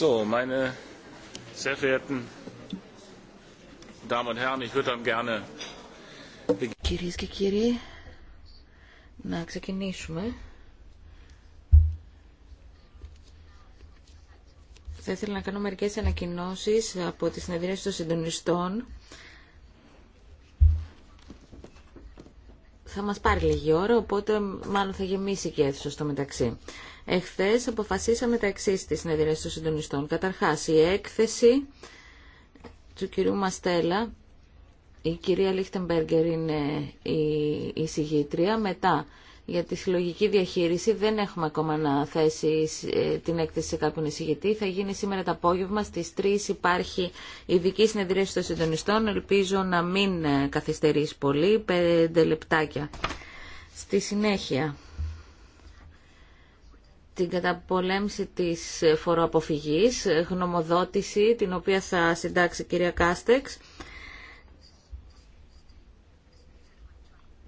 So, meine sehr verehrten Damen und Herren, ich würde dann gerne... Κυρίες και κύριοι, να ξεκινήσουμε. Θα ήθελα να κάνω μερικές ανακοινώσεις από τις συνεδρίαση των συντονιστών. Θα μας πάρει λίγη ώρα, οπότε μάλλον θα γεμίσει και η αίθουσα στο μεταξύ. Εχθές αποφασίσαμε τα εξής στις συνεδρίες των συντονιστών. Καταρχάς, η έκθεση του κυρίου Μαστέλα, η κυρία Λίχτεμπεργκερ είναι η συγγητρία. μετά για τη συλλογική διαχείριση. Δεν έχουμε ακόμα να θέσει ε, την έκθεση σε κάποιον εισηγητή. Θα γίνει σήμερα το απόγευμα. Στι 3 υπάρχει ειδική συνεδρίαση των συντονιστών. Ελπίζω να μην ε, καθυστερήσει πολύ. πέντε λεπτάκια. Στη συνέχεια, την καταπολέμηση της φοροαποφυγής, γνωμοδότηση, την οποία θα συντάξει η κυρία Κάστεξ.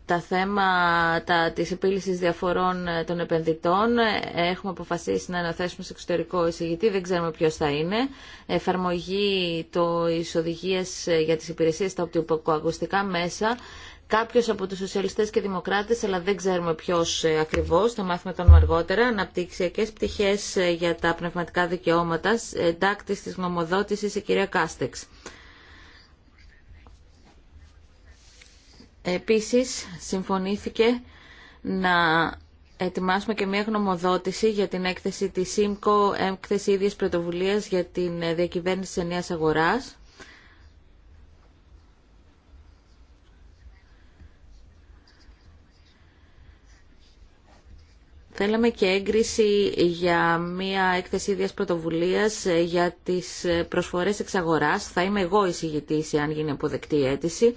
τα τα της επίλυσης διαφορών ε, των επενδυτών. Ε, έχουμε αποφασίσει να αναθέσουμε σε εξωτερικό εισηγητή, δεν ξέρουμε ποιος θα είναι. Εφαρμογή το οδηγίες ε, για τις υπηρεσίες στα οπτικοακουστικά μέσα. Κάποιο από τους σοσιαλιστές και δημοκράτες, αλλά δεν ξέρουμε ποιος ακριβώς, θα μάθουμε τον αργότερα, Αναπτυξιακέ πτυχές για τα πνευματικά δικαιώματα, εντάκτη τη νομοδότηση, η κυρία Κάστεξ. Επίσης, συμφωνήθηκε να ετοιμάσουμε και μια γνωμοδότηση για την έκθεση της ΣΥΜΚΟ, έκθεση ίδιας πρωτοβουλίας για την διακυβέρνηση της αγοράς. Θέλαμε και έγκριση για μια έκθεση ίδιας πρωτοβουλίας ε, για τις ε, προσφορές εξαγοράς. Θα είμαι εγώ εισηγητής, αν γίνει αποδεκτή η αίτηση.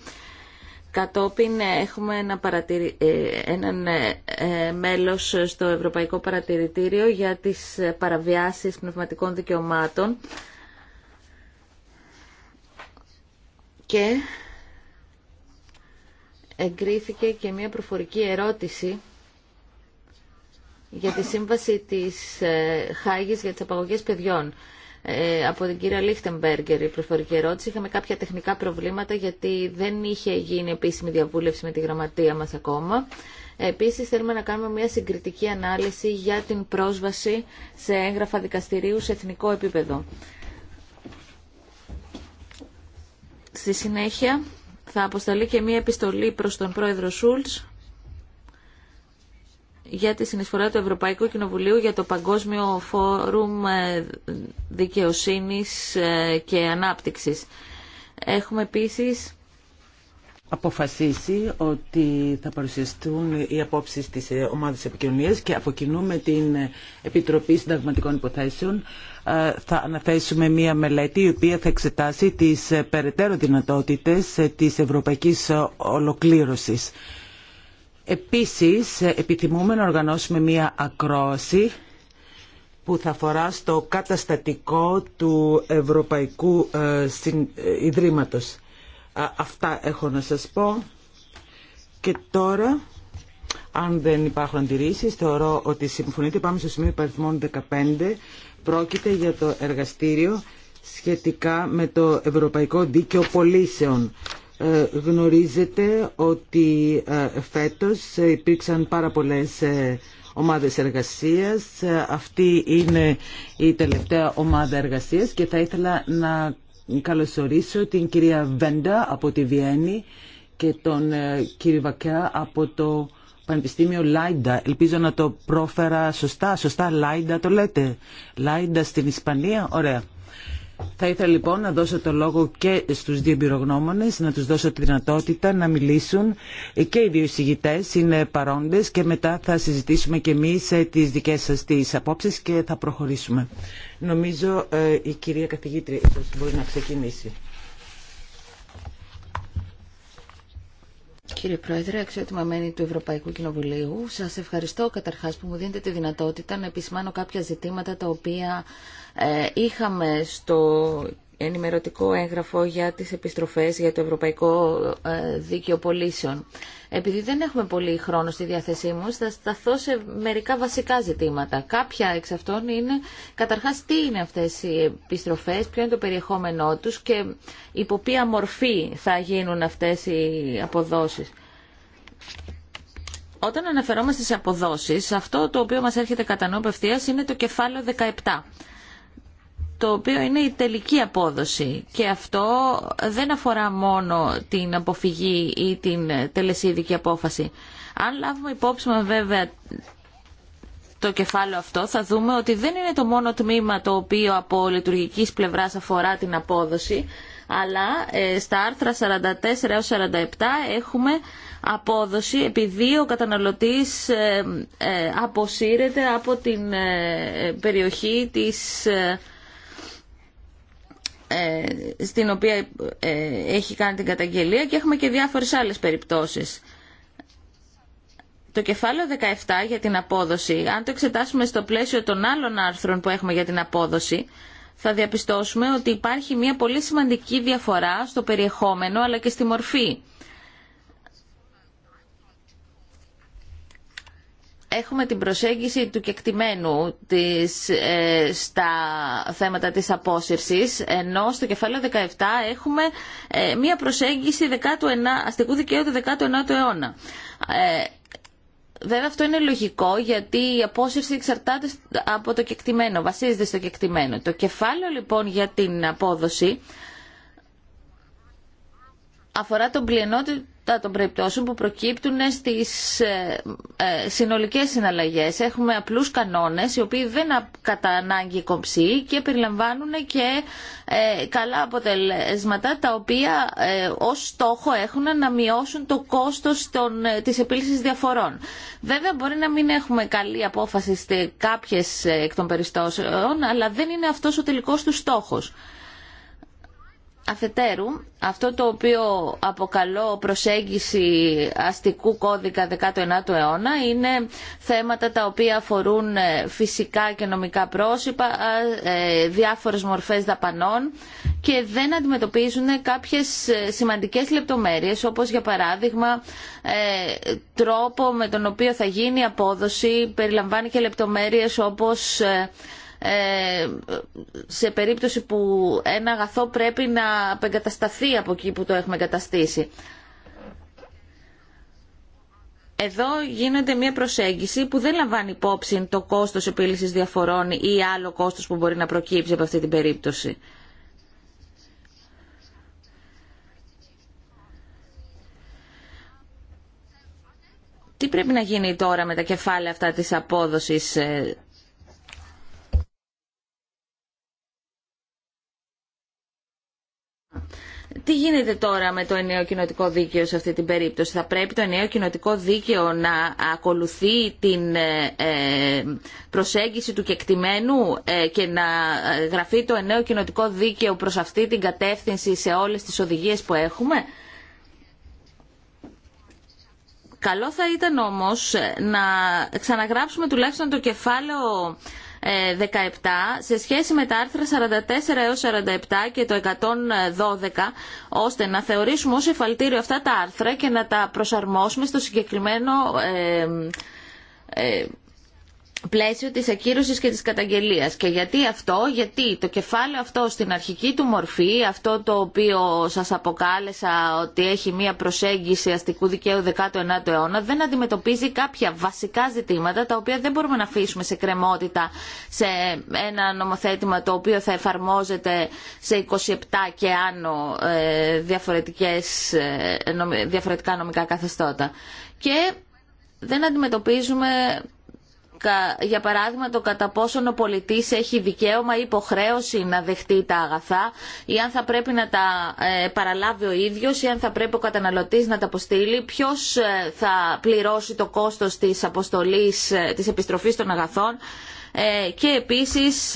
Κατόπιν έχουμε ένα παρατηρη... Ε, έναν ε, ε, μέλος στο Ευρωπαϊκό Παρατηρητήριο για τις παραβιάσεις πνευματικών δικαιωμάτων και εγκρίθηκε και μια προφορική ερώτηση για τη σύμβαση της Χάγης για τις απαγωγές παιδιών. Ε, από την κυρία Λίχτεμπεργκερ η προφορική ερώτηση. Είχαμε κάποια τεχνικά προβλήματα γιατί δεν είχε γίνει επίσημη διαβούλευση με τη γραμματεία μας ακόμα. Επίσης θέλουμε να κάνουμε μια συγκριτική ανάλυση για την πρόσβαση σε έγγραφα δικαστηρίου σε εθνικό επίπεδο. Στη συνέχεια θα αποσταλεί και μια επιστολή προς τον πρόεδρο Σούλτς για τη συνεισφορά του Ευρωπαϊκού Κοινοβουλίου για το Παγκόσμιο Φόρουμ ε, Δικαιοσύνης ε, και Ανάπτυξης. Έχουμε επίσης αποφασίσει ότι θα παρουσιαστούν οι απόψεις της ομάδας επικοινωνίας και από με την Επιτροπή Συνταγματικών Υποθέσεων ε, θα αναθέσουμε μία μελέτη η οποία θα εξετάσει τις περαιτέρω δυνατότητες της ευρωπαϊκής ολοκλήρωσης. Επίσης, επιθυμούμε να οργανώσουμε μία ακρόαση που θα αφορά στο καταστατικό του Ευρωπαϊκού ε, ε, Ιδρύματος. Αυτά έχω να σας πω. Και τώρα, αν δεν υπάρχουν αντιρρήσεις, θεωρώ ότι συμφωνείτε. Πάμε στο σημείο υπαριθμών 15. Πρόκειται για το εργαστήριο σχετικά με το Ευρωπαϊκό Δίκαιο Πολίσεων. Ε, γνωρίζετε ότι ε, φέτος υπήρξαν πάρα πολλές ε, ομάδες εργασίας. Αυτή είναι η τελευταία ομάδα εργασίας και θα ήθελα να καλωσορίσω την κυρία Βέντα από τη Βιέννη και τον κύριο Βακέα από το Πανεπιστήμιο Λάιντα. Ελπίζω να το πρόφερα σωστά. Σωστά Λάιντα το λέτε. Λάιντα στην Ισπανία. Ωραία. Θα ήθελα λοιπόν να δώσω το λόγο και στους δύο εμπειρογνώμονες, να τους δώσω τη δυνατότητα να μιλήσουν ε, και οι δύο συγητέ είναι παρόντες και μετά θα συζητήσουμε και εμείς ε, τις δικές σας τις απόψεις και θα προχωρήσουμε. Νομίζω ε, η κυρία καθηγήτρια μπορεί να ξεκινήσει. Κύριε Πρόεδρε, αξιότιμα μέλη του Ευρωπαϊκού Κοινοβουλίου, σας ευχαριστώ καταρχάς που μου δίνετε τη δυνατότητα να επισημάνω κάποια ζητήματα τα οποία ε, είχαμε στο ενημερωτικό έγγραφο για τις επιστροφές για το Ευρωπαϊκό ε, Δίκαιο Πολίσεων. Επειδή δεν έχουμε πολύ χρόνο στη διάθεσή μου, θα σταθώ σε μερικά βασικά ζητήματα. Κάποια εξ αυτών είναι, καταρχάς, τι είναι αυτές οι επιστροφές, ποιο είναι το περιεχόμενό τους και υπό ποια μορφή θα γίνουν αυτές οι αποδόσεις. Όταν αναφερόμαστε σε αποδόσεις, αυτό το οποίο μας έρχεται κατά νου είναι το κεφάλαιο 17 το οποίο είναι η τελική απόδοση. Και αυτό δεν αφορά μόνο την αποφυγή ή την τελεσίδικη απόφαση. Αν λάβουμε υπόψη μας βέβαια το κεφάλαιο αυτό θα δούμε ότι δεν είναι το μόνο τμήμα το οποίο από λειτουργικής πλευράς αφορά την απόδοση, αλλά ε, στα άρθρα 44 47 έχουμε απόδοση επειδή ο καταναλωτής ε, ε, αποσύρεται από την περιοχή της ε, στην οποία ε, έχει κάνει την καταγγελία και έχουμε και διάφορες άλλες περιπτώσεις. Το κεφάλαιο 17 για την απόδοση, αν το εξετάσουμε στο πλαίσιο των άλλων άρθρων που έχουμε για την απόδοση, θα διαπιστώσουμε ότι υπάρχει μια πολύ σημαντική διαφορά στο περιεχόμενο αλλά και στη μορφή. έχουμε την προσέγγιση του κεκτημένου της, ε, στα θέματα της απόσυρσης, ενώ στο κεφάλαιο 17 έχουμε ε, μία προσέγγιση 19, αστικού δικαίου του 19ου αιώνα. Δεν Βέβαια αυτό είναι λογικό γιατί η απόσυρση εξαρτάται από το κεκτημένο, βασίζεται στο κεκτημένο. Το κεφάλαιο λοιπόν για την απόδοση αφορά τον πλειονότητα αυτά των περιπτώσεων που προκύπτουν στις ε, ε, συνολικές συναλλαγές. Έχουμε απλούς κανόνες οι οποίοι δεν κατά ανάγκη κομψοί και περιλαμβάνουν και ε, καλά αποτελέσματα τα οποία ως στόχο έχουν να μειώσουν το κόστος των, της επίλυσης διαφορών. Βέβαια μπορεί να μην έχουμε καλή απόφαση σε κάποιες εκ των περιστώσεων αλλά δεν είναι αυτός ο τελικός του στόχος. Αφετέρου, αυτό το οποίο αποκαλώ προσέγγιση αστικού κώδικα 19ου αιώνα είναι θέματα τα οποία αφορούν ε, φυσικά και νομικά πρόσωπα, ε, διάφορες μορφές δαπανών και δεν αντιμετωπίζουν κάποιες ε, σημαντικές λεπτομέρειες όπως για παράδειγμα τρόπο με τον οποίο θα γίνει η απόδοση, περιλαμβάνει και λεπτομέρειες όπως ε, σε περίπτωση που ένα αγαθό πρέπει να απεγκατασταθεί από εκεί που το έχουμε εγκαταστήσει. Εδώ γίνεται μια προσέγγιση που δεν λαμβάνει υπόψη το κόστος επίλυσης διαφορών ή άλλο κόστος που μπορεί να προκύψει από αυτή την περίπτωση. Τι πρέπει να γίνει τώρα με τα κεφάλαια αυτά της απόδοσης ε, τι γίνεται τώρα με το ενιαίο κοινοτικό δίκαιο σε αυτή την περίπτωση. Θα πρέπει το ενιαίο κοινοτικό δίκαιο να ακολουθεί την ε, ε, προσέγγιση του κεκτημένου ε, και να γραφεί το ενιαίο κοινοτικό δίκαιο προς αυτή την κατεύθυνση σε όλες τις οδηγίες που έχουμε. Καλό θα ήταν όμως να ξαναγράψουμε τουλάχιστον το κεφάλαιο 17 σε σχέση με τα άρθρα 44 έως 47 και το 112 ώστε να θεωρήσουμε ως εφαλτήριο αυτά τα άρθρα και να τα προσαρμόσουμε στο συγκεκριμένο ε, ε, πλαίσιο της ακύρωσης και της καταγγελίας. Και γιατί αυτό, γιατί το κεφάλαιο αυτό στην αρχική του μορφή, αυτό το οποίο σας αποκάλεσα ότι έχει μία προσέγγιση αστικού δικαίου 19ου αιώνα, δεν αντιμετωπίζει κάποια βασικά ζητήματα τα οποία δεν μπορούμε να αφήσουμε σε κρεμότητα σε ένα νομοθέτημα το οποίο θα εφαρμόζεται σε 27 και άνω ε, διαφορετικές, ε, διαφορετικά νομικά καθεστώτα. Και δεν αντιμετωπίζουμε για παράδειγμα το κατά πόσον ο πολιτής έχει δικαίωμα ή υποχρέωση να δεχτεί τα αγαθά ή αν θα πρέπει να τα ε, παραλάβει ο ίδιος ή αν θα πρέπει ο καταναλωτής να τα αποστείλει, ποιος ε, θα πληρώσει το κόστος της αποστολής, ε, της επιστροφής των αγαθών και επίσης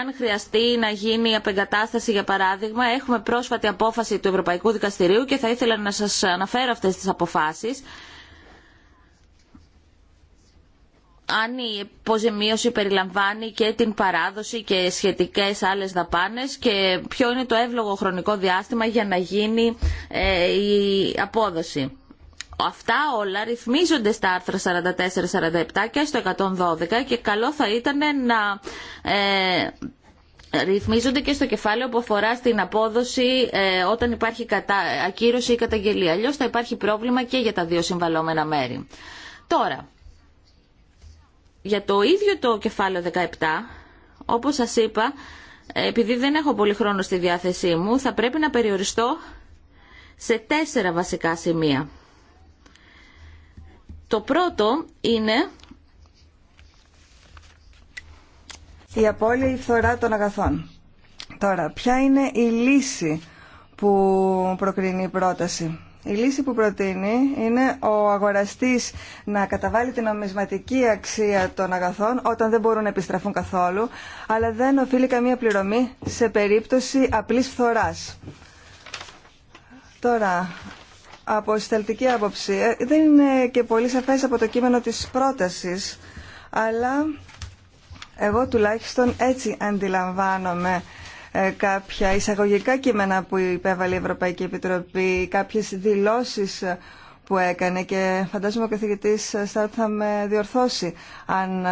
αν χρειαστεί να γίνει η απεγκατάσταση για παράδειγμα έχουμε πρόσφατη απόφαση του Ευρωπαϊκού Δικαστηρίου και θα ήθελα να σας αναφέρω αυτές τις αποφάσεις αν η υποζημίωση περιλαμβάνει και την παράδοση και σχετικές άλλες δαπάνες και ποιο είναι το εύλογο χρονικό διάστημα για να γίνει ε, η απόδοση. Αυτά όλα ρυθμίζονται στα άρθρα 44-47 και στο 112 και καλό θα ήταν να ε, ρυθμίζονται και στο κεφάλαιο που αφορά στην απόδοση ε, όταν υπάρχει κατά, ακύρωση ή καταγγελία. Αλλιώς θα υπάρχει πρόβλημα και για τα δύο συμβαλόμενα μέρη. Τώρα, για το ίδιο το κεφάλαιο 17, όπως σας είπα, επειδή δεν έχω πολύ χρόνο στη διάθεσή μου, θα πρέπει να περιοριστώ σε τέσσερα βασικά σημεία. Το πρώτο είναι... Η απώλεια η φθορά των αγαθών. Τώρα, ποια είναι η λύση που προκρίνει η πρόταση. Η λύση που προτείνει είναι ο αγοραστής να καταβάλει την νομισματική αξία των αγαθών όταν δεν μπορούν να επιστραφούν καθόλου, αλλά δεν οφείλει καμία πληρωμή σε περίπτωση απλής φθοράς. Τώρα, από συσταλτική άποψη, ε, δεν είναι και πολύ σαφές από το κείμενο της πρότασης, αλλά εγώ τουλάχιστον έτσι αντιλαμβάνομαι ε, κάποια εισαγωγικά κείμενα που υπέβαλε η Ευρωπαϊκή Επιτροπή, κάποιες δηλώσεις που έκανε και φαντάζομαι ο καθηγητής Στάρτ θα με διορθώσει αν ε,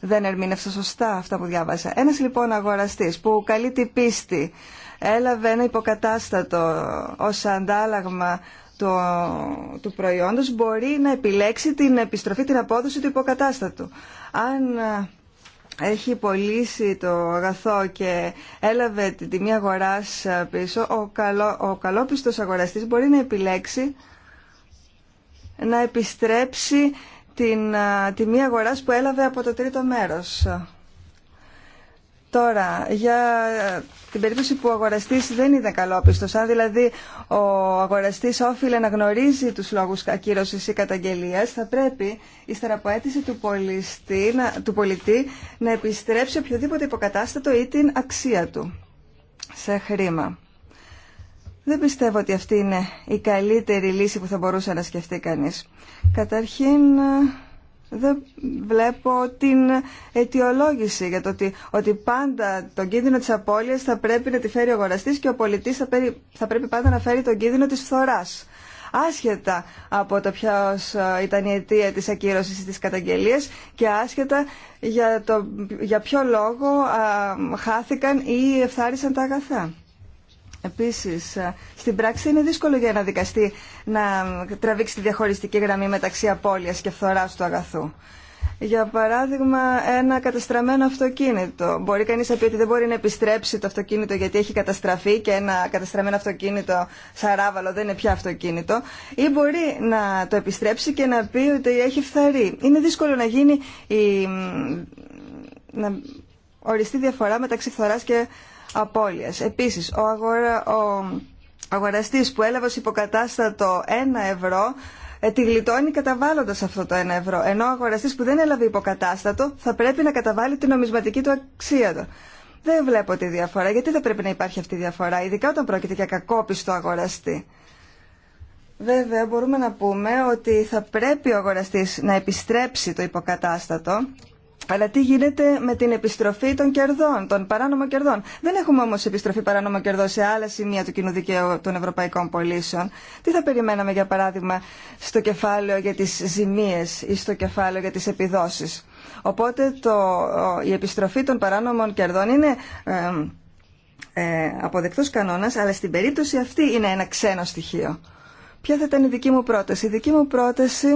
δεν ερμήνευσα σωστά αυτά που διάβασα. Ένας λοιπόν αγοραστής που καλεί την πίστη έλαβε ένα υποκατάστατο ως αντάλλαγμα το, του προϊόντος μπορεί να επιλέξει την επιστροφή, την απόδοση του υποκατάστατου. Αν ε, έχει πωλήσει το αγαθό και έλαβε την τιμή αγοράς ε, πίσω, ο, καλό, ο καλόπιστος αγοραστής μπορεί να επιλέξει να επιστρέψει την ε, τιμή αγοράς που έλαβε από το τρίτο μέρος. Τώρα, για την περίπτωση που ο αγοραστής δεν είναι καλόπιστο, αν δηλαδή ο αγοραστής όφιλε να γνωρίζει τους λόγους ακύρωση ή καταγγελια θα πρέπει, ύστερα από αίτηση του, πολιστή, του πολιτή, να επιστρέψει οποιοδήποτε υποκατάστατο ή την αξία του σε χρήμα. Δεν πιστεύω ότι αυτή είναι η καλύτερη λύση που θα μπορούσε να σκεφτεί κανείς. Καταρχήν, δεν βλέπω την αιτιολόγηση για το ότι, ότι πάντα τον κίνδυνο της απώλειας θα πρέπει να τη φέρει ο αγοραστής και ο πολιτής θα, θα πρέπει πάντα να φέρει τον κίνδυνο της φθοράς. Άσχετα από το ποια ε, ήταν η αιτία της ακύρωσης της καταγγελίας και άσχετα για, το, για ποιο λόγο α, χάθηκαν ή ευθάρισαν τα αγαθά. Επίσης, ε, στην πράξη είναι δύσκολο για ένα δικαστή να τραβήξει τη διαχωριστική γραμμή μεταξύ απώλειας και φθοράς του αγαθού. Για παράδειγμα, ένα καταστραμμένο αυτοκίνητο. Μπορεί κανεί να πει ότι δεν μπορεί να επιστρέψει το αυτοκίνητο γιατί έχει καταστραφεί και ένα καταστραμμένο αυτοκίνητο σαράβαλο δεν είναι πια αυτοκίνητο. Ή μπορεί να το επιστρέψει και να πει ότι έχει φθαρεί. Είναι δύσκολο να γίνει η... να οριστεί διαφορά μεταξύ φθορά και απώλειας. Επίσης, ο, αγορα, ο αγοραστής που έλαβε ως υποκατάστατο 1 ευρώ ε, τη γλιτώνει καταβάλλοντα αυτό το 1 ευρώ. Ενώ ο αγοραστής που δεν έλαβε υποκατάστατο θα πρέπει να καταβάλει την νομισματική του αξία του. Δεν βλέπω τη διαφορά. Γιατί δεν πρέπει να υπάρχει αυτή η διαφορά, ειδικά όταν πρόκειται για κακόπιστο αγοραστή. Βέβαια, μπορούμε να πούμε ότι θα πρέπει ο αγοραστής να επιστρέψει το υποκατάστατο αλλά τι γίνεται με την επιστροφή των κερδών, των παράνομων κερδών. Δεν έχουμε όμω επιστροφή παράνομων κερδών σε άλλα σημεία του κοινού δικαίου των ευρωπαϊκών πολίσεων. Τι θα περιμέναμε, για παράδειγμα, στο κεφάλαιο για τι ζημίε ή στο κεφάλαιο για τι επιδόσει. Οπότε το, η επιστροφή των παράνομων κερδών είναι ε, ε, αποδεκτός κανόνας, αλλά στην περίπτωση αυτή είναι ένα ξένο στοιχείο. Ποια θα ήταν η δική μου πρόταση. Η δική μου πρόταση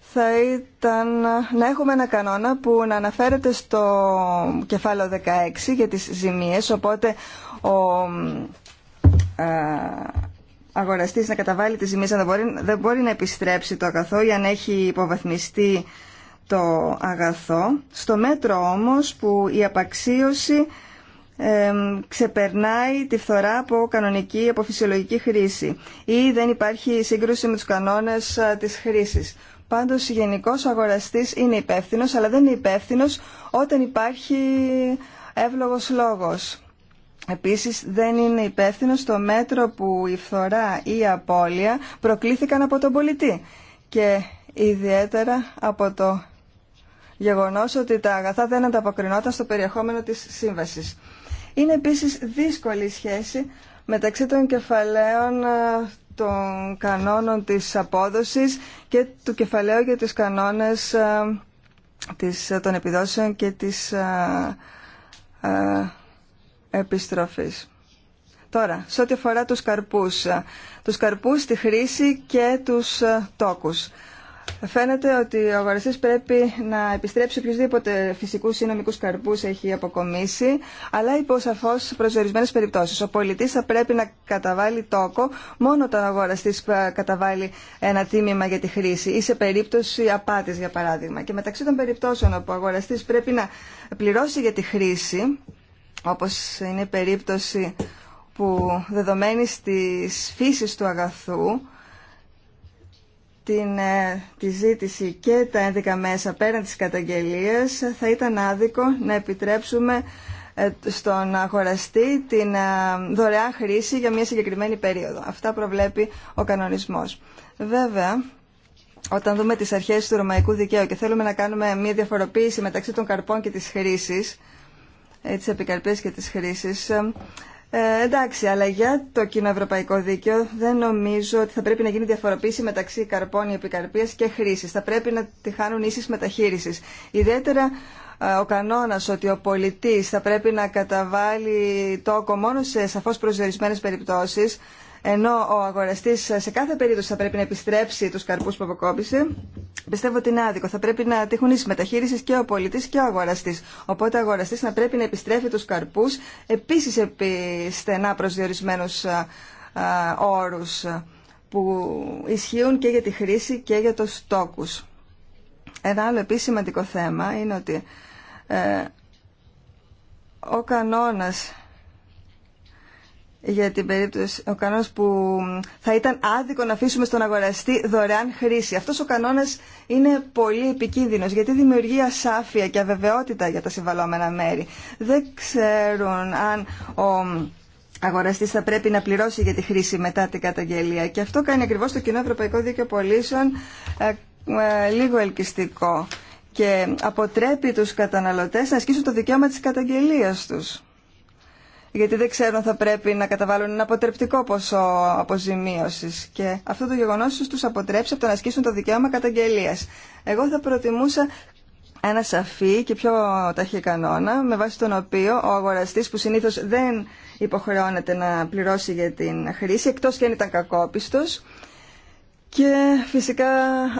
θα ήταν να έχουμε ένα κανόνα που να αναφέρεται στο κεφάλαιο 16 για τις ζημίες, οπότε ο ε, αγοραστής να καταβάλει τις ζημίες αν δεν μπορεί, να επιστρέψει το αγαθό ή αν έχει υποβαθμιστεί το αγαθό. Στο μέτρο όμως που η απαξίωση ξεπερνάει τη φθορά από κανονική, από φυσιολογική χρήση ή δεν υπάρχει σύγκρουση με τους κανόνες ε, της χρήσης. Πάντως γενικός αγοραστής είναι υπεύθυνο, αλλά δεν είναι υπεύθυνο όταν υπάρχει εύλογος λόγος. Επίσης δεν είναι υπεύθυνο το μέτρο που η φθορά ή η απώλεια προκλήθηκαν από τον πολιτή και ιδιαίτερα από το γεγονός ότι τα αγαθά δεν ανταποκρινόταν στο περιεχόμενο της σύμβασης. Είναι επίσης δύσκολη η σχέση μεταξύ των κεφαλαίων των κανόνων της απόδοσης και του κεφαλαίου για τις κανόνες ε, της, ε, των επιδόσεων και της ε, επιστροφής. Τώρα, σε ό,τι αφορά τους καρπούς. Τους καρπούς, τη χρήση και τους τόκους. Φαίνεται ότι ο αγοραστή πρέπει να επιστρέψει οποιουσδήποτε φυσικού ή νομικού καρπούς έχει αποκομίσει, αλλά υπό σαφώ προσδιορισμένε περιπτώσει. Ο πολιτή θα πρέπει να καταβάλει τόκο μόνο όταν ο αγοραστή ε, καταβάλει ένα τίμημα για τη χρήση ή σε περίπτωση απάτη, για παράδειγμα. Και μεταξύ των περιπτώσεων όπου ο αγοραστή πρέπει να πληρώσει για τη χρήση, όπω είναι η περίπτωση που δεδομένη τη φύση του αγαθού, την, ε, τη ζήτηση και τα ένδικα μέσα πέραν της καταγγελίας θα ήταν άδικο να επιτρέψουμε ε, στον αγοραστή την ε, δωρεά χρήση για μια συγκεκριμένη περίοδο. Αυτά προβλέπει ο κανονισμός. Βέβαια, όταν δούμε τις αρχές του ρωμαϊκού δικαίου και θέλουμε να κάνουμε μια διαφοροποίηση μεταξύ των καρπών και της χρήσης, της επικαρπής και τις χρήσεις, ε, εντάξει, αλλά για το κοινό ευρωπαϊκό δίκαιο δεν νομίζω ότι θα πρέπει να γίνει διαφοροποίηση μεταξύ καρπών επικαρπίας και χρήσης. Θα πρέπει να τη χάνουν ίσης μεταχείρισης. Ιδιαίτερα ε, ο κανόνας ότι ο πολιτής θα πρέπει να καταβάλει τόκο μόνο σε σαφώς προσδιορισμένες περιπτώσεις ενώ ο αγοραστής σε κάθε περίπτωση θα πρέπει να επιστρέψει τους καρπούς που αποκόπησε, πιστεύω ότι είναι άδικο. Θα πρέπει να τύχουν ίση μεταχείριση και ο πολιτής και ο αγοραστή. Οπότε ο αγοραστή θα πρέπει να επιστρέφει τους καρπούς, επίσης επί στενά προσδιορισμένους όρου που ισχύουν και για τη χρήση και για το στόκους. Ένα άλλο επίσης σημαντικό θέμα είναι ότι ε, ο κανόνας για την περίπτωση, ο κανόνας που θα ήταν άδικο να αφήσουμε στον αγοραστή δωρεάν χρήση. Αυτός ο κανόνας είναι πολύ επικίνδυνος γιατί δημιουργεί ασάφεια και αβεβαιότητα για τα συμβαλόμενα μέρη. Δεν ξέρουν αν ο αγοραστής θα πρέπει να πληρώσει για τη χρήση μετά την καταγγελία και αυτό κάνει ακριβώς το κοινό ευρωπαϊκό δίκαιο πολίσεων ε, ε, λίγο ελκυστικό και αποτρέπει τους καταναλωτές να ασκήσουν το δικαίωμα της καταγγελίας τους γιατί δεν ξέρουν αν θα πρέπει να καταβάλουν ένα αποτρεπτικό ποσό αποζημίωση και αυτό το γεγονός του αποτρέψει από το να ασκήσουν το δικαίωμα καταγγελία. Εγώ θα προτιμούσα ένα σαφή και πιο ταχύ κανόνα με βάση τον οποίο ο αγοραστή που συνήθω δεν υποχρεώνεται να πληρώσει για την χρήση εκτό και αν ήταν κακόπιστο. και φυσικά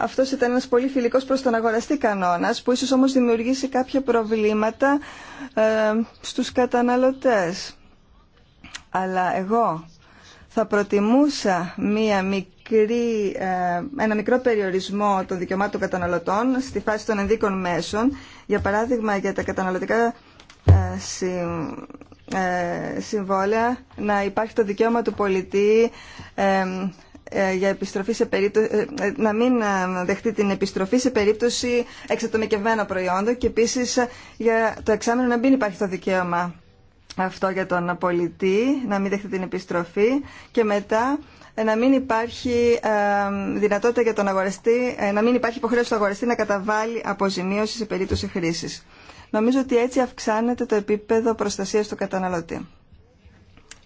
αυτό ήταν ένα πολύ φιλικό προ τον αγοραστή κανόνα, που ίσω όμω δημιουργήσει κάποια προβλήματα ε, στου καταναλωτέ αλλά εγώ θα προτιμούσα μία μικρή, ε, ένα μικρό περιορισμό των δικαιωμάτων καταναλωτών στη φάση των ενδίκων μέσων, για παράδειγμα για τα καταναλωτικά ε, ε, συμβόλαια να υπάρχει το δικαίωμα του πολιτή για επιστροφή σε περίπτωση, να μην δεχτεί την επιστροφή σε περίπτωση εξατομικευμένων προϊόντων και επίσης για το εξάμεινο να μην υπάρχει το δικαίωμα αυτό για τον πολιτή, να μην δεχτεί την επιστροφή και μετά ε, να μην υπάρχει ε, δυνατότητα για τον αγοραστή, ε, να μην υπάρχει υποχρέωση του αγοραστή να καταβάλει αποζημίωση σε περίπτωση χρήση. Νομίζω ότι έτσι αυξάνεται το επίπεδο προστασίας του καταναλωτή.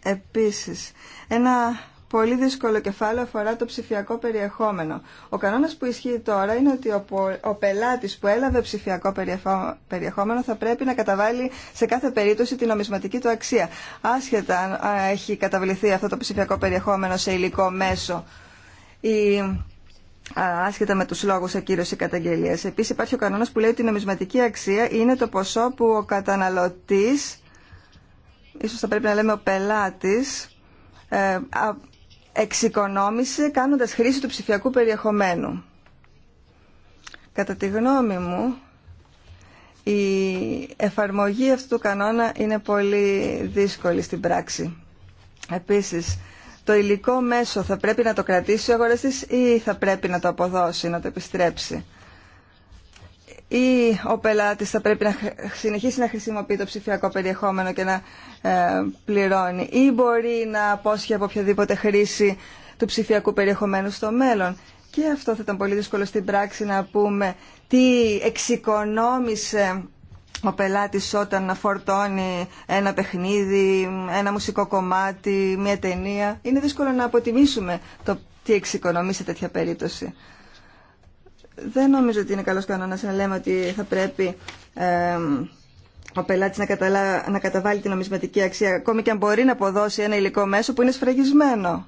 Επίσης, ένα πολύ δύσκολο κεφάλαιο αφορά το ψηφιακό περιεχόμενο. Ο κανόνα που ισχύει τώρα είναι ότι ο πελάτη που έλαβε ψηφιακό περιεχόμενο θα πρέπει να καταβάλει σε κάθε περίπτωση την νομισματική του αξία, άσχετα αν έχει καταβληθεί αυτό το ψηφιακό περιεχόμενο σε υλικό μέσο ή άσχετα με τους λόγους ακύρωση καταγγελίας. Επίσης υπάρχει ο κανόνας που λέει ότι η νομισματική αξία είναι το ποσό που ο καταναλωτής, ίσως θα πρέπει να λέμε ο πελάτης, ε, εξοικονόμησε κάνοντας χρήση του ψηφιακού περιεχομένου. Κατά τη γνώμη μου, η εφαρμογή αυτού του κανόνα είναι πολύ δύσκολη στην πράξη. Επίσης, το υλικό μέσο θα πρέπει να το κρατήσει ο αγοραστής ή θα πρέπει να το αποδώσει, να το επιστρέψει ή ο πελάτης θα πρέπει να συνεχίσει να χρησιμοποιεί το ψηφιακό περιεχόμενο και να ε, πληρώνει ή μπορεί να απόσχει από οποιαδήποτε χρήση του ψηφιακού περιεχομένου στο μέλλον. Και αυτό θα ήταν πολύ δύσκολο στην πράξη να πούμε τι εξοικονόμησε ο πελάτης όταν φορτώνει ένα παιχνίδι, ένα μουσικό κομμάτι, μια ταινία. Είναι δύσκολο να αποτιμήσουμε το τι εξοικονομεί σε τέτοια περίπτωση δεν νομίζω ότι είναι καλός κανόνας να λέμε ότι θα πρέπει ο πελάτης να, καταλά... να καταβάλει την νομισματική αξία ακόμη και αν μπορεί να αποδώσει ένα υλικό μέσο που είναι σφραγισμένο.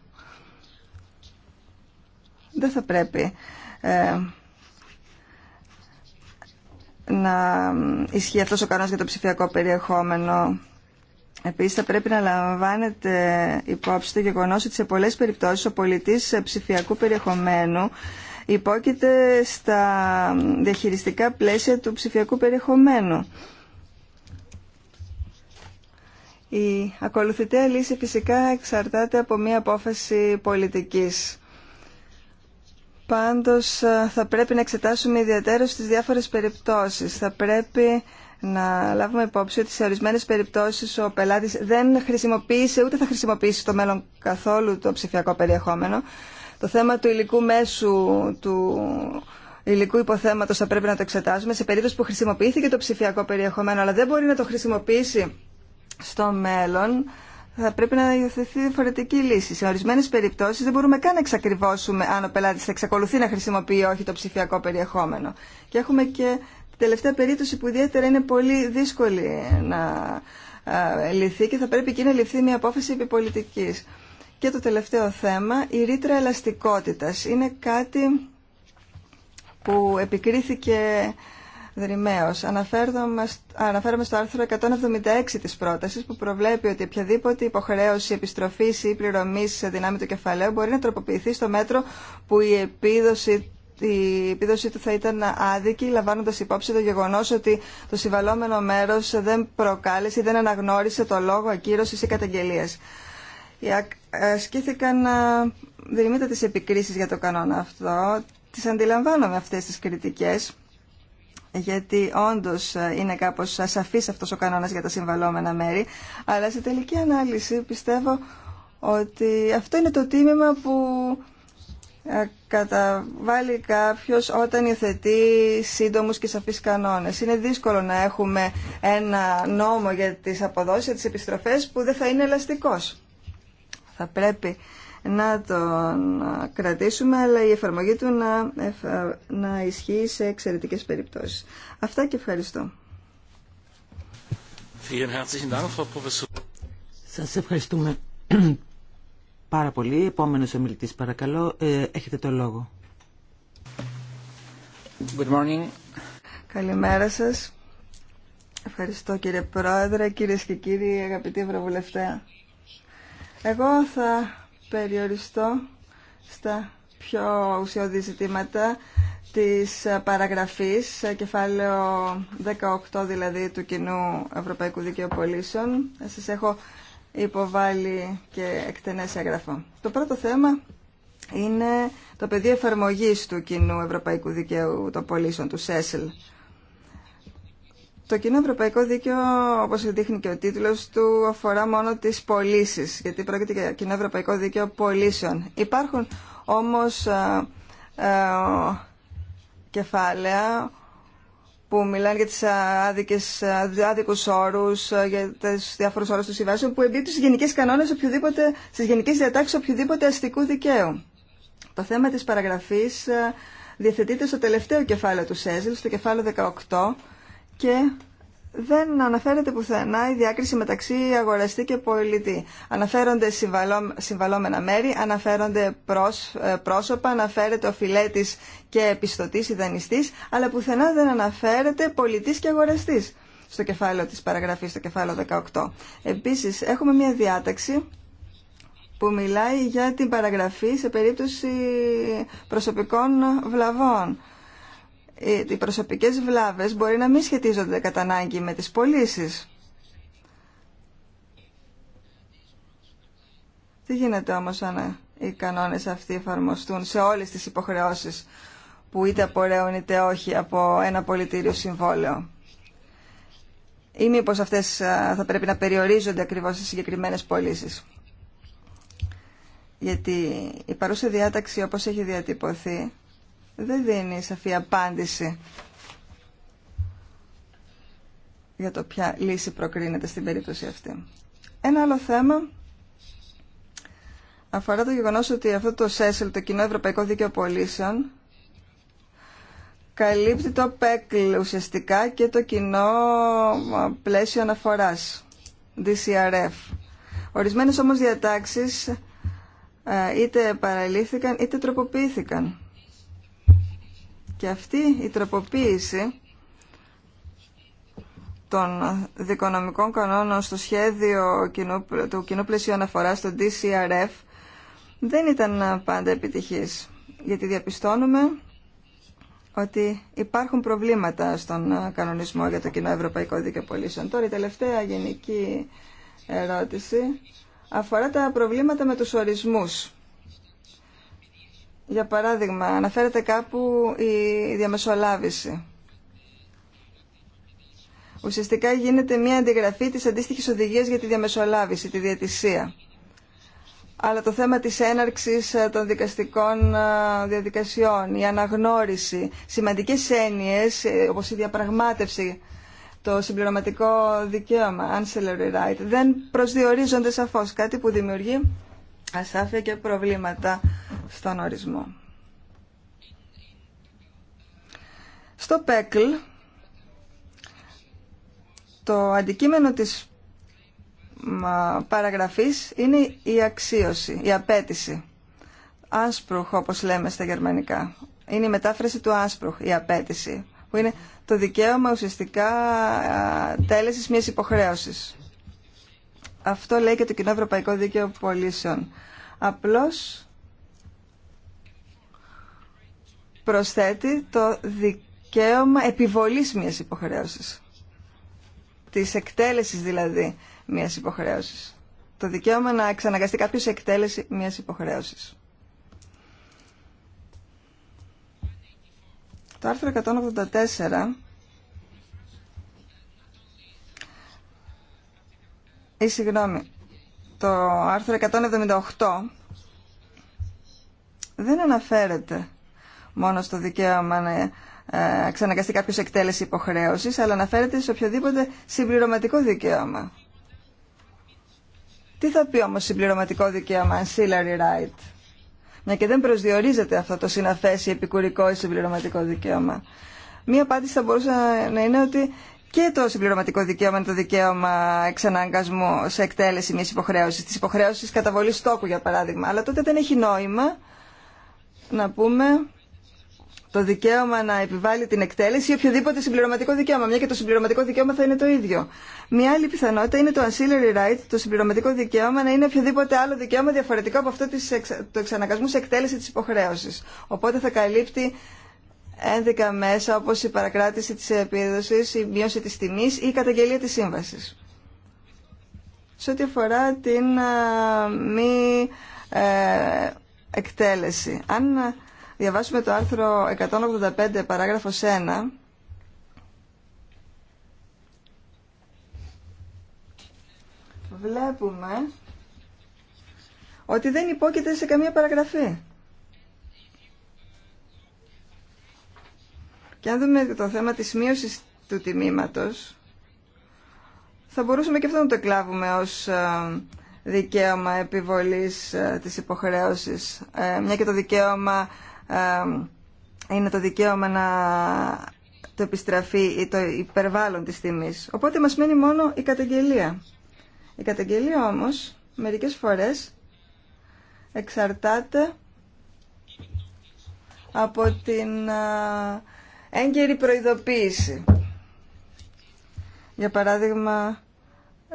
Δεν θα πρέπει να ισχύει αυτός ο κανόνας για το ψηφιακό περιεχόμενο. Επίσης θα πρέπει να λαμβάνετε υπόψη το γεγονός ότι σε πολλές περιπτώσεις ο πολιτής ψηφιακού περιεχομένου υπόκειται στα διαχειριστικά πλαίσια του ψηφιακού περιεχομένου. Η ακολούθητη λύση φυσικά εξαρτάται από μία απόφαση πολιτικής. Πάντως θα πρέπει να εξετάσουμε ιδιαίτερα στις διάφορες περιπτώσεις. Θα πρέπει να λάβουμε υπόψη ότι σε ορισμένες περιπτώσεις ο πελάτης δεν χρησιμοποίησε ούτε θα χρησιμοποιήσει στο μέλλον καθόλου το ψηφιακό περιεχόμενο το θέμα του υλικού μέσου, του υλικού υποθέματο, θα πρέπει να το εξετάσουμε σε περίπτωση που χρησιμοποιήθηκε το ψηφιακό περιεχομένο, αλλά δεν μπορεί να το χρησιμοποιήσει στο μέλλον. Θα πρέπει να υιοθετηθεί διαφορετική λύση. Σε ορισμένε περιπτώσει δεν μπορούμε καν να εξακριβώσουμε αν ο πελάτη θα εξακολουθεί να χρησιμοποιεί όχι το ψηφιακό περιεχόμενο. Και έχουμε και την τελευταία περίπτωση που ιδιαίτερα είναι πολύ δύσκολη να ε, λυθεί και θα πρέπει εκεί να ληφθεί μια απόφαση επιπολιτική. Και το τελευταίο θέμα, η ρήτρα ελαστικότητας. Είναι κάτι που επικρίθηκε δρυμαίως. Αναφέρομαι στο άρθρο 176 της πρότασης που προβλέπει ότι οποιαδήποτε υποχρέωση επιστροφής ή πληρωμής σε δυνάμει του κεφαλαίου μπορεί να τροποποιηθεί στο μέτρο που η επίδοση η επίδοση του θα ήταν άδικη, λαμβάνοντα υπόψη το γεγονό ότι το συμβαλόμενο μέρο δεν προκάλεσε ή δεν αναγνώρισε το λόγο ακύρωση ή καταγγελία ασκήθηκαν δερμήτα τις επικρίσεις για το κανόνα αυτό. Τις αντιλαμβάνομαι αυτές τις κριτικές, γιατί όντως είναι κάπως ασαφής αυτός ο κανόνας για τα συμβαλόμενα μέρη, αλλά σε τελική ανάλυση πιστεύω ότι αυτό είναι το τίμημα που καταβάλει κάποιος όταν υιοθετεί σύντομους και σαφείς κανόνες. Είναι δύσκολο να έχουμε ένα νόμο για τις αποδόσεις, για τις επιστροφές που δεν θα είναι ελαστικός θα πρέπει να τον κρατήσουμε, αλλά η εφαρμογή του να, να ισχύει σε εξαιρετικές περιπτώσεις. Αυτά και ευχαριστώ. Σας ευχαριστούμε πάρα πολύ. Επόμενος ομιλητής, παρακαλώ, ε, έχετε το λόγο. Good morning. Καλημέρα σας. Ευχαριστώ κύριε Πρόεδρε, κύριε και κύριοι αγαπητοί Ευρωβουλευτέ. Εγώ θα περιοριστώ στα πιο ουσιώδη ζητήματα της παραγραφής, κεφάλαιο 18 δηλαδή του κοινού Ευρωπαϊκού Δικαίου Πολίσεων. Σας έχω υποβάλει και εκτενές έγγραφο. Το πρώτο θέμα είναι το πεδίο εφαρμογής του κοινού Ευρωπαϊκού Δικαίου των Πολίσεων, του ΣΕΣΛ. Το κοινό ευρωπαϊκό δίκαιο, όπως δείχνει και ο τίτλος του, αφορά μόνο τις πωλήσει, γιατί πρόκειται για κοινό ευρωπαϊκό δίκαιο πωλήσεων. Υπάρχουν όμως α, ε, ε, κεφάλαια που μιλάνε για τις ε, άδικες, άδικους όρους, για τις διάφορους όρους του συμβάσεων, που εμπίπτουν στις γενικές κανόνες, οποιοδήποτε, στις γενικές διατάξεις οποιοδήποτε αστικού δικαίου. Το θέμα της παραγραφής διαθετείται στο τελευταίο κεφάλαιο του ΣΕΖΛ, στο κεφάλαιο 18, και δεν αναφέρεται πουθενά η διάκριση μεταξύ αγοραστή και πολιτή. Αναφέρονται συμβαλόμενα μέρη, αναφέρονται ε, πρόσωπα, αναφέρεται ο φιλέτης και επιστοτής ή δανειστής, αλλά πουθενά δεν αναφέρεται πολιτής και αγοραστής στο κεφάλαιο της παραγραφής, στο κεφάλαιο 18. Επίσης, έχουμε μια διάταξη που μιλάει για την παραγραφή σε περίπτωση προσωπικών βλαβών. Ε, οι προσωπικές βλάβες μπορεί να μην σχετίζονται κατά ανάγκη με τις πωλήσει. Τι γίνεται όμως αν οι κανόνες αυτοί εφαρμοστούν σε όλες τις υποχρεώσεις που είτε απορρέουν είτε όχι από ένα πολιτήριο συμβόλαιο. Ή μήπω αυτές θα πρέπει να περιορίζονται ακριβώς στις συγκεκριμένες πωλήσει. Γιατί η παρούσα διάταξη όπως έχει διατυπωθεί δεν δίνει σαφή απάντηση για το ποια λύση προκρίνεται στην περίπτωση αυτή. Ένα άλλο θέμα αφορά το γεγονός ότι αυτό το ΣΕΣΕΛ, το Κοινό Ευρωπαϊκό Δίκαιο Πολίσεων, καλύπτει το ΠΕΚΛ ουσιαστικά και το Κοινό Πλαίσιο Αναφοράς, DCRF. Ορισμένες όμως διατάξεις είτε παραλήφθηκαν είτε τροποποιήθηκαν. Και αυτή η τροποποίηση των δικονομικών κανόνων στο σχέδιο του κοινού πλαισίου αναφορά στο DCRF, δεν ήταν πάντα επιτυχής. Γιατί διαπιστώνουμε ότι υπάρχουν προβλήματα στον κανονισμό για το κοινό ευρωπαϊκό δίκαιο πολίσεων. Τώρα η τελευταία γενική ερώτηση αφορά τα προβλήματα με τους ορισμούς. Για παράδειγμα, αναφέρεται κάπου η διαμεσολάβηση. Ουσιαστικά γίνεται μια αντιγραφή της αντίστοιχης οδηγίας για τη διαμεσολάβηση, τη διατησία. Αλλά το θέμα της έναρξης ε, των δικαστικών ε, διαδικασιών, η αναγνώριση, σημαντικές έννοιες ε, όπως η διαπραγμάτευση, το συμπληρωματικό δικαίωμα, ancillary right, δεν προσδιορίζονται σαφώς, κάτι που δημιουργεί ασάφεια και προβλήματα στον ορισμό. Στο ΠΕΚΛ, το αντικείμενο της παραγραφής είναι η αξίωση, η απέτηση. Άσπρουχ, όπως λέμε στα γερμανικά. Είναι η μετάφραση του άσπρουχ, η απέτηση, που είναι το δικαίωμα ουσιαστικά τέλεσης μιας υποχρέωσης. Αυτό λέει και το Κοινό Ευρωπαϊκό Δίκαιο Πολίσεων. Απλώς προσθέτει το δικαίωμα επιβολής μιας υποχρέωσης. Της εκτέλεσης δηλαδή μιας υποχρέωσης. Το δικαίωμα να εξαναγκαστεί κάποιος σε εκτέλεση μιας υποχρέωσης. Το άρθρο 184 ή συγγνώμη, το άρθρο 178 δεν αναφέρεται μόνο στο δικαίωμα να ε, ξαναγκαστεί κάποιο εκτέλεση υποχρέωση, αλλά αναφέρεται σε οποιοδήποτε συμπληρωματικό δικαίωμα. Τι θα πει όμω συμπληρωματικό δικαίωμα, ancillary right, μια και δεν προσδιορίζεται αυτό το συναφέ ή επικουρικό ή συμπληρωματικό δικαίωμα. Μία απάντηση θα μπορούσε να είναι ότι και το συμπληρωματικό δικαίωμα είναι το δικαίωμα εξαναγκασμού σε εκτέλεση μια υποχρέωση, τη υποχρέωση καταβολή στόχου για παράδειγμα. Αλλά τότε δεν έχει νόημα να πούμε το δικαίωμα να επιβάλλει την εκτέλεση ή οποιοδήποτε συμπληρωματικό δικαίωμα, μια και το συμπληρωματικό δικαίωμα θα είναι το ίδιο. Μια άλλη πιθανότητα είναι το ancillary right, το συμπληρωματικό δικαίωμα, να είναι οποιοδήποτε άλλο δικαίωμα διαφορετικό από αυτό της, το εξαναγκασμού σε εκτέλεση της υποχρέωσης. Οπότε θα καλύπτει ένδικα μέσα όπω η παρακράτηση τη επίδοση, η μείωση τη τιμή ή η καταγγελία τη σύμβαση. Σε ό,τι αφορά την μη ε, εκτέλεση διαβάσουμε το άρθρο 185 παράγραφος 1 βλέπουμε ότι δεν υπόκειται σε καμία παραγραφή. Και αν δούμε το θέμα της μείωσης του τιμήματος, θα μπορούσαμε και αυτό να το εκλάβουμε ως ε, δικαίωμα επιβολής ε, της υποχρέωσης, ε, μια και το δικαίωμα είναι το δικαίωμα να το επιστραφεί ή το υπερβάλλον της τιμής. Οπότε μας μένει μόνο η καταγγελία. Η καταγγελία όμως μερικές φορές εξαρτάται από την έγκαιρη προειδοποίηση. Για παράδειγμα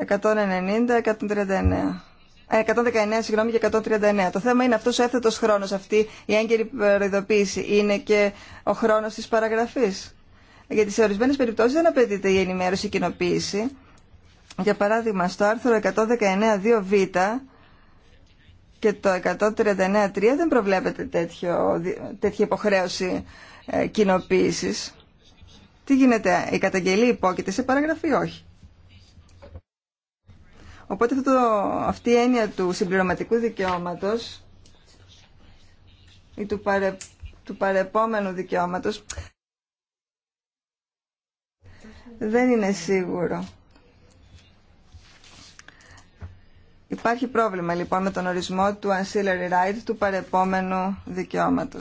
190-139. 119 συγγνώμη, και 139. Το θέμα είναι αυτός ο έθετος χρόνος, αυτή η έγκαιρη προειδοποίηση. Είναι και ο χρόνος της παραγραφής. Γιατί σε ορισμένες περιπτώσεις δεν απαιτείται η ενημέρωση η κοινοποίηση. Για παράδειγμα, στο άρθρο 119.2β και το 139.3 δεν προβλέπεται τέτοιο, τέτοια υποχρέωση ε, κοινοποίηση. Τι γίνεται, η καταγγελία υπόκειται σε παραγραφή, όχι. Οπότε αυτό, αυτή η έννοια του συμπληρωματικού δικαιώματος ή του, παρε, του παρεπόμενου δικαιώματος δεν είναι σίγουρο. Υπάρχει πρόβλημα λοιπόν με τον ορισμό του ancillary right του παρεπόμενου δικαιώματο.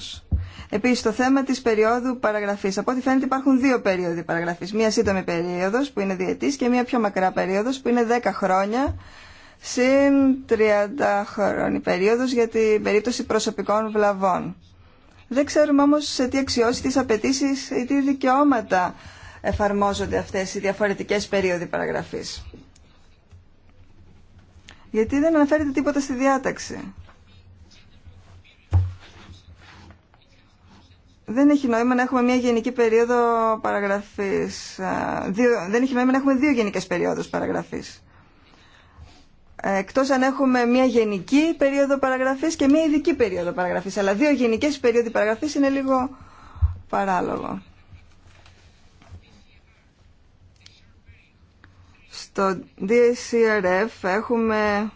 Επίση, το θέμα τη περίοδου παραγραφής. Από ό,τι φαίνεται υπάρχουν δύο περίοδοι παραγραφή, Μία σύντομη περίοδο, που είναι διετή και μία πιο μακρά περίοδο, που είναι 10 χρόνια συν 30 χρόνια περίοδο για την περίπτωση προσωπικών βλαβών. Δεν ξέρουμε όμω σε τι αξιώσει, τι απαιτήσει ή τι δικαιώματα εφαρμόζονται αυτέ οι διαφορετικέ περίοδοι παραγραφή γιατί δεν αναφέρεται τίποτα στη διάταξη. Δεν έχει νόημα να έχουμε μια γενική περίοδο παραγραφής. δεν έχει νόημα να έχουμε δύο γενικές περίοδους παραγραφής. Εκτός αν έχουμε μια γενική περίοδο παραγραφής και μια ειδική περίοδο παραγραφής. Αλλά δύο γενικές περίοδοι παραγραφής είναι λίγο παράλογο. Στο DCRF έχουμε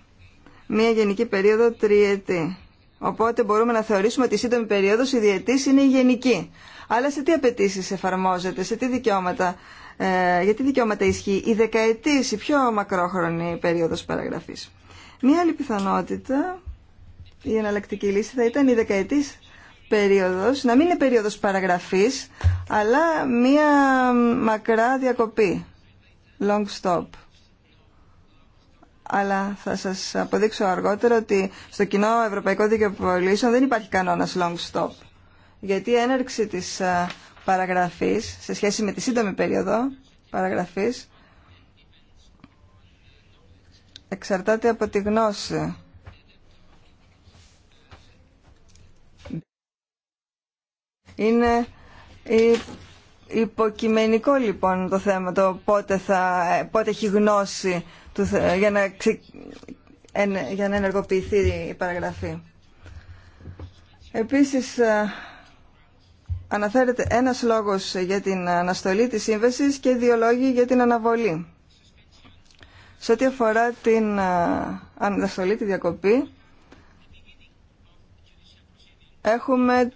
μία γενική περίοδο τριετή. Οπότε μπορούμε να θεωρήσουμε ότι η σύντομη περίοδος, η διετής, είναι η γενική. Αλλά σε τι απαιτήσει εφαρμόζεται, σε τι δικαιώματα, ε, για τι δικαιώματα ισχύει η δεκαετής, η πιο μακρόχρονη περίοδος παραγραφής. Μία άλλη πιθανότητα, η εναλλακτική λύση, θα ήταν η δεκαετής περίοδος, να μην είναι περίοδος παραγραφής, αλλά μία μακρά διακοπή, long stop αλλά θα σας αποδείξω αργότερα ότι στο κοινό ευρωπαϊκό δίκαιο πολίσεων δεν υπάρχει κανόνας long stop. Γιατί η έναρξη της ε, παραγραφής, σε σχέση με τη σύντομη περίοδο παραγραφής, εξαρτάται από τη γνώση. Είναι η υποκειμενικό λοιπόν το θέμα το πότε, θα, ε, πότε έχει γνώση για, να ενεργοποιηθεί η παραγραφή. Επίσης, ε, αναφέρεται ένας λόγος για την αναστολή της σύμβασης και δύο λόγοι για την αναβολή. Σε ό,τι αφορά την ε, αναστολή, τη διακοπή, έχουμε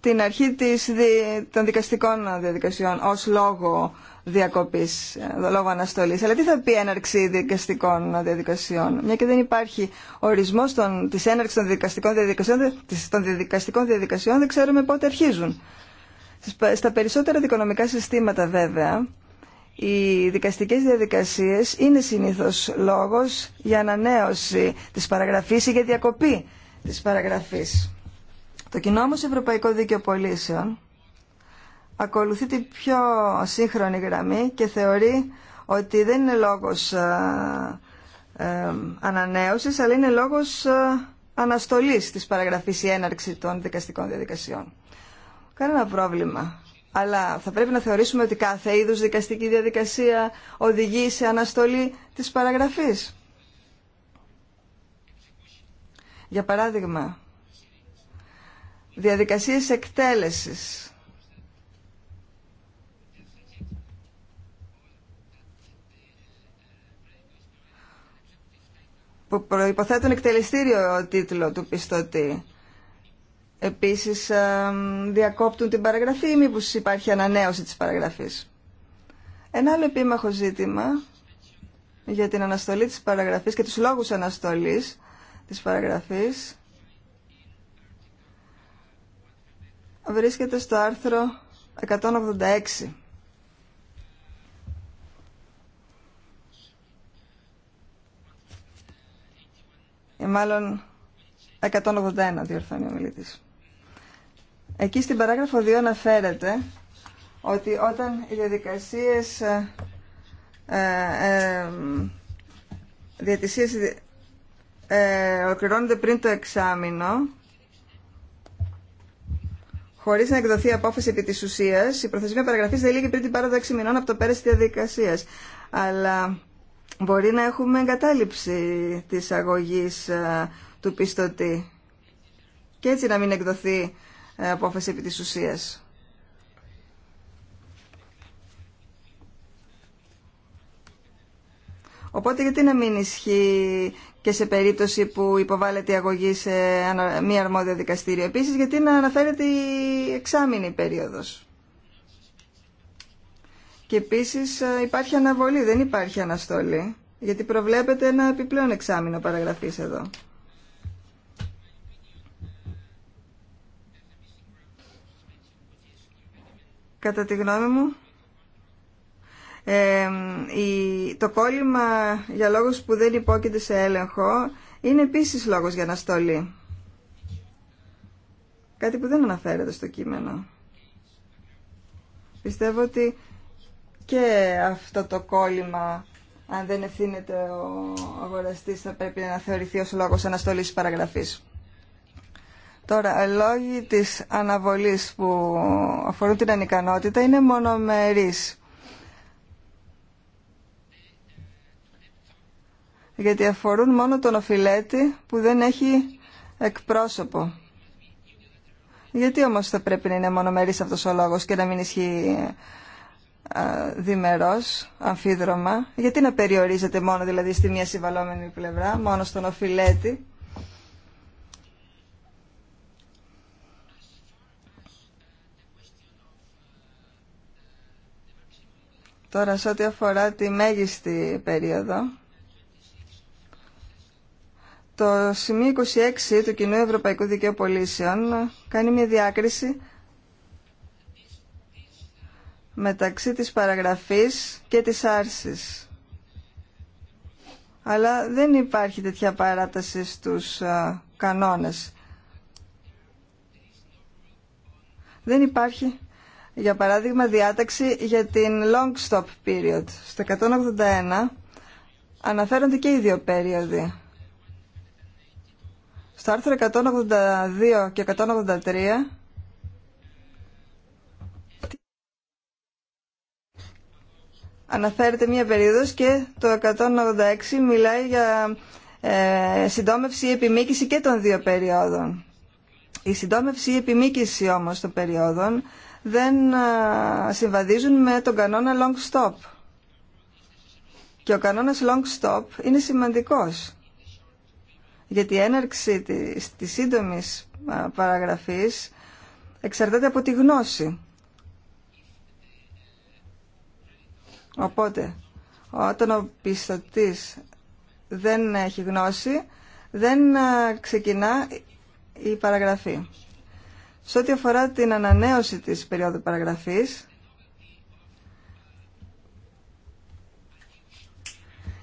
την αρχή της, των δικαστικών διαδικασιών ως λόγο διακοπής, ε, λόγω αναστολής. Αλλά τι θα πει έναρξη δικαστικών διαδικασιών, μια και δεν υπάρχει ορισμός τη της έναρξης των δικαστικών διαδικασιών, των δικαστικών διαδικασιών δεν ξέρουμε πότε αρχίζουν. Στα περισσότερα δικονομικά συστήματα βέβαια, οι δικαστικές διαδικασίες είναι συνήθως λόγος για ανανέωση της παραγραφής ή για διακοπή της παραγραφής. Το κοινό Ευρωπαϊκό Δίκαιο Πολίσεων ακολουθεί την πιο σύγχρονη γραμμή και θεωρεί ότι δεν είναι λόγος ε, ε, ανανέωσης, αλλά είναι λόγος ε, αναστολής της παραγραφής η έναρξη των δικαστικών διαδικασιών. Κανένα πρόβλημα. Αλλά θα πρέπει να θεωρήσουμε ότι κάθε είδους δικαστική διαδικασία οδηγεί σε αναστολή της παραγραφής. Για παράδειγμα, διαδικασίες εκτέλεσης που προϋποθέτουν εκτελεστήριο τίτλο του πιστωτή. Επίσης ε, διακόπτουν την παραγραφή ή μήπως υπάρχει ανανέωση της παραγραφής. Ένα άλλο επίμαχο ζήτημα για την αναστολή της παραγραφής και τους λόγους αναστολής της παραγραφής βρίσκεται στο άρθρο 186 ή ε, μάλλον 181 διορθώνει ο μιλητή. Εκεί στην παράγραφο 2 αναφέρεται ότι όταν οι διαδικασίες ε, ε, ε, ολοκληρώνονται πριν το εξάμεινο, χωρίς να εκδοθεί απόφαση επί της ουσίας, η προθεσμία παραγραφής δεν πριν την πάροδο 6 μηνών από το πέρας της διαδικασίας. Αλλά μπορεί να έχουμε εγκατάλειψη της αγωγής ε, του πιστωτή και έτσι να μην εκδοθεί ε, απόφαση επί της ουσίας. Οπότε γιατί να μην ισχύει και σε περίπτωση που υποβάλλεται η αγωγή σε μία αρμόδιο δικαστήριο. Επίσης γιατί να αναφέρεται η εξάμηνη περίοδος. Και επίση ε, υπάρχει αναβολή, δεν υπάρχει αναστολή, γιατί προβλέπεται ένα επιπλέον εξάμεινο παραγραφής εδώ. Κατά τη γνώμη μου, η, το κόλλημα για λόγους που δεν υπόκειται σε έλεγχο είναι επίσης λόγος για αναστολή. Κάτι που δεν αναφέρεται στο κείμενο. Πιστεύω ότι και αυτό το κόλλημα, αν δεν ευθύνεται ο αγοραστής, θα πρέπει να θεωρηθεί ως λόγος αναστολής παραγραφής. Τώρα, λόγοι της αναβολής που αφορούν την ανικανότητα είναι μονομερείς. Γιατί αφορούν μόνο τον οφηλέτη που δεν έχει εκπρόσωπο. Γιατί όμως θα πρέπει να είναι μονομερείς αυτός ο λόγος και να μην ισχύει διμερός, αμφίδρομα. Γιατί να περιορίζεται μόνο δηλαδή στη μία συμβαλόμενη πλευρά, μόνο στον οφειλέτη. Τώρα, σε ό,τι αφορά τη μέγιστη περίοδο, το σημείο 26 του Κοινού Ευρωπαϊκού Δικαίου Πολίσεων κάνει μια διάκριση μεταξύ της παραγραφής και της άρσης. Αλλά δεν υπάρχει τέτοια παράταση στους ε, κανόνες. Δεν υπάρχει, για παράδειγμα, διάταξη για την long stop period. Στο 181 αναφέρονται και οι δύο περίοδοι. Στο άρθρο 182 και 183 αναφέρεται μία περίοδος και το 186 μιλάει για ε, συντόμευση ή επιμήκυση και των δύο περίοδων. Η συντόμευση ή επιμήκυση όμως των περίοδων δεν συμβαδίζουν με τον κανόνα long stop. Και ο κανόνας long stop είναι σημαντικός. Γιατί η έναρξη της, της σύντομης παραγραφής εξαρτάται από τη γνώση. Οπότε, όταν ο πιστωτής δεν έχει γνώση, δεν ξεκινά η παραγραφή. Σε ό,τι αφορά την ανανέωση της περίοδου παραγραφής,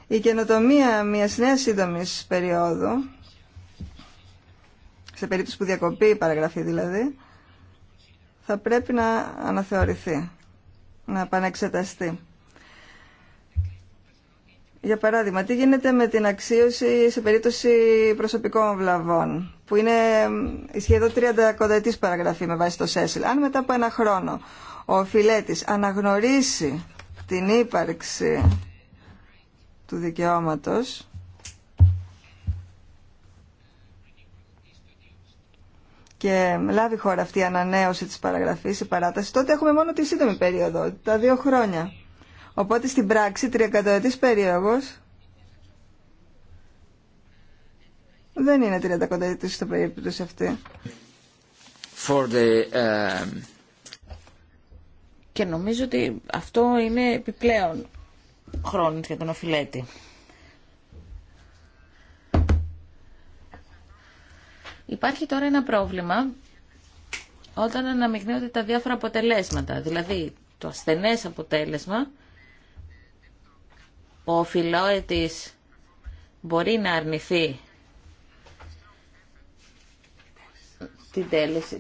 η καινοτομία μιας νέας σύντομης περίοδου, σε περίπτωση που διακοπεί η παραγραφή δηλαδή, θα πρέπει να αναθεωρηθεί, να επανεξεταστεί. Για παράδειγμα, τι γίνεται με την αξίωση σε περίπτωση προσωπικών βλαβών, που είναι σχεδόν 30 κοντατή παραγραφή με βάση το ΣΕΣΙΛ. Αν μετά από ένα χρόνο ο φιλέτης αναγνωρίσει την ύπαρξη του δικαιώματος, και λάβει χώρα αυτή η ανανέωση της παραγραφής, η παράταση, τότε έχουμε μόνο τη σύντομη περίοδο, τα δύο χρόνια. Οπότε στην πράξη τριακατοετής περίοδος δεν είναι τριακατοετής στο περίπτωση αυτή. For the, um, Και νομίζω ότι αυτό είναι επιπλέον χρόνο για τον οφηλέτη. Υπάρχει τώρα ένα πρόβλημα όταν αναμειγνύονται τα διάφορα αποτελέσματα. Δηλαδή, το ασθενές αποτέλεσμα ο φιλόετης μπορεί να αρνηθεί την,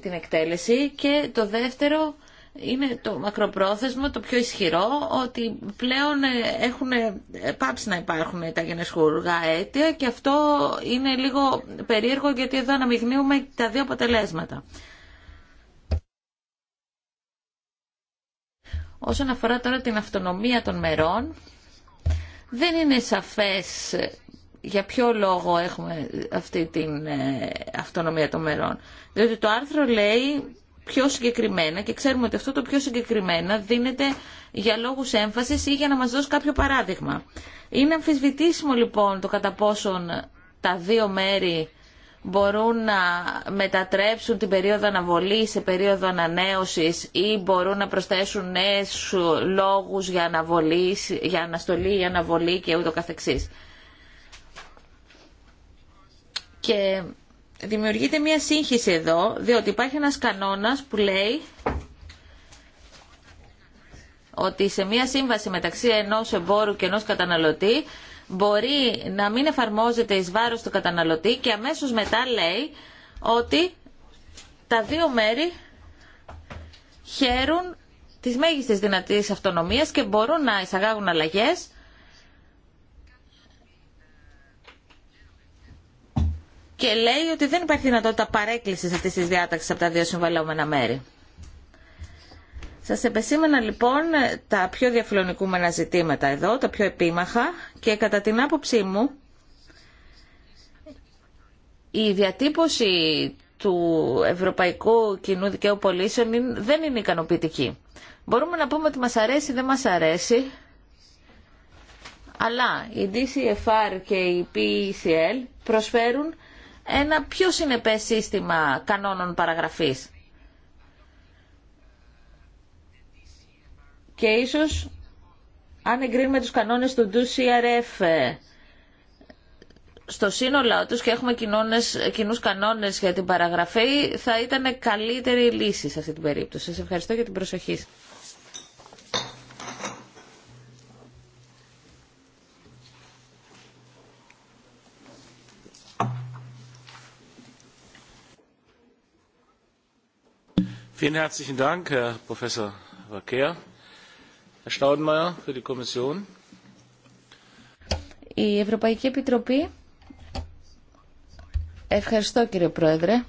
την εκτέλεση και το δεύτερο είναι το μακροπρόθεσμο, το πιο ισχυρό, ότι πλέον ε, έχουν ε, πάψει να υπάρχουν τα γενεσχουργά αίτια και αυτό είναι λίγο περίεργο γιατί εδώ αναμειγνύουμε τα δύο αποτελέσματα. Όσον αφορά τώρα την αυτονομία των μερών, δεν είναι σαφές για ποιο λόγο έχουμε αυτή την ε, αυτονομία των μερών. Διότι το άρθρο λέει πιο συγκεκριμένα και ξέρουμε ότι αυτό το πιο συγκεκριμένα δίνεται για λόγους έμφασης ή για να μας δώσει κάποιο παράδειγμα. Είναι αμφισβητήσιμο λοιπόν το κατά πόσον τα δύο μέρη μπορούν να μετατρέψουν την περίοδο αναβολή σε περίοδο ανανέωσης ή μπορούν να προσθέσουν νέες λόγους για, για αναστολή ή αναβολή και ούτω καθεξής. Και δημιουργείται μια σύγχυση εδώ, διότι υπάρχει ένας κανόνας που λέει ότι σε μια σύμβαση μεταξύ ενός εμπόρου και ενός καταναλωτή μπορεί να μην εφαρμόζεται εις βάρος του καταναλωτή και αμέσως μετά λέει ότι τα δύο μέρη χαίρουν της μέγιστης δυνατής αυτονομίας και μπορούν να εισαγάγουν αλλαγές και λέει ότι δεν υπάρχει δυνατότητα παρέκκλησης αυτής της διάταξης από τα δύο συμβαλόμενα μέρη. Σας επεσήμενα λοιπόν τα πιο διαφιλονικούμενα ζητήματα εδώ, τα πιο επίμαχα και κατά την άποψή μου η διατύπωση του Ευρωπαϊκού Κοινού Δικαίου Πολίσεων δεν είναι ικανοποιητική. Μπορούμε να πούμε ότι μας αρέσει ή δεν μας αρέσει, αλλά η DCFR και η PECL προσφέρουν ένα πιο συνεπές σύστημα κανόνων παραγραφής. και ίσως αν εγκρίνουμε τους κανόνες του DCRF ε, στο σύνολό τους και έχουμε κοινώνες, κοινούς κανόνες για την παραγραφή θα ήταν καλύτερη η λύση σε αυτή την περίπτωση. Σας ευχαριστώ για την προσοχή σας. Vielen herzlichen Dank, Herr η Ευρωπαϊκή Επιτροπή. Ευχαριστώ κύριε Πρόεδρε.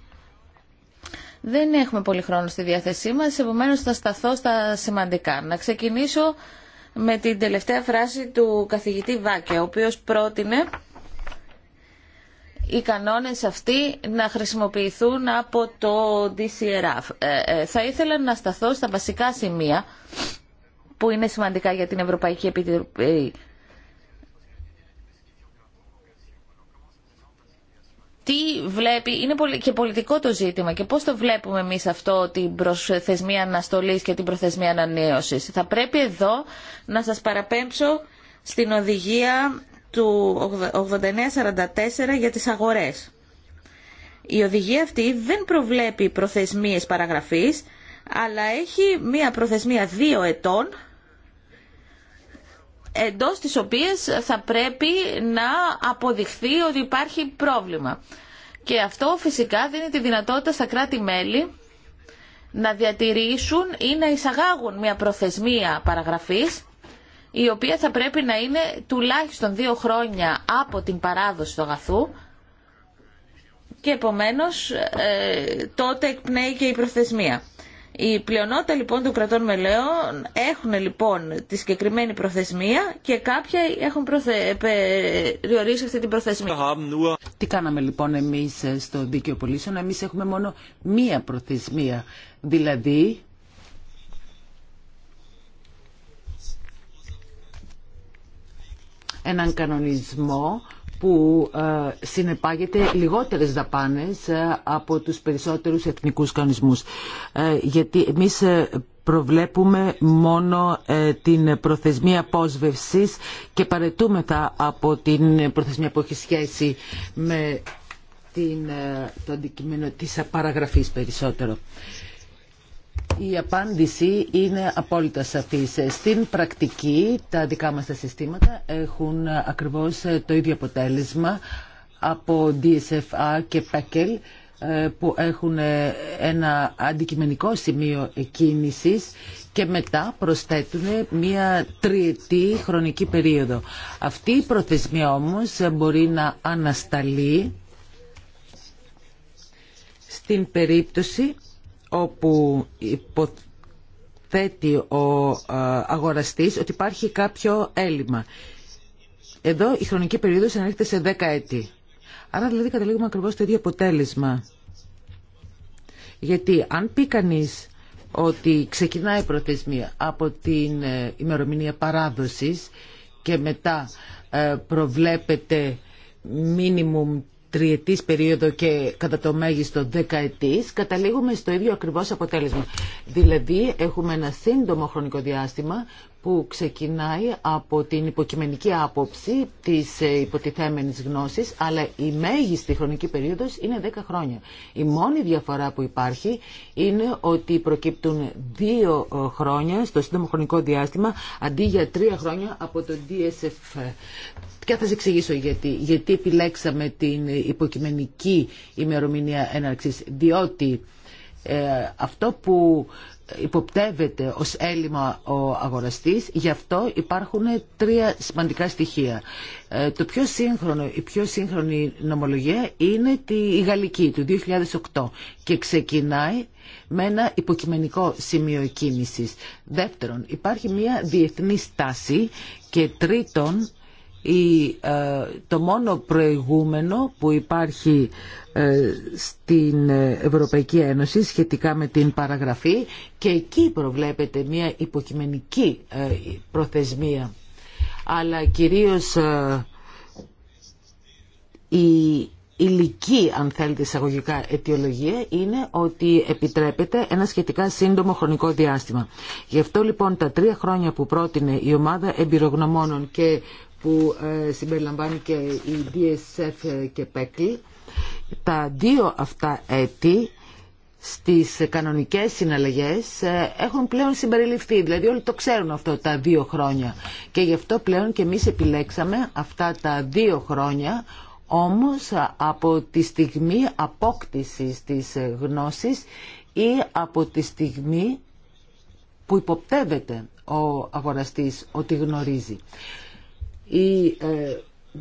Δεν έχουμε πολύ χρόνο στη διάθεσή μας, επομένως θα σταθώ στα σημαντικά. Να ξεκινήσω με την τελευταία φράση του καθηγητή Βάκε, ο οποίος πρότεινε οι κανόνες αυτοί να χρησιμοποιηθούν από το DCRF. Ε, ε θα ήθελα να σταθώ στα βασικά σημεία που είναι σημαντικά για την Ευρωπαϊκή Επιτροπή. τι βλέπει, είναι και πολιτικό το ζήτημα και πώς το βλέπουμε εμείς αυτό την προθεσμία αναστολής και την προθεσμία ανανέωσης. Θα πρέπει εδώ να σας παραπέμψω στην οδηγία του 8944 για τις αγορές. Η οδηγία αυτή δεν προβλέπει προθεσμίες παραγραφής, αλλά έχει μία προθεσμία δύο ετών εντός της οποίας θα πρέπει να αποδειχθεί ότι υπάρχει πρόβλημα. Και αυτό φυσικά δίνει τη δυνατότητα στα κράτη-μέλη να διατηρήσουν ή να εισαγάγουν μια προθεσμία παραγραφής η οποία θα πρέπει να είναι τουλάχιστον δύο χρόνια από την παράδοση του αγαθού και επομένως ε, τότε εκπνέει και η προθεσμία. Η πλειονότητα λοιπόν των κρατών μελέων έχουν λοιπόν τη συγκεκριμένη προθεσμία και κάποια έχουν προθε... περιορίσει αυτή την προθεσμία. Τι κάναμε λοιπόν εμείς στο δίκαιο πολίσεων, εμείς έχουμε μόνο μία προθεσμία, δηλαδή έναν κανονισμό που ε, συνεπάγεται λιγότερες δαπάνες ε, από τους περισσότερους εθνικούς κανονισμούς. Ε, γιατί εμείς προβλέπουμε μόνο την προθεσμία απόσβευσης και παρετούμεθα από την προθεσμία που έχει σχέση με την, το αντικείμενο της παραγραφής περισσότερο. Η απάντηση είναι απόλυτα σαφής. Στην πρακτική τα δικά μας τα συστήματα έχουν ακριβώς το ίδιο αποτέλεσμα από DSFA και PECL ε, που έχουν ε, ένα αντικειμενικό σημείο κίνησης και μετά προσθέτουν μία τριετή χρονική περίοδο. Αυτή η προθεσμία όμως μπορεί να ανασταλεί στην περίπτωση όπου υποθέτει ο ε, αγοραστής ότι υπάρχει κάποιο έλλειμμα. Εδώ η χρονική περίοδος ανέρχεται σε 10 έτη. Άρα δηλαδή καταλήγουμε ακριβώς το ίδιο αποτέλεσμα. Γιατί αν πει κανεί ότι ξεκινάει η προθεσμία από την ε, ημερομηνία παράδοσης και μετά ε, προβλέπεται μίνιμουμ τριετής περίοδο και κατά το μέγιστο δεκαετής, καταλήγουμε στο ίδιο ακριβώς αποτέλεσμα. Δηλαδή έχουμε ένα σύντομο χρονικό διάστημα που ξεκινάει από την υποκειμενική άποψη της ε, υποτιθέμενης γνώσης, αλλά η μέγιστη χρονική περίοδος είναι 10 χρόνια. Η μόνη διαφορά που υπάρχει είναι ότι προκύπτουν 2 ε, χρόνια στο σύντομο χρονικό διάστημα, αντί για 3 χρόνια από το DSF. Και θα σας εξηγήσω γιατί. Γιατί επιλέξαμε την υποκειμενική ημερομηνία έναρξης, διότι... Ε, αυτό που υποπτεύεται ως έλλειμμα ο αγοραστής, γι' αυτό υπάρχουν τρία σημαντικά στοιχεία. Ε, το πιο σύγχρονο, η πιο σύγχρονη νομολογία είναι η γαλλική του 2008 και ξεκινάει με ένα υποκειμενικό σημείο κίνησης. Δεύτερον, υπάρχει μια διεθνή στάση και τρίτον, η, ε, το μόνο προηγούμενο που υπάρχει ε, στην Ευρωπαϊκή Ένωση σχετικά με την παραγραφή και εκεί προβλέπεται μια υποκειμενική ε, προθεσμία αλλά κυρίως η ηλική αν θέλετε εισαγωγικά αιτιολογία είναι ότι επιτρέπεται ένα σχετικά σύντομο χρονικό διάστημα. Γι' αυτό λοιπόν τα τρία χρόνια που πρότεινε η ομάδα εμπειρογνωμόνων και που ε, συμπεριλαμβάνει και η DSF και PECL. Τα δύο αυτά έτη στις κανονικές συναλλαγές ε, έχουν πλέον συμπεριληφθεί. Δηλαδή όλοι το ξέρουν αυτό τα δύο χρόνια. Και γι' αυτό πλέον και εμείς επιλέξαμε αυτά τα δύο χρόνια όμως ε, από τη στιγμή απόκτησης της γνώσης ή από τη στιγμή που υποπτεύεται ο αγοραστής ότι γνωρίζει. Η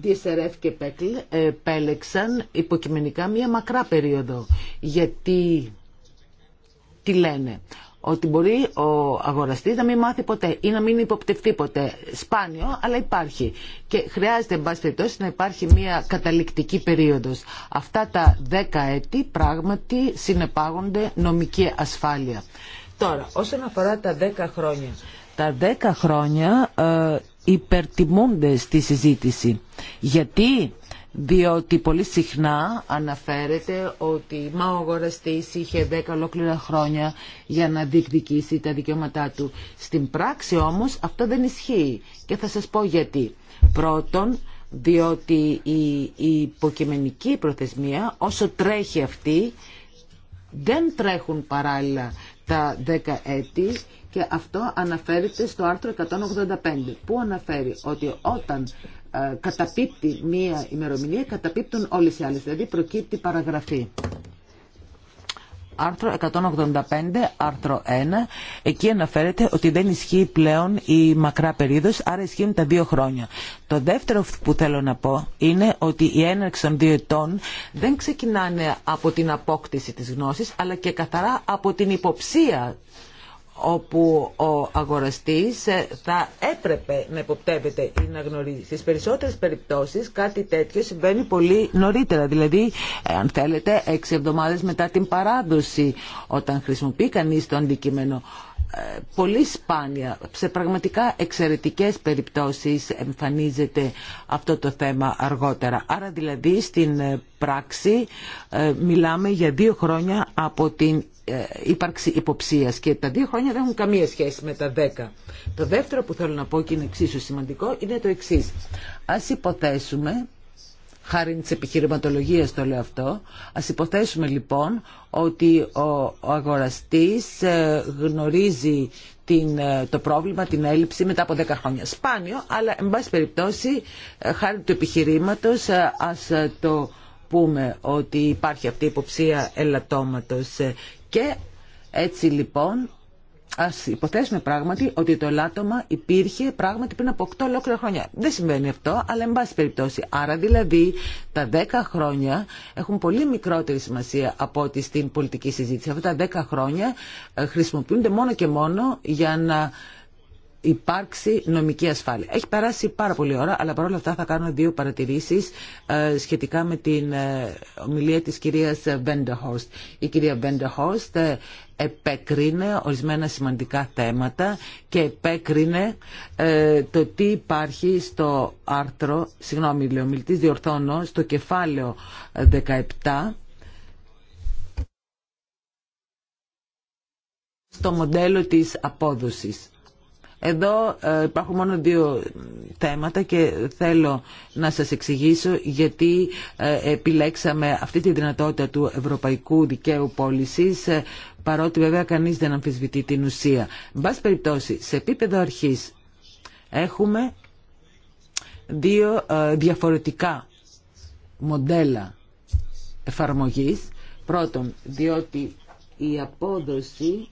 DSRF ε, και ΠΕΚΛ ε, επέλεξαν υποκειμενικά μία μακρά περίοδο. Γιατί τι λένε, ότι μπορεί ο αγοραστής να μην μάθει ποτέ ή να μην υποπτευτεί ποτέ. Σπάνιο, αλλά υπάρχει. Και χρειάζεται, εν να υπάρχει μια καταληκτική περίοδος. Αυτά τα δέκα έτη πράγματι συνεπάγονται νομική ασφάλεια. Τώρα, όσον αφορά τα δέκα χρόνια. Τα δέκα χρόνια ε, υπερτιμούνται στη συζήτηση. Γιατί διότι πολύ συχνά αναφέρεται ότι μα ο αγοραστής είχε 10 ολόκληρα χρόνια για να διεκδικήσει τα δικαιώματά του. Στην πράξη όμως αυτό δεν ισχύει και θα σας πω γιατί. Πρώτον, διότι η υποκειμενική προθεσμία όσο τρέχει αυτή δεν τρέχουν παράλληλα τα 10 έτη και αυτό αναφέρεται στο άρθρο 185 που αναφέρει ότι όταν ε, καταπίπτει μία ημερομηνία καταπίπτουν όλες οι άλλες, δηλαδή προκύπτει παραγραφή. Άρθρο 185, άρθρο 1, εκεί αναφέρεται ότι δεν ισχύει πλέον η μακρά περίοδος, άρα ισχύουν τα δύο χρόνια. Το δεύτερο που θέλω να πω είναι ότι οι έναρξη των δύο ετών δεν ξεκινάνε από την απόκτηση της γνώσης, αλλά και καθαρά από την υποψία όπου ο αγοραστής ε, θα έπρεπε να υποπτεύεται ή να γνωρίζει. Στις περισσότερες περιπτώσεις κάτι τέτοιο συμβαίνει πολύ νωρίτερα, δηλαδή ε, αν θέλετε έξι εβδομάδες μετά την παράδοση όταν χρησιμοποιεί κανείς το αντικείμενο. Ε, πολύ σπάνια, σε πραγματικά εξαιρετικές περιπτώσεις εμφανίζεται αυτό το θέμα αργότερα. Άρα δηλαδή στην πράξη μιλάμε για δύο χρόνια από την ε, ύπαρξη υποψίας και τα δύο χρόνια δεν έχουν καμία σχέση με τα δέκα. Το δεύτερο που θέλω να πω και είναι εξίσου σημαντικό είναι το εξής. Ας υποθέσουμε χάρη της επιχειρηματολογίας το λέω αυτό. Ας υποθέσουμε λοιπόν ότι ο αγοραστής ε, γνωρίζει την, ε, το πρόβλημα, την έλλειψη μετά από 10 χρόνια. Σπάνιο, αλλά εν πάση περιπτώσει χάρη του επιχειρήματος ας το πούμε ότι υπάρχει αυτή η υποψία ελαττώματος και έτσι λοιπόν ας υποθέσουμε πράγματι ότι το ελάττωμα υπήρχε πράγματι πριν από 8 ολόκληρα χρόνια. Δεν συμβαίνει αυτό, αλλά εν πάση περιπτώσει. Άρα δηλαδή τα 10 χρόνια έχουν πολύ μικρότερη σημασία από ότι στην πολιτική συζήτηση. Αυτά τα 10 χρόνια ε, χρησιμοποιούνται μόνο και μόνο για να υπάρξει νομική ασφάλεια. Έχει περάσει πάρα πολύ ώρα, αλλά παρόλα αυτά θα κάνω δύο παρατηρήσεις ε, σχετικά με την ε, ομιλία της κυρίας Βέντεχόρστ. Η κυρία Βέντεχόρστ ε, επέκρινε ορισμένα σημαντικά θέματα και επέκρινε το τι υπάρχει στο άρθρο, συγγνώμη, μιλητής, διορθώνω, στο κεφάλαιο 17, στο μοντέλο της απόδοσης. Εδώ ε, υπάρχουν μόνο δύο θέματα και θέλω να σας εξηγήσω γιατί ε, επιλέξαμε αυτή τη δυνατότητα του Ευρωπαϊκού Δικαίου Πώλησης ε, παρότι βέβαια κανείς δεν αμφισβητεί την ουσία. Εν περιπτώσει, σε επίπεδο αρχής έχουμε δύο διαφορετικά μοντέλα εφαρμογής. Πρώτον, διότι η απόδοση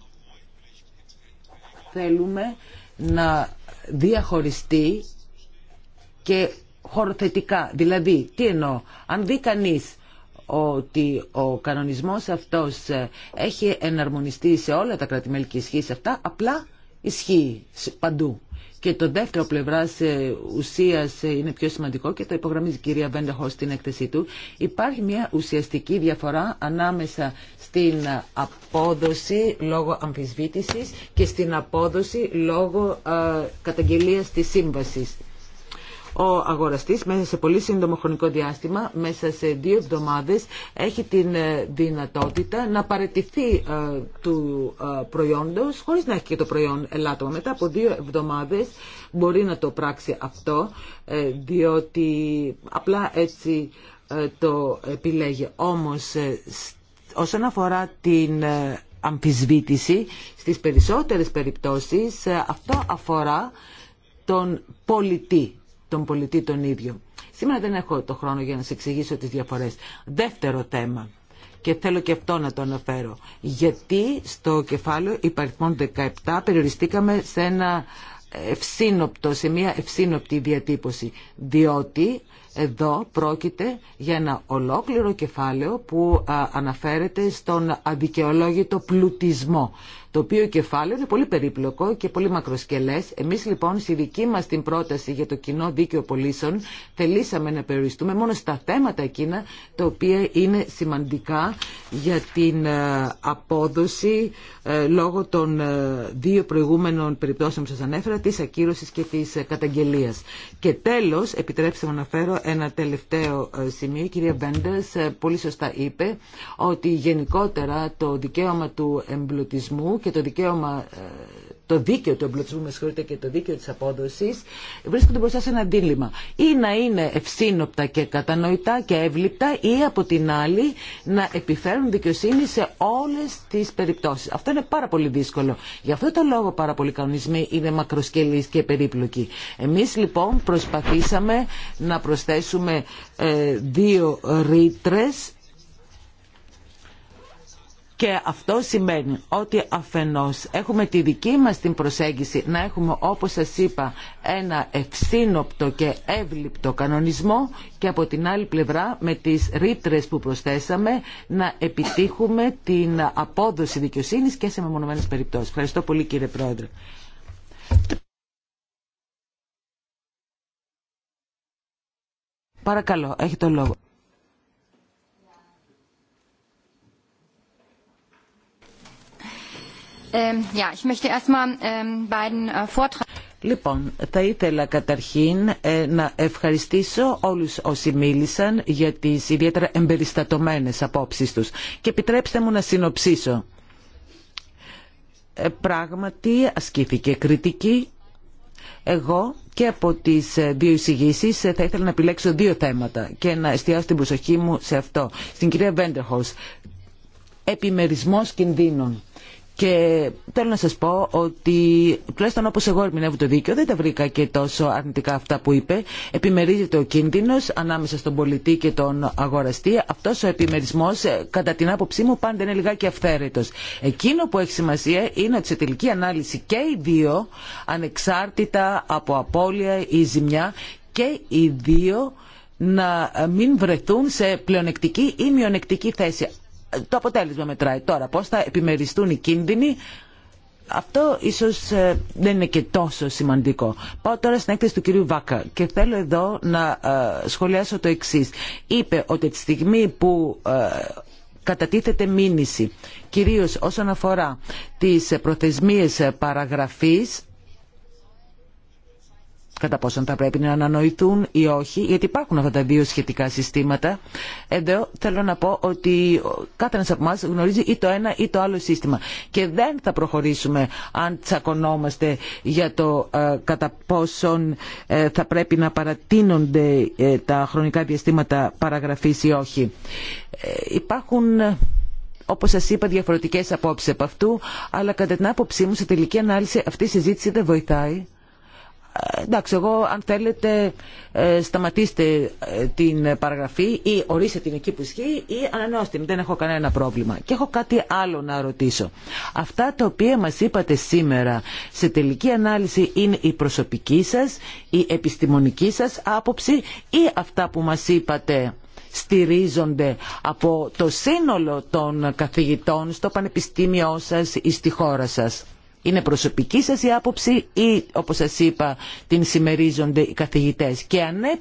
θέλουμε να διαχωριστεί και χωροθετικά. Δηλαδή, τι εννοώ, αν δει κανεί ότι ο κανονισμός αυτός ε, έχει εναρμονιστεί σε όλα τα κρατημέλη και ισχύει σε αυτά, απλά ισχύει παντού. Και το δεύτερο πλευρά ε, ουσία ε, είναι πιο σημαντικό και το υπογραμμίζει η κυρία Βέντεχο στην έκθεσή του. Υπάρχει μια ουσιαστική διαφορά ανάμεσα στην απόδοση λόγω αμφισβήτησης και στην απόδοση λόγω ε, καταγγελίας της σύμβασης. Ο αγοραστής μέσα σε πολύ σύντομο χρονικό διάστημα, μέσα σε δύο εβδομάδες, έχει την ε, δυνατότητα να παραιτηθεί ε, του προϊόντος χωρίς να έχει και το προϊόν ελάττωμα. Μετά από δύο εβδομάδες μπορεί να το πράξει αυτό, διότι απλά έτσι το επιλέγει. Όμως Όσον αφορά την ε, αμφισβήτηση, στις περισσότερες περιπτώσεις ε, αυτό αφορά τον πολιτή, τον πολιτή τον ίδιο. Σήμερα δεν έχω το χρόνο για να σε εξηγήσω τις διαφορές. Δεύτερο θέμα και θέλω και αυτό να το αναφέρω. Γιατί στο κεφάλαιο υπαριθμών 17 περιοριστήκαμε σε ένα ευσύνοπτο, σε μια ευσύνοπτη διατύπωση. Διότι εδώ πρόκειται για ένα ολόκληρο κεφάλαιο που αναφέρεται στον αδικαιολόγητο πλουτισμό το οποίο κεφάλαιο είναι πολύ περίπλοκο και πολύ μακροσκελές. Εμείς λοιπόν στη δική μας την πρόταση για το κοινό δίκαιο πολίσεων θελήσαμε να περιοριστούμε μόνο στα θέματα εκείνα τα οποία είναι σημαντικά για την ε, απόδοση ε, λόγω των ε, δύο προηγούμενων περιπτώσεων που σας ανέφερα, της ακύρωσης και της καταγγελίας. Και τέλος, επιτρέψτε μου να φέρω ένα τελευταίο σημείο. Η κυρία ε, πολύ σωστά είπε ότι γενικότερα το δικαίωμα του εμπλουτισμού και το δικαίωμα, ε, το δίκαιο του εμπλουτισμού, με και το δίκαιο της απόδοση, βρίσκονται μπροστά σε ένα αντίλημα. Ή να είναι ευσύνοπτα και κατανοητά και εύληπτα ή από την άλλη να επιφέρουν δικαιοσύνη σε όλες τις περιπτώσεις. Αυτό είναι πάρα πολύ δύσκολο. Γι' αυτό το λόγο πάρα πολλοί κανονισμοί είναι μακροσκελείς και περίπλοκοι. Εμεί, λοιπόν προσπαθήσαμε να προσθέσουμε ε, δύο ρήτρε. Και αυτό σημαίνει ότι αφενός έχουμε τη δική μας την προσέγγιση να έχουμε όπως σας είπα ένα ευσύνοπτο και εύληπτο κανονισμό και από την άλλη πλευρά με τις ρήτρε που προσθέσαμε να επιτύχουμε την απόδοση δικαιοσύνης και σε μεμονωμένες περιπτώσεις. Ευχαριστώ πολύ κύριε Πρόεδρε. Παρακαλώ, έχει το λόγο. Ähm, ähm, äh, λοιπόν, θα ήθελα καταρχήν ε, να ευχαριστήσω όλους όσοι μίλησαν για τις ιδιαίτερα εμπεριστατωμένες απόψεις τους. Και επιτρέψτε μου να συνοψίσω. Ε, πράγματι ασκήθηκε κριτική. Εγώ και από τις ε, δύο εισηγήσει θα ήθελα να επιλέξω δύο θέματα και να εστιάσω την προσοχή μου σε αυτό. Στην κυρία Βέντεχος, επιμερισμός κινδύνων και θέλω να σας πω ότι τουλάχιστον όπως εγώ ερμηνεύω το δίκαιο δεν τα βρήκα και τόσο αρνητικά αυτά που είπε. Επιμερίζεται ο κίνδυνος ανάμεσα στον πολιτή και τον αγοραστή. Αυτός ο επιμερισμός ε, κατά την άποψή μου πάντα είναι λιγάκι αυθαίρετος. Εκείνο που έχει σημασία είναι ότι σε τελική ανάλυση και οι δύο ανεξάρτητα από απώλεια ή ζημιά και οι δύο να μην βρεθούν σε πλεονεκτική ή μειονεκτική θέση το αποτέλεσμα μετράει. Τώρα πώς θα επιμεριστούν οι κίνδυνοι αυτό ίσως ε, δεν είναι και τόσο σημαντικό. Πάω τώρα στην έκθεση του κυρίου Βάκα και θέλω εδώ να ε, σχολιάσω το εξής. Είπε ότι τη στιγμή που ε, κατατίθεται μήνυση, κυρίως όσον αφορά τις προθεσμίες παραγραφής, κατά πόσον θα πρέπει να ανανοηθούν ή όχι, γιατί υπάρχουν αυτά τα δύο σχετικά συστήματα. Εδώ θέλω να πω ότι κάθε ένας από εμάς γνωρίζει ή το ένα ή το άλλο σύστημα. Και δεν θα προχωρήσουμε αν τσακωνόμαστε για το ε, κατά πόσον ε, θα πρέπει να παρατείνονται ε, τα χρονικά διαστήματα παραγραφής ή όχι. Υπάρχουν όπως σας είπα διαφορετικές απόψεις από αυτού, αλλά κατά την άποψή μου σε τελική ανάλυση αυτή η συζήτηση δεν βοηθάει εντάξει, εγώ αν θέλετε ε, σταματήστε ε, την παραγραφή ή ορίστε την εκεί που ισχύει ή ανανεώστε την. Δεν έχω κανένα πρόβλημα. Και έχω κάτι άλλο να ρωτήσω. Αυτά τα οποία μας είπατε σήμερα σε τελική ανάλυση είναι η προσωπική σας, η επιστημονική σας άποψη ή αυτά που μας είπατε στηρίζονται από το σύνολο των καθηγητών στο πανεπιστήμιό σας ή στη χώρα σας. Είναι προσωπική σας η άποψη ή όπως σας είπα την συμμερίζονται οι καθηγητές. Και αν ναι,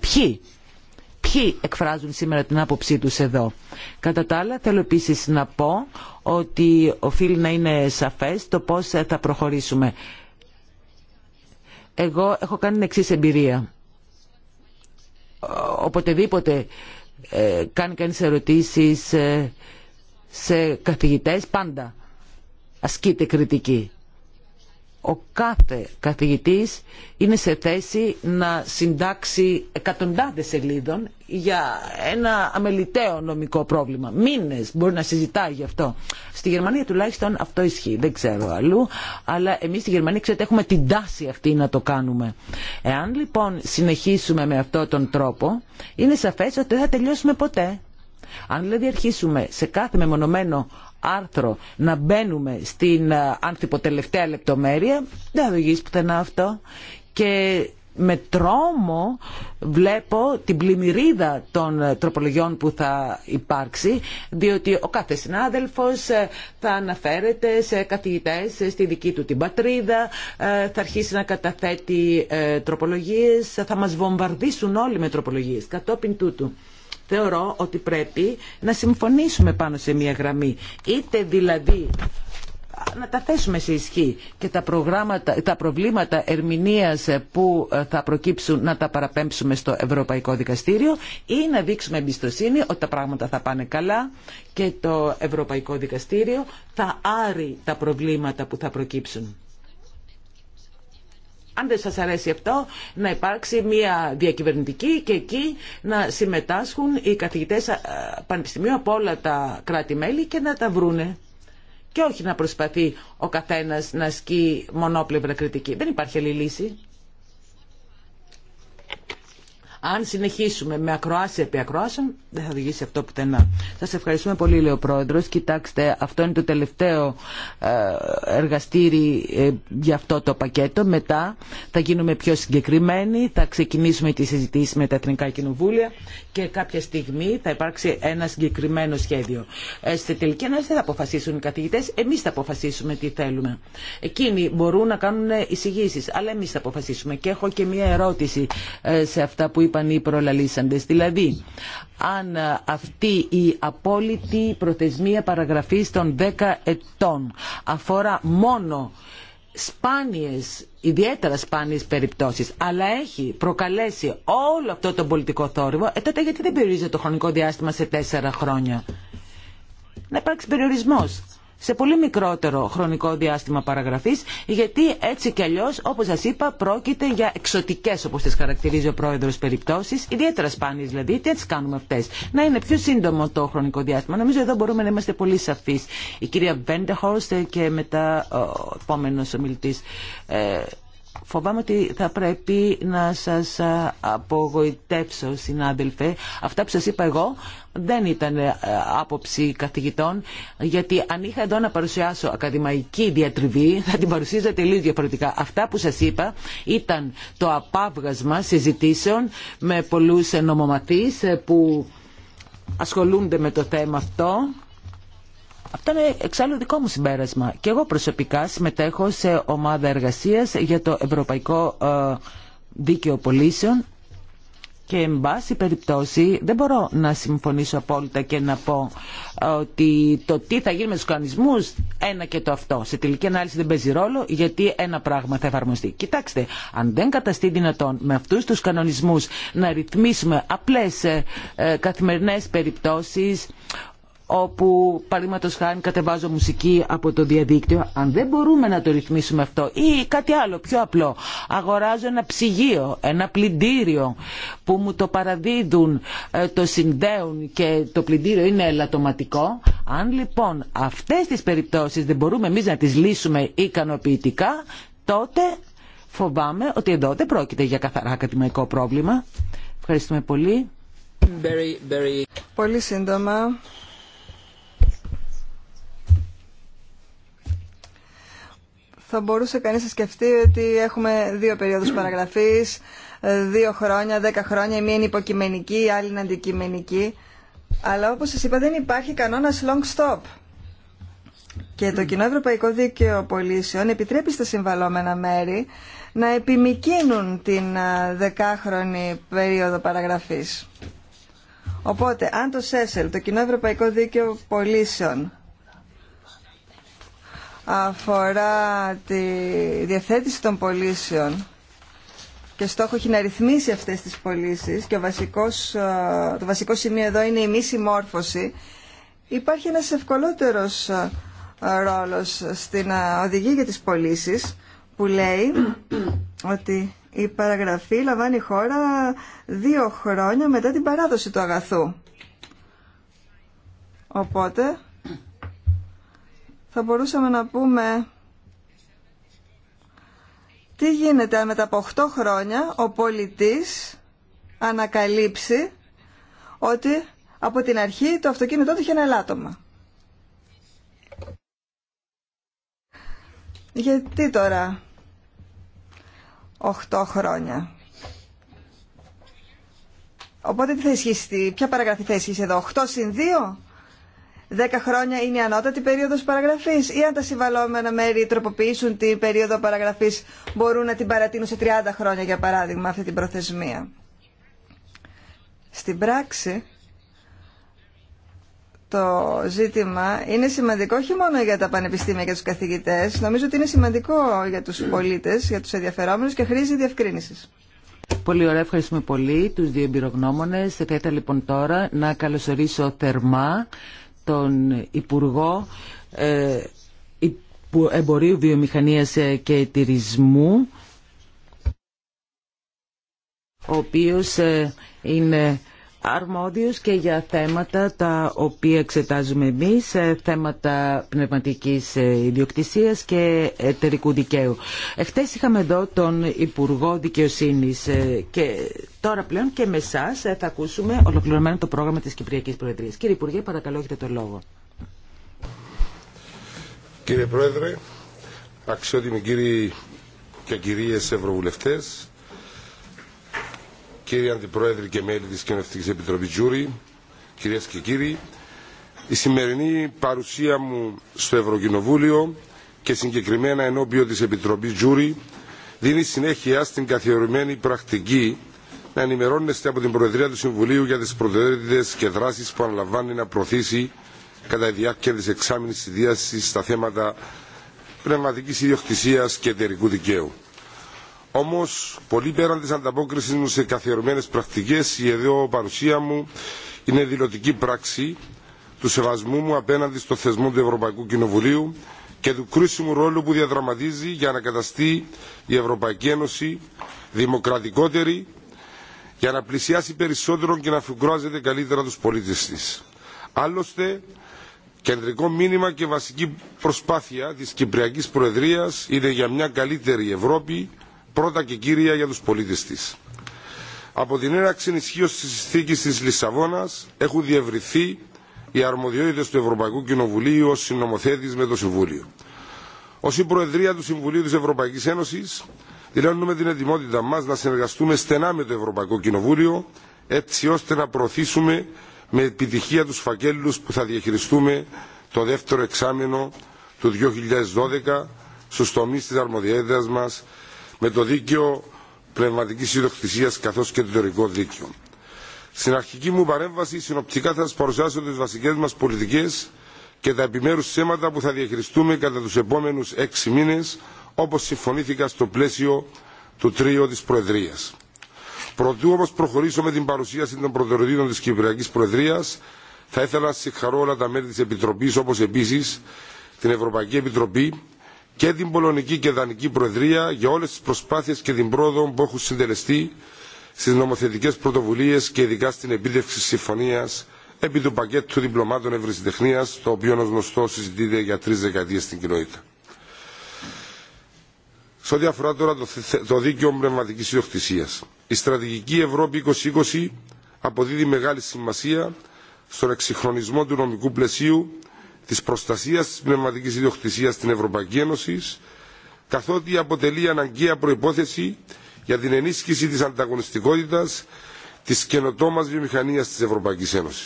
ποιοι. εκφράζουν σήμερα την άποψή τους εδώ. Κατά τα άλλα θέλω επίσης να πω ότι οφείλει να είναι σαφές το πώς θα προχωρήσουμε. Εγώ έχω κάνει την εξής εμπειρία. Οποτεδήποτε ε, κάνει κανείς ερωτήσεις ε, σε καθηγητές πάντα ασκείται κριτική ο κάθε καθηγητής είναι σε θέση να συντάξει εκατοντάδες σελίδων για ένα αμεληταίο νομικό πρόβλημα. Μήνες μπορεί να συζητάει γι' αυτό. Στη Γερμανία τουλάχιστον αυτό ισχύει. Δεν ξέρω αλλού, αλλά εμείς στη Γερμανία ξέρετε έχουμε την τάση αυτή να το κάνουμε. Εάν λοιπόν συνεχίσουμε με αυτόν τον τρόπο, είναι σαφές ότι δεν θα τελειώσουμε ποτέ. Αν δηλαδή αρχίσουμε σε κάθε μεμονωμένο άρθρο να μπαίνουμε στην ανθιποτελευταία ε, λεπτομέρεια, δεν θα οδηγήσει πουθενά αυτό. Και με τρόμο βλέπω την πλημμυρίδα των ε, τροπολογιών που θα υπάρξει, διότι ο κάθε συνάδελφος ε, θα αναφέρεται σε καθηγητές στη δική του την πατρίδα, θα αρχίσει να καταθέτει τροπολογίες, θα μας βομβαρδίσουν όλοι με τροπολογίες κατόπιν τούτου θεωρώ ότι πρέπει να συμφωνήσουμε πάνω σε μια γραμμή. Είτε δηλαδή να τα θέσουμε σε ισχύ και τα, προγράμματα, τα προβλήματα ερμηνείας που ε, θα προκύψουν να τα παραπέμψουμε στο Ευρωπαϊκό Δικαστήριο ή να δείξουμε εμπιστοσύνη ότι τα πράγματα θα πάνε καλά και το Ευρωπαϊκό Δικαστήριο θα άρει τα προβλήματα που θα προκύψουν αν δεν σας αρέσει αυτό, να υπάρξει μια διακυβερνητική και εκεί να συμμετάσχουν οι καθηγητές πανεπιστημίου από όλα τα κράτη-μέλη και να τα βρούνε. Και όχι να προσπαθεί ο καθένας να ασκεί μονόπλευρα κριτική. Δεν υπάρχει άλλη λύση αν συνεχίσουμε με ακροάση επί ακροάσεων, δεν θα οδηγήσει αυτό πουθενά. Σας ευχαριστούμε πολύ, λέει ο Πρόεδρο. Κοιτάξτε, αυτό είναι το τελευταίο ε, εργαστήρι ε, για αυτό το πακέτο. Μετά θα γίνουμε πιο συγκεκριμένοι, θα ξεκινήσουμε τι συζητήσει με τα Εθνικά Κοινοβούλια και κάποια στιγμή θα υπάρξει ένα συγκεκριμένο σχέδιο. Ε, στη τελική ανάλυση δεν θα αποφασίσουν οι καθηγητές, εμείς θα αποφασίσουμε τι θέλουμε. Εκείνοι μπορούν να κάνουν εισηγήσει, αλλά εμεί θα αποφασίσουμε. Και έχω και μία ερώτηση σε αυτά που είπα είπαν Δηλαδή, αν ε, αυτή η απόλυτη προθεσμία παραγραφής των 10 ετών αφορά μόνο σπάνιες, ιδιαίτερα σπάνιες περιπτώσεις, αλλά έχει προκαλέσει όλο αυτό το πολιτικό θόρυβο, ε, τότε γιατί δεν περιορίζεται το χρονικό διάστημα σε τέσσερα χρόνια. Να υπάρξει περιορισμός σε πολύ μικρότερο χρονικό διάστημα παραγραφής, γιατί έτσι κι αλλιώς, όπως σας είπα, πρόκειται για εξωτικές, όπως τις χαρακτηρίζει ο πρόεδρος, περιπτώσεις, ιδιαίτερα σπάνιες δηλαδή, τι έτσι κάνουμε αυτές. Να είναι πιο σύντομο το χρονικό διάστημα. Νομίζω εδώ μπορούμε να είμαστε πολύ σαφείς. Η κυρία Βέντεχορστ και μετά ο επόμενος ομιλητής. Ε, Φοβάμαι ότι θα πρέπει να σας απογοητεύσω, συνάδελφε. Αυτά που σας είπα εγώ δεν ήταν ε, άποψη καθηγητών, γιατί αν είχα εδώ να παρουσιάσω ακαδημαϊκή διατριβή, θα την παρουσίαζα τελείως διαφορετικά. Αυτά που σας είπα ήταν το απάβγασμα συζητήσεων με πολλούς νομομαθείς ε, που ασχολούνται με το θέμα αυτό αυτό είναι εξάλλου δικό μου συμπέρασμα. Και εγώ προσωπικά συμμετέχω σε ομάδα εργασίας για το Ευρωπαϊκό ε, Δίκαιο Πολίσεων και εν πάση περιπτώσει δεν μπορώ να συμφωνήσω απόλυτα και να πω ε, ότι το τι θα γίνει με τους κανονισμούς ένα και το αυτό. Σε τελική ανάλυση δεν παίζει ρόλο γιατί ένα πράγμα θα εφαρμοστεί. Κοιτάξτε, αν δεν καταστεί δυνατόν με αυτούς τους κανονισμούς να ρυθμίσουμε απλές ε, ε καθημερινές περιπτώσεις όπου παραδείγματο χάρη κατεβάζω μουσική από το διαδίκτυο, αν δεν μπορούμε να το ρυθμίσουμε αυτό ή κάτι άλλο πιο απλό, αγοράζω ένα ψυγείο, ένα πλυντήριο που μου το παραδίδουν, ε, το συνδέουν και το πλυντήριο είναι ελαττωματικό. Αν λοιπόν αυτές τις περιπτώσεις δεν μπορούμε εμείς να τις λύσουμε ικανοποιητικά, τότε φοβάμαι ότι εδώ δεν πρόκειται για καθαρά ακαδημαϊκό πρόβλημα. Ευχαριστούμε πολύ. Very, very... Πολύ σύντομα. θα μπορούσε κανείς να σκεφτεί ότι έχουμε δύο περίοδους παραγραφής, δύο χρόνια, δέκα χρόνια, η μία είναι υποκειμενική, η άλλη είναι αντικειμενική. Αλλά όπως σας είπα δεν υπάρχει κανόνας long stop. Και το Κοινό Ευρωπαϊκό Δίκαιο Πολίσεων επιτρέπει στα συμβαλόμενα μέρη να επιμικίνουν την δεκάχρονη περίοδο παραγραφής. Οπότε, αν το ΣΕΣΕΛ, το Κοινό Ευρωπαϊκό Δίκαιο Πολίσεων, αφορά τη διαθέτηση των πωλήσεων και στόχο έχει να ρυθμίσει αυτές τις πωλήσει και ο βασικός, ε, το βασικό σημείο εδώ είναι η μη συμμόρφωση, υπάρχει ένας ευκολότερος ε, ρόλος στην ε, οδηγία για τις πωλήσει που λέει ότι η παραγραφή λαμβάνει χώρα δύο χρόνια μετά την παράδοση του αγαθού. Οπότε θα μπορούσαμε να πούμε τι γίνεται αν μετά από 8 χρόνια ο πολιτής ανακαλύψει ότι από την αρχή το αυτοκίνητό του είχε ένα ελάττωμα. Γιατί τώρα 8 χρόνια. Οπότε τι θα ισχύσει, ποια παραγραφή θα ισχύσει εδώ, 8 συν 2 10 χρόνια είναι η ανώτατη περίοδος παραγραφής ή αν τα συμβαλόμενα μέρη τροποποιήσουν την περίοδο παραγραφής μπορούν να την παρατείνουν σε 30 χρόνια για παράδειγμα αυτή την προθεσμία. Στην πράξη το ζήτημα είναι σημαντικό όχι μόνο για τα πανεπιστήμια και τους καθηγητές, νομίζω ότι είναι σημαντικό για τους πολίτες, για τους ενδιαφερόμενους και χρήζει διευκρίνησης. Πολύ ωραία, ευχαριστούμε πολύ τους δύο εμπειρογνώμονες. Θα ήθελα λοιπόν τώρα να καλωσορίσω θερμά τον Υπουργό ε, Εμπορίου Βιομηχανίας ε, και ετηρισμού ο οποίος ε, είναι αρμόδιος και για θέματα τα οποία εξετάζουμε εμείς, ε, θέματα πνευματικής ε, ιδιοκτησίας και εταιρικού δικαίου. Εχθές είχαμε εδώ τον Υπουργό Δικαιοσύνης ε, και τώρα πλέον και με εσά θα ακούσουμε ολοκληρωμένο το πρόγραμμα της Κυπριακής Προεδρίας. Κύριε Υπουργέ, παρακαλώ έχετε το λόγο. Κύριε Πρόεδρε, αξιότιμοι κύριοι και κυρίες Ευρωβουλευτές, κύριε Αντιπρόεδρε και μέλη της Κοινοβουλευτικής Επιτροπής Τζούρι, κυρίες και κύριοι, η σημερινή παρουσία μου στο Ευρωκοινοβούλιο και συγκεκριμένα ενώπιον της Επιτροπής Τζούρι δίνει συνέχεια στην καθιερωμένη πρακτική να ενημερώνεστε από την Προεδρία του Συμβουλίου για τις προτεραιότητες και δράσεις που αναλαμβάνει να προωθήσει κατά τη διάρκεια της εξάμεινης συνδύασης στα θέματα πνευματικής ιδιοκτησίας και εταιρικού δικαίου. Όμω, πολύ πέραν τη ανταπόκριση μου σε καθιερωμένε πρακτικέ, η εδώ παρουσία μου είναι δηλωτική πράξη του σεβασμού μου απέναντι στο θεσμό του Ευρωπαϊκού Κοινοβουλίου και του κρίσιμου ρόλου που διαδραματίζει για να καταστεί η Ευρωπαϊκή Ένωση δημοκρατικότερη, για να πλησιάσει περισσότερο και να φουγκράζεται καλύτερα του πολίτε τη. Άλλωστε, κεντρικό μήνυμα και βασική προσπάθεια της Κυπριακή Προεδρίας είναι για μια καλύτερη Ευρώπη πρώτα και κύρια για τους πολίτες της. Από την έναρξη ενισχύωση τη συνθήκη τη Λισαβόνα έχουν διευρυθεί οι αρμοδιότητε του Ευρωπαϊκού Κοινοβουλίου ω συνομοθέτη με το Συμβούλιο. Ως η Προεδρία του Συμβουλίου τη Ευρωπαϊκή Ένωση, δηλώνουμε την ετοιμότητα μα να συνεργαστούμε στενά με το Ευρωπαϊκό Κοινοβούλιο, έτσι ώστε να προωθήσουμε με επιτυχία του φακέλου που θα διαχειριστούμε το δεύτερο εξάμεινο του 2012 στου τομεί τη αρμοδιότητας μα με το δίκαιο πνευματικής ιδιοκτησίας καθώς και το τωρικό δίκαιο. Στην αρχική μου παρέμβαση συνοπτικά θα σας παρουσιάσω τις βασικές μας πολιτικές και τα επιμέρους θέματα που θα διαχειριστούμε κατά τους επόμενους έξι μήνες όπως συμφωνήθηκα στο πλαίσιο του τρίου της Προεδρίας. Προτού όμως προχωρήσω με την παρουσίαση των προτεραιοτήτων της Κυπριακής Προεδρίας θα ήθελα να συγχαρώ όλα τα μέλη της Επιτροπής όπως επίσης την Ευρωπαϊκή Επιτροπή και την Πολωνική και Δανική Προεδρία για όλες τις προσπάθειες και την πρόοδο που έχουν συντελεστεί στις νομοθετικές πρωτοβουλίες και ειδικά στην επίτευξη συμφωνίας επί του πακέτου διπλωμάτων ευρεσιτεχνίας, το οποίο ως γνωστό συζητείται για τρεις δεκαετίες στην κοινότητα. Σε ό,τι αφορά τώρα το δίκαιο πνευματική ιδιοκτησία, η στρατηγική Ευρώπη 2020 αποδίδει μεγάλη σημασία στον εξυγχρονισμό του νομικού πλαισίου της προστασίας τη πνευματική ιδιοκτησία στην Ευρωπαϊκή Ένωση, καθότι αποτελεί αναγκαία προϋπόθεση για την ενίσχυση της ανταγωνιστικότητας της καινοτόμα βιομηχανία της Ευρωπαϊκή Ένωση.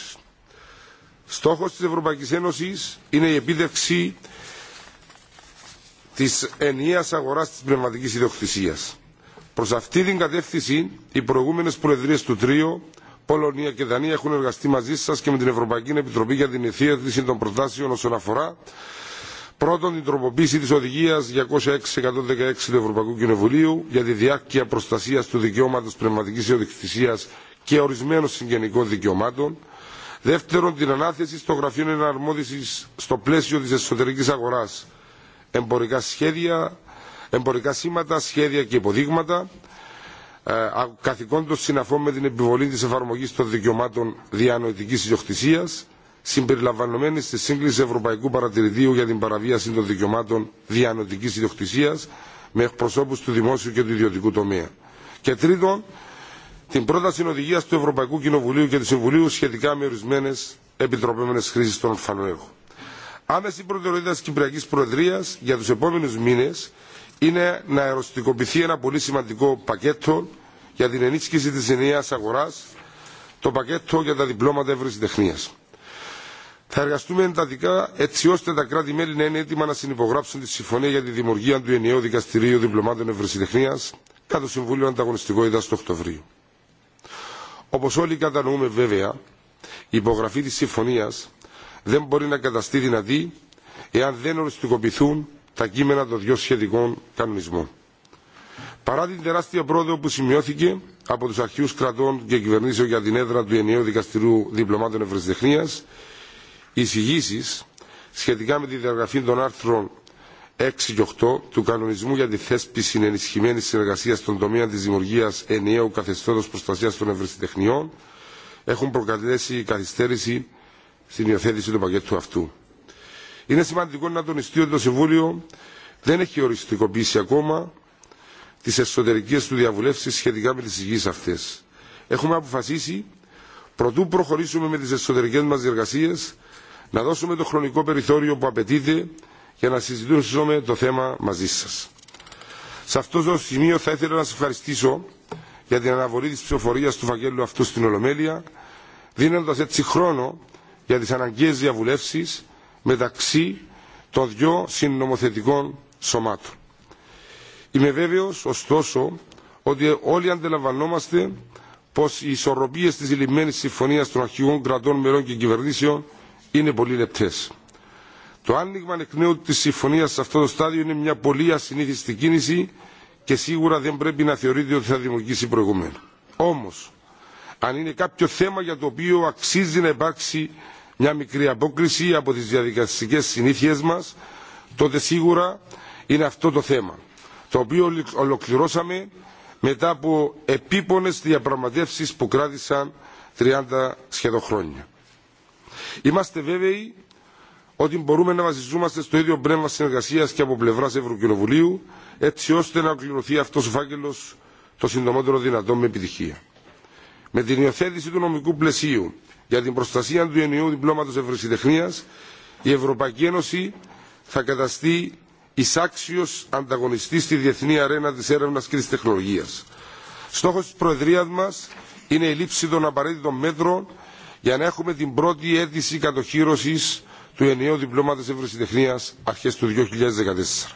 Στόχος της Ευρωπαϊκής Ένωσης είναι η επίδευξη της ενιαίας αγοράς της πνευματική Ιδιοκτησία. Προ αυτή την κατεύθυνση οι προηγούμενε του Τρίου Πολωνία και Δανία έχουν εργαστεί μαζί σα και με την Ευρωπαϊκή Επιτροπή για την ευθύατηση των προτάσεων όσον αφορά πρώτον την τροποποίηση τη οδηγία 206-116 του Ευρωπαϊκού Κοινοβουλίου για τη διάρκεια προστασία του δικαιώματο πνευματική ιδιοκτησία και ορισμένων συγγενικών δικαιωμάτων. Δεύτερον, την ανάθεση στο γραφείο εναρμόδηση στο πλαίσιο τη εσωτερική αγορά εμπορικά σχέδια, εμπορικά σήματα, σχέδια και υποδείγματα ε, καθηκόντω συναφών με την επιβολή τη εφαρμογή των δικαιωμάτων διανοητική ιδιοκτησία, συμπεριλαμβανωμένη στη σύγκληση Ευρωπαϊκού Παρατηρητήου για την παραβίαση των δικαιωμάτων διανοητική ιδιοκτησία με εκπροσώπους του δημόσιου και του ιδιωτικού τομέα. Και τρίτον, την πρόταση οδηγία του Ευρωπαϊκού Κοινοβουλίου και του Συμβουλίου σχετικά με ορισμένε επιτροπέμενε χρήσει των ορφανών Άμεση προτεραιότητα τη Κυπριακή Προεδρία για του επόμενου μήνε είναι να αεροστικοποιηθεί ένα πολύ σημαντικό πακέτο για την ενίσχυση της ενιαίας αγοράς, το πακέτο για τα διπλώματα τεχνίας. Θα εργαστούμε εντατικά έτσι ώστε τα κράτη-μέλη να είναι έτοιμα να συνυπογράψουν τη συμφωνία για τη δημιουργία του ενιαίου δικαστηρίου διπλωμάτων ευρεσιτεχνία κατά το Συμβούλιο Ανταγωνιστικότητα το Οκτωβρίου. Όπω όλοι κατανοούμε βέβαια, η υπογραφή τη συμφωνία δεν μπορεί να καταστεί δυνατή εάν δεν οριστικοποιηθούν τα κείμενα των δύο σχετικών κανονισμών. Παρά την τεράστια πρόοδο που σημειώθηκε από του αρχιούς κρατών και κυβερνήσεων για την έδρα του ενιαίου δικαστηρίου διπλωμάτων ευρεσιτεχνία, οι εισηγήσει σχετικά με τη διαγραφή των άρθρων 6 και 8 του κανονισμού για τη θέσπιση ενισχυμένη συνεργασία στον τομέα τη δημιουργία ενιαίου καθεστώτο προστασία των ευρεσιτεχνιών έχουν προκαλέσει καθυστέρηση στην υιοθέτηση του πακέτου αυτού. Είναι σημαντικό να τονιστεί ότι το Συμβούλιο δεν έχει οριστικοποιήσει ακόμα τι εσωτερικέ του διαβουλεύσει σχετικά με τι υγιεί αυτέ. Έχουμε αποφασίσει, προτού προχωρήσουμε με τι εσωτερικέ μα διεργασίε, να δώσουμε το χρονικό περιθώριο που απαιτείται για να συζητήσουμε το θέμα μαζί σα. Σε αυτό το σημείο θα ήθελα να σα ευχαριστήσω για την αναβολή τη ψηφοφορία του φαγγέλου αυτού στην Ολομέλεια, δίνοντα έτσι χρόνο για τι αναγκαίε διαβουλεύσει μεταξύ των δυο συννομοθετικών σωμάτων. Είμαι βέβαιος, ωστόσο, ότι όλοι αντιλαμβανόμαστε πως οι ισορροπίες της λυμμένης συμφωνίας των αρχηγών κρατών μερών και κυβερνήσεων είναι πολύ λεπτές. Το άνοιγμα εκ νέου της συμφωνίας σε αυτό το στάδιο είναι μια πολύ ασυνήθιστη κίνηση και σίγουρα δεν πρέπει να θεωρείται ότι θα δημιουργήσει προηγουμένου. Όμως, αν είναι κάποιο θέμα για το οποίο αξίζει να υπάρξει μια μικρή απόκριση από τις διαδικαστικές συνήθειες μας, τότε σίγουρα είναι αυτό το θέμα, το οποίο ολοκληρώσαμε μετά από επίπονες διαπραγματεύσεις που κράτησαν 30 σχεδόν χρόνια. Είμαστε βέβαιοι ότι μπορούμε να βασιζόμαστε στο ίδιο πνεύμα συνεργασία και από πλευρά Ευρωκοινοβουλίου, έτσι ώστε να ολοκληρωθεί αυτό ο φάκελο το συντομότερο δυνατόν με επιτυχία. Με την υιοθέτηση του νομικού πλαισίου για την προστασία του ενιαίου διπλώματος ευρεσιτεχνίας, η Ευρωπαϊκή Ένωση θα καταστεί εισάξιος ανταγωνιστής στη διεθνή αρένα της έρευνας και της τεχνολογίας. Στόχος της Προεδρίας μας είναι η λήψη των απαραίτητων μέτρων για να έχουμε την πρώτη αίτηση κατοχύρωσης του ενιαίου διπλώματος ευρεσιτεχνίας αρχές του 2014.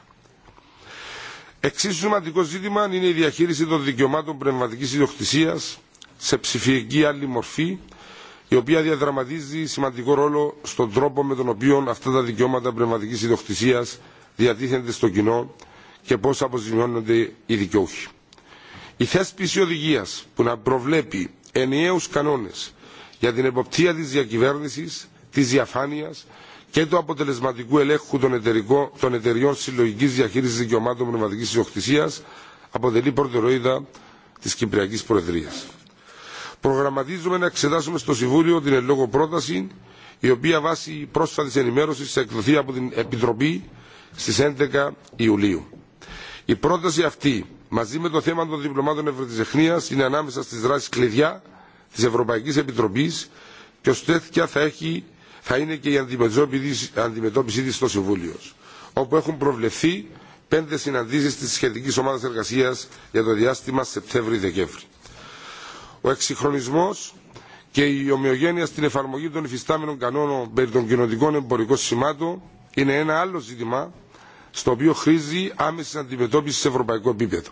Εξίσου σημαντικό ζήτημα είναι η διαχείριση των δικαιωμάτων πνευματικής ιδιοκτησίας σε ψηφιακή άλλη μορφή η οποία διαδραματίζει σημαντικό ρόλο στον τρόπο με τον οποίο αυτά τα δικαιώματα πνευματικής ιδιοκτησίας διατίθενται στο κοινό και πώς αποζημιώνονται οι δικαιούχοι. Η θέσπιση οδηγία που να προβλέπει ενιαίους κανόνες για την εποπτεία της διακυβέρνησης, της διαφάνειας και του αποτελεσματικού ελέγχου των, εταιρικών, των εταιριών συλλογικής διαχείρισης δικαιωμάτων πνευματικής ιδιοκτησίας αποτελεί πρωτεροίδα της Κυπριακής Προεδρίας προγραμματίζουμε να εξετάσουμε στο Συμβούλιο την ελόγω πρόταση, η οποία βάσει πρόσφατη ενημέρωση θα εκδοθεί από την Επιτροπή στι 11 Ιουλίου. Η πρόταση αυτή, μαζί με το θέμα των διπλωμάτων ευρωτεχνία, είναι ανάμεσα στι δράσει κλειδιά τη Ευρωπαϊκή Επιτροπή και ω τέτοια θα, έχει, θα είναι και η αντιμετώπιση τη στο Συμβούλιο, όπου έχουν προβλεφθεί πέντε συναντήσει τη σχετική ομάδα εργασία για το διάστημα Σεπτέμβρη-Δεκέμβρη. Ο εξυγχρονισμό και η ομοιογένεια στην εφαρμογή των υφιστάμενων κανόνων περί των κοινοτικών εμπορικών σημάτων είναι ένα άλλο ζήτημα στο οποίο χρήζει άμεση αντιμετώπιση σε ευρωπαϊκό επίπεδο.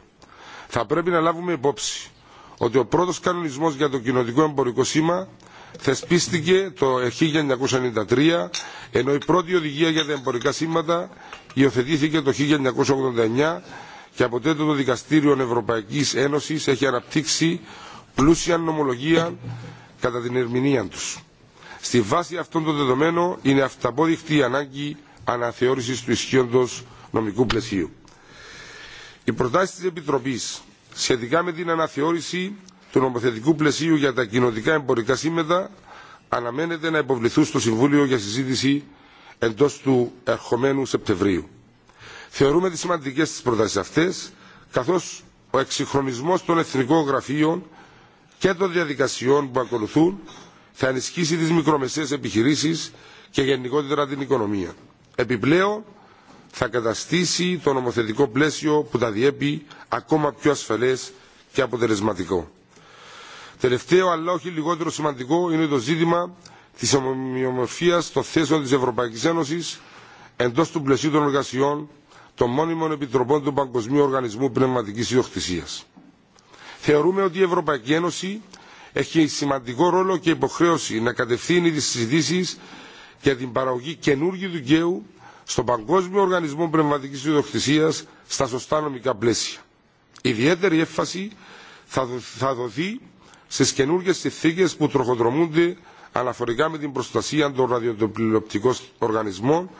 Θα πρέπει να λάβουμε υπόψη ότι ο πρώτος κανονισμός για το κοινοτικό εμπορικό σήμα θεσπίστηκε το 1993, ενώ η πρώτη οδηγία για τα εμπορικά σήματα υιοθετήθηκε το 1989 και από το Δικαστήριο Ευρωπαϊκής Ένωσης έχει αναπτύξει πλούσια νομολογία κατά την ερμηνεία τους. Στη βάση αυτών των δεδομένων είναι αυταπόδειχτη η ανάγκη αναθεώρησης του ισχύοντος νομικού πλαισίου. Οι προτάσει της Επιτροπής σχετικά με την αναθεώρηση του νομοθετικού πλαισίου για τα κοινωτικά εμπορικά σύμμετα αναμένεται να υποβληθούν στο Συμβούλιο για συζήτηση εντός του ερχομένου Σεπτεμβρίου. Θεωρούμε τις σημαντικές τις προτάσεις αυτές, καθώς ο εξυγχρονισμός των εθνικών γραφείων και των διαδικασιών που ακολουθούν θα ενισχύσει τις μικρομεσαίες επιχειρήσεις και γενικότερα την οικονομία. Επιπλέον, θα καταστήσει το νομοθετικό πλαίσιο που τα διέπει ακόμα πιο ασφαλές και αποτελεσματικό. Τελευταίο, αλλά όχι λιγότερο σημαντικό, είναι το ζήτημα της ομοιομορφίας των θέσεων της Ευρωπαϊκής Ένωσης εντός του πλαισίου των εργασιών των μόνιμων επιτροπών του Παγκοσμίου Οργανισμού Πνευματικής Ιδιοκτησίας. Θεωρούμε ότι η Ευρωπαϊκή Ένωση έχει σημαντικό ρόλο και υποχρέωση να κατευθύνει τις συζητήσεις για την παραγωγή καινούργιου δικαίου στον Παγκόσμιο Οργανισμό Πνευματικής Ιδιοκτησίας στα σωστά νομικά πλαίσια. Ιδιαίτερη έφαση θα δοθεί στις καινούργιες συνθήκες που τροχοδρομούνται αναφορικά με την προστασία των ραδιοτοπληροπτικών οργανισμών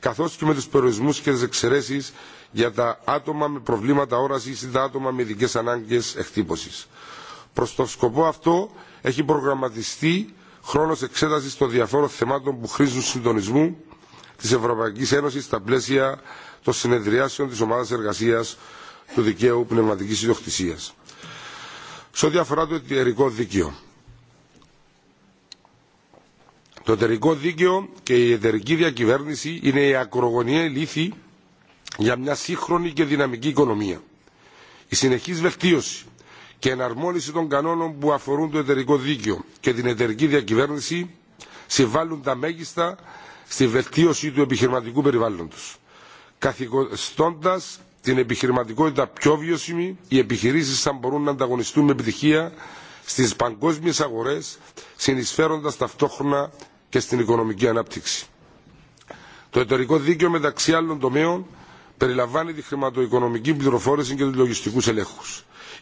καθώς και με τους περιορισμούς και τις εξαιρέσεις για τα άτομα με προβλήματα όρασης ή τα άτομα με ειδικέ ανάγκες εκτύπωσης. Προς το σκοπό αυτό έχει προγραμματιστεί χρόνος εξέτασης των διαφόρων θεμάτων που χρήζουν συντονισμού της Ευρωπαϊκής Ένωσης στα πλαίσια των συνεδριάσεων της Ομάδας Εργασίας του Δικαίου Πνευματικής Ιδιοκτησίας. Σε ό,τι αφορά το εταιρικό δίκαιο. Το εταιρικό δίκαιο και η εταιρική διακυβέρνηση είναι η ακρογωνία λύθη για μια σύγχρονη και δυναμική οικονομία. Η συνεχής βελτίωση και εναρμόνιση των κανόνων που αφορούν το εταιρικό δίκαιο και την εταιρική διακυβέρνηση συμβάλλουν τα μέγιστα στη βελτίωση του επιχειρηματικού περιβάλλοντος, καθιστώντας την επιχειρηματικότητα πιο βιώσιμη, οι επιχειρήσεις θα μπορούν να ανταγωνιστούν με επιτυχία στις παγκόσμιες αγορές, συνεισφέροντας ταυτόχρονα και στην οικονομική ανάπτυξη. Το εταιρικό δίκαιο μεταξύ άλλων τομέων περιλαμβάνει τη χρηματοοικονομική πληροφόρηση και του λογιστικού ελέγχου.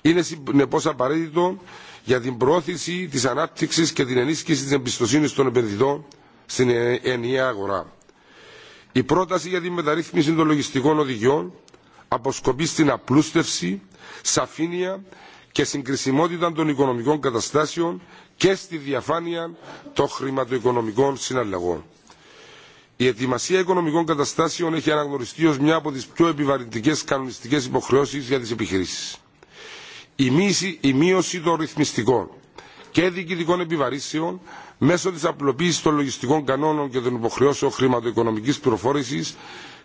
Είναι συνεπώ απαραίτητο για την προώθηση τη ανάπτυξη και την ενίσχυση τη εμπιστοσύνη των επενδυτών στην ενιαία αγορά. Η πρόταση για τη μεταρρύθμιση των λογιστικών οδηγιών αποσκοπεί στην απλούστευση, σαφήνεια και συγκρισιμότητα των οικονομικών καταστάσεων και στη διαφάνεια των χρηματοοικονομικών συναλλαγών. Η ετοιμασία οικονομικών καταστάσεων έχει αναγνωριστεί ω μια από τι πιο επιβαρυντικέ κανονιστικέ υποχρεώσει για τι επιχειρήσει. Η μείωση των ρυθμιστικών και διοικητικών επιβαρύσεων μέσω τη απλοποίηση των λογιστικών κανόνων και των υποχρεώσεων χρηματοοικονομική πληροφόρηση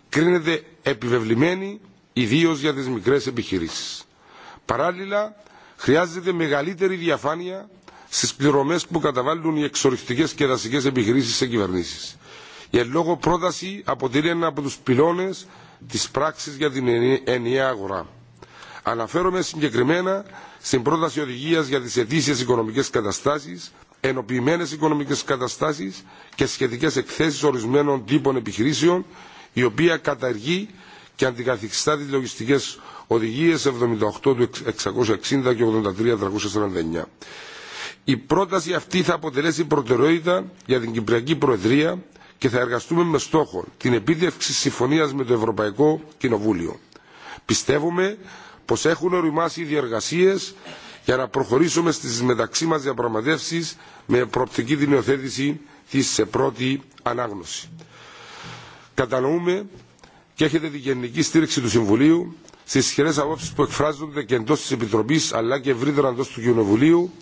κρίνεται επιβεβλημένη ιδίω για τι μικρέ επιχειρήσει. Παράλληλα, χρειάζεται μεγαλύτερη διαφάνεια στι πληρωμέ που καταβάλουν οι εξοριστικές και δασικέ επιχειρήσει σε κυβερνήσει η εν λόγω πρόταση αποτελεί ένα από τους πυλώνες της πράξης για την ενιαία αγορά. Αναφέρομαι συγκεκριμένα στην πρόταση οδηγίας για τις ετήσιες οικονομικές καταστάσεις, ενοποιημένες οικονομικές καταστάσεις και σχετικές εκθέσεις ορισμένων τύπων επιχειρήσεων, η οποία καταργεί και αντικαθιστά τις λογιστικές οδηγίες 78 του 660 και 83 349. Η πρόταση αυτή θα αποτελέσει προτεραιότητα για την Κυπριακή Προεδρία και θα εργαστούμε με στόχο την επίτευξη συμφωνία με το Ευρωπαϊκό Κοινοβούλιο. Πιστεύουμε πως έχουν οριμάσει οι διεργασίε για να προχωρήσουμε στις μεταξύ μα διαπραγματεύσεις με προοπτική την υιοθέτηση της σε πρώτη ανάγνωση. Κατανοούμε και έχετε τη γενική στήριξη του Συμβουλίου στι ισχυρέ απόψει που εκφράζονται και εντό τη Επιτροπή αλλά και ευρύτερα εντό του Κοινοβουλίου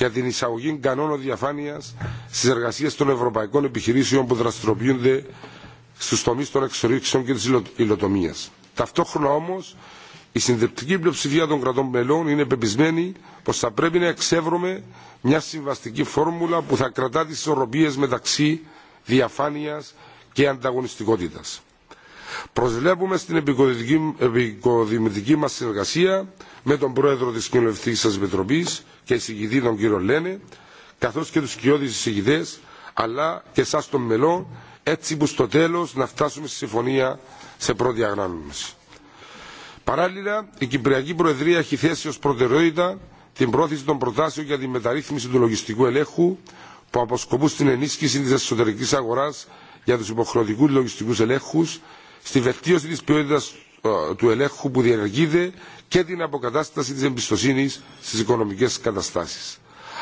για την εισαγωγή κανόνων διαφάνεια στι εργασίε των ευρωπαϊκών επιχειρήσεων που δραστηριοποιούνται στου τομεί των εξορίξεων και τη υλοτομία. Ταυτόχρονα όμω, η συνδεπτική πλειοψηφία των κρατών μελών είναι πεπισμένη πω θα πρέπει να εξεύρουμε μια συμβαστική φόρμουλα που θα κρατά τι ισορροπίε μεταξύ διαφάνεια και ανταγωνιστικότητα. Προσβλέπουμε στην επικοδημητική μα συνεργασία με τον Πρόεδρο τη Κοινοβουλευτική Επιτροπή και εισηγητή των κύριο Λένε, καθώς και τους κοιόδης εισηγητές, αλλά και σας των μελών, έτσι που στο τέλος να φτάσουμε στη συμφωνία σε πρώτη αγράμμιση. Παράλληλα, η Κυπριακή Προεδρία έχει θέσει ως προτεραιότητα την πρόθεση των προτάσεων για τη μεταρρύθμιση του λογιστικού ελέγχου που αποσκοπούν στην ενίσχυση της εσωτερικής αγοράς για τους υποχρεωτικούς λογιστικούς ελέγχους, στη βελτίωση της ποιότητας ε, του ελέγχου που διενεργείται και την αποκατάσταση της εμπιστοσύνης στις οικονομικές καταστάσεις.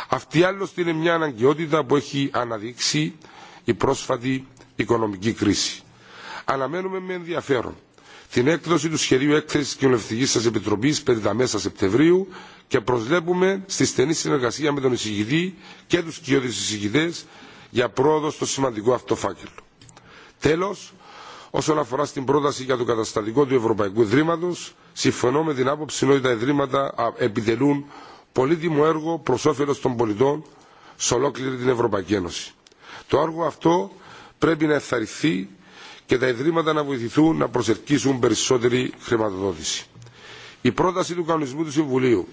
Αυτή άλλωστε είναι μια αναγκαιότητα που έχει αναδείξει η πρόσφατη οικονομική κρίση. Αναμένουμε με ενδιαφέρον την έκδοση του σχεδίου έκθεσης κοινοβουλευτική σας επιτροπή περί τα μέσα Σεπτεμβρίου και προσλέπουμε στη στενή συνεργασία με τον εισηγητή και τους κοιόδη εισηγητές για πρόοδο στο σημαντικό αυτό φάκελο. Τέλο, Όσον αφορά στην πρόταση για το καταστατικό του Ευρωπαϊκού Ιδρύματο, συμφωνώ με την άποψη ότι τα Ιδρύματα επιτελούν πολύτιμο έργο προ όφελο των πολιτών σε ολόκληρη την Ευρωπαϊκή Ένωση. Το έργο αυτό πρέπει να εθαρρυνθεί και τα Ιδρύματα να βοηθηθούν να προσελκύσουν περισσότερη χρηματοδότηση. Η πρόταση του κανονισμού του Συμβουλίου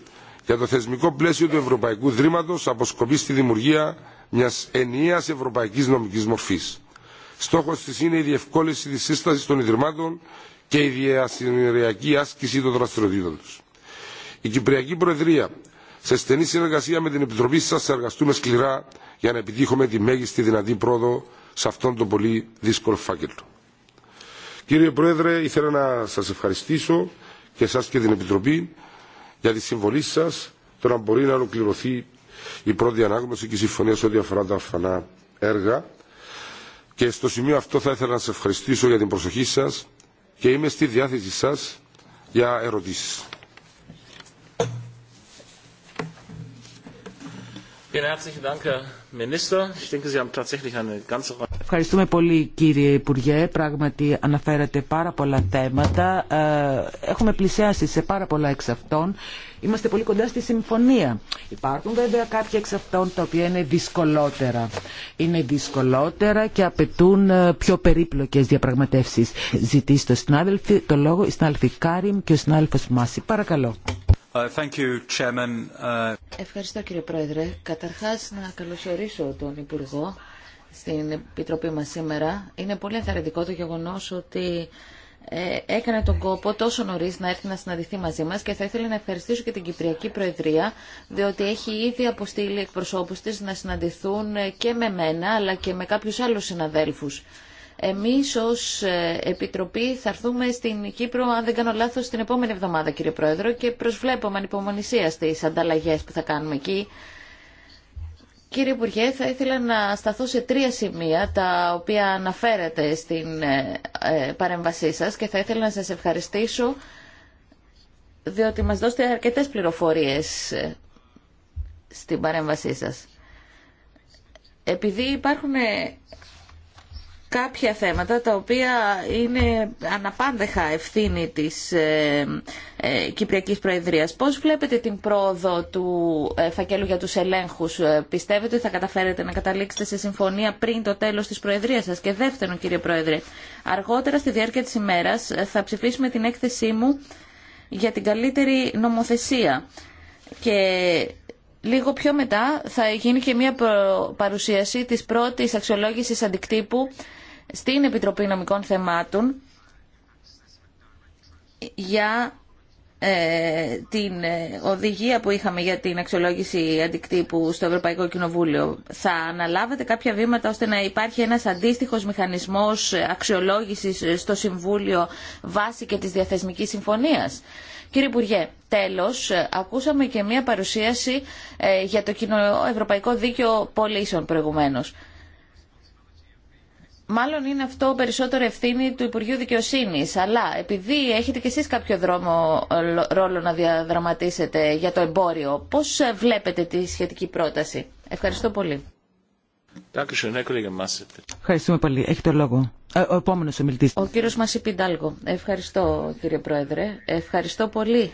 για το θεσμικό πλαίσιο του Ευρωπαϊκού Ιδρύματο αποσκοπεί στη δημιουργία μια ενιαία ευρωπαϊκή νομική μορφή. Στόχος της είναι η διευκόλυνση της σύστασης των Ιδρυμάτων και η διασυνοριακή άσκηση των δραστηριοτήτων τους. Η Κυπριακή Προεδρία, σε στενή συνεργασία με την Επιτροπή σας, θα εργαστούμε σκληρά για να επιτύχουμε τη μέγιστη δυνατή πρόοδο σε αυτόν τον πολύ δύσκολο φάκελο. Κύριε Πρόεδρε, ήθελα να σας ευχαριστήσω και εσάς και την Επιτροπή για τη συμβολή σας το μπορεί να ολοκληρωθεί η πρώτη ανάγνωση και η συμφωνία σε ό,τι αφορά τα αφανά έργα και στο σημείο αυτό θα ήθελα να σας ευχαριστήσω για την προσοχή σας και είμαι στη διάθεση σας για ερωτήσεις. Ευχαριστούμε πολύ κύριε Υπουργέ. Πράγματι αναφέρατε πάρα πολλά θέματα. Ε, έχουμε πλησιάσει σε πάρα πολλά εξ αυτών. Είμαστε πολύ κοντά στη συμφωνία. Υπάρχουν βέβαια κάποια εξ αυτών τα οποία είναι δυσκολότερα. Είναι δυσκολότερα και απαιτούν ε, πιο περίπλοκες διαπραγματεύσεις. Ζητήστε το το λόγο η συνάδελφη Κάριμ και ο συνάδελφος Μάση. Παρακαλώ. Uh, uh, Ευχαριστώ κύριε Πρόεδρε. Καταρχάς να καλωσορίσω τον Υπουργό στην Επιτροπή μας σήμερα. Είναι πολύ ενθαρρυντικό το γεγονός ότι ε, έκανε τον κόπο τόσο νωρί να έρθει να συναντηθεί μαζί μα και θα ήθελα να ευχαριστήσω και την Κυπριακή Προεδρία, διότι έχει ήδη αποστείλει εκπροσώπου τη να συναντηθούν ε, και με μένα αλλά και με κάποιου άλλου συναδέλφου. Εμείς ως ε, Επιτροπή θα έρθουμε στην Κύπρο, αν δεν κάνω λάθος, την επόμενη εβδομάδα κύριε Πρόεδρο και προσβλέπω με ανυπομονησία στις ανταλλαγές που θα κάνουμε εκεί. Κύριε Υπουργέ, θα ήθελα να σταθώ σε τρία σημεία τα οποία αναφέρετε στην ε, ε, παρέμβασή σας και θα ήθελα να σας ευχαριστήσω διότι μας δώσετε αρκετές πληροφορίες στην παρέμβασή σας. Επειδή υπάρχουν κάποια θέματα τα οποία είναι αναπάντεχα ευθύνη της ε, ε, Κυπριακής Προεδρίας. Πώς βλέπετε την πρόοδο του φακέλου για τους ελέγχους. Ε, πιστεύετε ότι θα καταφέρετε να καταλήξετε σε συμφωνία πριν το τέλος της Προεδρίας σας. Και δεύτερον κύριε Πρόεδρε, αργότερα στη διάρκεια της ημέρας θα ψηφίσουμε την έκθεσή μου για την καλύτερη νομοθεσία. Και Λίγο πιο μετά θα γίνει και μια παρουσίαση της πρώτης αξιολόγησης αντικτύπου στην Επιτροπή Νομικών Θεμάτων για ε, την ε, οδηγία που είχαμε για την αξιολόγηση αντικτύπου στο Ευρωπαϊκό Κοινοβούλιο. Θα αναλάβετε κάποια βήματα ώστε να υπάρχει ένας αντίστοιχος μηχανισμός αξιολόγησης στο Συμβούλιο βάσει και της διαθεσμικής συμφωνίας. Κύριε Υπουργέ, τέλος, ακούσαμε και μία παρουσίαση ε, για το Ευρωπαϊκό Δίκαιο Πολίσεων προηγουμένω. Μάλλον είναι αυτό περισσότερο ευθύνη του Υπουργείου Δικαιοσύνη. Αλλά επειδή έχετε κι εσεί κάποιο δρόμο, ρόλο να διαδραματίσετε για το εμπόριο, πώ ε, βλέπετε τη σχετική πρόταση. Ευχαριστώ πολύ. Ευχαριστούμε πολύ. Έχει το λόγο. Ε, ο επόμενο ομιλητή. Ο κύριο Μασιπιντάλγο. Ευχαριστώ κύριε Πρόεδρε. Ευχαριστώ πολύ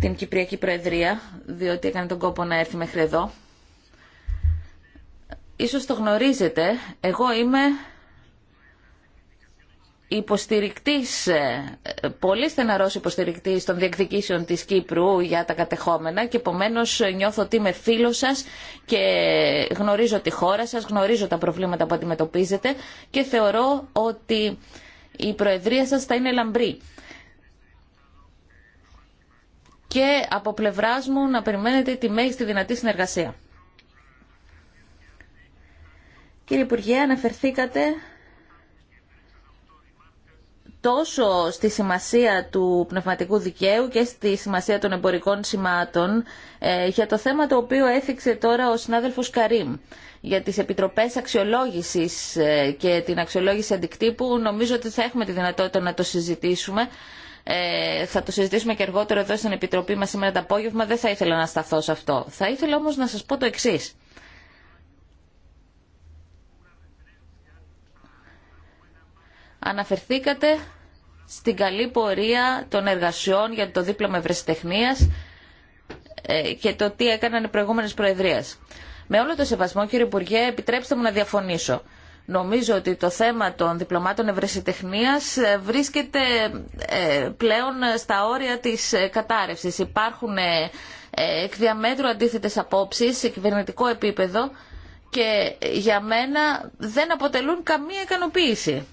την Κυπριακή Προεδρία, διότι έκανε τον κόπο να έρθει μέχρι εδώ. Ίσως το γνωρίζετε, εγώ είμαι υποστηρικτής, ε, πολύ στεναρός υποστηρικτής των διεκδικήσεων της Κύπρου για τα κατεχόμενα και επομένω νιώθω ότι είμαι φίλος σας και γνωρίζω τη χώρα σας, γνωρίζω τα προβλήματα που αντιμετωπίζετε και θεωρώ ότι η Προεδρία σας θα είναι λαμπρή. Και από πλευρά μου να περιμένετε τη μέγιστη δυνατή συνεργασία. Κύριε Υπουργέ, αναφερθήκατε τόσο στη σημασία του πνευματικού δικαίου και στη σημασία των εμπορικών σημάτων ε, για το θέμα το οποίο έθιξε τώρα ο συνάδελφος Καρίμ για τις επιτροπές αξιολόγησης ε, και την αξιολόγηση αντικτύπου νομίζω ότι θα έχουμε τη δυνατότητα να το συζητήσουμε ε, θα το συζητήσουμε και αργότερα εδώ στην Επιτροπή μας σήμερα το απόγευμα δεν θα ήθελα να σταθώ σε αυτό θα ήθελα όμως να σας πω το εξής Αναφερθήκατε στην καλή πορεία των εργασιών για το δίπλωμα ευρεσιτεχνίας ε, και το τι έκαναν οι προηγούμενες προεδρίες. Με όλο το σεβασμό, κύριε Υπουργέ, επιτρέψτε μου να διαφωνήσω. Νομίζω ότι το θέμα των διπλωμάτων ευρεσιτεχνίας ε, βρίσκεται ε, πλέον στα όρια της κατάρρευσης. Υπάρχουν εκ διαμέτρου αντίθετες απόψεις σε κυβερνητικό επίπεδο και για μένα δεν αποτελούν καμία ικανοποίηση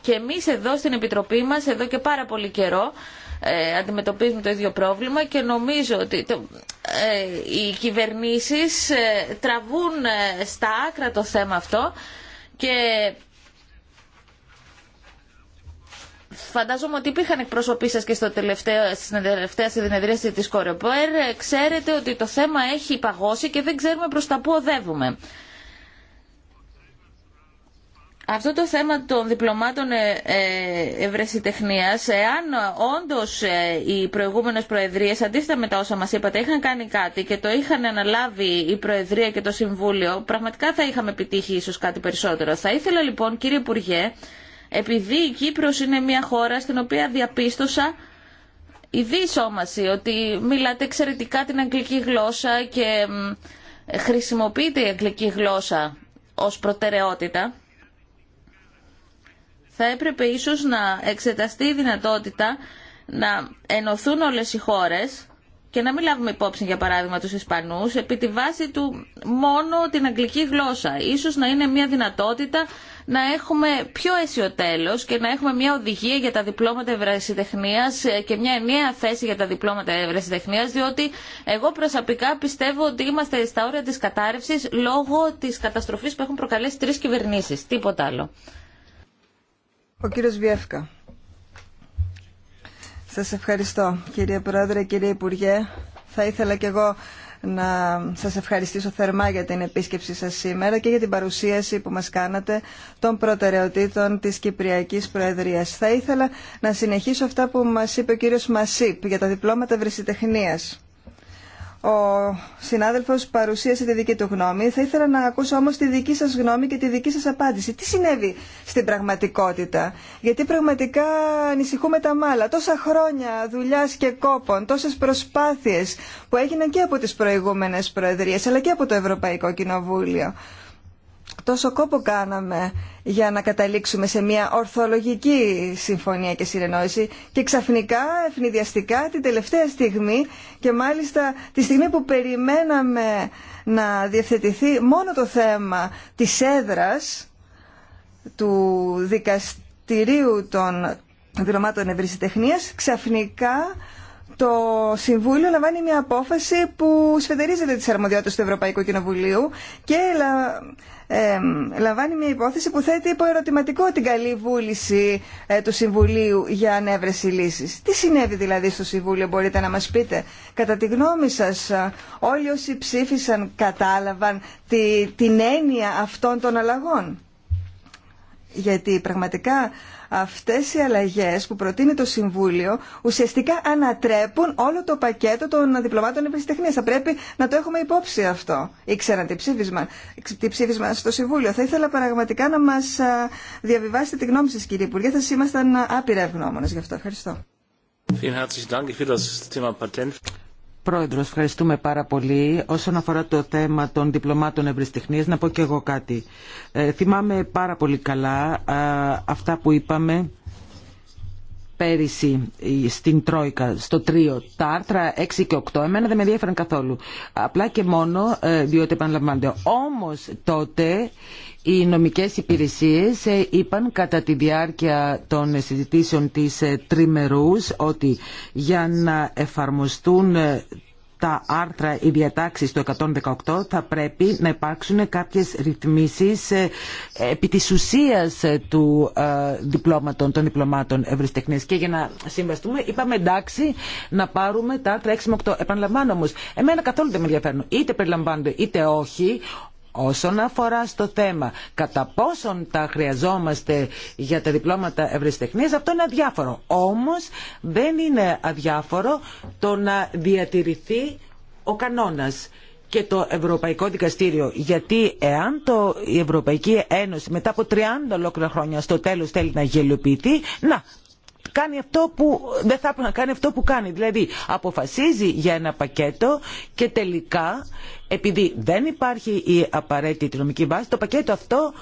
και εμείς εδώ στην Επιτροπή μας, εδώ και πάρα πολύ καιρό, ε, αντιμετωπίζουμε το ίδιο πρόβλημα και νομίζω ότι ε, οι κυβερνήσεις ε, τραβούν στα άκρα το θέμα αυτό και φαντάζομαι ότι υπήρχαν εκπρόσωποι σα και στο τελευταίο, στην τελευταία συνεδρίαση της Κορεπόερ Ξέρετε ότι το θέμα έχει παγώσει και δεν ξέρουμε προς τα που οδεύουμε. Αυτό το θέμα των διπλωμάτων ε, ε, ευρεσιτεχνίας, εάν όντως ε, οι προηγούμενες προεδρίες, αντίθετα με τα όσα μας είπατε, είχαν κάνει κάτι και το είχαν αναλάβει η Προεδρία και το Συμβούλιο, πραγματικά θα είχαμε επιτύχει ίσως κάτι περισσότερο. Θα ήθελα λοιπόν κύριε Υπουργέ, επειδή η Κύπρος είναι μια χώρα στην οποία διαπίστωσα η δίσόμαση, ότι μιλάτε εξαιρετικά την αγγλική γλώσσα και χρησιμοποιείτε η αγγλική γλώσσα ως προτεραιότητα θα έπρεπε ίσως να εξεταστεί η δυνατότητα να ενωθούν όλες οι χώρες και να μην λάβουμε υπόψη για παράδειγμα τους Ισπανούς επί τη βάση του μόνο την αγγλική γλώσσα. Ίσως να είναι μια δυνατότητα να έχουμε πιο αίσιο και να έχουμε μια οδηγία για τα διπλώματα ευρεσιτεχνίας ε, και μια ενιαία θέση για τα διπλώματα ευρεσιτεχνίας διότι εγώ προσωπικά πιστεύω ότι είμαστε στα όρια της κατάρρευσης λόγω της καταστροφής που έχουν προκαλέσει τρεις κυβερνήσεις. Τίποτα άλλο. Ο κύριος Βιέφκα. Σας ευχαριστώ κύριε Πρόεδρε, κύριε Υπουργέ. Θα ήθελα κι εγώ να σας ευχαριστήσω θερμά για την επίσκεψη σας σήμερα και για την παρουσίαση που μας κάνατε των προτεραιοτήτων της Κυπριακής Προεδρίας. Θα ήθελα να συνεχίσω αυτά που μας είπε ο κύριος Μασίπ για τα διπλώματα βρυσιτεχνίας. Ο συνάδελφος παρουσίασε τη δική του γνώμη. Θα ήθελα να ακούσω όμως τη δική σας γνώμη και τη δική σας απάντηση. Τι συνέβη στην πραγματικότητα. Γιατί πραγματικά ανησυχούμε τα μάλα. Τόσα χρόνια δουλειά και κόπων, τόσες προσπάθειες που έγιναν και από τις προηγούμενες προεδρίες αλλά και από το Ευρωπαϊκό Κοινοβούλιο τόσο κόπο κάναμε για να καταλήξουμε σε μια ορθολογική συμφωνία και συνεννόηση και ξαφνικά, ευνηδιαστικά, την τελευταία στιγμή και μάλιστα τη στιγμή που περιμέναμε να διευθετηθεί μόνο το θέμα της έδρας του δικαστηρίου των Δηλωμάτων ευρυσιτεχνίας ξαφνικά το Συμβούλιο λαμβάνει μια απόφαση που σφετερίζεται τις αρμοδιότητες του Ευρωπαϊκού Κοινοβουλίου και λα, λαμβάνει μια υπόθεση που θέτει υποερωτηματικό την καλή βούληση ε, του Συμβουλίου για ανέβρεση λύσης. Τι συνέβη δηλαδή στο Συμβούλιο μπορείτε να μας πείτε. Κατά τη γνώμη σας ε, όλοι όσοι ψήφισαν κατάλαβαν τη, την έννοια αυτών των αλλαγών. Γιατί πραγματικά αυτές οι αλλαγές που προτείνει το Συμβούλιο ουσιαστικά ανατρέπουν όλο το πακέτο των διπλωμάτων επιστεχνίας. Θα πρέπει να το έχουμε υπόψη αυτό. Ήξεραν τι ψήφισμα, τι ψήφισμα στο Συμβούλιο. Θα ήθελα πραγματικά να μας διαβιβάσετε τη γνώμη σας κύριε Υπουργέ. Θα ήμασταν άπειρα ευγνώμονες γι' αυτό. Ευχαριστώ. Πρόεδρος, ευχαριστούμε πάρα πολύ. Όσον αφορά το θέμα των διπλωμάτων ευρυστιχνίας, να πω και εγώ κάτι. Ε, θυμάμαι πάρα πολύ καλά αυτά που είπαμε πέρυσι στην Τρόικα, στο Τρίο, τα άρθρα 6 και 8, εμένα δεν με διέφεραν καθόλου. Απλά και μόνο ε, διότι επαναλαμβάνονται. Όμως τότε οι νομικές υπηρεσίες ε, είπαν κατά τη διάρκεια των συζητήσεων της ε, τριμερούς ότι για να εφαρμοστούν ε, τα άρθρα, ή διατάξει του 118 θα πρέπει να υπάρξουν κάποιες ρυθμίσεις επί της ουσίας του διπλώματων, των διπλωμάτων ευρυστεχνίας. Και για να συμβαστούμε είπαμε εντάξει να πάρουμε τα άρθρα 6 με 8. Επαναλαμβάνω όμως, εμένα καθόλου δεν με ενδιαφέρουν. Είτε περιλαμβάνονται είτε όχι, Όσον αφορά στο θέμα κατά πόσον τα χρειαζόμαστε για τα διπλώματα ευρεσιτεχνίας, αυτό είναι αδιάφορο. Όμως δεν είναι αδιάφορο το να διατηρηθεί ο κανόνας και το Ευρωπαϊκό Δικαστήριο. Γιατί εάν το, η Ευρωπαϊκή Ένωση μετά από 30 ολόκληρα χρόνια στο τέλος θέλει να γελιοποιηθεί, να, κάνει αυτό που δεν θα έπρεπε να κάνει αυτό που κάνει. Δηλαδή αποφασίζει για ένα πακέτο και τελικά επειδή δεν υπάρχει η απαραίτητη νομική βάση το πακέτο αυτό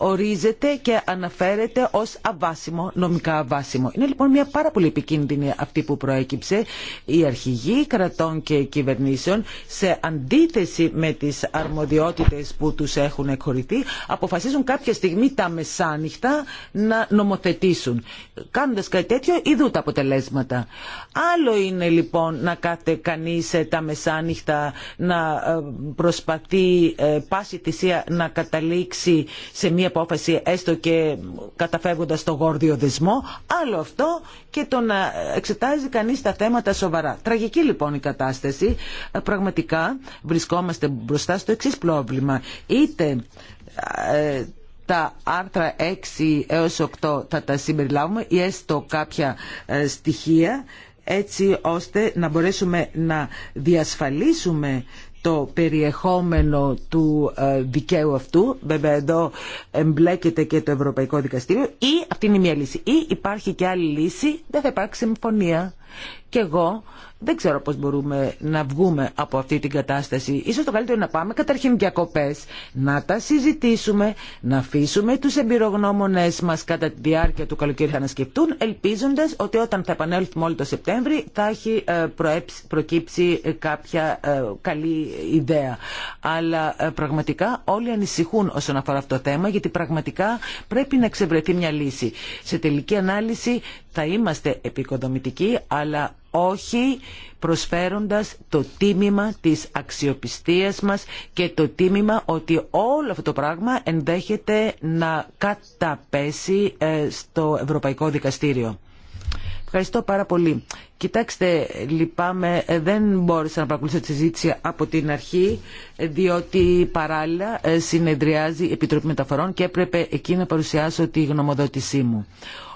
ορίζεται και αναφέρεται ως αβάσιμο, νομικά αβάσιμο. Είναι λοιπόν μια πάρα πολύ επικίνδυνη αυτή που προέκυψε. η αρχηγοί κρατών και κυβερνήσεων σε αντίθεση με τις αρμοδιότητες που τους έχουν εκχωρηθεί αποφασίζουν κάποια στιγμή τα μεσάνυχτα να νομοθετήσουν. Κάνοντας κάτι τέτοιο ειδού τα αποτελέσματα. Άλλο είναι λοιπόν να κάθε κανείς τα μεσάνυχτα να ε, προσπαθεί ε, πάση θυσία να καταλήξει σε μια απόφαση έστω και καταφεύγοντας το γόρδιο δεσμό, άλλο αυτό και το να εξετάζει κανείς τα θέματα σοβαρά. Τραγική λοιπόν η κατάσταση. Ε, πραγματικά βρισκόμαστε μπροστά στο εξής πρόβλημα. Είτε ε, τα άρθρα 6 έως 8 θα τα συμπεριλάβουμε ή έστω κάποια ε, στοιχεία έτσι ώστε να μπορέσουμε να διασφαλίσουμε το περιεχόμενο του ε, δικαίου αυτού, βέβαια εδώ εμπλέκεται και το Ευρωπαϊκό Δικαστήριο, ή αυτή είναι μια λύση. Ή υπάρχει και άλλη λύση, δεν θα υπάρξει συμφωνία. Και εγώ δεν ξέρω πώς μπορούμε να βγούμε από αυτή την κατάσταση. Ίσως το καλύτερο είναι να πάμε καταρχήν διακοπές, να τα συζητήσουμε, να αφήσουμε τους εμπειρογνώμονες μας κατά τη διάρκεια του καλοκαίρι να σκεφτούν, ελπίζοντας ότι όταν θα επανέλθουμε όλοι το Σεπτέμβρη θα έχει ε, προκύψει ε, κάποια ε, καλή ιδέα. Αλλά πραγματικά όλοι ανησυχούν όσον αφορά αυτό το θέμα, γιατί πραγματικά πρέπει να εξευρεθεί μια λύση. Σε τελική ανάλυση θα είμαστε επικοδομητικοί, αλλά όχι προσφέροντας το τίμημα της αξιοπιστίας μας και το τίμημα ότι όλο αυτό το πράγμα ενδέχεται να καταπέσει ε, στο Ευρωπαϊκό Δικαστήριο. Ευχαριστώ πάρα πολύ. Κοιτάξτε, λυπάμαι, ε, δεν μπόρεσα να παρακολουθήσω τη συζήτηση από την αρχή, ε, διότι παράλληλα συνεδριάζει η Επιτροπή Μεταφορών και έπρεπε εκεί να παρουσιάσω τη γνωμοδότησή μου.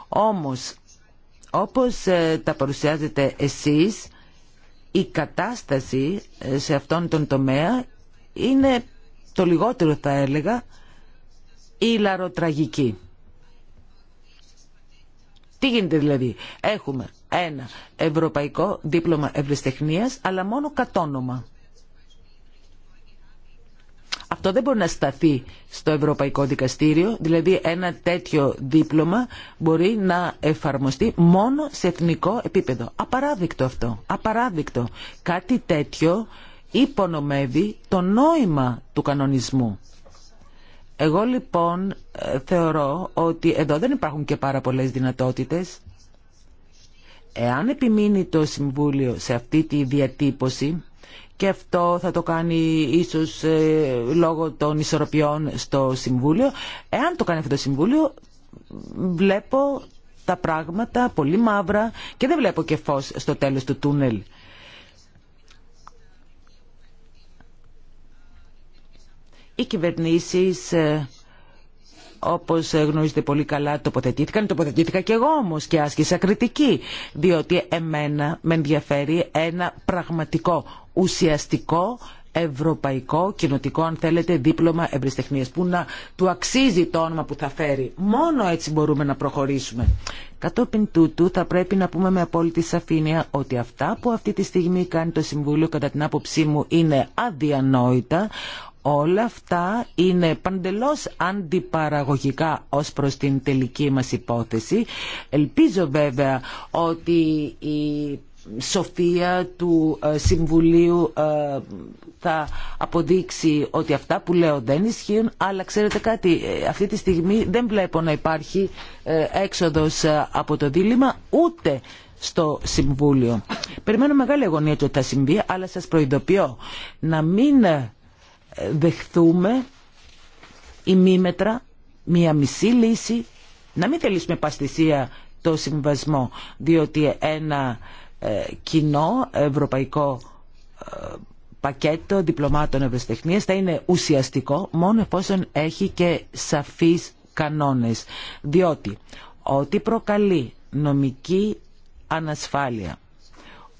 Όμως, όπως ε, τα παρουσιάζετε εσείς, η κατάσταση ε, σε αυτόν τον τομέα είναι το λιγότερο θα έλεγα η λαροτραγική. Τι γίνεται δηλαδή. Έχουμε ένα ευρωπαϊκό δίπλωμα ευρεσιτεχνίας αλλά μόνο κατόνομα. Αυτό δεν μπορεί να σταθεί στο Ευρωπαϊκό Δικαστήριο, δηλαδή ένα τέτοιο δίπλωμα μπορεί να εφαρμοστεί μόνο σε εθνικό επίπεδο. Απαράδεικτο αυτό, απαράδεικτο. Κάτι τέτοιο υπονομεύει το νόημα του κανονισμού. Εγώ λοιπόν ε, θεωρώ ότι εδώ δεν υπάρχουν και πάρα πολλές δυνατότητες. Εάν επιμείνει το Συμβούλιο σε αυτή τη διατύπωση, και αυτό θα το κάνει ίσως ε, λόγω των ισορροπιών στο Συμβούλιο. Εάν το κάνει αυτό το Συμβούλιο βλέπω τα πράγματα πολύ μαύρα και δεν βλέπω και φως στο τέλος του τούνελ. Οι κυβερνήσεις ε, όπως γνωρίζετε πολύ καλά τοποθετήθηκαν, τοποθετήθηκα και εγώ όμως και άσκησα κριτική, διότι εμένα με ενδιαφέρει ένα πραγματικό, ουσιαστικό ευρωπαϊκό, κοινοτικό αν θέλετε, δίπλωμα ευρυστεχνίας που να του αξίζει το όνομα που θα φέρει. Μόνο έτσι μπορούμε να προχωρήσουμε. Κατόπιν τούτου θα πρέπει να πούμε με απόλυτη σαφήνεια ότι αυτά που αυτή τη στιγμή κάνει το Συμβούλιο κατά την άποψή μου είναι αδιανόητα όλα αυτά είναι παντελώς αντιπαραγωγικά ως προς την τελική μας υπόθεση. Ελπίζω βέβαια ότι η σοφία του ε, Συμβουλίου ε, θα αποδείξει ότι αυτά που λέω δεν ισχύουν αλλά ξέρετε κάτι, ε, αυτή τη στιγμή δεν βλέπω να υπάρχει έξοδος από το δίλημα ούτε στο Συμβούλιο. Περιμένω μεγάλη αγωνία ότι θα συμβεί αλλά σας προειδοποιώ να μην δεχθούμε ημίμετρα μία μισή λύση, να μην θελήσουμε παστησία το συμβασμό, διότι ένα ε, κοινό ευρωπαϊκό ε, πακέτο διπλωμάτων ευρεσιτεχνίας θα είναι ουσιαστικό μόνο εφόσον έχει και σαφείς κανόνες. Διότι ό,τι προκαλεί νομική ανασφάλεια,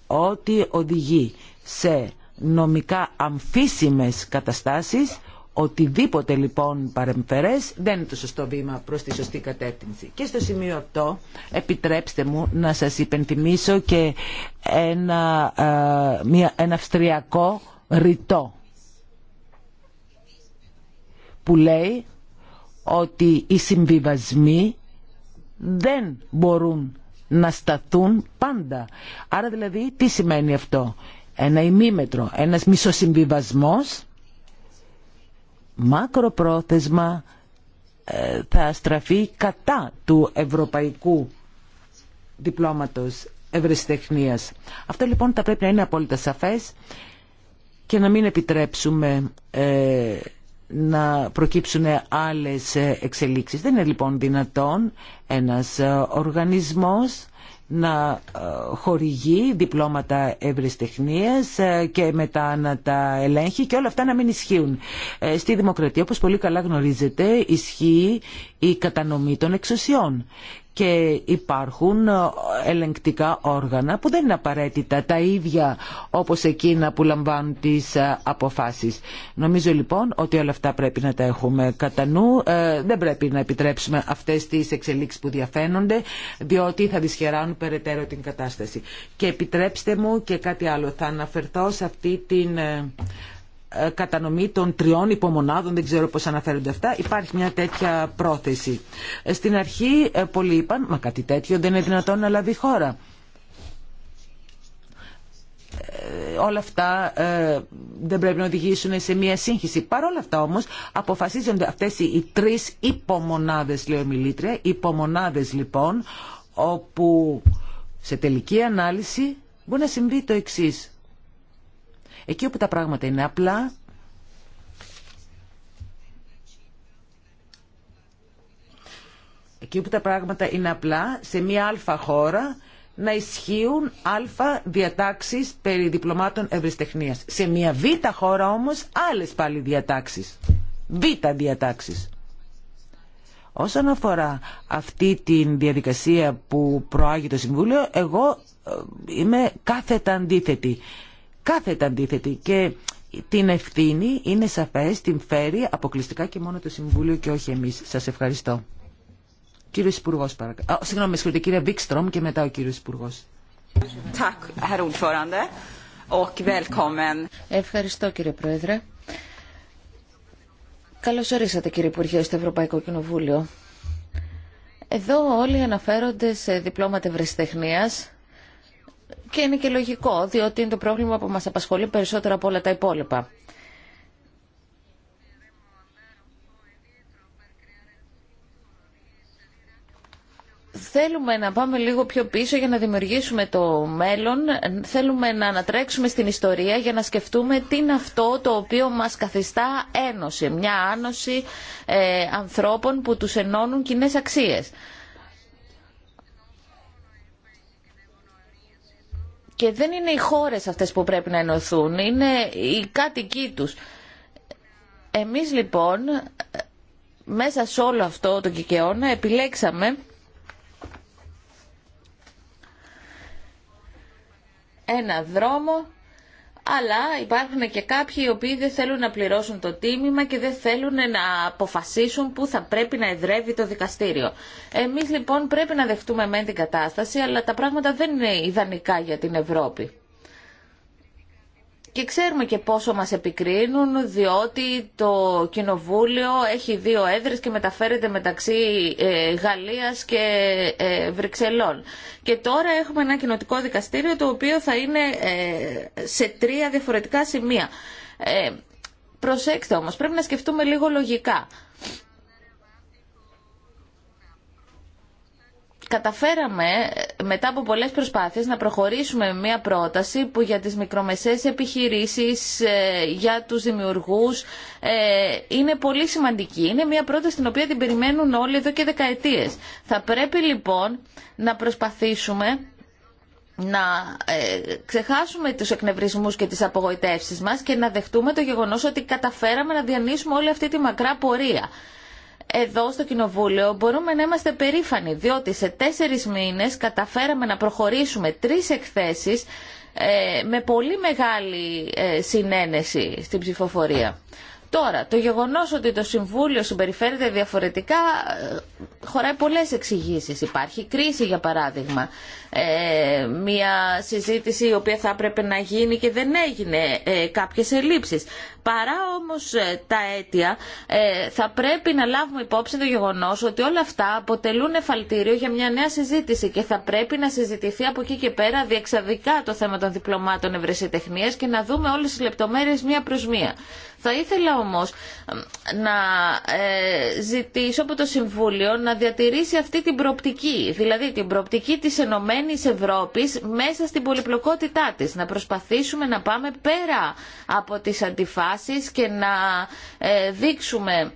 ό,τι οδηγεί σε νομικά αμφίσιμες καταστάσεις οτιδήποτε λοιπόν παρεμφερές δεν είναι το σωστό βήμα προς τη σωστή κατεύθυνση. Και στο σημείο αυτό επιτρέψτε μου να σας υπενθυμίσω και ένα, ε, μια, ένα αυστριακό ρητό που λέει ότι οι συμβιβασμοί δεν μπορούν να σταθούν πάντα. Άρα δηλαδή τι σημαίνει αυτό ένα ημίμετρο, ένας μισοσυμβιβασμός μακροπρόθεσμα ε, θα στραφεί κατά του ευρωπαϊκού διπλώματος ευρεσιτεχνίας. Αυτό λοιπόν θα πρέπει να είναι απόλυτα σαφές και να μην επιτρέψουμε ε, να προκύψουν άλλες ε, εξελίξεις. Δεν είναι λοιπόν δυνατόν ένας οργανισμός να ε, χορηγεί διπλώματα ευρεσιτεχνίας ε, και μετά να τα ελέγχει και όλα αυτά να μην ισχύουν. Ε, στη δημοκρατία, όπως πολύ καλά γνωρίζετε, ισχύει η κατανομή των εξουσιών και υπάρχουν ε, ελεγκτικά όργανα που δεν είναι απαραίτητα τα ίδια όπως εκείνα που λαμβάνουν τις ε, αποφάσεις. Νομίζω λοιπόν ότι όλα αυτά πρέπει να τα έχουμε κατά νου. Ε, δεν πρέπει να επιτρέψουμε αυτές τις εξελίξεις που διαφαίνονται διότι θα δυσχεράνουν περαιτέρω την κατάσταση. Και επιτρέψτε μου και κάτι άλλο. Θα αναφερθώ σε αυτή την ε, κατανομή των τριών υπομονάδων, δεν ξέρω πώς αναφέρονται αυτά, υπάρχει μια τέτοια πρόθεση. Ε, στην αρχή ε, πολλοί είπαν, μα κάτι τέτοιο δεν είναι δυνατόν να λάβει χώρα. Όλα αυτά δεν πρέπει να οδηγήσουν σε μια σύγχυση. Παρ' όλα αυτά όμως αποφασίζονται αυτές οι τρεις υπομονάδες, ο μιλήτρια, υπομονάδες λοιπόν, όπου σε τελική ανάλυση μπορεί να συμβεί το εξής Εκεί όπου τα πράγματα είναι απλά, εκεί τα πράγματα είναι απλά, σε μια αλφα χώρα να ισχύουν αλφα διατάξεις περί διπλωμάτων ευρυστεχνίας. Σε μια β χώρα όμως άλλες πάλι διατάξεις. Β διατάξεις. Όσον αφορά αυτή τη διαδικασία που προάγει το Συμβούλιο, εγώ ε, είμαι κάθετα αντίθετη κάθετα αντίθετη και την ευθύνη είναι σαφές, την φέρει αποκλειστικά και μόνο το Συμβούλιο και όχι εμείς. Σας ευχαριστώ. Κύριο Υπουργό, παρακαλώ. Συγγνώμη, συγχωρείτε, κύριε Βίξτρομ και μετά ο κύριος Υπουργό. Ευχαριστώ κύριε Πρόεδρε. Καλώς ορίσατε κύριε Υπουργέ στο Ευρωπαϊκό Κοινοβούλιο. Εδώ όλοι αναφέρονται σε διπλώματα ευρεσιτεχνίας και είναι και λογικό, διότι είναι το πρόβλημα που μας απασχολεί περισσότερο από όλα τα υπόλοιπα. Θέλουμε να πάμε λίγο πιο πίσω για να δημιουργήσουμε το μέλλον. Θέλουμε να ανατρέξουμε στην ιστορία για να σκεφτούμε τι είναι αυτό το οποίο μας καθιστά ένωση. Μια άνωση ε, ανθρώπων που τους ενώνουν κοινέ αξίες. Και δεν είναι οι χώρες αυτές που πρέπει να ενωθούν, είναι οι κάτοικοί τους. Εμείς λοιπόν μέσα σε όλο αυτό το κικαιώνα επιλέξαμε ένα δρόμο αλλά υπάρχουν και κάποιοι οι οποίοι δεν θέλουν να πληρώσουν το τίμημα και δεν θέλουν να αποφασίσουν που θα πρέπει να εδρεύει το δικαστήριο. Εμείς λοιπόν πρέπει να δεχτούμε μεν την κατάσταση, αλλά τα πράγματα δεν είναι ιδανικά για την Ευρώπη. Και ξέρουμε και πόσο μας επικρίνουν, διότι το Κοινοβούλιο έχει δύο έδρες και μεταφέρεται μεταξύ ε, Γαλλίας και ε, Βρυξελών. Και τώρα έχουμε ένα κοινοτικό δικαστήριο το οποίο θα είναι ε, σε τρία διαφορετικά σημεία. Προσέξτε όμως, πρέπει να σκεφτούμε λίγο λογικά. καταφέραμε ε, μετά από πολλές προσπάθειες να προχωρήσουμε μια πρόταση που για τις μικρομεσαίες επιχειρήσεις, ε, για τους δημιουργούς ε, είναι πολύ σημαντική. Είναι μια πρόταση την οποία την περιμένουν όλοι εδώ και δεκαετίες. Θα πρέπει λοιπόν να προσπαθήσουμε να ξεχάσουμε τους εκνευρισμούς και τις απογοητεύσεις μας και να δεχτούμε το γεγονός ότι καταφέραμε να διανύσουμε όλη αυτή τη μακρά πορεία εδώ στο Κοινοβούλιο μπορούμε να είμαστε περήφανοι, διότι σε τέσσερις μήνες καταφέραμε να προχωρήσουμε τρεις εκθέσεις ε, με πολύ μεγάλη ε, συνένεση στην ψηφοφορία. Τώρα, το γεγονός ότι το Συμβούλιο συμπεριφέρεται διαφορετικά ε, χωράει πολλές εξηγήσεις. Υπάρχει κρίση, για παράδειγμα ε, μια συζήτηση η οποία θα έπρεπε να γίνει και δεν έγινε ε, κάποιες ελλείψεις. Παρά όμως ε, τα αίτια ε, θα πρέπει να λάβουμε υπόψη το γεγονός ότι όλα αυτά αποτελούν εφαλτήριο για μια νέα συζήτηση και θα πρέπει να συζητηθεί από εκεί και πέρα διεξαδικά το θέμα των διπλωμάτων ευρεσιτεχνίας και να δούμε όλες τις λεπτομέρειες μία προς μία. Θα ήθελα όμως να ε, ζητήσω από το Συμβούλιο να διατηρήσει αυτή την προοπτική, δηλαδή την προοπτική της ΕΕ Ενωμένης Ευρώπης μέσα στην πολυπλοκότητά της. Να προσπαθήσουμε να πάμε πέρα από τις αντιφάσεις και να ε, δείξουμε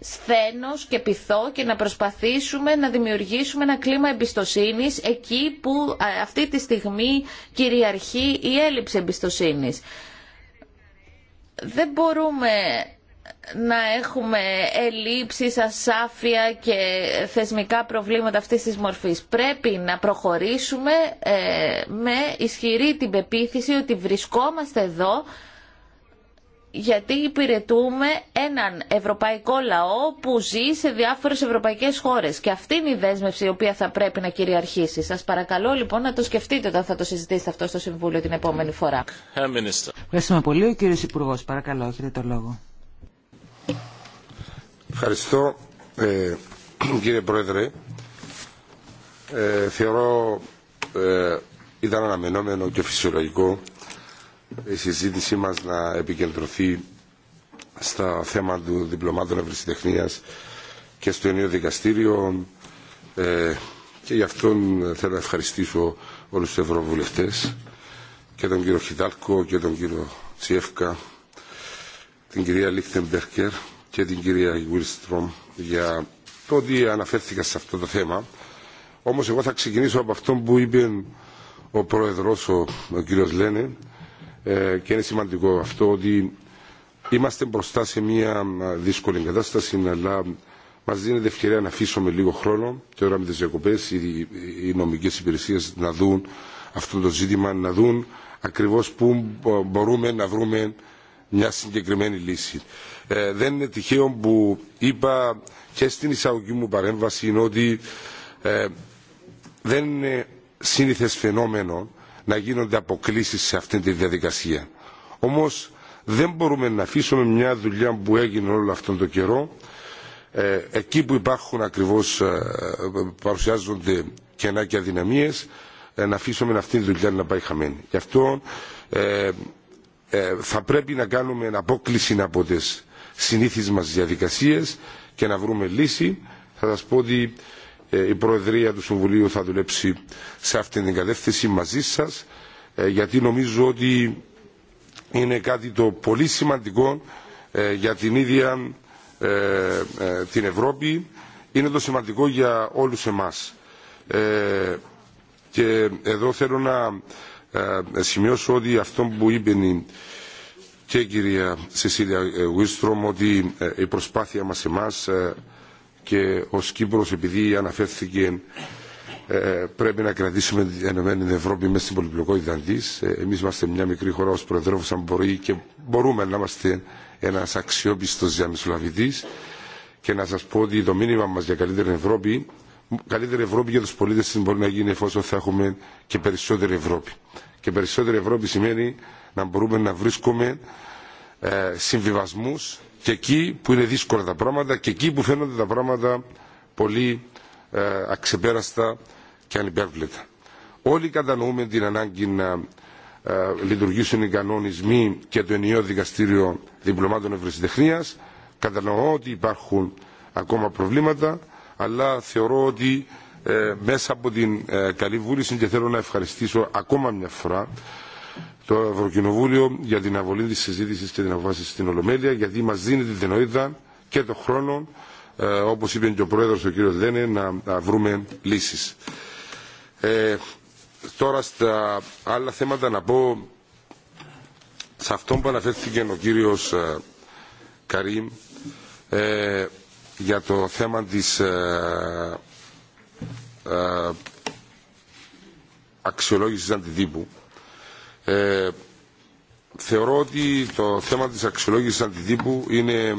σθένος και πειθό και να προσπαθήσουμε να δημιουργήσουμε ένα κλίμα εμπιστοσύνης εκεί που ε, αυτή τη στιγμή κυριαρχεί η έλλειψη εμπιστοσύνης. Δεν μπορούμε να έχουμε ελλείψεις, ασάφεια και θεσμικά προβλήματα αυτής της μορφής. Πρέπει να προχωρήσουμε ε, με ισχυρή την πεποίθηση ότι βρισκόμαστε εδώ γιατί υπηρετούμε έναν ευρωπαϊκό λαό που ζει σε διάφορες ευρωπαϊκές χώρες και αυτή είναι η δέσμευση η οποία θα πρέπει να κυριαρχήσει. Σας παρακαλώ λοιπόν να το σκεφτείτε όταν θα το συζητήσετε αυτό στο Συμβούλιο την επόμενη φορά. Ευχαριστούμε πολύ. Ο κύριος παρακαλώ, έχετε το λόγο. Ευχαριστώ ε, κύριε Πρόεδρε. Ε, θεωρώ ε, ήταν αναμενόμενο και φυσιολογικό η συζήτησή μας να επικεντρωθεί στα θέματα του διπλωμάτων ευρεσιτεχνίας και στο ενίο δικαστήριο ε, και γι' αυτόν θέλω να ευχαριστήσω όλους τους ευρωβουλευτές και τον κύριο Χιδάλκο και τον κύριο Τσιέφκα, την κυρία Λίχτεμπερκερ και την κυρία Γουίλστρομ για το ότι αναφέρθηκα σε αυτό το θέμα. Όμως εγώ θα ξεκινήσω από αυτό που είπε ο πρόεδρος, ο, ο κύριος Λένε, ε, και είναι σημαντικό αυτό ότι είμαστε μπροστά σε μια ε, δύσκολη κατάσταση, αλλά μα δίνεται ευκαιρία να αφήσουμε λίγο χρόνο και τώρα με τι διακοπέ οι, οι νομικές υπηρεσίες να δουν αυτό το ζήτημα, να δουν ακριβώ πού μπορούμε να βρούμε μια συγκεκριμένη λύση. Ε, δεν είναι τυχαίο που είπα και στην εισαγωγή μου παρέμβαση είναι ότι ε, δεν είναι σύνηθες φαινόμενο να γίνονται αποκλήσεις σε αυτή τη διαδικασία. Όμως δεν μπορούμε να αφήσουμε μια δουλειά που έγινε όλο αυτόν τον καιρό ε, εκεί που υπάρχουν ακριβώς παρουσιάζονται κενά και αδυναμίες να αφήσουμε αυτή τη δουλειά να πάει χαμένη. Ε, θα πρέπει να κάνουμε απόκληση από τι συνήθεις μας διαδικασίες και να βρούμε λύση. Θα σας πω ότι ε, η Προεδρία του Συμβουλίου θα δουλέψει σε αυτή την κατεύθυνση μαζί σας ε, γιατί νομίζω ότι είναι κάτι το πολύ σημαντικό για την ίδια την Ευρώπη. Είναι το σημαντικό για όλους εμάς. Και εδώ θέλω να ε, σημειώσω ότι αυτό που είπε και η κυρία Σεσίλια ε, Γουίστρομ ότι ε, η προσπάθεια μας εμάς και ο Κύπρος επειδή αναφέρθηκε πρέπει να κρατήσουμε την ΕΕ Ευρώπη μέσα στην πολυπλοκότητα τη. Εμεί είμαστε μια μικρή χώρα ω προεδρεύουσα μπορεί και μπορούμε να είμαστε ένας αξιόπιστος διαμεσολαβητή. Και να σας πω ότι το μήνυμα μας για καλύτερη Ευρώπη καλύτερη Ευρώπη για του πολίτε της μπορεί να γίνει εφόσον θα έχουμε και περισσότερη Ευρώπη. Και περισσότερη Ευρώπη σημαίνει να μπορούμε να βρίσκουμε ε, συμβιβασμούς και εκεί που είναι δύσκολα τα πράγματα και εκεί που φαίνονται τα πράγματα πολύ ε, αξεπέραστα και ανυπέρβλητα. Όλοι κατανοούμε την ανάγκη να ε, λειτουργήσουν οι κανονισμοί και το ενιαίο δικαστήριο διπλωμάτων ευρεσιτεχνία, Κατανοώ ότι υπάρχουν ακόμα προβλήματα αλλά θεωρώ ότι ε, μέσα από την ε, καλή βούληση και θέλω να ευχαριστήσω ακόμα μια φορά το Ευρωκοινοβούλιο για την αβολή της συζήτησης και την αποφάση στην Ολομέλεια γιατί μας δίνει την δυνατότητα και τον χρόνο ε, όπως είπε και ο Πρόεδρος ο κ. Δένε να, βρούμε λύσεις. Ε, τώρα στα άλλα θέματα να πω σε αυτό που αναφέρθηκε ο κύριος ε, για το θέμα της ε, ε αξιολόγησης αντιτύπου. Ε, θεωρώ ότι το θέμα της αξιολόγησης αντιτύπου είναι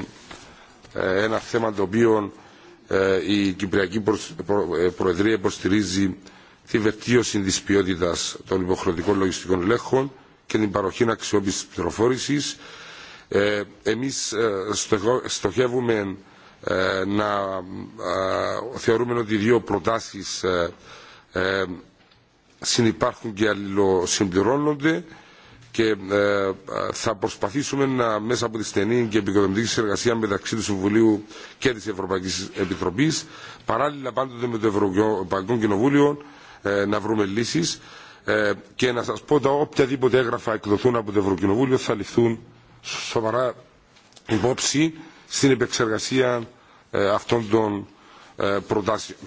ε, ένα θέμα το οποίο η Κυπριακή Προεδρία υποστηρίζει τη βελτίωση της ποιότητας των υποχρεωτικών λογιστικών ελέγχων και την παροχή αξιόπιστης πληροφόρησης. Εμείς στοχεύουμε ε, να ε, θεωρούμε ότι οι δύο προτάσεις ε, συνυπάρχουν και αλληλοσυμπληρώνονται και θα προσπαθήσουμε να, μέσα από τη στενή και επικοδομητική συνεργασία μεταξύ του Συμβουλίου και της Ευρωπαϊκής Επιτροπής παράλληλα πάντοτε με το Ευρωπαϊκό Κοινοβούλιο να βρούμε λύσεις και να σας πω ότι οποιαδήποτε έγγραφα εκδοθούν από το Ευρωκοινοβούλιο θα ληφθούν σοβαρά υπόψη στην επεξεργασία ε, αυτών των ε, προτάσεων.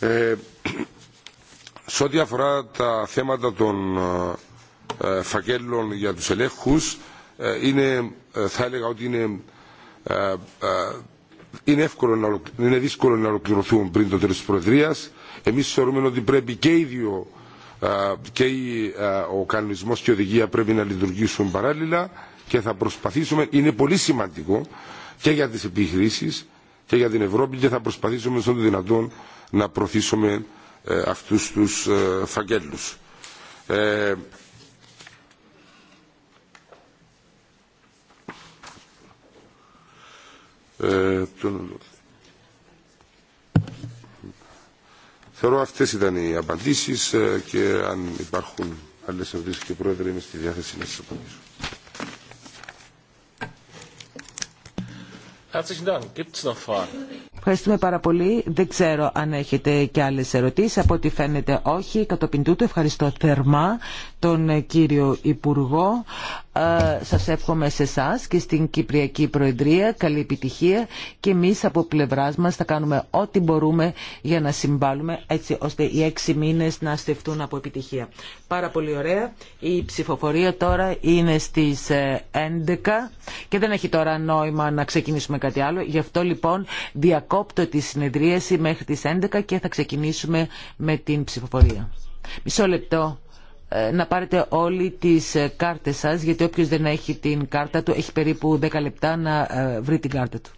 Ε, σε ό,τι αφορά τα θέματα των φακέλων για τους ελέγχους, είναι, θα έλεγα ότι είναι, εύκολο είναι δύσκολο να ολοκληρωθούν πριν το τέλος της Προεδρίας. Εμείς θεωρούμε ότι πρέπει και οι δύο και ο κανονισμός και η οδηγία πρέπει να λειτουργήσουν παράλληλα και θα προσπαθήσουμε, είναι πολύ σημαντικό και για τις επιχειρήσεις και για την Ευρώπη και θα προσπαθήσουμε στον δυνατόν να προωθήσουμε ε, αυτούς τους ε, φακέλους. Ε, Θεωρώ αυτές ήταν οι απαντήσεις και αν υπάρχουν άλλες ευρύσεις και πρόεδρε είμαι στη διάθεση να σας απαντήσω. Ευχαριστούμε πάρα πολύ. Δεν ξέρω αν έχετε και άλλες ερωτήσεις. Από ό,τι φαίνεται όχι. Κατόπιν τούτου ευχαριστώ θερμά τον κύριο Υπουργό. Ε, σας εύχομαι σε εσά και στην Κυπριακή Προεδρία καλή επιτυχία και εμείς από πλευράς μας θα κάνουμε ό,τι μπορούμε για να συμβάλλουμε έτσι ώστε οι έξι μήνες να στεφτούν από επιτυχία. Πάρα πολύ ωραία. Η ψηφοφορία τώρα είναι στις 11 ε, και δεν έχει τώρα νόημα να ξεκινήσουμε κάτι άλλο. Γι' αυτό λοιπόν διακόπτω τη συνεδρίαση μέχρι τις 11 και θα ξεκινήσουμε με την ψηφοφορία. Μισό λεπτό. Ε, να πάρετε όλοι τις ε, κάρτες σας, γιατί όποιος δεν έχει την κάρτα του έχει περίπου 10 λεπτά να ε, βρει την κάρτα του.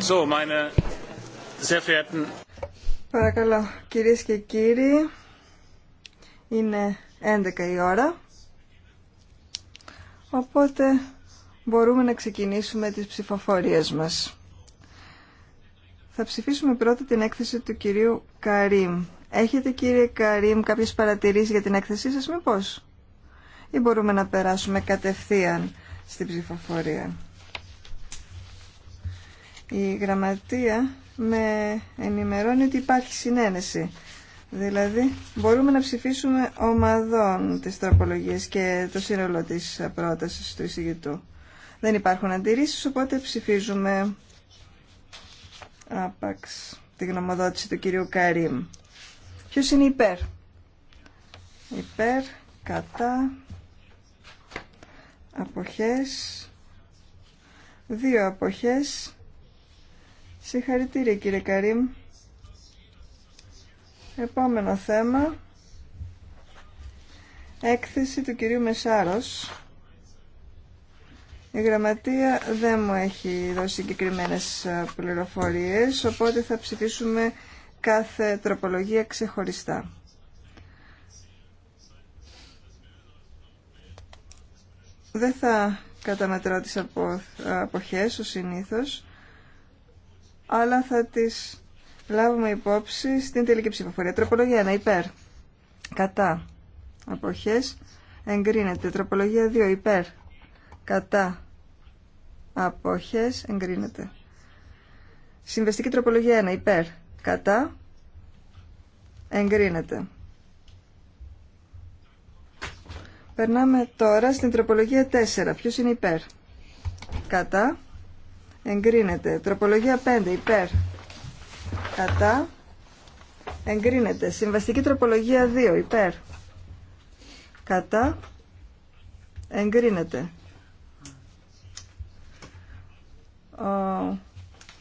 So, meine Παρακαλώ, κύριε και κύριοι, είναι 11 η ώρα, οπότε μπορούμε να ξεκινήσουμε τις ψηφοφορίες μας. Θα ψηφίσουμε πρώτα την έκθεση του κυρίου Καρίμ. Έχετε κύριε Καρίμ κάποιες παρατηρήσεις για την έκθεσή σας μήπως? Ή μπορούμε να περάσουμε κατευθείαν στην ψηφοφορία. Η γραμματεία με ενημερώνει ότι υπάρχει συνένεση. Δηλαδή, μπορούμε να ψηφίσουμε ομαδών τις τροπολογίες και το σύνολο της πρότασης του εισηγητού. Δεν υπάρχουν αντιρρήσεις, οπότε ψηφίζουμε άπαξ τη γνωμοδότηση του κυρίου Καρίμ. Ποιος είναι υπέρ. Υπέρ, κατά, αποχές, δύο αποχές, Συγχαρητήρια κύριε Καρίμ. Επόμενο θέμα. Έκθεση του κυρίου Μεσάρος. Η γραμματεία δεν μου έχει δώσει συγκεκριμένε ε, πληροφορίες, οπότε θα ψηφίσουμε κάθε τροπολογία ξεχωριστά. Δεν θα καταμετρώ τις αποχές, ο συνήθως αλλά θα τις λάβουμε υπόψη στην τελική ψηφοφορία. Τροπολογία 1 υπέρ. Κατά. Αποχές. Εγκρίνεται. Τροπολογία 2 υπέρ. Κατά. Αποχές. Εγκρίνεται. Συμβεστική τροπολογία 1 υπέρ. Κατά. Εγκρίνεται. Περνάμε τώρα στην τροπολογία 4. Ποιος είναι υπέρ. Κατά εγκρίνεται. Τροπολογία 5 υπέρ κατά εγκρίνεται. Συμβαστική τροπολογία 2 υπέρ κατά εγκρίνεται.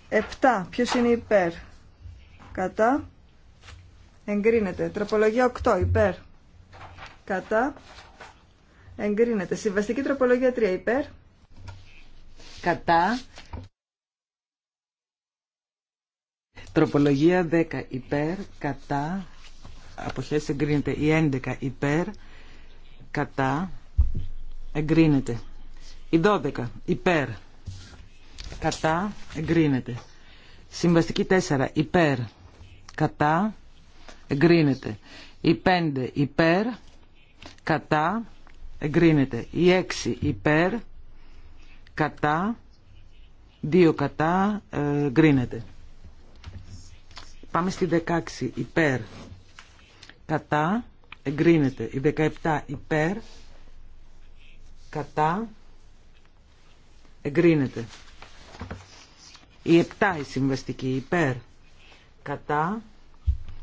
7. Ποιος είναι υπέρ. Κατά. Εγκρίνεται. Τροπολογία 8. Υπέρ. Κατά. Εγκρίνεται. Συμβαστική τροπολογία 3. Υπέρ. Κατά. Τροπολογία 10 υπέρ, κατά, αποχές εγκρίνεται. Η 11 υπέρ, κατά, εγκρίνεται. Η 12 υπέρ, κατά, εγκρίνεται. Συμβαστική 4 υπέρ, κατά, εγκρίνεται. Η 5 υπέρ, κατά, εγκρίνεται. Η 6 υπέρ, κατά, 2 κατά, ε, εγκρίνεται. Πάμε στη 16 υπέρ κατά εγκρίνεται. Η 17 υπέρ κατά εγκρίνεται. Η 7 η συμβαστική υπέρ κατά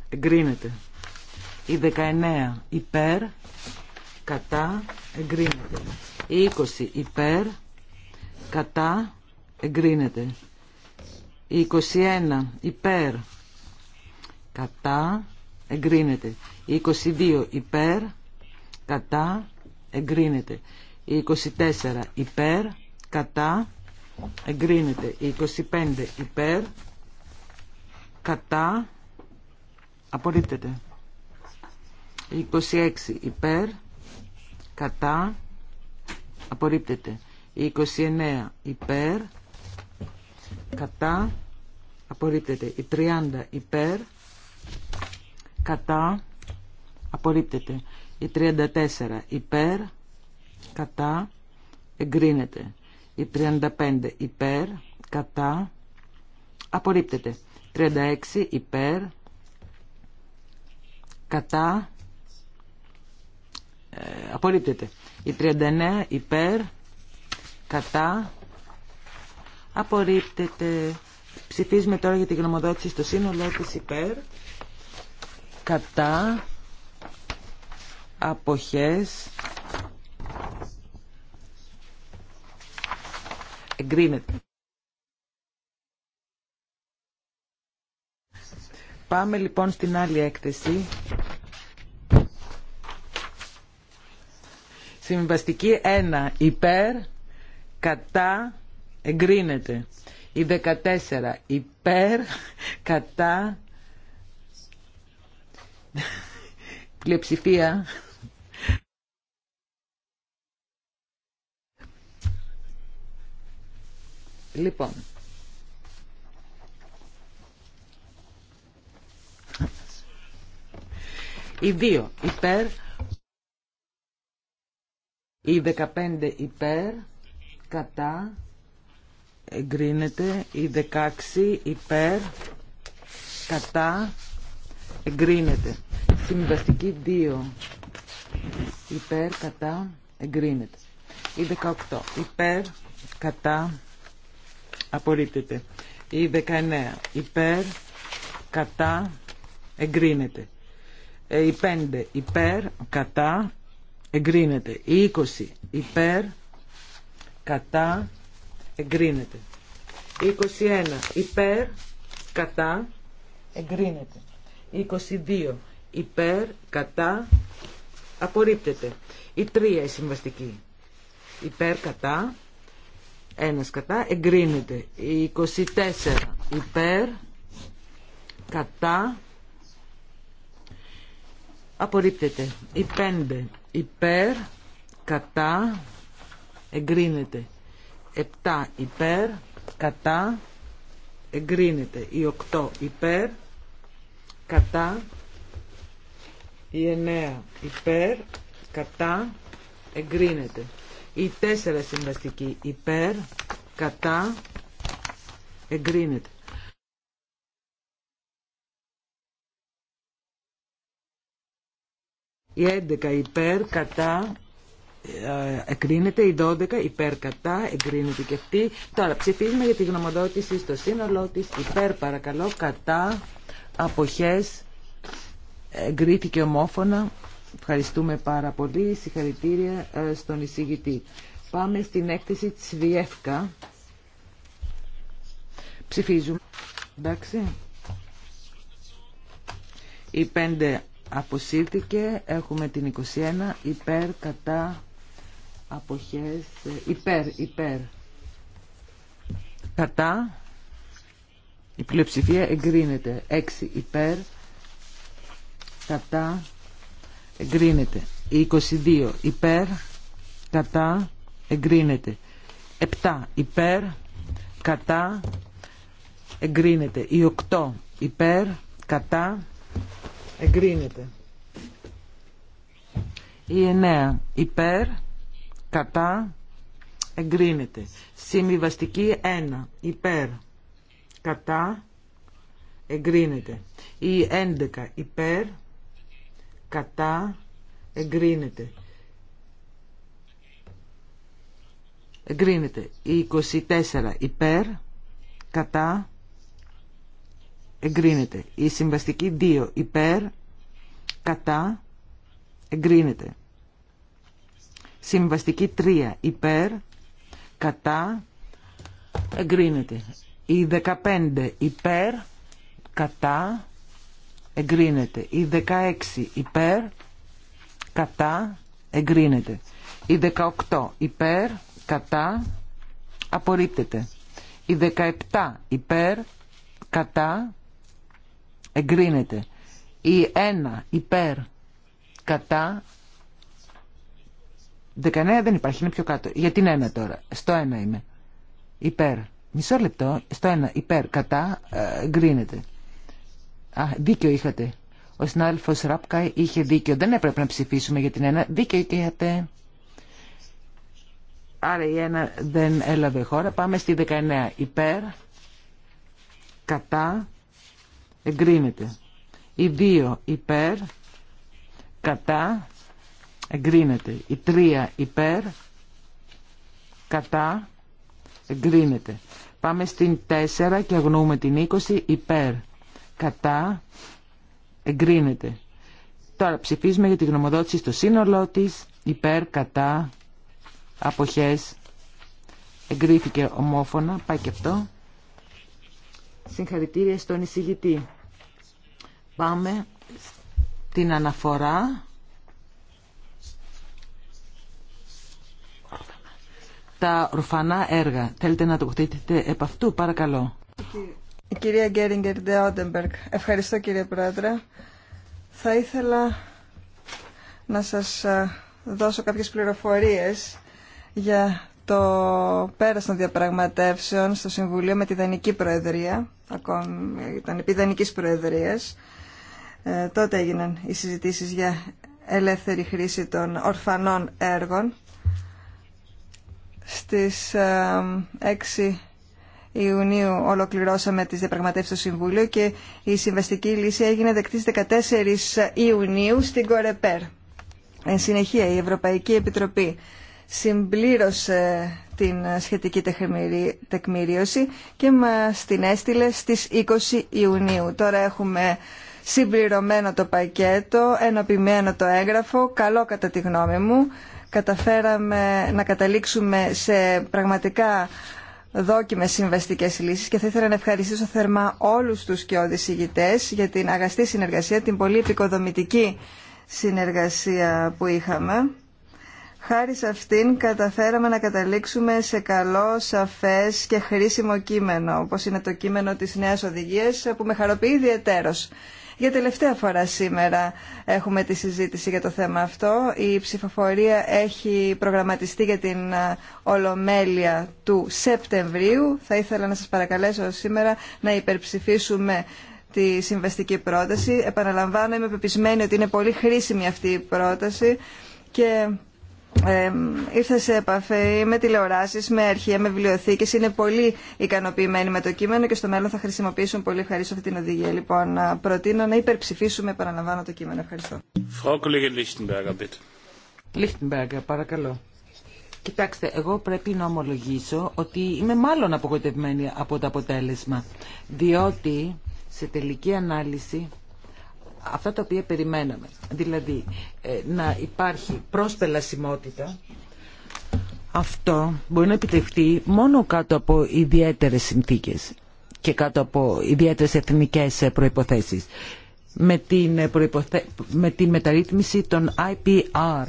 εγκρίνεται. Η 19 υπέρ κατά εγκρίνεται. Η 20 υπέρ κατά εγκρίνεται. Η 21 υπέρ κατά εγκρίνεται. 22 υπέρ κατά εγκρίνεται. 24 υπέρ κατά εγκρίνεται. 25 υπέρ κατά απορρίπτεται. 26 υπέρ κατά απορρίπτεται. 29 υπέρ κατά απορρίπτεται. 30 υπέρ κατά απορρίπτεται. Η 34 υπέρ κατά εγκρίνεται. Η 35 υπέρ κατά απορρίπτεται. 36 υπέρ κατά ε, απορρίπτεται. Η 39 υπέρ κατά απορρίπτεται. Ψηφίζουμε τώρα για τη γνωμοδότηση στο σύνολό της υπέρ κατά αποχές εγκρίνεται. Πάμε λοιπόν στην άλλη έκθεση. Συμβαστική 1. Υπέρ, κατά, εγκρίνεται. Η 14. Υπέρ, κατά, πλειοψηφία Λοιπόν, οι δύο υπέρ, οι 15 υπέρ, κατά, εγκρίνεται, οι 16 υπέρ, κατά, εγκρίνεται. Συμβαστική 2 υπέρ κατά εγκρίνεται. Η 18 υπέρ κατά απορρίπτεται. Η 19 ε, υπέρ κατά εγκρίνεται. Η 5 υπέρ κατά εγκρίνεται. Η 20 υπέρ κατά εγκρίνεται. Η 21 υπέρ κατά εγκρίνεται. 22 υπέρ, κατά, απορρίπτεται. Η 3 η συμβαστική υπέρ, κατά, ένας κατά, εγκρίνεται. Η 24 υπέρ, κατά, απορρίπτεται. Η 5 υπέρ, κατά, εγκρίνεται. 7 υπέρ, κατά, εγκρίνεται. Η 8 υπέρ, κατά η 9 υπέρ κατά εγκρίνεται η τέσσερα συμβαστική υπέρ κατά εγκρίνεται η 11 υπέρ κατά ε, εγκρίνεται, η 12 υπέρ κατά εγκρίνεται και αυτή. Τώρα ψηφίζουμε για τη γνωμοδότηση στο σύνολό της υπέρ παρακαλώ κατά αποχές εγκρίθηκε ομόφωνα. Ευχαριστούμε πάρα πολύ. Συγχαρητήρια ε, στον εισηγητή. Πάμε στην έκθεση της Βιέφκα. Ψηφίζουμε. Εντάξει. Η 5 αποσύρθηκε. Έχουμε την 21. Υπέρ, κατά, αποχές. Ε, υπέρ, υπέρ. Κατά. Η πλειοψηφία εγκρίνεται. 6 υπέρ. Κατά. Εγκρίνεται. 22 υπέρ. Κατά. Εγκρίνεται. 7 υπέρ. Κατά. Εγκρίνεται. Η 8 υπέρ. Κατά. Εγκρίνεται. Η 9 υπέρ. Κατά. Εγκρίνεται. Συμβιβαστική 1 υπέρ κατά εγκρίνεται. Η 11 υπέρ κατά εγκρίνεται. Εγκρίνεται. Η 24 υπέρ κατά εγκρίνεται. Η συμβαστική 2 υπέρ κατά εγκρίνεται. Συμβαστική 3 υπέρ κατά εγκρίνεται. Η 15 υπέρ, κατά, εγκρίνεται. Η 16 υπέρ, κατά, εγκρίνεται. Η 18 υπέρ, κατά, απορρίπτεται. Η 17 υπέρ, κατά, εγκρίνεται. Η 1 υπέρ, κατά, 19 δεν υπάρχει, είναι πιο κάτω. Γιατί την 1 τώρα, στο 1 είμαι. Υπέρ, Μισό λεπτό, στο ένα, υπέρ, κατά, εγκρίνεται. Α, δίκιο είχατε. Ο συνάδελφος Ράπκα είχε δίκιο. Δεν έπρεπε να ψηφίσουμε για την ένα. Δίκιο είχατε. Άρα η ένα δεν έλαβε χώρα. Πάμε στη 19. Υπέρ, κατά, εγκρίνεται. Η 2 υπέρ, κατά, εγκρίνεται. Η 3 υπέρ, κατά, εγκρίνεται. Πάμε στην 4 και αγνοούμε την 20 υπέρ. Κατά. Εγκρίνεται. Τώρα ψηφίζουμε για τη γνωμοδότηση στο σύνολό τη, Υπέρ, κατά, αποχές. Εγκρίθηκε ομόφωνα. Πάει και αυτό. Συγχαρητήρια στον εισηγητή. Πάμε την αναφορά τα ορφανά έργα. Θέλετε να τοποθετηθείτε επ' αυτού, παρακαλώ. Η κυρία Γκέριγκερ Ντεόντεμπεργκ. Ευχαριστώ κύριε Πρόεδρε. Θα ήθελα να σας δώσω κάποιες πληροφορίες για το πέρας των διαπραγματεύσεων στο Συμβουλίο με τη Δανική Προεδρία, ακόμη ήταν επί Δανικής Προεδρίας. Ε, τότε έγιναν οι συζητήσεις για ελεύθερη χρήση των ορφανών έργων στις 6 ε, Ιουνίου ολοκληρώσαμε τις διαπραγματεύσεις στο Συμβούλιο και η συμβαστική λύση έγινε δεκτή στις 14 Ιουνίου στην Κορεπέρ. Εν συνεχεία, η Ευρωπαϊκή Επιτροπή συμπλήρωσε την σχετική τεκμηρίωση και μας την έστειλε στις 20 Ιουνίου. Τώρα έχουμε συμπληρωμένο το πακέτο, ενωπημένο το έγγραφο, καλό κατά τη γνώμη μου καταφέραμε να καταλήξουμε σε πραγματικά δόκιμες συμβαστικές λύσεις και θα ήθελα να ευχαριστήσω θερμά όλους τους και ηγητές για την αγαστή συνεργασία, την πολύ επικοδομητική συνεργασία που είχαμε. Χάρη σε αυτήν καταφέραμε να καταλήξουμε σε καλό, σαφές και χρήσιμο κείμενο, όπως είναι το κείμενο της νέας οδηγίας που με χαροποιεί ιδιαιτέρως. Για τελευταία φορά σήμερα έχουμε τη συζήτηση για το θέμα αυτό. Η ψηφοφορία έχει προγραμματιστεί για την ε, Ολομέλεια του Σεπτεμβρίου. Θα ήθελα να σας παρακαλέσω σήμερα να υπερψηφίσουμε τη συμβαστική πρόταση. Επαναλαμβάνω, είμαι πεπισμένη ότι είναι πολύ χρήσιμη αυτή η πρόταση και ε, ήρθα σε επαφή με τηλεοράσει, με αρχεία, με βιβλιοθήκε. Είναι πολύ ικανοποιημένοι με το κείμενο και στο μέλλον θα χρησιμοποιήσουν πολύ ευχαρίστω αυτή την οδηγία. Λοιπόν, προτείνω να υπερψηφίσουμε, επαναλαμβάνω το κείμενο. Ευχαριστώ. Λίχτενμπεργκ, παρακαλώ. Κοιτάξτε, εγώ πρέπει να ομολογήσω ότι είμαι μάλλον απογοητευμένη από το αποτέλεσμα. Διότι σε τελική ανάλυση αυτά τα οποία περιμέναμε. Δηλαδή ε, να υπάρχει προσπελασιμότητα. Αυτό μπορεί να επιτευχθεί μόνο κάτω από ιδιαίτερες συνθήκες και κάτω από ιδιαίτερες εθνικές ε, προϋποθέσεις. Με την, ε, προϋποθε... με την μεταρρύθμιση των IPR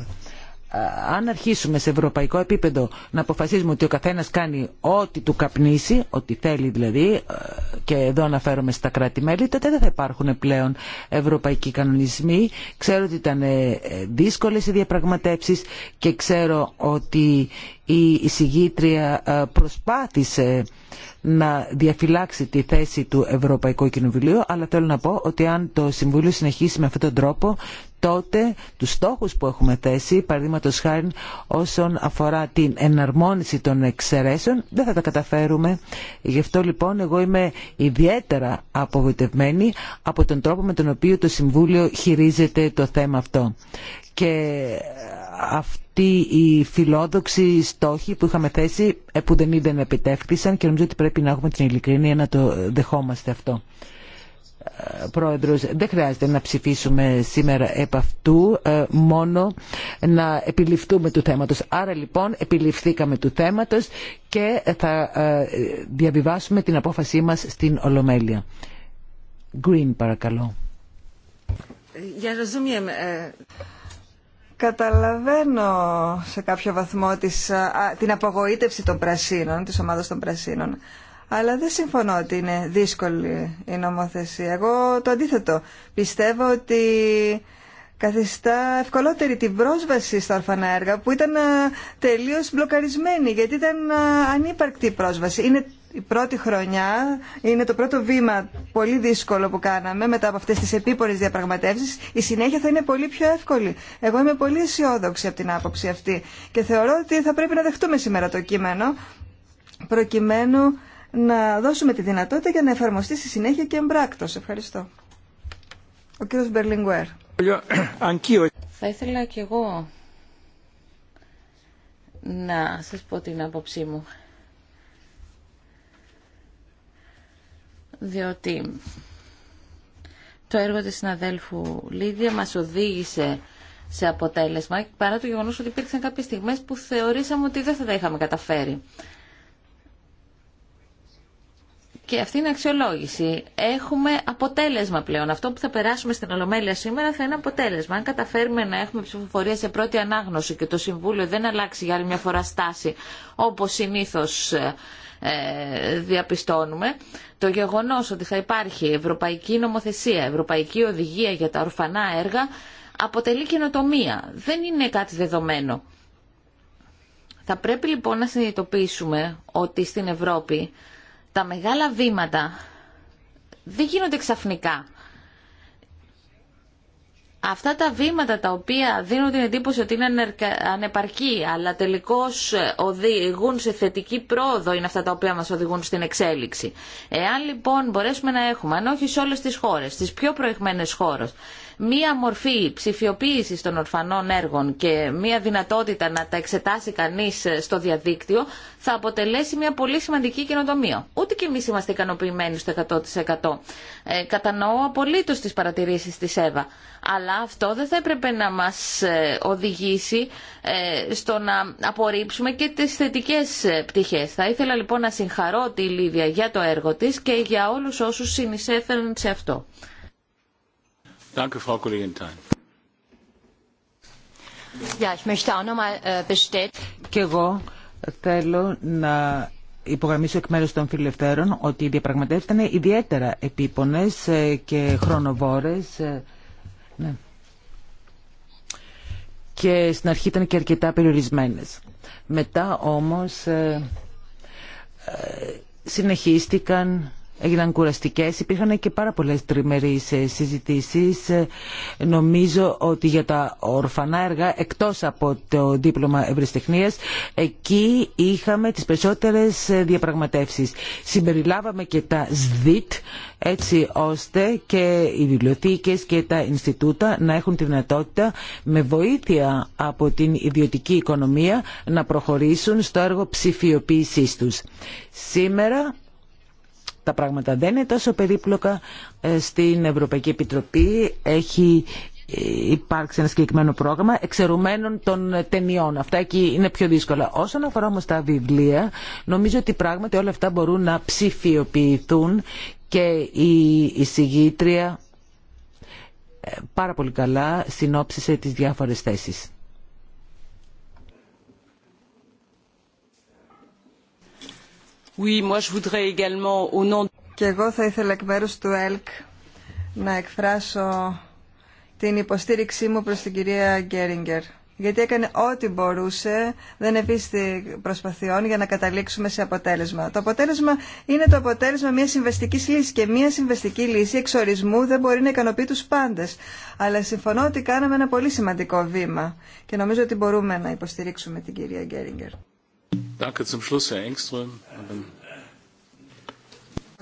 ε, αν αρχίσουμε σε ευρωπαϊκό επίπεδο να αποφασίζουμε ότι ο καθένας κάνει ό,τι του καπνίσει, ό,τι θέλει δηλαδή, ε, και εδώ αναφέρομαι στα κράτη-μέλη, τότε δεν θα υπάρχουν πλέον ευρωπαϊκοί κανονισμοί. Ξέρω ότι ήταν ε, δύσκολες οι διαπραγματεύσεις και ξέρω ότι η συγγήτρια προσπάθησε να διαφυλάξει τη θέση του Ευρωπαϊκού Κοινοβουλίου, αλλά θέλω να πω ότι αν το Συμβούλιο συνεχίσει με αυτόν τον τρόπο, τότε τους στόχους που έχουμε θέσει, παραδείγματο χάρη όσον αφορά την εναρμόνιση των εξαιρέσεων, δεν θα τα καταφέρουμε. Γι' αυτό λοιπόν εγώ είμαι ιδιαίτερα απογοητευμένη από τον τρόπο με τον οποίο το Συμβούλιο χειρίζεται το θέμα αυτό. Και αυτοί οι φιλόδοξοι στόχοι που είχαμε θέσει, ε, που δεν είδαν επιτεύχθησαν και νομίζω ότι πρέπει να έχουμε την ειλικρίνεια να το δεχόμαστε αυτό. Ε, πρόεδρος, δεν χρειάζεται να ψηφίσουμε σήμερα επ' αυτού, ε, μόνο να επιληφθούμε του θέματος. Άρα λοιπόν επιληφθήκαμε του θέματος και θα ε, διαβιβάσουμε την απόφασή μας στην Ολομέλεια. Green παρακαλώ. Καταλαβαίνω σε κάποιο βαθμό την απογοήτευση των πρασίνων, της ομάδας των πρασίνων. Αλλά δεν συμφωνώ ότι είναι δύσκολη η νομοθεσία. Εγώ το αντίθετο. Πιστεύω ότι καθιστά ευκολότερη την πρόσβαση στα ορφανά έργα που ήταν ε, τελείω μπλοκαρισμένη γιατί ήταν ε, ανύπαρκτη η πρόσβαση. Είναι η πρώτη χρονιά, είναι το πρώτο βήμα πολύ δύσκολο που κάναμε μετά από αυτές τις επίπορες διαπραγματεύσεις. Η συνέχεια θα είναι πολύ πιο εύκολη. Εγώ είμαι πολύ αισιόδοξη από την άποψη αυτή και θεωρώ ότι θα πρέπει να δεχτούμε σήμερα το κείμενο προκειμένου να δώσουμε τη δυνατότητα για να εφαρμοστεί στη συνέχεια και εμπράκτο. Ευχαριστώ. Ο κύριος Μπερλίνγκουερ. Θα ήθελα κι εγώ να σας πω την άποψή μου. Διότι το έργο της συναδέλφου Λίδια μας οδήγησε σε αποτέλεσμα παρά το γεγονός ότι υπήρξαν κάποιες στιγμές που θεωρήσαμε ότι δεν θα τα είχαμε καταφέρει. Και αυτή είναι αξιολόγηση. Έχουμε αποτέλεσμα πλέον. Αυτό που θα περάσουμε στην Ολομέλεια σήμερα θα είναι αποτέλεσμα. Αν καταφέρουμε να έχουμε ψηφοφορία σε πρώτη ανάγνωση και το Συμβούλιο δεν αλλάξει για άλλη μια φορά στάση όπως συνήθως ε, ε διαπιστώνουμε, το γεγονός ότι θα υπάρχει ευρωπαϊκή νομοθεσία, ευρωπαϊκή οδηγία για τα ορφανά έργα αποτελεί καινοτομία. Δεν είναι κάτι δεδομένο. Θα πρέπει λοιπόν να συνειδητοποιήσουμε ότι στην Ευρώπη τα μεγάλα βήματα δεν γίνονται ξαφνικά. Αυτά τα βήματα τα οποία δίνουν την εντύπωση ότι είναι ανεπαρκή αλλά τελικώς ε, οδηγούν σε θετική πρόοδο είναι αυτά τα οποία μας οδηγούν στην εξέλιξη. Εάν λοιπόν μπορέσουμε να έχουμε, αν όχι σε όλες τις χώρες, στις πιο προηγμένες χώρες, μία μορφή ψηφιοποίηση των ορφανών έργων και μία δυνατότητα να τα εξετάσει κανεί ε, στο διαδίκτυο θα αποτελέσει μία πολύ σημαντική καινοτομία. Ούτε κι εμεί είμαστε ικανοποιημένοι στο 100%. Ε, κατανοώ απολύτω τι παρατηρήσει τη ΕΒΑ. Αλλά αυτό δεν θα έπρεπε να μα ε, οδηγήσει στο να απορρίψουμε και τι θετικέ πτυχέ. Θα ήθελα λοιπόν να συγχαρώ τη Λίβια για το έργο τη και για όλου όσου συνεισέφεραν σε αυτό. Και εγώ θέλω να υπογραμμίσω εκ μέρους των φιλελευθέρων ότι οι διαπραγματεύσεις ήταν ιδιαίτερα επίπονες ε, και χρονοβόρες. Ε, ναι. Και στην αρχή ήταν και αρκετά περιορισμένες. Μετά όμως ε, συνεχίστηκαν έγιναν κουραστικές. Υπήρχαν και πάρα πολλές τριμερείς ε, συζητήσεις. Ε, νομίζω ότι για τα ορφανά έργα, εκτός από το δίπλωμα ευρεσιτεχνίας, εκεί είχαμε τις περισσότερες ε, διαπραγματεύσεις. Συμπεριλάβαμε και τα ΣΔΙΤ, έτσι ώστε και οι βιβλιοθήκες και τα Ινστιτούτα να έχουν τη δυνατότητα με βοήθεια από την ιδιωτική οικονομία να προχωρήσουν στο έργο ψηφιοποίησής τους. Σήμερα τα πράγματα δεν είναι τόσο περίπλοκα. Ε, στην Ευρωπαϊκή Επιτροπή έχει ε, υπάρξει ένα συγκεκριμένο πρόγραμμα εξαιρουμένων των ταινιών. Αυτά εκεί είναι πιο δύσκολα. Όσον αφορά όμως τα βιβλία, νομίζω ότι πράγματι όλα αυτά μπορούν να ψηφιοποιηθούν και η εισηγήτρια ε, πάρα πολύ καλά συνόψισε τις διάφορες θέσεις. Και εγώ θα ήθελα εκ μέρους του ΕΛΚ να εκφράσω την υποστήριξή μου προς την κυρία Γκέριγκερ. Γιατί έκανε ό,τι μπορούσε, δεν επίστη προσπαθειών για να καταλήξουμε σε αποτέλεσμα. Το αποτέλεσμα είναι το αποτέλεσμα μιας συμβαστικής λύσης και μια συμβαστική λύση εξορισμού δεν μπορεί να ικανοποιεί τους πάντες. Αλλά συμφωνώ ότι κάναμε ένα πολύ σημαντικό βήμα και νομίζω ότι μπορούμε να υποστηρίξουμε την κυρία Γκέριγκερ. Ο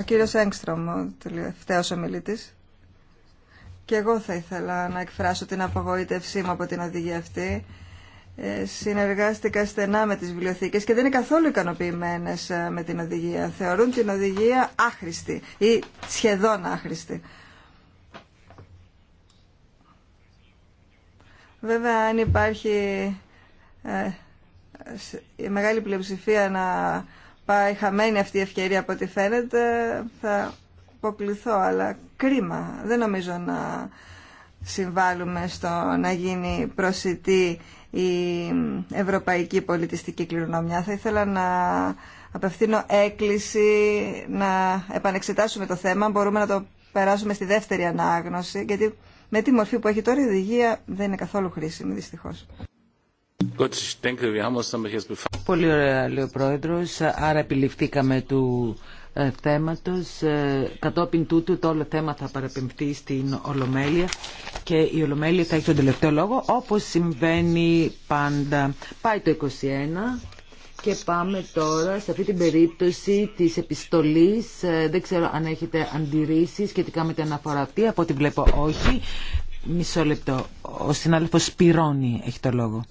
κύριος Έγκστρομ, ο τελευταίος ομιλητής. Και εγώ θα ήθελα να εκφράσω την απογοήτευσή μου από την οδηγία αυτή. Ε, συνεργάστηκα στενά με τις βιβλιοθήκες και δεν είναι καθόλου ικανοποιημένες ε, με την οδηγία. Θεωρούν την οδηγία άχρηστη ή σχεδόν άχρηστη. Βέβαια, αν υπάρχει ε, η ε, μεγάλη πλειοψηφία να πάει χαμένη αυτή η ευκαιρία από ό,τι φαίνεται θα υποκληθώ αλλά κρίμα δεν νομίζω να συμβάλλουμε στο να γίνει προσιτή η ευρωπαϊκή πολιτιστική κληρονομιά θα ήθελα να απευθύνω έκκληση να επανεξετάσουμε το θέμα μπορούμε να το περάσουμε στη δεύτερη ανάγνωση γιατί με τη μορφή που έχει τώρα η οδηγία δεν είναι καθόλου χρήσιμη δυστυχώς Πολύ ωραία, λέει ο Πρόεδρος. Άρα επιληφθήκαμε του ε, θέματος. Ε, κατόπιν τούτου το όλο θέμα θα παραπεμφθεί στην Ολομέλεια και η Ολομέλεια θα έχει τον τελευταίο λόγο, όπως συμβαίνει πάντα. Πάει το 21 και πάμε τώρα σε αυτή την περίπτωση της επιστολής. Ε, δεν ξέρω αν έχετε αντιρρήσεις σχετικά με την αναφορά αυτή. Από ό,τι βλέπω όχι. Μισό λεπτό. Ο συνάδελφος Σπυρώνη έχει το λόγο.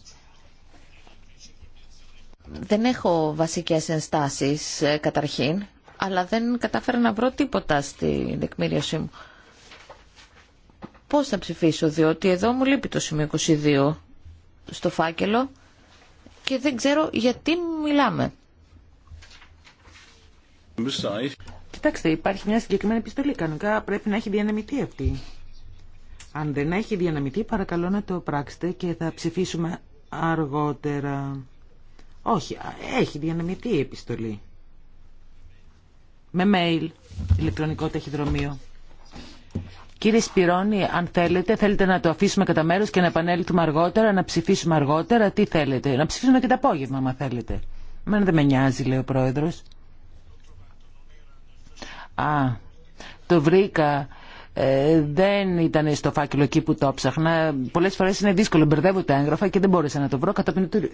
Δεν έχω βασικές ενστάσεις ε, καταρχήν, αλλά δεν κατάφερα να βρω τίποτα στη δεκμήριασή μου. Πώς θα ψηφίσω, διότι εδώ μου λείπει το σημείο 22 στο φάκελο και δεν ξέρω γιατί μιλάμε. Κοιτάξτε, υπάρχει μια συγκεκριμένη επιστολή. Κανονικά πρέπει να έχει διανεμηθεί αυτή. Αν δεν έχει διανεμηθεί, παρακαλώ να το πράξετε και θα ψηφίσουμε αργότερα. Όχι, έχει διανεμητή η επιστολή. Με mail, ηλεκτρονικό ταχυδρομείο. Κύριε Σπυρώνη, αν θέλετε, θέλετε να το αφήσουμε κατά μέρο και να επανέλθουμε αργότερα, να ψηφίσουμε αργότερα. Τι θέλετε, να ψηφίσουμε και το απόγευμα, αν θέλετε. Μένα δεν με νοιάζει, λέει ο πρόεδρος. Α, το βρήκα ε, δεν ήταν στο φάκελο εκεί που το ψάχνα. Πολλέ φορές είναι δύσκολο, μπερδεύω τα έγγραφα και δεν μπόρεσα να το βρω. Κατόπιν ε,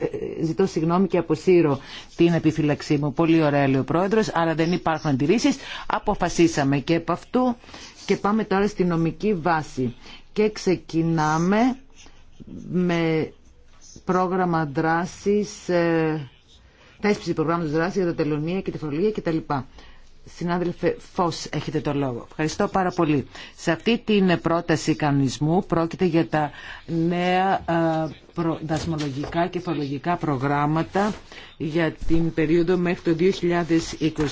ζητώ συγγνώμη και αποσύρω την επιφύλαξή μου. Πολύ ωραία λέει ο Πρόεδρος, αλλά δεν υπάρχουν αντιρρήσεις. Αποφασίσαμε και από αυτού και πάμε τώρα στη νομική βάση. Και ξεκινάμε με πρόγραμμα δράση ε, θέσπιση προγράμματος δράσης για τα τελωνία και τη φορολογία κτλ. Συνάδελφε Φως, έχετε το λόγο. Ευχαριστώ πάρα πολύ. Σε αυτή την πρόταση κανονισμού πρόκειται για τα νέα δασμολογικά και φορολογικά προγράμματα για την περίοδο μέχρι το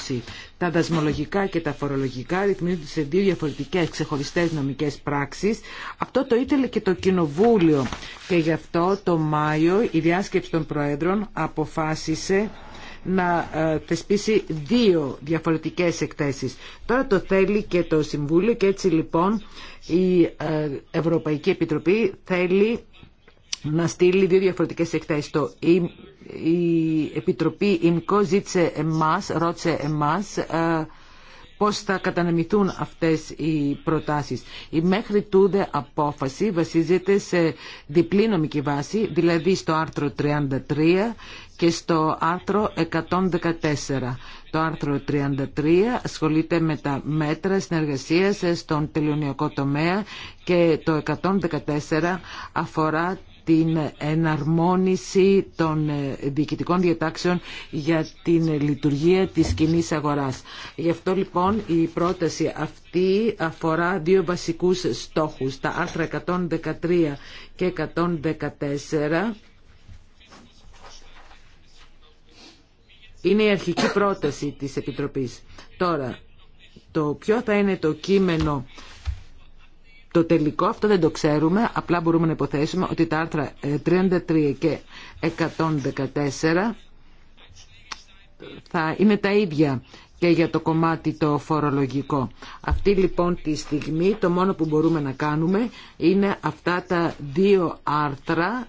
2020. Τα δασμολογικά και τα φορολογικά ρυθμίζονται σε δύο διαφορετικές ξεχωριστές νομικές πράξεις. Αυτό το ήθελε και το Κοινοβούλιο και γι' αυτό το Μάιο η διάσκεψη των Προέδρων αποφάσισε να ε, θεσπίσει δύο διαφορετικές εκτέσεις. Τώρα το θέλει και το Συμβούλιο και έτσι λοιπόν η ε, Ευρωπαϊκή Επιτροπή θέλει να στείλει δύο διαφορετικές εκτάσεις. Το, η, η Επιτροπή ΙΜΚΟ ζήτησε εμάς, ρώτησε εμάς ε, πώς θα κατανεμηθούν αυτές οι προτάσεις. Η μέχρι τούδε απόφαση βασίζεται σε διπλή νομική βάση, δηλαδή στο άρθρο 33 και στο άρθρο 114. Το άρθρο 33 ασχολείται με τα μέτρα συνεργασίας στον τελειωνιακό τομέα και το 114 αφορά την εναρμόνιση των ε, διοικητικών διατάξεων για την λειτουργία της κοινή αγοράς. Γι' αυτό λοιπόν η πρόταση αυτή αφορά δύο βασικούς στόχους, τα άρθρα 113 και 114 Είναι η αρχική πρόταση της Επιτροπής. Τώρα, το ποιο θα είναι το κείμενο το τελικό, αυτό δεν το ξέρουμε, απλά μπορούμε να υποθέσουμε ότι τα άρθρα 33 ε, και 114 θα είναι τα ίδια και για το κομμάτι το φορολογικό. Αυτή λοιπόν τη στιγμή το μόνο που μπορούμε να κάνουμε είναι αυτά τα δύο άρθρα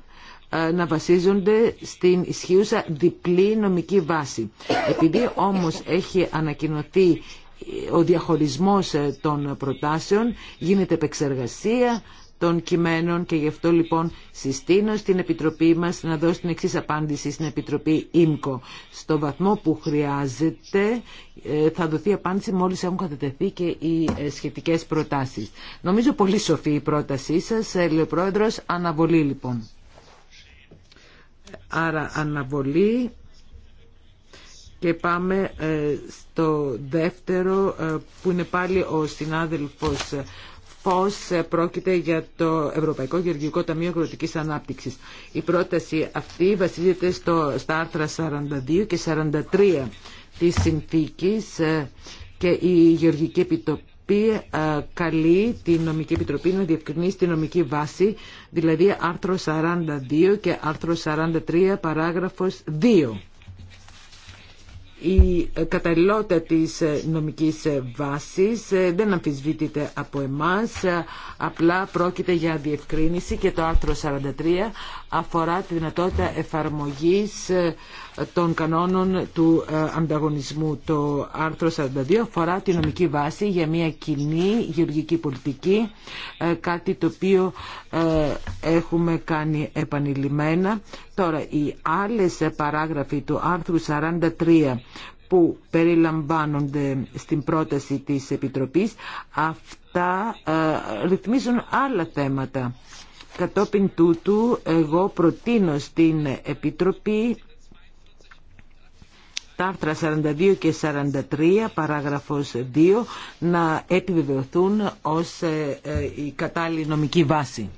ε, να βασίζονται στην ισχύουσα διπλή νομική βάση. Επειδή όμως έχει ανακοινωθεί ε, ο διαχωρισμός ε, των προτάσεων, γίνεται επεξεργασία των κειμένων και γι' αυτό λοιπόν συστήνω στην Επιτροπή μας να δώσει την εξής απάντηση στην Επιτροπή ΙΜΚΟ. Στο βαθμό που χρειάζεται θα δοθεί απάντηση μόλις έχουν κατατεθεί και οι σχετικές προτάσεις. Νομίζω πολύ σοφή η πρότασή σας, λέει ο αναβολή λοιπόν. Άρα αναβολή και πάμε ε, στο δεύτερο ε, που είναι πάλι ο συνάδελφος ε, Φως πρόκειται για το Ευρωπαϊκό Γεωργικό Ταμείο Αγροτικής Ανάπτυξης. Η πρόταση αυτή βασίζεται στο, στα άρθρα 42 και 43 της συνθήκης και η Γεωργική επιτοπή Επιτροπή ε, καλεί την Νομική Επιτροπή να διευκρινίσει την νομική βάση, δηλαδή άρθρο 42 και άρθρο 43 παράγραφος 2. Η καταλληλότητα της ε, νομικής ε, βάσης δεν αμφισβήτηται από εμάς, απλά πρόκειται για διευκρίνηση και το άρθρο 43 αφορά τη δυνατότητα εφαρμογής ε, των κανόνων του ε, ανταγωνισμού. Το άρθρο 42 αφορά τη νομική βάση για μια κοινή γεωργική πολιτική, ε, κάτι το οποίο έχουμε κάνει επανειλημμένα. Τώρα, οι άλλες παράγραφοι του άρθρου 43 που περιλαμβάνονται στην πρόταση της Επιτροπής, αυτά ρυθμίζουν άλλα θέματα. Κατόπιν τούτου εγώ προτείνω στην Επιτροπή τα άρθρα 42 και 43 παράγραφος 2 να επιβεβαιωθούν ως ε, ε, η κατάλληλη νομική βάση.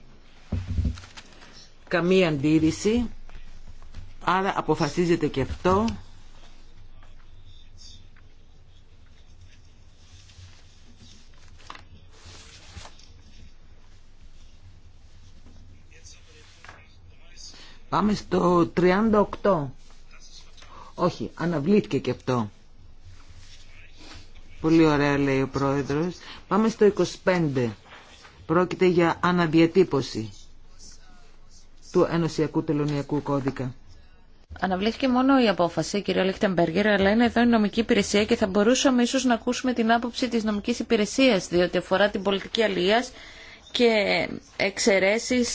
Καμία αντίρρηση. Άρα αποφασίζεται και αυτό. Πάμε στο 38. Όχι, αναβλήθηκε και αυτό. Πολύ ωραία λέει ο πρόεδρος. Πάμε στο 25. Πρόκειται για αναδιατύπωση του Ενωσιακού Τελωνιακού Κώδικα. Αναβλήθηκε μόνο η απόφαση, κύριε Λίχτεμπεργκερ, αλλά είναι εδώ η νομική υπηρεσία και θα μπορούσαμε ίσως να ακούσουμε την άποψη της νομικής υπηρεσία διότι αφορά την πολιτική αλληλείας και εξαιρέσει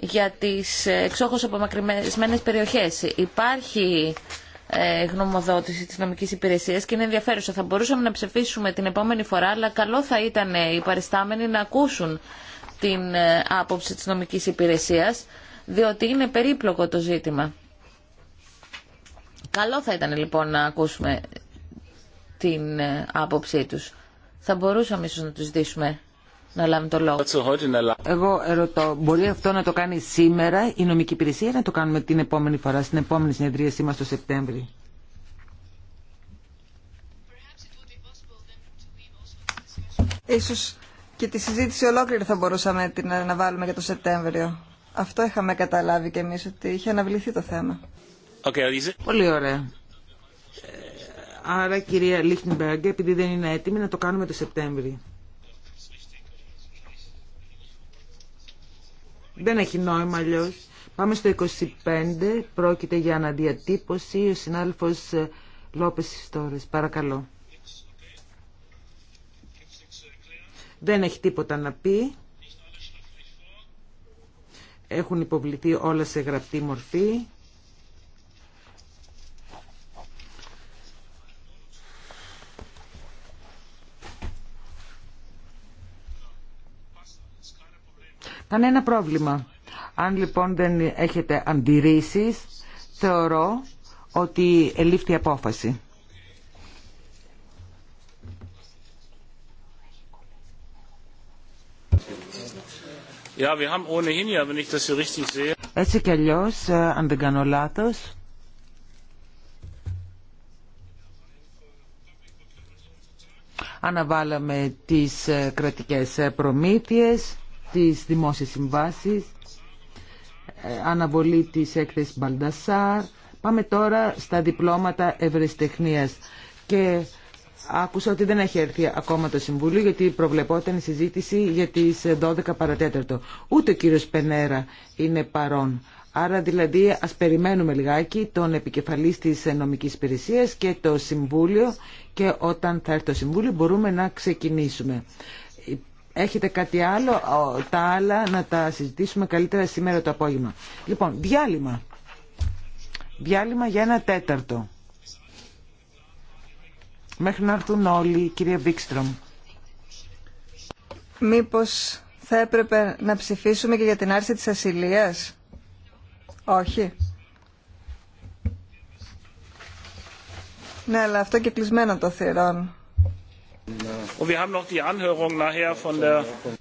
για τις εξόχως απομακρυσμένες περιοχές. Υπάρχει ε, γνωμοδότηση της νομικής υπηρεσίας και είναι ενδιαφέρουσα. Θα μπορούσαμε να ψηφίσουμε την επόμενη φορά, αλλά καλό θα ήταν οι παριστάμενοι να ακούσουν την ε, άποψη της νομικής υπηρεσίας, διότι είναι περίπλοκο το ζήτημα. Καλό θα ήταν λοιπόν να ακούσουμε την ε, άποψή τους. Θα μπορούσαμε ίσως να τους δείσουμε να λάβει το λόγο. Εγώ ερωτώ, μπορεί αυτό να το κάνει σήμερα η νομική υπηρεσία ή να το κάνουμε την επόμενη φορά, στην επόμενη συνεδρίασή μας το Σεπτέμβριο. Ίσως και τη συζήτηση ολόκληρη θα μπορούσαμε την να βάλουμε για το Σεπτέμβριο. Αυτό είχαμε καταλάβει κι εμείς, ότι είχε αναβληθεί το θέμα. Okay, Πολύ ωραία. Ε, άρα, κυρία Λίχνιμπεργκ, επειδή δεν είναι έτοιμη, να το κάνουμε το Σεπτέμβριο. Δεν έχει νόημα αλλιώ. Πάμε στο 25. Πρόκειται για αναδιατύπωση. Ο συνάδελφος ε, Λόπε Ιστόρες. Παρακαλώ. Δεν έχει τίποτα να πει. Έχουν υποβληθεί όλα σε γραπτή μορφή. ένα πρόβλημα. Αν λοιπόν δεν έχετε αντιρρήσεις, θεωρώ ότι ελήφθη απόφαση. Έτσι κι αλλιώ, ε, αν δεν κάνω λάθο. Αναβάλαμε τις ε, κρατικές ε, προμήθειες τις δημόσιες συμβάσεις, ε, αναβολή της έκθεσης Μπαλντασάρ. Πάμε τώρα στα διπλώματα ευρεσιτεχνίας. Και άκουσα ότι δεν έχει έρθει ακόμα το Συμβούλιο γιατί προβλεπόταν η συζήτηση για τις 12 παρατέταρτο. Ούτε ο κύριος Πενέρα είναι παρόν. Άρα δηλαδή ας περιμένουμε λιγάκι τον επικεφαλής της νομικής υπηρεσία και το Συμβούλιο και όταν θα έρθει το Συμβούλιο μπορούμε να ξεκινήσουμε έχετε κάτι άλλο, τα άλλα να τα συζητήσουμε καλύτερα σήμερα το απόγευμα. Λοιπόν, διάλειμμα. Διάλειμμα για ένα τέταρτο. Μέχρι να έρθουν όλοι, κυρία Βίξτρομ. Μήπως θα έπρεπε να ψηφίσουμε και για την άρση της ασυλίας. Όχι. Ναι, αλλά αυτό και κλεισμένο το θηρών.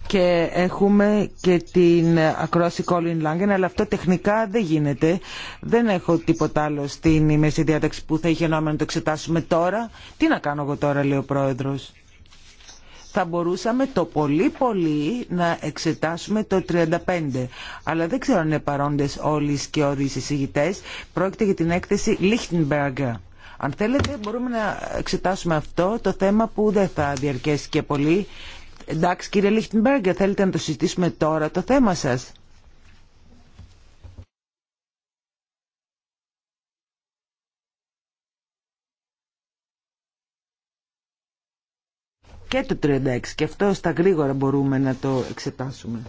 Και έχουμε και την ακρόαση Colin Langen, αλλά αυτό τεχνικά δεν γίνεται. Δεν έχω τίποτα άλλο στην ημέση διάταξη που θα είχε νόημα να το εξετάσουμε τώρα. Τι να κάνω εγώ τώρα, λέει ο πρόεδρο. Θα μπορούσαμε το πολύ πολύ να εξετάσουμε το 35. Αλλά δεν ξέρω αν είναι παρόντες όλοι οι συζητητές. Πρόκειται για την έκθεση Lichtenberger. Αν θέλετε μπορούμε να εξετάσουμε αυτό το θέμα που δεν θα διαρκέσει και πολύ. Εντάξει κύριε Λίχτινμπέργκε θέλετε να το συζητήσουμε τώρα το θέμα σας. Και το 36 και αυτό στα γρήγορα μπορούμε να το εξετάσουμε.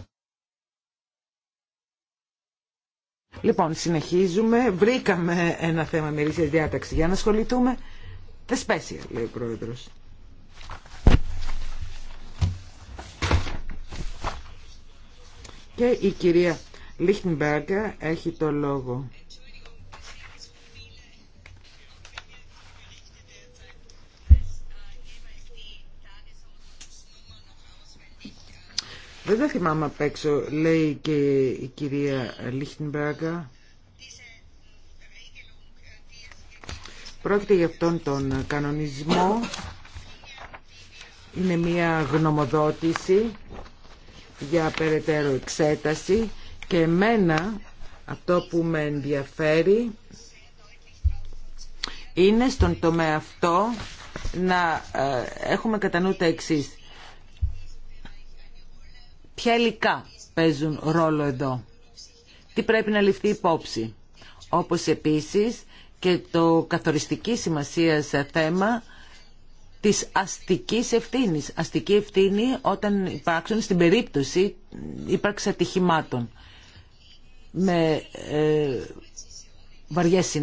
Λοιπόν, συνεχίζουμε. Βρήκαμε ένα θέμα μερίσια διάταξη για να ασχοληθούμε. Τα σπέσια, λέει ο πρόεδρος. Και η κυρία Λίχνιμπεργκα έχει το λόγο. Δεν θα θυμάμαι απ' έξω, λέει και η κυρία Λίχτινμπράγκα. Πρόκειται για αυτόν τον κανονισμό. Είναι μια γνωμοδότηση για περαιτέρω εξέταση και εμένα αυτό που με ενδιαφέρει είναι στον τομέα αυτό να ε, έχουμε κατά νου εξής. Ποια υλικά παίζουν ρόλο εδώ. Τι πρέπει να ληφθεί υπόψη. Όπως επίσης και το καθοριστική σημασία σε θέμα της αστικής ευθύνης. Αστική ευθύνη όταν υπάρξουν στην περίπτωση ύπαρξη ατυχημάτων με ε, βαριές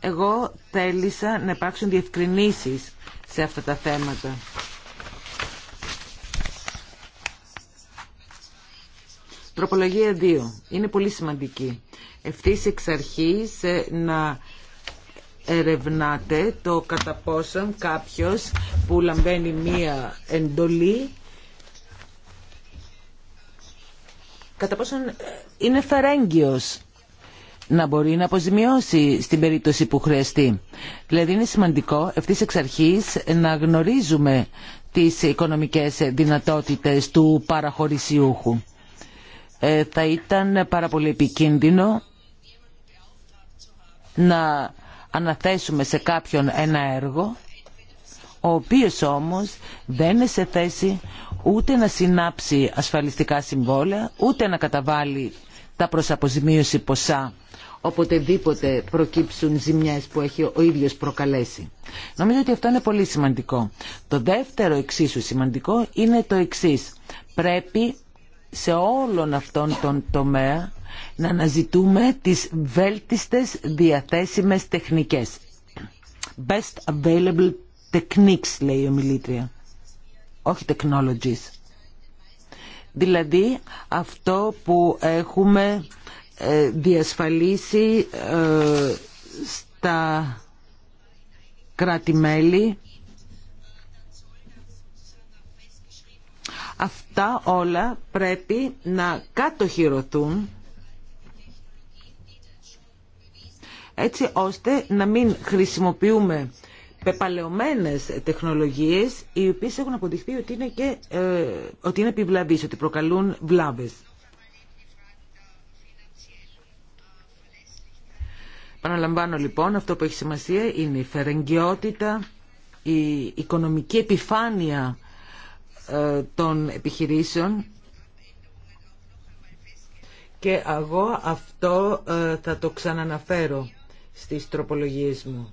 Εγώ θέλησα να υπάρξουν διευκρινήσεις σε αυτά τα θέματα. Τροπολογία 2. Είναι πολύ σημαντική. Ευθύς εξ ε, να ερευνάτε το κατά πόσον κάποιος που λαμβάνει μία εντολή κατά πόσον ε, είναι φερέγγιος να μπορεί να αποζημιώσει στην περίπτωση που χρειαστεί. Δηλαδή είναι σημαντικό ευθύς εξ αρχής να γνωρίζουμε τις οικονομικές δυνατότητες του παραχωρησιούχου. Ε, θα ήταν πάρα πολύ επικίνδυνο να αναθέσουμε σε κάποιον ένα έργο ο οποίος όμως δεν είναι σε θέση ούτε να συνάψει ασφαλιστικά συμβόλαια ούτε να καταβάλει τα προσαποζημίωση ποσά οποτεδήποτε προκύψουν ζημιές που έχει ο ίδιος προκαλέσει. Νομίζω ότι αυτό είναι πολύ σημαντικό. Το δεύτερο εξίσου σημαντικό είναι το εξής. Πρέπει σε όλον αυτόν τον τομέα να αναζητούμε τις βέλτιστες διαθέσιμες τεχνικές. Best available techniques λέει η ομιλήτρια, όχι technologies. Δηλαδή αυτό που έχουμε ε, διασφαλίσει ε, στα κράτη-μέλη Αυτά όλα πρέπει να κατοχυρωθούν έτσι ώστε να μην χρησιμοποιούμε πεπαλαιωμένες τεχνολογίες οι οποίες έχουν αποδειχθεί ότι είναι, και, ε, ότι είναι επιβλαβείς, ότι προκαλούν βλάβες. Παναλαμβάνω λοιπόν, αυτό που έχει σημασία είναι η φερεγγιότητα, η οικονομική επιφάνεια ε, των επιχειρήσεων και εγώ αυτό ε, θα το ξαναναφέρω στις τροπολογίες μου.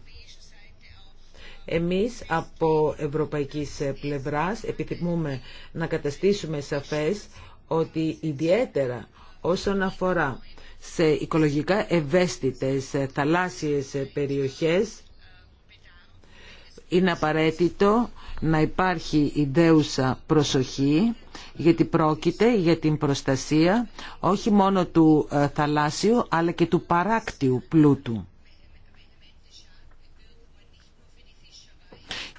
Εμείς από ευρωπαϊκής ε, πλευράς επιθυμούμε να καταστήσουμε σαφές ότι ιδιαίτερα όσον αφορά σε οικολογικά ευαίσθητες θαλάσσιες περιοχές είναι απαραίτητο να υπάρχει ιδέουσα προσοχή γιατί πρόκειται για την προστασία όχι μόνο του ε, θαλάσσιου αλλά και του παράκτιου πλούτου.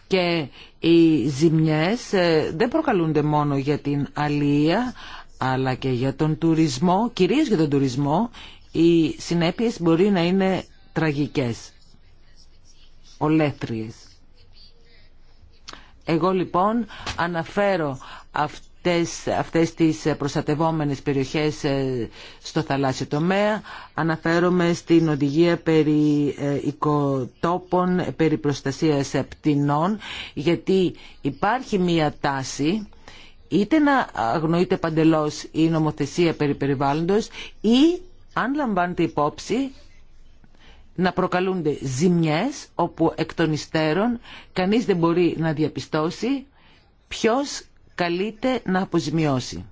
Και οι ζημιές ε, δεν προκαλούνται μόνο για την αλία αλλά και για τον τουρισμό, κυρίως για τον τουρισμό, οι συνέπειες μπορεί να είναι τραγικές, ολέθριες. Εγώ λοιπόν αναφέρω αυτές, αυτές τις προστατευόμενες περιοχές ε, στο θαλάσσιο τομέα. Αναφέρομαι στην οδηγία περί ε, οικοτόπων, περί προστασίας ε, πτηνών, γιατί υπάρχει μία τάση είτε να αγνοείται παντελώς η νομοθεσία περί περιβάλλοντος ή αν λαμβάνεται υπόψη να προκαλούνται ζημιές όπου εκ των υστέρων κανείς δεν μπορεί να διαπιστώσει ποιος καλείται να αποζημιώσει.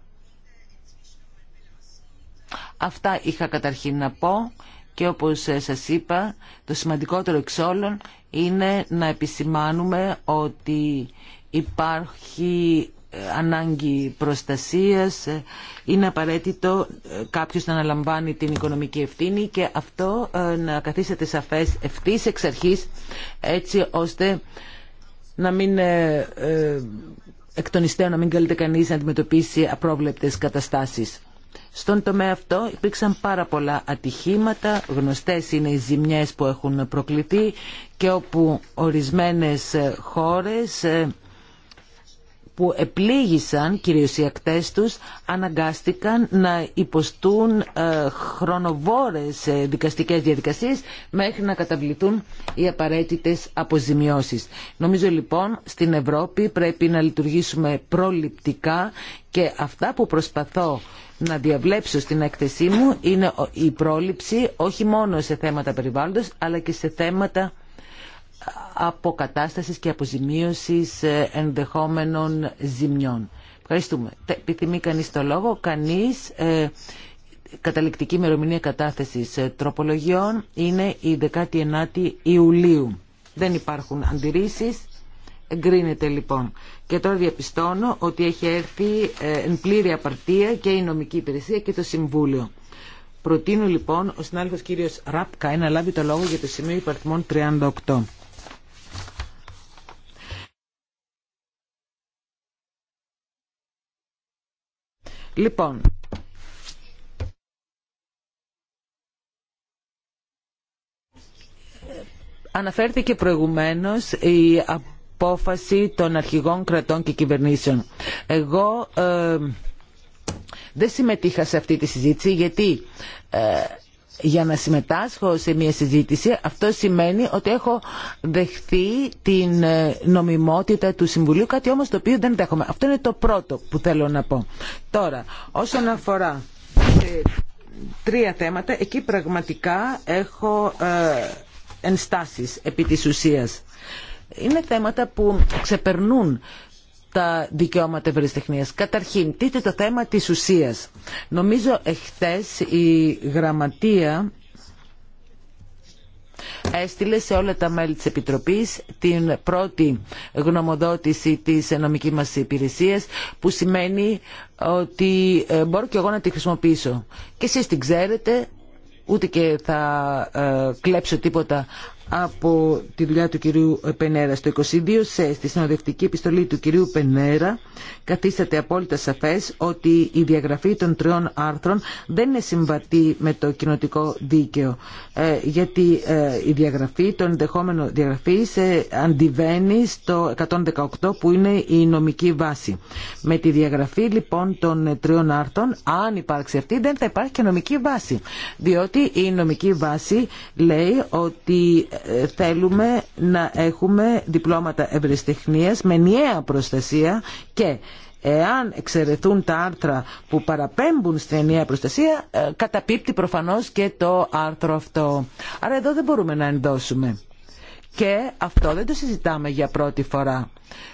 Αυτά είχα καταρχήν να πω και όπως ε, σας είπα το σημαντικότερο εξ όλων είναι να επισημάνουμε ότι υπάρχει ε, ανάγκη προστασίας, ε, είναι απαραίτητο ε, κάποιος να αναλαμβάνει την οικονομική ευθύνη και αυτό να καθίσετε σαφές ευθύς εξ αρχής έτσι ώστε να μην εκ των υστέων, να μην καλείται κανείς να αντιμετωπίσει απρόβλεπτες καταστάσεις. Στον τομέα αυτό υπήρξαν πάρα πολλά ατυχήματα, γνωστές είναι οι ζημιές που έχουν προκληθεί και όπου ορισμένες χώρες που επλήγησαν κυρίως οι τους αναγκάστηκαν να υποστούν ε, χρονοβόρες ε, δικαστικές διαδικασίες μέχρι να καταβληθούν οι απαραίτητες αποζημιώσεις. Νομίζω λοιπόν στην Ευρώπη πρέπει να λειτουργήσουμε προληπτικά και αυτά που προσπαθώ να διαβλέψω στην έκθεσή μου είναι η πρόληψη όχι μόνο σε θέματα περιβάλλοντος αλλά και σε θέματα αποκατάστασης και αποζημίωσης ε, ενδεχόμενων ζημιών. Ευχαριστούμε. Επιθυμεί κανείς το λόγο. Κανείς ε, καταληκτική ημερομηνία κατάθεσης ε, τροπολογιών είναι η 19η Ιουλίου. Δεν υπάρχουν αντιρρήσεις. Εγκρίνεται λοιπόν. Και τώρα διαπιστώνω ότι έχει έρθει ε, εν πλήρη απαρτία και η νομική υπηρεσία και το Συμβούλιο. Προτείνω λοιπόν ο συνάδελφος κύριος Ράπκα να λάβει το λόγο για το σημείο υπαρθμών 38. Λοιπόν, αναφέρθηκε προηγουμένως η απόφαση των αρχηγών κρατών και κυβερνήσεων. Εγώ ε, δεν συμμετείχα σε αυτή τη συζήτηση γιατί... Ε, για να συμμετάσχω σε μια συζήτηση, αυτό σημαίνει ότι έχω δεχθεί την ε, νομιμότητα του Συμβουλίου, κάτι όμως το οποίο δεν δέχομαι. Αυτό είναι το πρώτο που θέλω να πω. Τώρα, όσον αφορά ε, τρία θέματα, εκεί πραγματικά έχω ε, ενστάσεις επί της ουσίας. Είναι θέματα που ξεπερνούν τα δικαιώματα ευρεσιτεχνίας. Καταρχήν, τίτε το θέμα της ουσίας. Νομίζω εχθές η γραμματεία έστειλε σε όλα τα μέλη της Επιτροπής την πρώτη γνωμοδότηση της νομική μας υπηρεσίας που σημαίνει ότι ε, μπορώ και εγώ να τη χρησιμοποιήσω. Και εσείς την ξέρετε, ούτε και θα ε, κλέψω τίποτα από τη δουλειά του κυρίου Πενέρα. Στο 22 σε στη συνοδευτική επιστολή του κυρίου Πενέρα καθίσταται απόλυτα σαφές ότι η διαγραφή των τριών άρθρων δεν είναι συμβατή με το κοινοτικό δίκαιο ε, γιατί ε, η διαγραφή, το ενδεχόμενο διαγραφή αντιβαίνει στο 118 που είναι η νομική βάση. Με τη διαγραφή λοιπόν των τριών άρθρων αν υπάρξει αυτή δεν θα υπάρχει και νομική βάση διότι η νομική βάση λέει ότι θέλουμε να έχουμε διπλώματα ευρεσιτεχνίας με ενιαία προστασία και εάν εξαιρεθούν τα άρθρα που παραπέμπουν στην ενιαία προστασία ε, καταπίπτει προφανώς και το άρθρο αυτό. Άρα εδώ δεν μπορούμε να ενδώσουμε. Και αυτό δεν το συζητάμε για πρώτη φορά.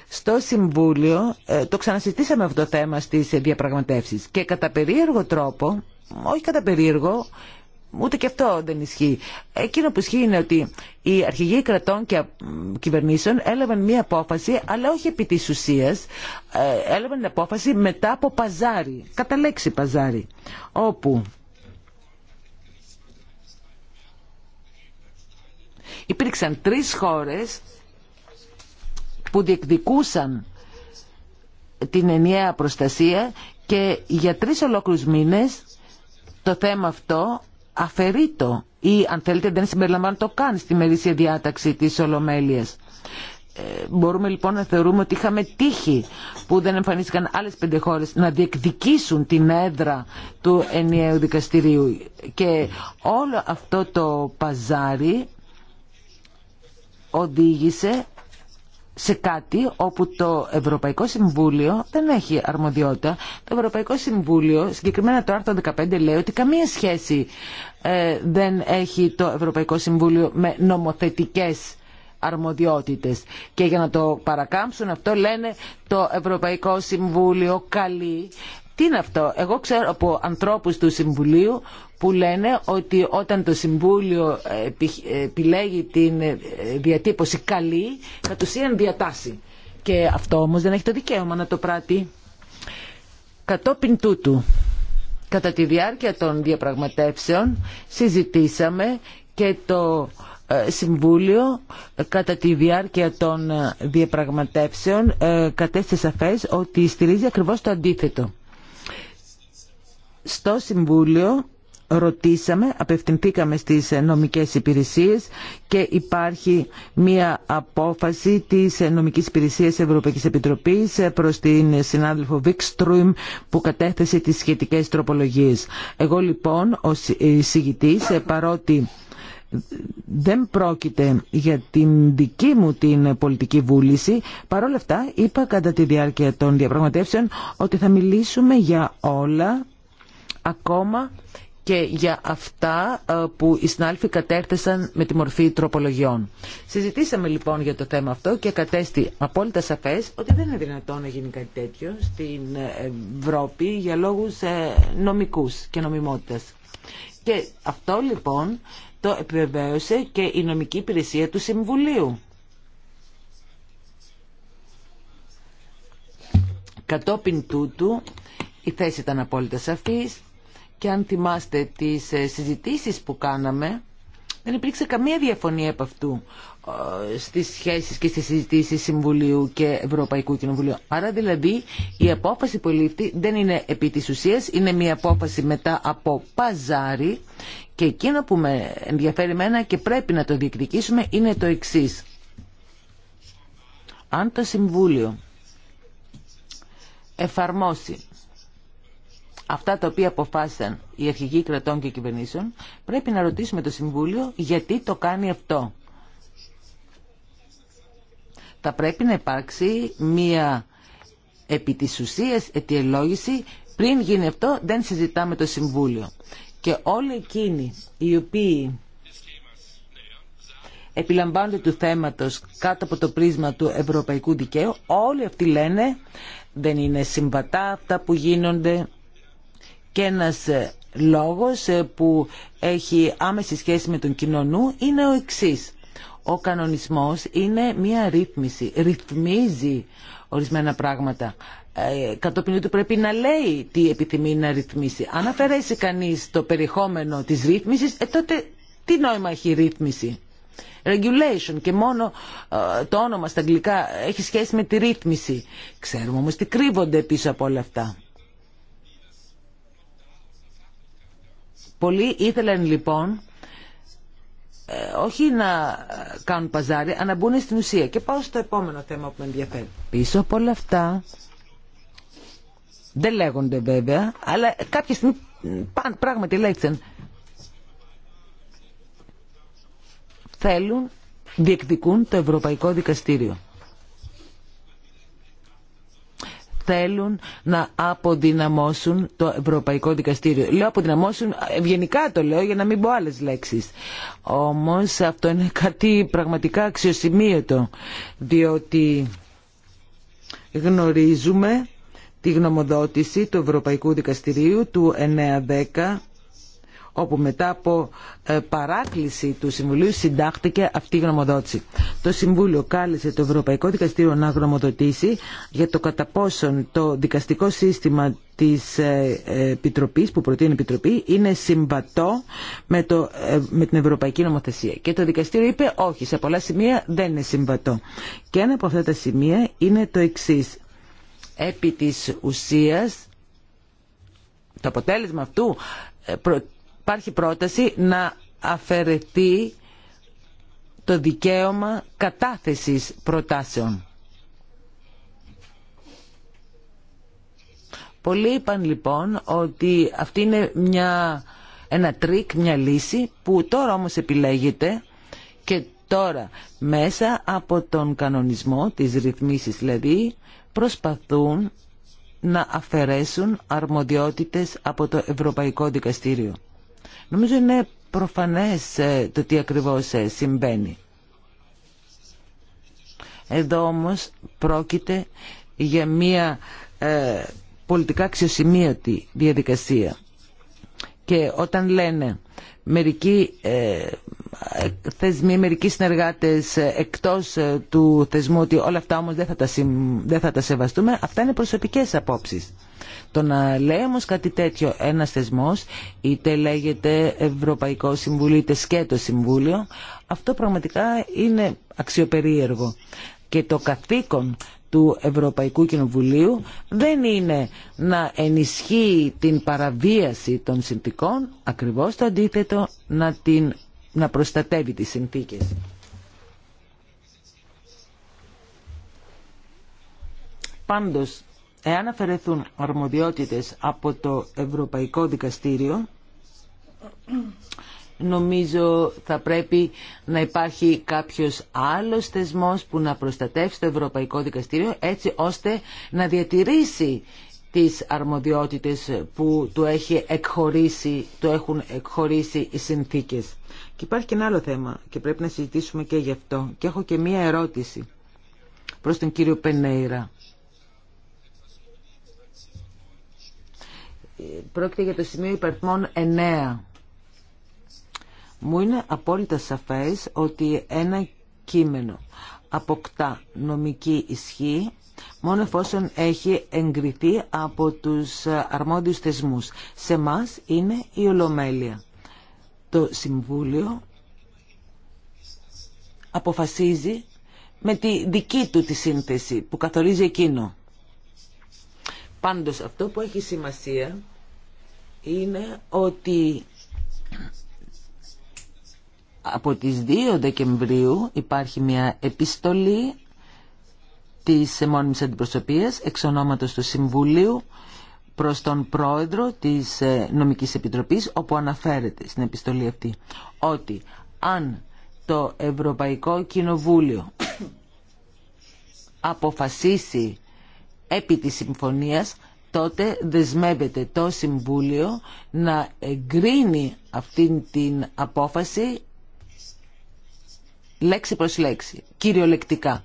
Στο Συμβούλιο ε, το ξανασυζητήσαμε αυτό το θέμα στις διαπραγματεύσεις και κατά περίεργο τρόπο, όχι κατά περίεργο, Ούτε και αυτό δεν ισχύει. Εκείνο που ισχύει είναι ότι οι αρχηγοί κρατών και κυβερνήσεων έλαβαν μία απόφαση, αλλά όχι επί της ουσίας, ε, έλαβαν την απόφαση μετά από παζάρι, κατά λέξη παζάρι, όπου υπήρξαν τρεις χώρες που διεκδικούσαν την ενιαία προστασία και για τρεις ολόκληρους το θέμα αυτό αφαιρείτο ή αν θέλετε δεν συμπεριλαμβάνει το καν στη μερίσια διάταξη της Ολομέλειας. Ε, μπορούμε λοιπόν να θεωρούμε ότι είχαμε τύχη που δεν εμφανίστηκαν άλλες πέντε χώρε να διεκδικήσουν την έδρα του ενιαίου δικαστηρίου. Και όλο αυτό το παζάρι οδήγησε σε κάτι όπου το Ευρωπαϊκό Συμβούλιο δεν έχει αρμοδιότητα. Το Ευρωπαϊκό Συμβούλιο, συγκεκριμένα το άρθρο 15 λέει ότι καμία σχέση ε, δεν έχει το Ευρωπαϊκό Συμβούλιο με νομοθετικές αρμοδιότητες. Και για να το παρακάμψουν αυτό λένε το Ευρωπαϊκό Συμβούλιο καλή. τι είναι αυτό. Εγώ ξέρω από ανθρώπους του Συμβουλίου που λένε ότι όταν το Συμβούλιο επιλέγει την διατύπωση καλή, κατ' ουσίαν διατάσσει. Και αυτό όμως δεν έχει το δικαίωμα να το πράττει. Κατόπιν τούτου, κατά τη διάρκεια των διαπραγματεύσεων, συζητήσαμε και το ε, Συμβούλιο ε, κατά τη διάρκεια των ε, διαπραγματεύσεων κατέστησε σαφές ότι στηρίζει ακριβώς το αντίθετο. Στο Συμβούλιο ρωτήσαμε, απευθυνθήκαμε στις νομικές υπηρεσίες και υπάρχει μία απόφαση της νομικής υπηρεσίας Ευρωπαϊκής Επιτροπής προς την συνάδελφο Βικστρούιμ που κατέθεσε τις σχετικές τροπολογίες. Εγώ λοιπόν ως συγητής παρότι δεν πρόκειται για την δική μου την πολιτική βούληση. παρόλα αυτά είπα κατά τη διάρκεια των διαπραγματεύσεων ότι θα μιλήσουμε για όλα ακόμα και για αυτά ε, που οι συνάλφοι κατέρθεσαν με τη μορφή τροπολογιών. Συζητήσαμε λοιπόν για το θέμα αυτό και κατέστη απόλυτα σαφές ότι δεν είναι δυνατόν να γίνει κάτι τέτοιο στην Ευρώπη για λόγους ε, νομικούς και νομιμότητας. Και αυτό λοιπόν το επιβεβαίωσε και η νομική υπηρεσία του Συμβουλίου. Κατόπιν τούτου η θέση ήταν απόλυτα σαφής και αν θυμάστε τις ε, συζητήσεις που κάναμε, δεν υπήρξε καμία διαφωνία από αυτού ε, στις σχέσεις και στις συζητήσεις Συμβουλίου και Ευρωπαϊκού Κοινοβουλίου. Άρα δηλαδή η απόφαση που λήφθη δεν είναι επί της ουσίας, είναι μια απόφαση μετά από παζάρι και εκείνο που με ενδιαφέρει μένα και πρέπει να το διεκδικήσουμε είναι το εξής. Αν το Συμβούλιο εφαρμόσει αυτά τα οποία αποφάσισαν οι αρχηγοί κρατών και κυβερνήσεων, πρέπει να ρωτήσουμε το Συμβούλιο γιατί το κάνει αυτό. Θα πρέπει να υπάρξει μία επί της αιτιολόγηση πριν γίνει αυτό δεν συζητάμε το Συμβούλιο. Και όλοι εκείνοι οι οποίοι επιλαμβάνονται του θέματος κάτω από το πρίσμα του ευρωπαϊκού δικαίου, όλοι αυτοί λένε δεν είναι συμβατά αυτά που γίνονται, και ένας ε, λόγος ε, που έχει άμεση σχέση με τον κοινωνού είναι ο εξής. Ο κανονισμός είναι μία ρύθμιση, ρυθμίζει ορισμένα πράγματα. Ε, κατόπιν του πρέπει να λέει τι επιθυμεί να ρυθμίσει. Αν αφαιρέσει κανείς το περιεχόμενο της ρύθμισης, ε, τότε τι νόημα έχει η ρύθμιση. Regulation και μόνο ε, το όνομα στα αγγλικά έχει σχέση με τη ρύθμιση. Ξέρουμε όμως τι κρύβονται πίσω από όλα αυτά. Πολλοί ήθελαν λοιπόν ε, όχι να κάνουν παζάρι, αλλά να μπουν στην ουσία. Και πάω στο επόμενο θέμα που με ενδιαφέρει. Πίσω από όλα αυτά, δεν λέγονται βέβαια, αλλά κάποια στιγμή πράγματι λέξαν, Θέλουν, διεκδικούν το Ευρωπαϊκό Δικαστήριο. θέλουν να αποδυναμώσουν το Ευρωπαϊκό Δικαστήριο. Λέω αποδυναμώσουν, ευγενικά το λέω για να μην πω άλλες λέξεις. Όμως αυτό είναι κάτι πραγματικά αξιοσημείωτο, διότι γνωρίζουμε τη γνωμοδότηση του Ευρωπαϊκού Δικαστηρίου του 9-10 όπου μετά από ε, παράκληση του Συμβουλίου συντάχθηκε αυτή η γνωμοδότηση. Το Συμβούλιο κάλεσε το Ευρωπαϊκό Δικαστήριο να γνωμοδοτήσει για το κατά πόσον το δικαστικό σύστημα της ε, Επιτροπής, που προτείνει η Επιτροπή, είναι συμβατό με, το, ε, με την Ευρωπαϊκή Νομοθεσία. Και το δικαστήριο είπε όχι, σε πολλά σημεία δεν είναι συμβατό. Και ένα από αυτά τα σημεία είναι το εξής. Επί της ουσίας, το αποτέλεσμα αυτού υπάρχει πρόταση να αφαιρεθεί το δικαίωμα κατάθεσης προτάσεων. Πολλοί είπαν λοιπόν ότι αυτή είναι μια, ένα τρίκ, μια λύση που τώρα όμως επιλέγεται και τώρα μέσα από τον κανονισμό της ρυθμίσης, δηλαδή προσπαθούν να αφαιρέσουν αρμοδιότητες από το Ευρωπαϊκό Δικαστήριο. Νομίζω είναι προφανές ε, το τι ακριβώς ε, συμβαίνει. Εδώ όμως πρόκειται για μια ε, πολιτικά αξιοσημείωτη διαδικασία. Και όταν λένε μερικοί ε, ε, θεσμοί, μερικοί συνεργάτες ε, εκτός ε, του θεσμού ότι όλα αυτά όμως δεν θα τα, δεν θα τα σεβαστούμε, αυτά είναι προσωπικές απόψεις. Το να λέει όμως κάτι τέτοιο ένας θεσμός, είτε λέγεται Ευρωπαϊκό Συμβούλιο είτε σκέτο Συμβούλιο, αυτό πραγματικά είναι αξιοπερίεργο. Και το καθήκον του Ευρωπαϊκού Κοινοβουλίου δεν είναι να ενισχύει την παραβίαση των συνθήκων, ακριβώς το αντίθετο να την να προστατεύει τις συνθήκες. Πάντως, εάν αφαιρεθούν αρμοδιότητες από το Ευρωπαϊκό Δικαστήριο, νομίζω θα πρέπει να υπάρχει κάποιος άλλος θεσμός που να προστατεύσει το Ευρωπαϊκό Δικαστήριο έτσι ώστε να διατηρήσει τις αρμοδιότητες που του έχει εκχωρήσει, το έχουν εκχωρήσει οι συνθήκες. Και υπάρχει και ένα άλλο θέμα και πρέπει να συζητήσουμε και γι' αυτό. Και έχω και μία ερώτηση προς τον κύριο Πενέιρα. Πρόκειται για το σημείο υπερθμών 9. Μου είναι απόλυτα σαφές ότι ένα κείμενο αποκτά νομική ισχύ μόνο εφόσον έχει εγκριθεί από τους αρμόδιους θεσμούς. Σε μας είναι η Ολομέλεια το Συμβούλιο αποφασίζει με τη δική του τη σύνθεση που καθορίζει εκείνο. Πάντως αυτό που έχει σημασία είναι ότι από τις 2 Δεκεμβρίου υπάρχει μια επιστολή της μόνιμης αντιπροσωπείας εξ ονόματος του Συμβουλίου προς τον πρόεδρο της ε, νομικής επιτροπής όπου αναφέρεται στην επιστολή αυτή ότι αν το Ευρωπαϊκό Κοινοβούλιο αποφασίσει επί της συμφωνίας τότε δεσμεύεται το Συμβούλιο να εγκρίνει αυτήν την απόφαση λέξη προς λέξη, κυριολεκτικά.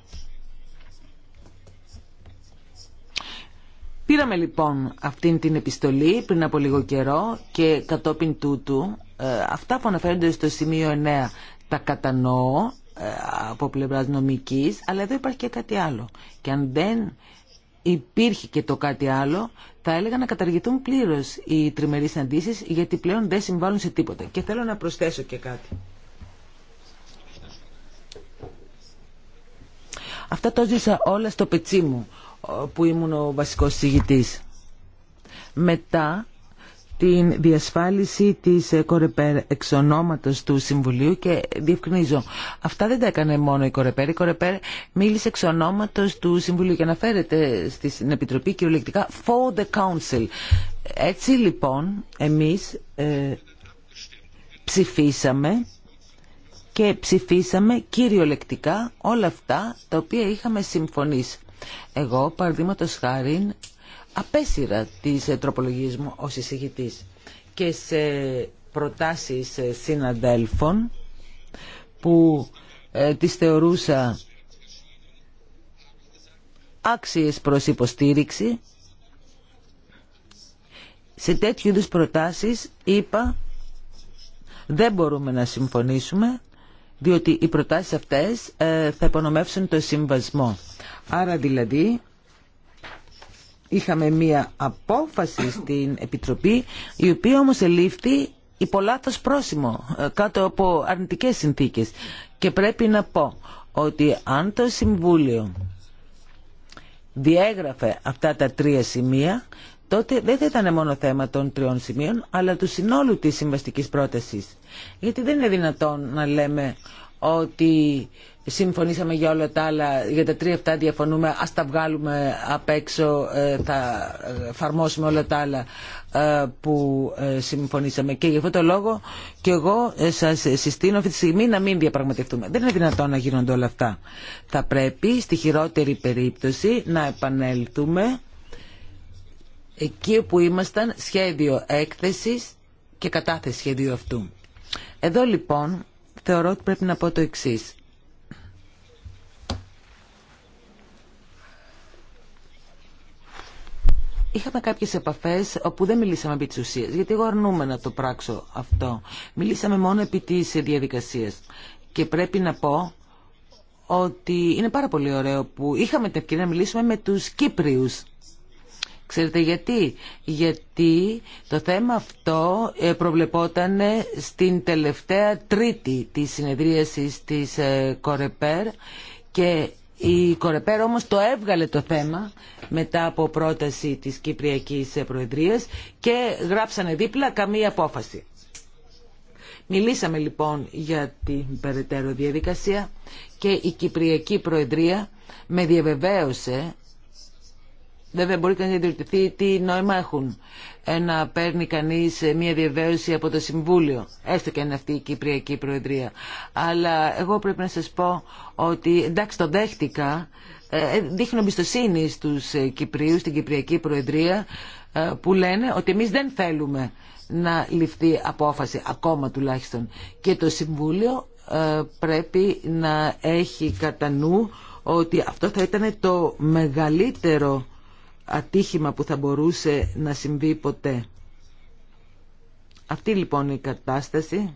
Πήραμε λοιπόν αυτήν την επιστολή πριν από λίγο καιρό και κατόπιν τούτου ε, αυτά που αναφέρονται στο σημείο 9 τα κατανοώ ε, από πλευράς νομικής, αλλά εδώ υπάρχει και κάτι άλλο. Και αν δεν υπήρχε και το κάτι άλλο, θα έλεγα να καταργηθούν πλήρως οι τριμερείς αντίσει γιατί πλέον δεν συμβάλλουν σε τίποτα. Και θέλω να προσθέσω και κάτι. Αυτά το ζήσα όλα στο πετσί μου που ήμουν ο βασικός συγητής. Μετά την διασφάλιση της Κορεπέρ εξ του Συμβουλίου και διευκρινίζω, αυτά δεν τα έκανε μόνο η Κορεπέρ. Η Κορεπέρ μίλησε εξ του Συμβουλίου και αναφέρεται στην Επιτροπή κυριολεκτικά for the Council. Έτσι λοιπόν εμείς ε, ψηφίσαμε και ψηφίσαμε κυριολεκτικά όλα αυτά τα οποία είχαμε συμφωνήσει. Εγώ, παραδείγματο χάρη, απέσυρα τι ε, τροπολογίε μου ω εισηγητή και σε προτάσεις ε, συναντέλφων που ε, τις θεωρούσα άξιες προ υποστήριξη. Σε τέτοιου είδους προτάσεις είπα δεν μπορούμε να συμφωνήσουμε διότι οι προτάσεις αυτές θα υπονομεύσουν το συμβασμό. Άρα δηλαδή είχαμε μία απόφαση στην Επιτροπή η οποία όμως ελήφθη υπό λάθος πρόσημο ε, κάτω από αρνητικές συνθήκες και πρέπει να πω ότι αν το Συμβούλιο διέγραφε αυτά τα τρία σημεία τότε δεν θα ήταν μόνο θέμα των τριών σημείων αλλά του συνόλου της συμβαστικής πρότασης γιατί δεν είναι δυνατόν να λέμε ότι συμφωνήσαμε για όλα τα άλλα, για τα τρία αυτά διαφωνούμε, ας τα βγάλουμε απ' έξω, ε, θα εφαρμόσουμε όλα τα άλλα ε, που ε, συμφωνήσαμε. Και γι' αυτό το λόγο και εγώ σας συστήνω αυτή τη στιγμή να μην διαπραγματευτούμε. Δεν είναι δυνατόν να γίνονται όλα αυτά. Θα πρέπει στη χειρότερη περίπτωση να επανέλθουμε εκεί που ήμασταν σχέδιο έκθεσης και κατάθεση σχεδίου αυτού. Εδώ λοιπόν θεωρώ ότι πρέπει να πω το εξής Είχαμε κάποιες επαφές όπου δεν μιλήσαμε επί της ουσίας, γιατί εγώ αρνούμε να το πράξω αυτό. Μιλήσαμε μόνο επί της διαδικασίας. Και πρέπει να πω ότι είναι πάρα πολύ ωραίο που είχαμε την ευκαιρία να μιλήσουμε με τους Κύπριους. Ξέρετε γιατί. Γιατί το θέμα αυτό ε, προβλεπόταν στην τελευταία τρίτη της συνεδρίασης της ε, Κορεπέρ και η Κορεπέρα όμως το έβγαλε το θέμα μετά από πρόταση της Κυπριακής Προεδρίας και γράψανε δίπλα καμία απόφαση. Μιλήσαμε λοιπόν για την περαιτέρω διαδικασία και η Κυπριακή Προεδρία με διαβεβαίωσε Βέβαια μπορεί κανείς να διερωτηθεί τι νόημα έχουν να παίρνει κανείς μια διαβέωση από το Συμβούλιο, έστω και αν αυτή η Κυπριακή Προεδρία. Αλλά εγώ πρέπει να σας πω ότι εντάξει το δέχτηκα, ε, ε, δείχνω εμπιστοσύνη στους ε, Κυπρίους, στην Κυπριακή Προεδρία, που λένε ότι εμείς δεν θέλουμε να ληφθεί απόφαση, ακόμα τουλάχιστον. Και το Συμβούλιο πρέπει να έχει κατά νου ότι αυτό θα ήταν το μεγαλύτερο ατύχημα που θα μπορούσε να συμβεί ποτέ. Αυτή λοιπόν η κατάσταση.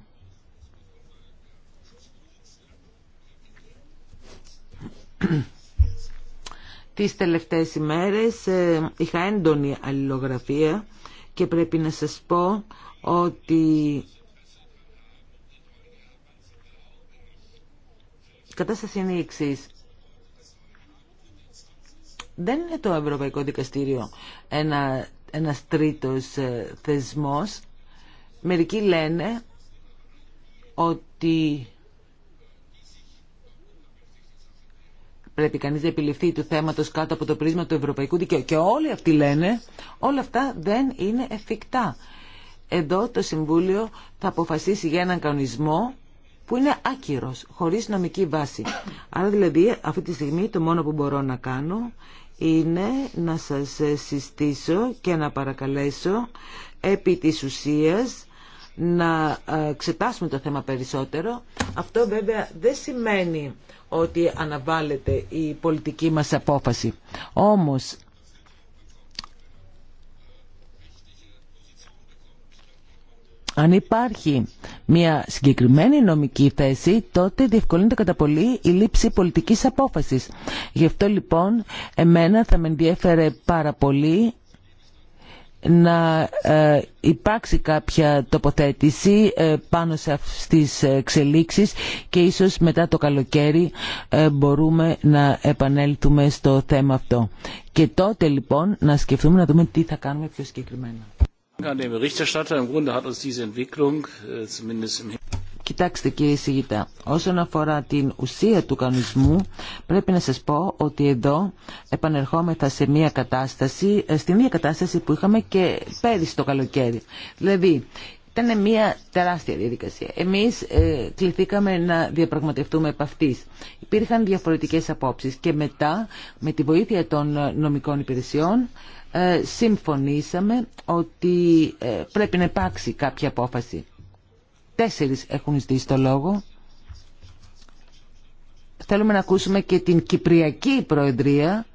Τις τελευταίες ημέρες ε, είχα έντονη αλληλογραφία και πρέπει να σας πω ότι η κατάσταση είναι η εξής δεν είναι το Ευρωπαϊκό Δικαστήριο ένα, ένας τρίτος ε, θεσμός. Μερικοί λένε ότι πρέπει κανείς να επιληφθεί του θέματος κάτω από το πρίσμα του ευρωπαϊκού δικαίου. Και όλοι αυτοί λένε, όλα αυτά δεν είναι εφικτά. Εδώ το Συμβούλιο θα αποφασίσει για έναν κανονισμό που είναι άκυρος, χωρίς νομική βάση. Άρα δηλαδή αυτή τη στιγμή το μόνο που μπορώ να κάνω είναι να σας συστήσω και να παρακαλέσω επί της ουσίας να εξετάσουμε το θέμα περισσότερο. Αυτό βέβαια δεν σημαίνει ότι αναβάλλεται η πολιτική μας απόφαση. Όμως Αν υπάρχει μια συγκεκριμένη νομική θέση, τότε διευκολύνεται κατά πολύ η λήψη πολιτικής απόφασης. Γι' αυτό λοιπόν εμένα θα με ενδιέφερε πάρα πολύ να ε, υπάρξει κάποια τοποθέτηση ε, πάνω σε αυτές εξελίξεις και ίσως μετά το καλοκαίρι ε, μπορούμε να επανέλθουμε στο θέμα αυτό. Και τότε λοιπόν να σκεφτούμε να δούμε τι θα κάνουμε πιο συγκεκριμένα. Κοιτάξτε κύριε Σιγητά, όσον αφορά την ουσία του κανονισμού, πρέπει να σας πω ότι εδώ επανερχόμεθα σε μια κατάσταση, ε, στην μια κατάσταση που είχαμε και πέρυσι το καλοκαίρι. Δηλαδή, ήταν μια τεράστια διαδικασία. Εμείς ε, κληθήκαμε να διαπραγματευτούμε επ' αυτής. Υπήρχαν διαφορετικές απόψεις και μετά, με τη βοήθεια των ε, νομικών υπηρεσιών, ε, συμφωνήσαμε ότι ε, πρέπει να υπάρξει κάποια απόφαση. Τέσσερις έχουν ζητήσει το λόγο. Θέλουμε να ακούσουμε και την Κυπριακή Προεδρία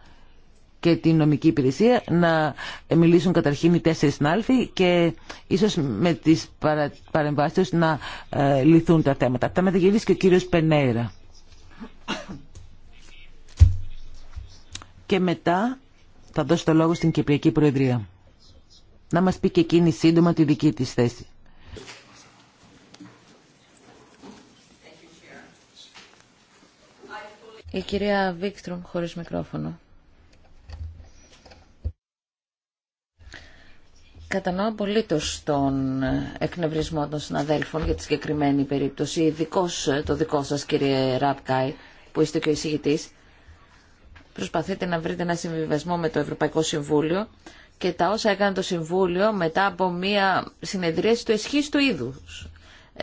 και την νομική υπηρεσία να μιλήσουν καταρχήν οι τέσσερις συνάλφοι και ίσως με τις παρα... παρεμβάσεις να ε, λυθούν τα θέματα. Τα μεταγυρίσει και ο κύριος Πενέρα. Και μετά θα δώσω το λόγο στην Κυπριακή Προεδρία. Να μας πει και εκείνη σύντομα τη δική της θέση. Η κυρία Βίκστρομ χωρίς μικρόφωνο. Κατανοώ απολύτω τον εκνευρισμό των συναδέλφων για τη συγκεκριμένη περίπτωση, ειδικό το δικό σας κύριε Ράπκάι, που είστε και ο εισηγητής προσπαθείτε να βρείτε ένα συμβιβασμό με το Ευρωπαϊκό Συμβούλιο και τα όσα έκανε το Συμβούλιο μετά από μια συνεδρίαση του εσχής του είδους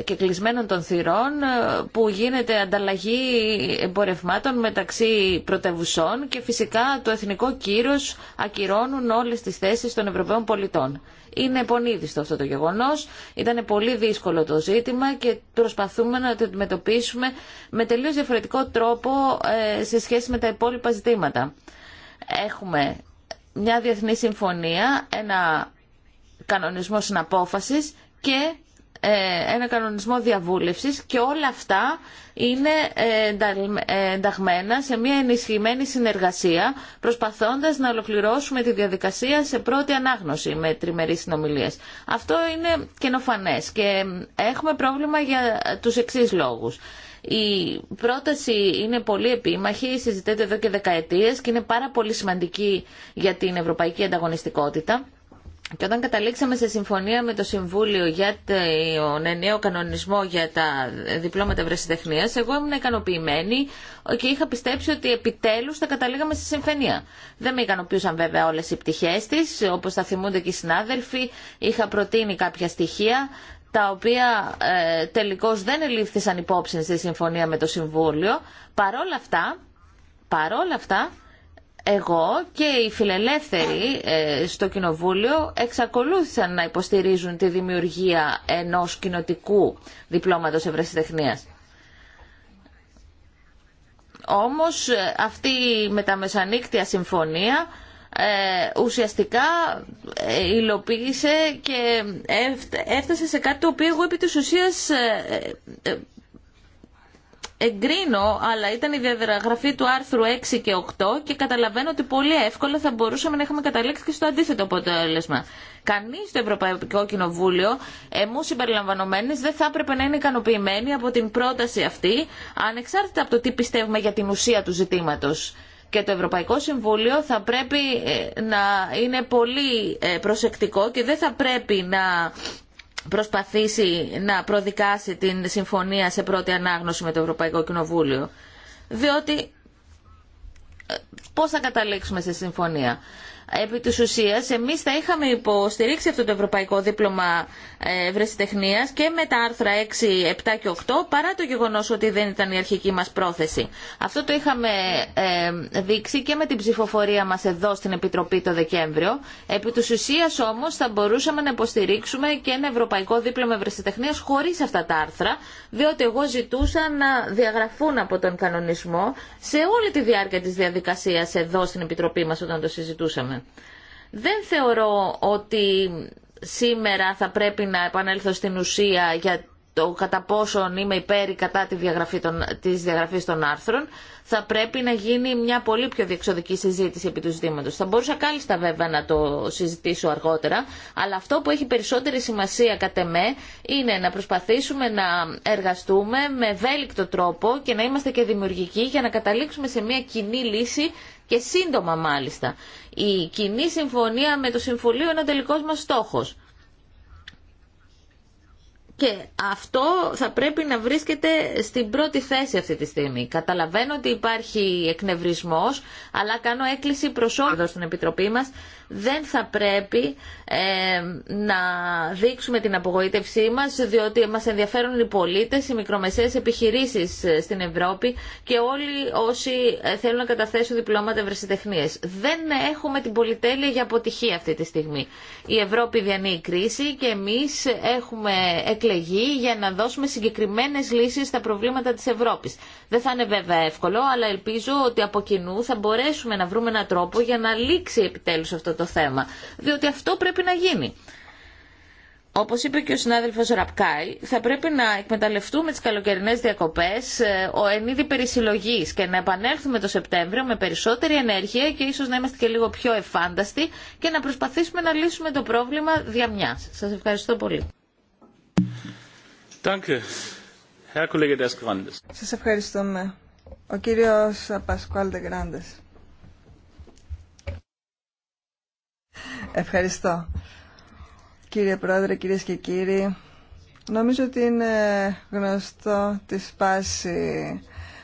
και κλεισμένων των θυρών ε, που γίνεται ανταλλαγή εμπορευμάτων μεταξύ πρωτευουσών και φυσικά το εθνικό κύρος ακυρώνουν όλες τις θέσεις των Ευρωπαίων πολιτών. Είναι πονίδιστο αυτό το γεγονός, ήταν πολύ δύσκολο το ζήτημα και προσπαθούμε να το αντιμετωπίσουμε με τελείως διαφορετικό τρόπο ε, σε σχέση με τα υπόλοιπα ζητήματα. Έχουμε μια διεθνή συμφωνία, ένα κανονισμό συναπόφασης και ε, ένα κανονισμό διαβούλευσης και όλα αυτά είναι ενταγμένα σε μια ενισχυμένη συνεργασία προσπαθώντας να ολοκληρώσουμε τη διαδικασία σε πρώτη ανάγνωση με τριμερείς συνομιλίες. Αυτό είναι καινοφανές και έχουμε πρόβλημα για τους εξής λόγους. Η πρόταση είναι πολύ επίμαχη, συζητείται εδώ και δεκαετίες και είναι πάρα πολύ σημαντική για την ευρωπαϊκή ανταγωνιστικότητα. Και όταν καταλήξαμε σε συμφωνία με το Συμβούλιο για τον νέο κανονισμό για τα διπλώματα ευρεσιτεχνία, εγώ ήμουν ικανοποιημένη και είχα πιστέψει ότι επιτέλου θα καταλήγαμε σε συμφωνία. Δεν με ικανοποιούσαν βέβαια όλε οι πτυχέ τη, όπω θα θυμούνται και οι συνάδελφοι. Είχα προτείνει κάποια στοιχεία τα οποία ε, δεν ελήφθησαν υπόψη στη συμφωνία με το Συμβούλιο. Παρόλα αυτά, παρόλα αυτά εγώ και οι φιλελεύθεροι ε, στο Κοινοβούλιο εξακολούθησαν να υποστηρίζουν τη δημιουργία ενός κοινοτικού διπλώματος ευρεσιτεχνίας. Όμως ε, αυτή η μεταμεσανίκτια συμφωνία ε, ουσιαστικά ε, υλοποίησε και έφτασε σε κάτι το οποίο εγώ επί της ουσίας εγκρίνω, αλλά ήταν η διαγραφή του άρθρου 6 και 8 και καταλαβαίνω ότι πολύ εύκολα θα μπορούσαμε να έχουμε καταλήξει και στο αντίθετο αποτέλεσμα. Κανεί στο Ευρωπαϊκό Κοινοβούλιο, εμού συμπεριλαμβανομένε, δεν θα έπρεπε να είναι ικανοποιημένοι από την πρόταση αυτή, ανεξάρτητα από το τι πιστεύουμε για την ουσία του ζητήματο. Και το Ευρωπαϊκό Συμβούλιο θα πρέπει ε, να είναι πολύ ε, προσεκτικό και δεν θα πρέπει να προσπαθήσει να προδικάσει την συμφωνία σε πρώτη ανάγνωση με το Ευρωπαϊκό Κοινοβούλιο. Διότι ε, πώς θα καταλήξουμε σε συμφωνία επί της ουσίας εμείς θα είχαμε υποστηρίξει αυτό το ευρωπαϊκό δίπλωμα ε, ευρεσιτεχνίας και με τα άρθρα 6, 7 και 8 παρά το γεγονός ότι δεν ήταν η αρχική μας πρόθεση. Αυτό το είχαμε ε, δείξει και με την ψηφοφορία μας εδώ στην Επιτροπή το Δεκέμβριο. Επί της ουσίας όμως θα μπορούσαμε να υποστηρίξουμε και ένα ευρωπαϊκό δίπλωμα ευρεσιτεχνίας χωρίς αυτά τα άρθρα διότι εγώ ζητούσα να διαγραφούν από τον κανονισμό σε όλη τη διάρκεια της διαδικασίας εδώ στην Επιτροπή μας όταν το συζητούσαμε. Δεν θεωρώ ότι σήμερα θα πρέπει να επανέλθω στην ουσία για το κατά πόσον είμαι υπέρ ή κατά τη διαγραφή των, της διαγραφής των άρθρων, θα πρέπει να γίνει μια πολύ πιο διεξοδική συζήτηση επί του ζητήματος. Θα μπορούσα κάλλιστα βέβαια να το συζητήσω αργότερα, αλλά αυτό που έχει περισσότερη σημασία κατ' εμέ είναι να προσπαθήσουμε να εργαστούμε με ευέλικτο τρόπο και να είμαστε και δημιουργικοί για να καταλήξουμε σε μια κοινή λύση και σύντομα μάλιστα η κοινή συμφωνία με το Συμφωλείο είναι ο τελικός μας στόχος. Και αυτό θα πρέπει να βρίσκεται στην πρώτη θέση αυτή τη στιγμή. Καταλαβαίνω ότι υπάρχει εκνευρισμός, αλλά κάνω έκκληση προς όλους στην Επιτροπή μας δεν θα πρέπει ε, να δείξουμε την απογοήτευσή μας, διότι μας ενδιαφέρουν οι πολίτες, οι μικρομεσαίες επιχειρήσεις ε, στην Ευρώπη και όλοι όσοι ε, θέλουν να καταθέσουν διπλώματα ευρεσιτεχνίες. Δεν έχουμε την πολυτέλεια για αποτυχία αυτή τη στιγμή. Η Ευρώπη διανύει κρίση και εμείς έχουμε εκλεγεί για να δώσουμε συγκεκριμένες λύσεις στα προβλήματα της Ευρώπης. Δεν θα είναι βέβαια εύκολο, αλλά ελπίζω ότι από κοινού θα μπορέσουμε να βρούμε έναν τρόπο για να λήξει επιτέλους αυτό το το θέμα. Διότι αυτό πρέπει να γίνει. Όπω είπε και ο συνάδελφο Ραπκάη, θα πρέπει να εκμεταλλευτούμε τι καλοκαιρινέ διακοπέ ε, ο ενίδη περισυλλογή και να επανέλθουμε το Σεπτέμβριο με περισσότερη ενέργεια και ίσω να είμαστε και λίγο πιο εφάνταστοι και να προσπαθήσουμε να λύσουμε το πρόβλημα δια μια. Σα ευχαριστώ πολύ. Σα ευχαριστούμε. Ο κύριο Πασκουάλ Ντεγκράντε. Ευχαριστώ. Κύριε Πρόεδρε, κυρίες και κύριοι, νομίζω ότι είναι γνωστό τη σπάση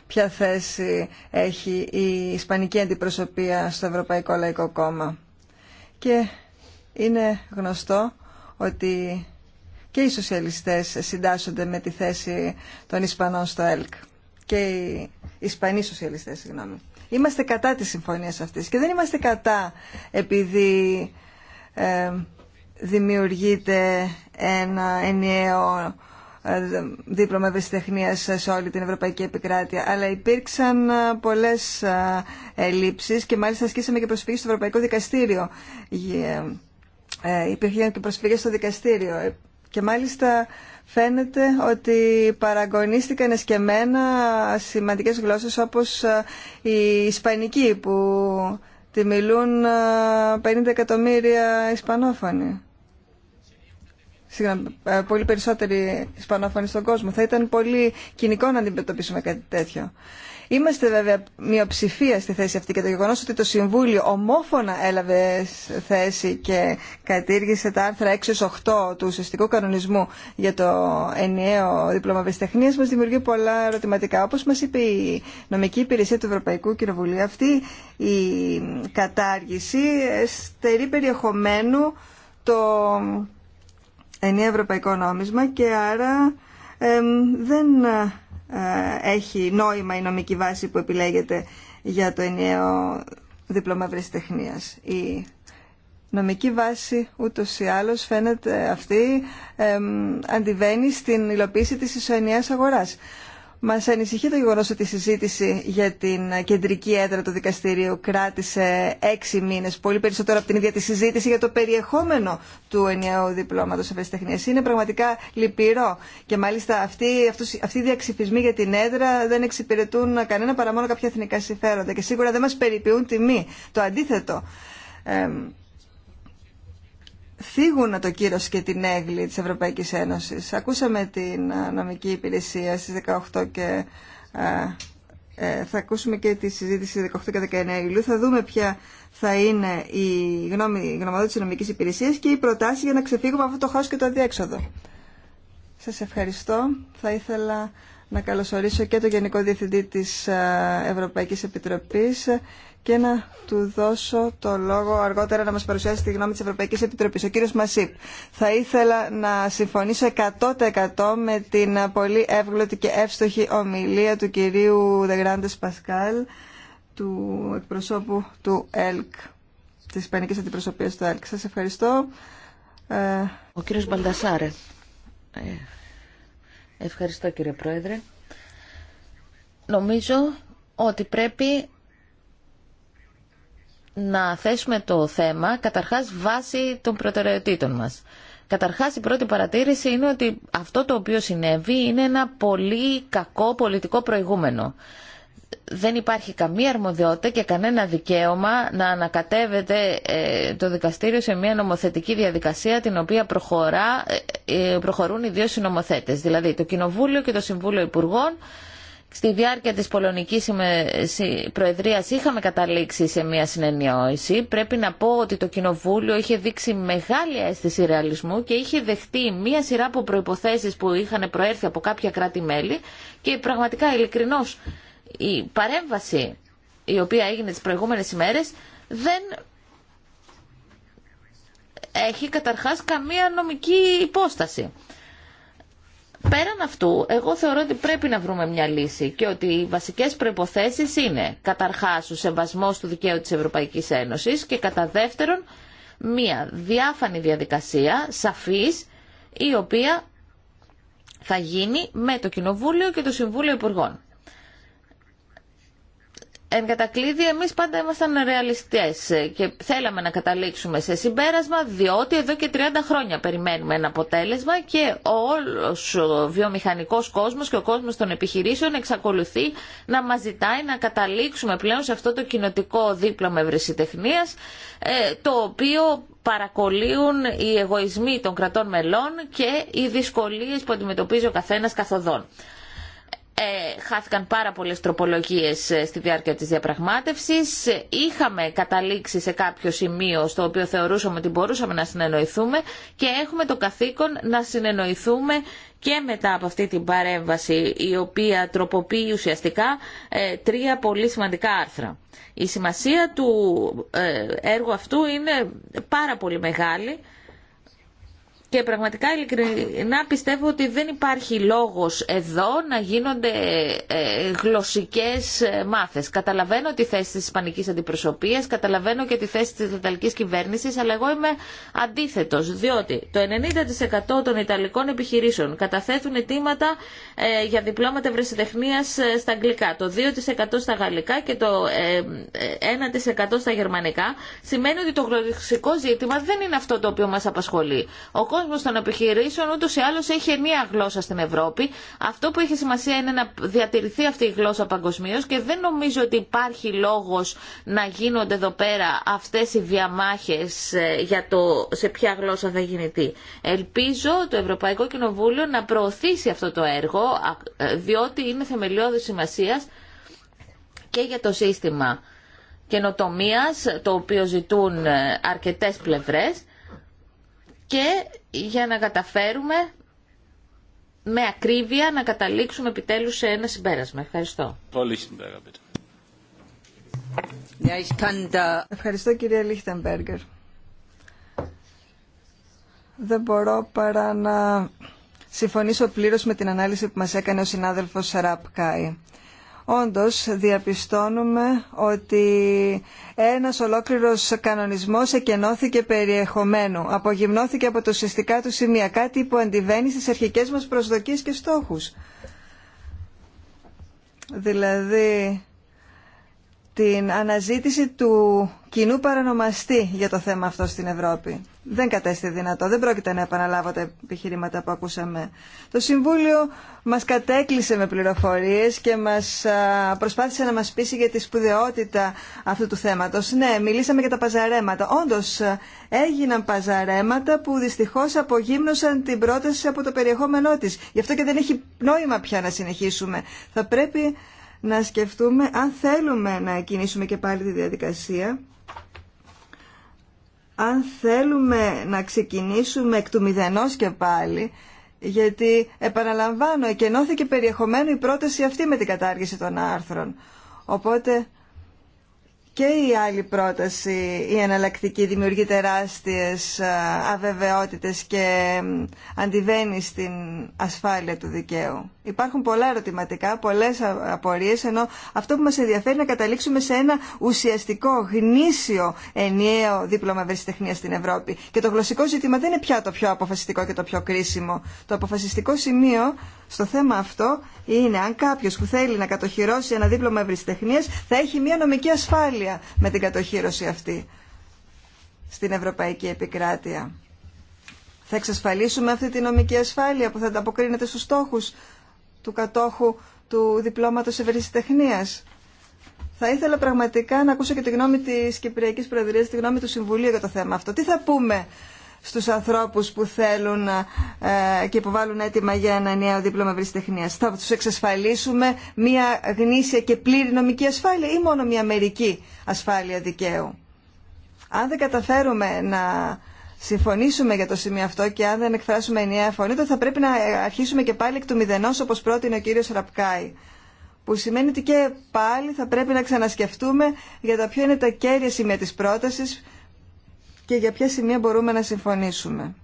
ποια θέση έχει η Ισπανική Αντιπροσωπεία στο Ευρωπαϊκό Λαϊκό Κόμμα. Και είναι γνωστό ότι και οι σοσιαλιστές συντάσσονται με τη θέση των Ισπανών στο ΕΛΚ. Και οι Ισπανοί σοσιαλιστές, συγγνώμη. Είμαστε κατά τη συμφωνία αυτή και δεν είμαστε κατά επειδή ε, δημιουργείται ένα ενιαίο ε, δίπλωμα ευαισθητεχνίας σε όλη την Ευρωπαϊκή Επικράτεια. Αλλά υπήρξαν ε, πολλές ε, ελλείψεις και μάλιστα ασκήσαμε και προσφυγή στο Ευρωπαϊκό Δικαστήριο. Υπήρχαν και προσφυγές στο δικαστήριο. Και μάλιστα φαίνεται ότι παραγωνίστηκαν εσκεμένα σημαντικές γλώσσες όπως ε, η Ισπανική που τη μιλούν 50 ε, εκατομμύρια Ισπανόφωνοι. Συγγνώμη, ε, πολύ περισσότεροι Ισπανόφωνοι στον κόσμο. Θα ήταν πολύ κοινικό να αντιμετωπίσουμε κάτι τέτοιο. Είμαστε βέβαια μειοψηφία στη θέση αυτή και το γεγονό ότι το Συμβούλιο ομόφωνα έλαβε θέση και κατήργησε τα άρθρα 6-8 του ουσιαστικού κανονισμού για το ενιαίο δίπλωμα βεστεχνία μα δημιουργεί πολλά ερωτηματικά. Όπω μα είπε η νομική υπηρεσία του Ευρωπαϊκού Κοινοβουλίου, αυτή η κατάργηση στερεί περιεχομένου το ενιαίο ευρωπαϊκό νόμισμα και άρα δεν ε, έχει νόημα η νομική βάση που επιλέγεται για το ενιαίο δίπλωμα ευρεσιτεχνίας. Η νομική βάση ούτως ή άλλως φαίνεται αυτή αντιβαίνει στην υλοποίηση της ισοενιαίας αγοράς. Μα ανησυχεί το γεγονό ότι η συζήτηση για την κεντρική έδρα του δικαστηρίου κράτησε έξι μήνες, πολύ περισσότερο από την ίδια τη συζήτηση για το περιεχόμενο του ενιαίου διπλώματο ευαισθητεχνία. Είναι πραγματικά λυπηρό και μάλιστα αυτοί, οι διαξυφισμοί για την έδρα δεν εξυπηρετούν κανένα παρά μόνο κάποια εθνικά συμφέροντα και σίγουρα δεν μα περιποιούν τιμή. Το αντίθετο. Φύγουν το κύρος και την έγκλη της Ευρωπαϊκής Ένωσης. Ακούσαμε την ε, νομική υπηρεσία στις 18 και ε, ε, θα ακούσουμε και τη συζήτηση 18 και 19 Ιουλίου. Θα δούμε ποια θα είναι η γνώμη, η γνωμοδότηση της νομικής υπηρεσίας και η προτάση για να ξεφύγουμε από αυτό το χάος και το αδιέξοδο. Σας ευχαριστώ. Θα ήθελα να καλωσορίσω και τον Γενικό Διευθυντή της ε, Ευρωπαϊκής Επιτροπής και να του δώσω το λόγο αργότερα να μας παρουσιάσει τη γνώμη της Ευρωπαϊκής Επιτροπής. Ο κύριος Μασίπ, θα ήθελα να συμφωνήσω 100% με την πολύ εύγλωτη και εύστοχη ομιλία του κυρίου Δεγράντες Πασκάλ, του εκπροσώπου του ΕΛΚ, της Ισπανικής Αντιπροσωπείας του ΕΛΚ. Σας ευχαριστώ. Ε, Ο κύριος Μπαλτασάρε. Ε, ευχαριστώ κύριε Πρόεδρε. Νομίζω ότι πρέπει να θέσουμε το θέμα καταρχάς βάσει των προτεραιοτήτων μας. Καταρχάς η πρώτη παρατήρηση είναι ότι αυτό το οποίο συνέβη είναι ένα πολύ κακό πολιτικό προηγούμενο. Δεν υπάρχει καμία αρμοδιότητα και κανένα δικαίωμα να ανακατεύεται ε, το δικαστήριο σε μια νομοθετική διαδικασία την οποία προχωρά, ε, ε, προχωρούν οι δύο συνομοθέτες. Δηλαδή το Κοινοβούλιο και το Συμβούλιο Υπουργών Στη διάρκεια της πολωνικής προεδρίας είχαμε καταλήξει σε μια συνεννόηση. Πρέπει να πω ότι το Κοινοβούλιο είχε δείξει μεγάλη αίσθηση ρεαλισμού και είχε δεχτεί μια σειρά από προϋποθέσεις που είχαν προέρθει από κάποια κράτη-μέλη και πραγματικά ειλικρινώς η παρέμβαση η οποία έγινε τις προηγούμενες ημέρες δεν έχει καταρχάς καμία νομική υπόσταση. Πέραν αυτού, εγώ θεωρώ ότι πρέπει να βρούμε μια λύση και ότι οι βασικές προϋποθέσεις είναι καταρχάς ο σεβασμός του δικαίου της Ευρωπαϊκής Ένωσης και κατά δεύτερον μια διάφανη διαδικασία, σαφής, η οποία θα γίνει με το Κοινοβούλιο και το Συμβούλιο Υπουργών. Εν κατακλείδη, εμείς πάντα ήμασταν ρεαλιστές και θέλαμε να καταλήξουμε σε συμπέρασμα, διότι εδώ και 30 χρόνια περιμένουμε ένα αποτέλεσμα και ο όλος ο βιομηχανικός κόσμος και ο κόσμος των επιχειρήσεων εξακολουθεί να μας ζητάει να καταλήξουμε πλέον σε αυτό το κοινοτικό δίπλωμα ευρεσιτεχνίας, ε, το οποίο παρακολύουν οι εγωισμοί των κρατών μελών και οι δυσκολίες που αντιμετωπίζει ο καθένας καθοδόν. Ε, χάθηκαν πάρα πολλές τροπολογίες ε, στη διάρκεια της διαπραγμάτευσης. Είχαμε καταλήξει σε κάποιο σημείο στο οποίο θεωρούσαμε ότι μπορούσαμε να συνεννοηθούμε και έχουμε το καθήκον να συνεννοηθούμε και μετά από αυτή την παρέμβαση η οποία τροποποιεί ουσιαστικά ε, τρία πολύ σημαντικά άρθρα. Η σημασία του έργου αυτού είναι πάρα πολύ μεγάλη και πραγματικά ειλικρινά πιστεύω ότι δεν υπάρχει λόγος εδώ να γίνονται ε, γλωσσικές ε, μάθες. Καταλαβαίνω τη θέση της ισπανικής αντιπροσωπείας, καταλαβαίνω και τη θέση της ιταλικής κυβέρνησης, αλλά εγώ είμαι αντίθετος, διότι το 90% των ιταλικών επιχειρήσεων καταθέτουν αιτήματα ε, για διπλώματα ευρεσιτεχνίας στα αγγλικά, το 2% στα γαλλικά και το 1% στα γερμανικά. Σημαίνει ότι το γλωσσικό ζήτημα δεν είναι αυτό το οποίο μας απασχολεί κόσμος των επιχειρήσεων ούτως ή άλλως έχει ενία γλώσσα στην Ευρώπη. Αυτό που έχει σημασία είναι να διατηρηθεί αυτή η αλλως εχει μια γλωσσα στην ευρωπη αυτο που εχει παγκοσμίω και δεν νομίζω ότι υπάρχει λόγος να γίνονται εδώ πέρα αυτές οι διαμάχες ε, για το σε ποια γλώσσα θα γίνει τι. Ελπίζω το Ευρωπαϊκό Κοινοβούλιο να προωθήσει αυτό το έργο ε, διότι είναι θεμελιώδης σημασία και για το σύστημα καινοτομία, το οποίο ζητούν ε, αρκετέ πλευρές και για να καταφέρουμε με ακρίβεια να καταλήξουμε επιτέλους σε ένα συμπέρασμα. Ευχαριστώ. Ευχαριστώ κυρία Λίχτεμπεργκερ. Δεν μπορώ παρά να συμφωνήσω πλήρως με την ανάλυση που μας έκανε ο συνάδελφος Σαράπ Όντως διαπιστώνουμε ότι ένας ολόκληρος κανονισμός εκενώθηκε περιεχομένου, απογυμνώθηκε από το συστικά του σημεία, κάτι που αντιβαίνει στις αρχικές μας προσδοκίες και στόχους. Δηλαδή, την αναζήτηση του κοινού παρανομαστή για το θέμα αυτό στην Ευρώπη. Δεν κατέστη δυνατό, δεν πρόκειται να επαναλάβω τα επιχειρήματα που ακούσαμε. Το Συμβούλιο μας κατέκλυσε με πληροφορίες και μας προσπάθησε να μας πείσει για τη σπουδαιότητα αυτού του θέματος. Ναι, μιλήσαμε για τα παζαρέματα. Όντως έγιναν παζαρέματα που δυστυχώς απογύμνωσαν την πρόταση από το περιεχόμενό της. Γι' αυτό και δεν έχει νόημα πια να συνεχίσουμε. Θα πρέπει να σκεφτούμε αν θέλουμε να κινήσουμε και πάλι τη διαδικασία, αν θέλουμε να ξεκινήσουμε εκ του μηδενός και πάλι, γιατί επαναλαμβάνω, εκενώθηκε περιεχομένου η πρόταση αυτή με την κατάργηση των άρθρων. Οπότε και η άλλη πρόταση, η εναλλακτική, δημιουργεί τεράστιες αβεβαιότητες και αντιβαίνει στην ασφάλεια του δικαίου. Υπάρχουν πολλά ερωτηματικά, πολλές απορίες, ενώ αυτό που μας ενδιαφέρει είναι να καταλήξουμε σε ένα ουσιαστικό, γνήσιο, ενιαίο δίπλωμα ευρεσιτεχνία στην Ευρώπη. Και το γλωσσικό ζήτημα δεν είναι πια το πιο αποφασιστικό και το πιο κρίσιμο. Το αποφασιστικό σημείο στο θέμα αυτό είναι αν κάποιο που θέλει να κατοχυρώσει ένα δίπλωμα ευρυστεχνία θα έχει μια νομική ασφάλεια με την κατοχύρωση αυτή στην Ευρωπαϊκή Επικράτεια. Θα εξασφαλίσουμε αυτή τη νομική ασφάλεια που θα ανταποκρίνεται στους στόχους του κατόχου του διπλώματος ευρυστεχνίας. Θα ήθελα πραγματικά να ακούσω και τη γνώμη της Κυπριακής Προεδρίας, τη γνώμη του Συμβουλίου για το θέμα αυτό. Τι θα πούμε στους ανθρώπους που θέλουν ε, και βάλουν έτοιμα για ένα νέο δίπλωμα ευρυστεχνίας. Θα τους εξασφαλίσουμε μια γνήσια και πλήρη νομική ασφάλεια ή μόνο μια μερική ασφάλεια δικαίου. Αν δεν καταφέρουμε να συμφωνήσουμε για το σημείο αυτό και αν δεν εκφράσουμε ενιαία φωνή, τότε θα πρέπει να αρχίσουμε και πάλι εκ του μηδενό όπω πρότεινε ο κύριο Ραπκάη. Που σημαίνει ότι και πάλι θα πρέπει να ξανασκεφτούμε για τα ποιο είναι τα κέρια σημεία τη πρόταση και για ποια σημεία μπορούμε να συμφωνήσουμε.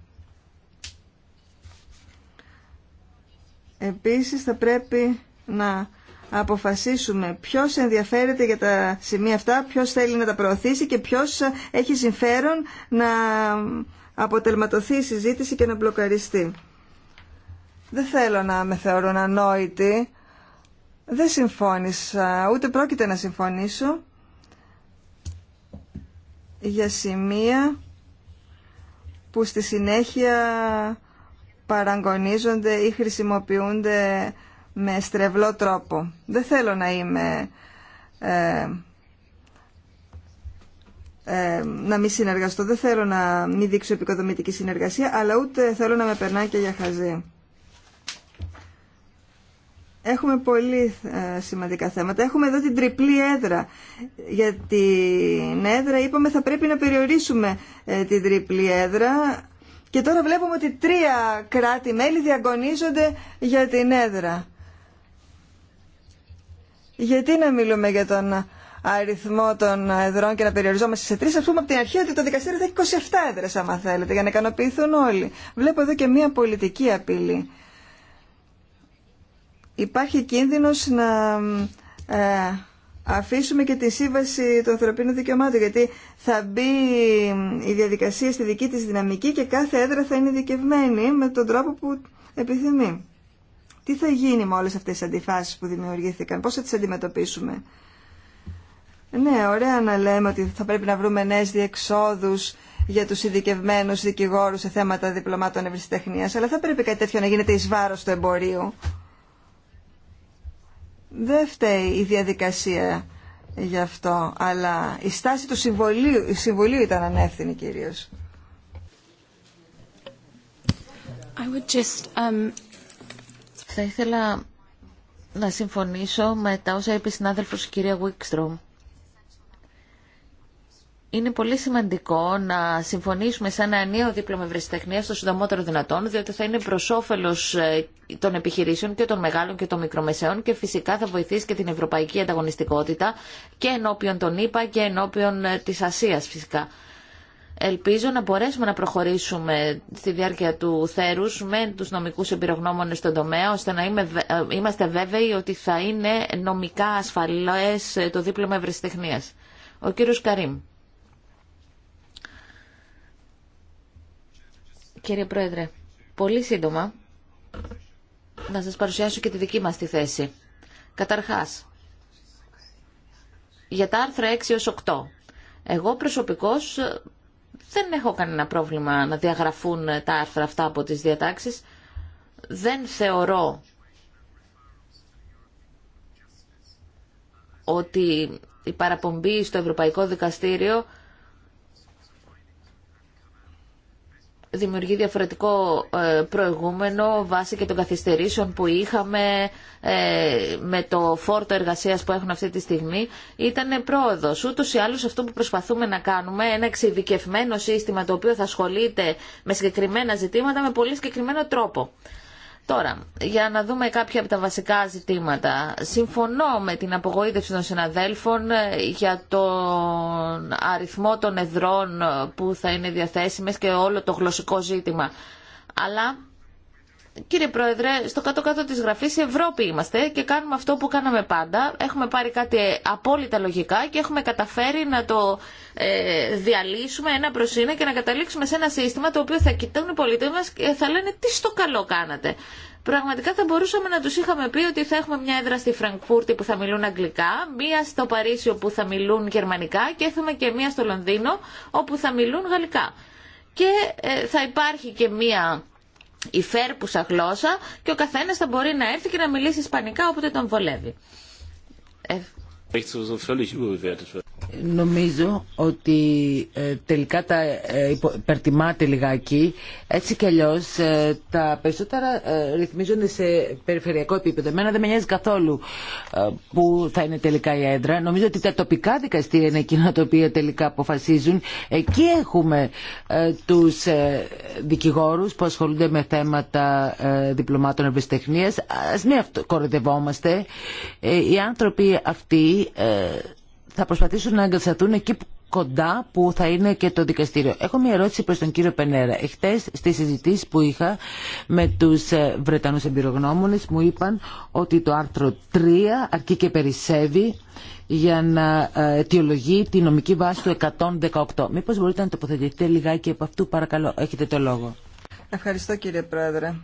Επίσης θα πρέπει να αποφασίσουμε ποιος ενδιαφέρεται για τα σημεία αυτά, ποιος θέλει να τα προωθήσει και ποιος έχει συμφέρον να αποτελματωθεί η συζήτηση και να μπλοκαριστεί. Δεν θέλω να με θεωρούν ανόητη. Δεν συμφώνησα, ούτε πρόκειται να συμφωνήσω για σημεία που στη συνέχεια παραγωνίζονται ή χρησιμοποιούνται με στρεβλό τρόπο. Δεν θέλω να είμαι... Ε, ε, να μην συνεργαστώ, δεν θέλω να μη δείξω επικοδομητική συνεργασία, αλλά ούτε θέλω να με περνάει και για χαζή. Έχουμε πολύ ε, σημαντικά θέματα. Έχουμε εδώ την τριπλή έδρα. Για την έδρα είπαμε θα πρέπει να περιορίσουμε ε, την τριπλή έδρα και τώρα βλέπουμε ότι τρία κράτη-μέλη διαγωνίζονται για την έδρα. Γιατί να μιλούμε για τον αριθμό των εδρών και να περιοριζόμαστε σε τρει, α πούμε από την αρχή ότι το δικαστήριο θα έχει 27 έδρε, άμα θέλετε, για να ικανοποιηθούν όλοι. Βλέπω εδώ και μία πολιτική απειλή υπάρχει κίνδυνος να ε, αφήσουμε και τη σύμβαση του ανθρωπίνου δικαιωμάτων γιατί θα μπει η διαδικασία στη δική της δυναμική και κάθε έδρα θα είναι δικαιωμένη με τον τρόπο που επιθυμεί. Τι θα γίνει με όλες αυτές τις αντιφάσεις που δημιουργήθηκαν, πώς θα τις αντιμετωπίσουμε. Ναι, ωραία να λέμε ότι θα πρέπει να βρούμε νέες διεξόδους για τους ειδικευμένους δικηγόρους σε θέματα διπλωμάτων ευρυστεχνίας, αλλά θα πρέπει κάτι τέτοιο να γίνεται εις βάρος του εμπορίου δεν φταίει η διαδικασία γι' αυτό, αλλά η στάση του συμβολίου, η συμβολίου ήταν ανεύθυνη κυρίως. Um, Θα ήθελα να συμφωνήσω με τα όσα είπε η συνάδελφος κυρία Wickstrom είναι πολύ σημαντικό να συμφωνήσουμε σε ένα νέο δίπλωμα ευρεσιτεχνία στο συντομότερο δυνατόν, διότι θα είναι προ όφελο ε, των επιχειρήσεων και των μεγάλων και των μικρομεσαίων και φυσικά θα βοηθήσει και την ευρωπαϊκή ανταγωνιστικότητα και ενώπιον των ΗΠΑ και ενώπιον ε, τη Ασία φυσικά. Ελπίζω να μπορέσουμε να προχωρήσουμε στη διάρκεια του θέρου με του νομικού εμπειρογνώμονε στον τομέα, ώστε να ε, είμαστε βέβαιοι ότι θα είναι νομικά ασφαλέ το δίπλωμα ευρεσιτεχνία. Ο κύριος Καρίμ. Κύριε Πρόεδρε, πολύ σύντομα να σας παρουσιάσω και τη δική μας τη θέση. Καταρχάς, για τα άρθρα 6 έως 8. Εγώ προσωπικώς δεν έχω κανένα πρόβλημα να διαγραφούν τα άρθρα αυτά από τις διατάξεις. Δεν θεωρώ ότι η παραπομπή στο Ευρωπαϊκό Δικαστήριο δημιουργεί διαφορετικό ε, προηγούμενο βάσει και των καθυστερήσεων που είχαμε ε, με το φόρτο εργασίας που έχουν αυτή τη στιγμή ήταν πρόοδος. Ούτως ή άλλως αυτό που προσπαθούμε να κάνουμε, ένα εξειδικευμένο σύστημα το οποίο θα ασχολείται με συγκεκριμένα ζητήματα με πολύ συγκεκριμένο τρόπο. Τώρα, για να δούμε κάποια από τα βασικά ζητήματα. Συμφωνώ με την απογοήτευση των συναδέλφων ε, για τον αριθμό των εδρών ε, που θα είναι διαθέσιμες και όλο το γλωσσικό ζήτημα. Αλλά Κύριε Πρόεδρε, στο κάτω-κάτω της γραφής Ευρώπη είμαστε και κάνουμε αυτό που κάναμε πάντα. Έχουμε πάρει κάτι απόλυτα λογικά και έχουμε καταφέρει να το ε, διαλύσουμε ένα προς ένα και να καταλήξουμε σε ένα σύστημα το οποίο θα κοιτούν οι πολίτες μας και θα λένε τι στο καλό κάνατε. Πραγματικά θα μπορούσαμε να τους είχαμε πει ότι θα έχουμε μια έδρα στη Φραγκφούρτη που θα μιλούν αγγλικά, μια στο Παρίσι που θα μιλούν γερμανικά και έχουμε και μια στο Λονδίνο όπου θα μιλούν γαλλικά. Και ε, θα υπάρχει και μια υφέρπουσα γλώσσα και ο καθένας θα μπορεί να έρθει και να μιλήσει ισπανικά όποτε τον βολεύει. Ε. Νομίζω ότι ε, τελικά τα ε, υπερτιμάτε λιγάκι. Έτσι κι αλλιώ ε, τα περισσότερα ρυθμίζονται σε περιφερειακό επίπεδο. Εμένα δεν με νοιάζει καθόλου που θα είναι τελικά η έντρα. Νομίζω ότι τα τοπικά δικαστήρια είναι εκείνα τα οποία τελικά αποφασίζουν. Εκεί έχουμε του δικηγόρου που ασχολούνται με θέματα διπλωμάτων ευρεσιτεχνία. Α μην κοροϊδευόμαστε. Οι άνθρωποι αυτοί θα προσπαθήσουν να εγκατασταθούν εκεί κοντά που θα είναι και το δικαστήριο. Έχω μια ερώτηση προς τον κύριο Πενέρα. Εχθές στις συζητήσεις που είχα με τους ε, Βρετανούς εμπειρογνώμονες μου είπαν ότι το άρθρο 3 αρκεί και περισσεύει για να ε, αιτιολογεί τη νομική βάση του 118. Μήπως μπορείτε να τοποθετηθείτε λιγάκι από αυτού, παρακαλώ, έχετε το λόγο. Ευχαριστώ κύριε Πρόεδρε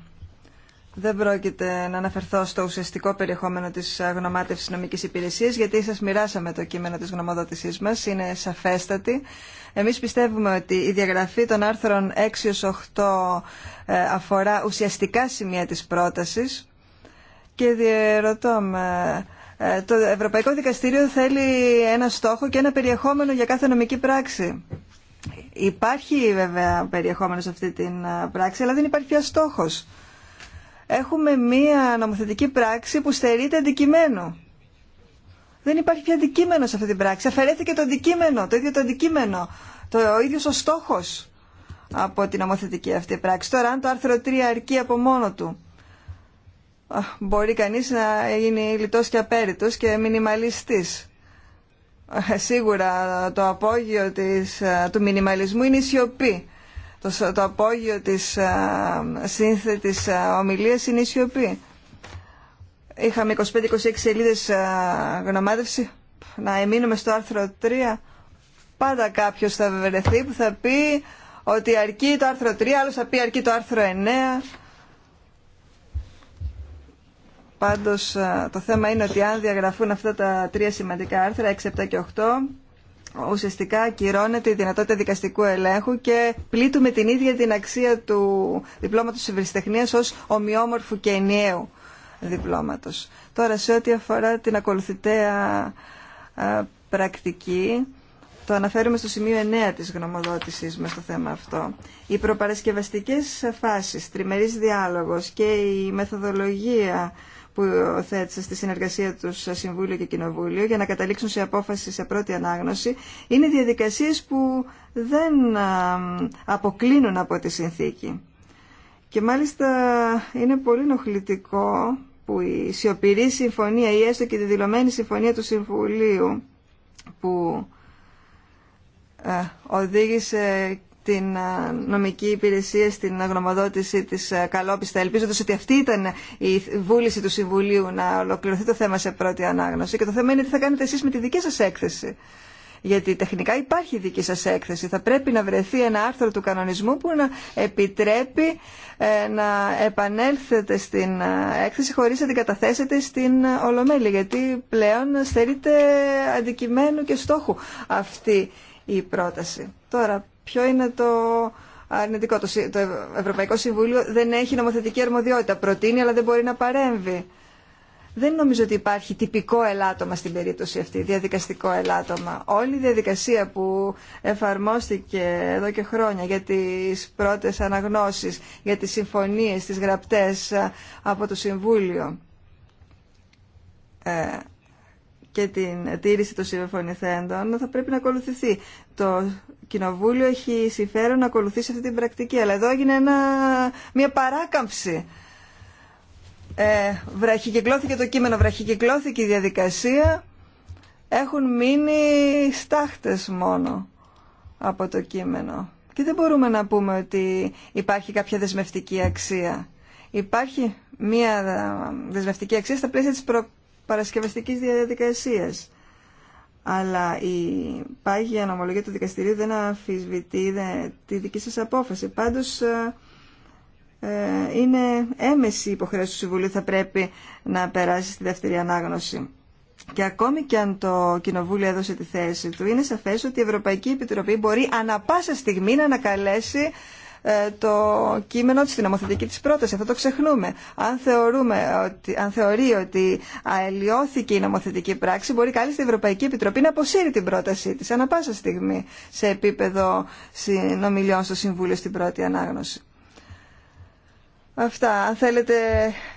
δεν πρόκειται να αναφερθώ στο ουσιαστικό περιεχόμενο της γνωμάτευση νομικής υπηρεσίας, γιατί σας μοιράσαμε το κείμενο της γνωμοδότησής μας, είναι σαφέστατη. Εμείς πιστεύουμε ότι η διαγραφή των άρθρων 6-8 ε, αφορά ουσιαστικά σημεία της πρότασης και διερωτώ με... Ε, το Ευρωπαϊκό Δικαστήριο θέλει ένα στόχο και ένα περιεχόμενο για κάθε νομική πράξη. Υπάρχει βέβαια περιεχόμενο σε αυτή την ε, πράξη, αλλά δεν υπάρχει πια στόχος έχουμε μία νομοθετική πράξη που στερείται αντικειμένο. Δεν υπάρχει πια αντικείμενο σε αυτή την πράξη. Αφαιρέθηκε το αντικείμενο, το ίδιο το αντικείμενο, το, ο ίδιος ο στόχος από την νομοθετική αυτή πράξη. Τώρα, αν το άρθρο 3 αρκεί από μόνο του, μπορεί κανείς να γίνει λιτός και απέριτος και μινιμαλιστής. Ε, σίγουρα το απόγειο της, ε, του μινιμαλισμού είναι η σιωπή το, απόγειο της α, ε, σύνθετης ε, ομιλίας είναι η σιωπή. Είχαμε 25-26 σελίδες ε, γνωμάτευση. Να εμείνουμε στο άρθρο 3. Πάντα κάποιος θα βεβαιωθεί που θα πει ότι αρκεί το άρθρο 3, άλλος θα πει αρκεί το άρθρο 9. Πάντως το θέμα είναι ότι αν διαγραφούν αυτά τα τρία σημαντικά άρθρα, 6, 7 και 8, ουσιαστικά ακυρώνεται η δυνατότητα δικαστικού ελέγχου και πλήττουμε την ίδια την αξία του διπλώματος ευρυστεχνίας ως ομοιόμορφου και ενιαίου διπλώματος. Τώρα σε ό,τι αφορά την ακολουθητέα πρακτική, το αναφέρουμε στο σημείο 9 της γνωμοδότησης με το θέμα αυτό. Οι προπαρασκευαστικές φάσεις, τριμερής διάλογος και η μεθοδολογία που θέτησε στη συνεργασία του Συμβούλιο και Κοινοβούλιο για να καταλήξουν σε απόφαση σε πρώτη ανάγνωση είναι διαδικασίες που δεν αποκλίνουν από τη συνθήκη. Και μάλιστα είναι πολύ νοχλητικό που η σιωπηρή συμφωνία ή έστω και τη δηλωμένη συμφωνία του Συμβουλίου που ε, οδήγησε την ε, νομική υπηρεσία στην αγνομοδότηση της ε, Καλόπιστα, ελπίζοντα ότι αυτή ήταν η βούληση του Συμβουλίου να ολοκληρωθεί το θέμα σε πρώτη ανάγνωση. Και το θέμα είναι τι θα κάνετε εσεί με τη δική σα έκθεση. Γιατί τεχνικά υπάρχει η δική σας έκθεση. Θα πρέπει να βρεθεί ένα άρθρο του κανονισμού που να επιτρέπει ε, να επανέλθετε στην έκθεση χωρίς να την καταθέσετε στην Ολομέλη Γιατί πλέον στερείται αντικειμένου και στόχου αυτή η πρόταση. Τώρα, Ποιο είναι το αρνητικό. Το, το Ευρωπαϊκό Συμβούλιο δεν έχει νομοθετική αρμοδιότητα. Προτείνει αλλά δεν μπορεί να παρέμβει. Δεν νομίζω ότι υπάρχει τυπικό ελάττωμα στην περίπτωση αυτή, διαδικαστικό ελάττωμα. Όλη η διαδικασία που εφαρμόστηκε εδώ και χρόνια για τις πρώτες αναγνώσεις, για τις συμφωνίες, τις γραπτές ε, από το Συμβούλιο ε, και την τήρηση των συμφωνηθέντων θα πρέπει να ακολουθηθεί. Το Κοινοβούλιο έχει συμφέρον να ακολουθήσει αυτή την πρακτική. Αλλά εδώ έγινε μια παράκαμψη. Ε, βραχικυκλώθηκε το κείμενο, βραχικυκλώθηκε η διαδικασία. Έχουν μείνει στάχτες μόνο από το κείμενο. Και δεν μπορούμε να πούμε ότι υπάρχει κάποια δεσμευτική αξία. Υπάρχει μια δεσμευτική αξία στα πλαίσια της προπαρασκευαστικής διαδικασίας αλλά η πάγια νομολογία του δικαστηρίου δεν αμφισβητεί τη δική σας απόφαση. Πάντως ε, ε, είναι έμεση η υποχρέωση του Συμβουλίου θα πρέπει να περάσει στη δεύτερη ανάγνωση. Και ακόμη και αν το Κοινοβούλιο έδωσε τη θέση του, είναι σαφές ότι η Ευρωπαϊκή Επιτροπή μπορεί ανα πάσα στιγμή να ανακαλέσει ε, το κείμενο της, την νομοθετική της πρόταση. Αυτό το ξεχνούμε. Αν, θεωρούμε ότι, αν θεωρεί ότι αελιώθηκε η νομοθετική πράξη, μπορεί καλή στην Ευρωπαϊκή Επιτροπή να αποσύρει την πρότασή της, ανά πάσα στιγμή, σε επίπεδο συνομιλιών στο Συμβούλιο στην πρώτη ανάγνωση. Αυτά. Αν θέλετε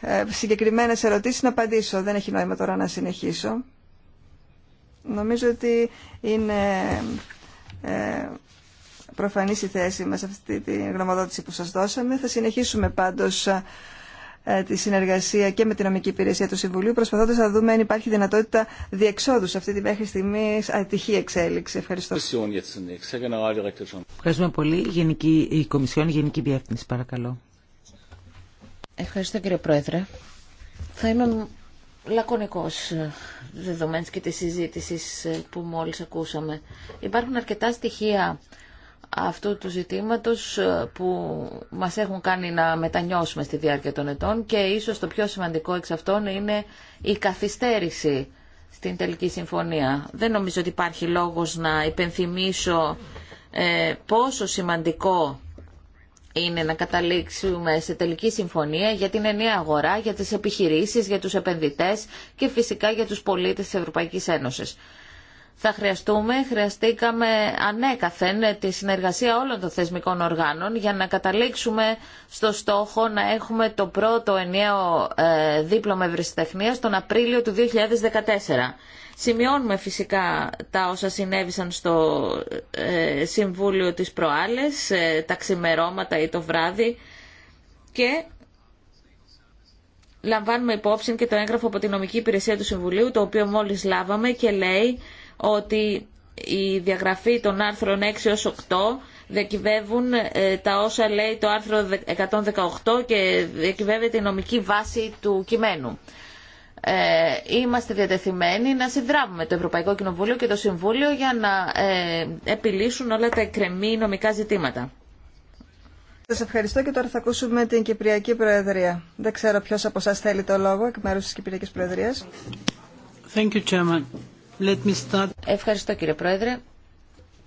ε, συγκεκριμένες ερωτήσεις να απαντήσω. Δεν έχει νόημα τώρα να συνεχίσω. Νομίζω ότι είναι ε, προφανής η θέση μας αυτή τη γνωμοδότηση που σας δώσαμε. Θα συνεχίσουμε πάντως ε, τη συνεργασία και με την νομική υπηρεσία του Συμβουλίου, προσπαθώντας να δούμε αν υπάρχει δυνατότητα διεξόδου σε αυτή τη μέχρι στιγμή ατυχή εξέλιξη. Ευχαριστώ. Ευχαριστούμε πολύ. Γενική, η Κομισιόν, Γενική Διεύθυνση, παρακαλώ. Ευχαριστώ κύριε Πρόεδρε. Θα είμαι λακωνικός ε, δεδομένης και της συζήτησης ε, που μόλις ακούσαμε. Υπάρχουν αρκετά στοιχεία αυτού του ζητήματος ε, που μας έχουν κάνει να μετανιώσουμε στη διάρκεια των ετών και ίσως το πιο σημαντικό εξ αυτών είναι η καθυστέρηση στην τελική συμφωνία. Δεν νομίζω ότι υπάρχει λόγος να υπενθυμίσω ε, πόσο σημαντικό είναι να καταλήξουμε σε τελική συμφωνία για την ενιαία αγορά, για τις επιχειρήσεις, για τους επενδυτές και φυσικά για τους πολίτες της Ευρωπαϊκής Ένωσης θα χρειαστούμε, χρειαστήκαμε ανέκαθεν τη συνεργασία όλων των θεσμικών οργάνων για να καταλήξουμε στο στόχο να έχουμε το πρώτο ενιαίο ε, δίπλωμα ευρεσιτεχνίας τον Απρίλιο του 2014. Σημειώνουμε φυσικά τα όσα συνέβησαν στο ε, Συμβούλιο της Προάλλες, ε, τα ξημερώματα ή το βράδυ και λαμβάνουμε υπόψη και το έγγραφο από την νομική υπηρεσία του Συμβουλίου, το οποίο μόλις λάβαμε και λέει ότι η διαγραφή των άρθρων 6 έως 8 διακυβεύουν ε, τα όσα λέει το άρθρο 118 και διακυβεύεται η νομική βάση του κειμένου. Ε, είμαστε διατεθειμένοι να συνδράμουμε το Ευρωπαϊκό Κοινοβούλιο και το Συμβούλιο για να ε, επιλύσουν όλα τα εκκρεμή νομικά ζητήματα. Σας ευχαριστώ και τώρα θα ακούσουμε την Κυπριακή Προεδρία. Δεν ξέρω ποιος από εσά θέλει το λόγο εκ μέρους της Κυπριακής Προεδρίας. Thank Chairman. Ευχαριστώ κύριε Πρόεδρε.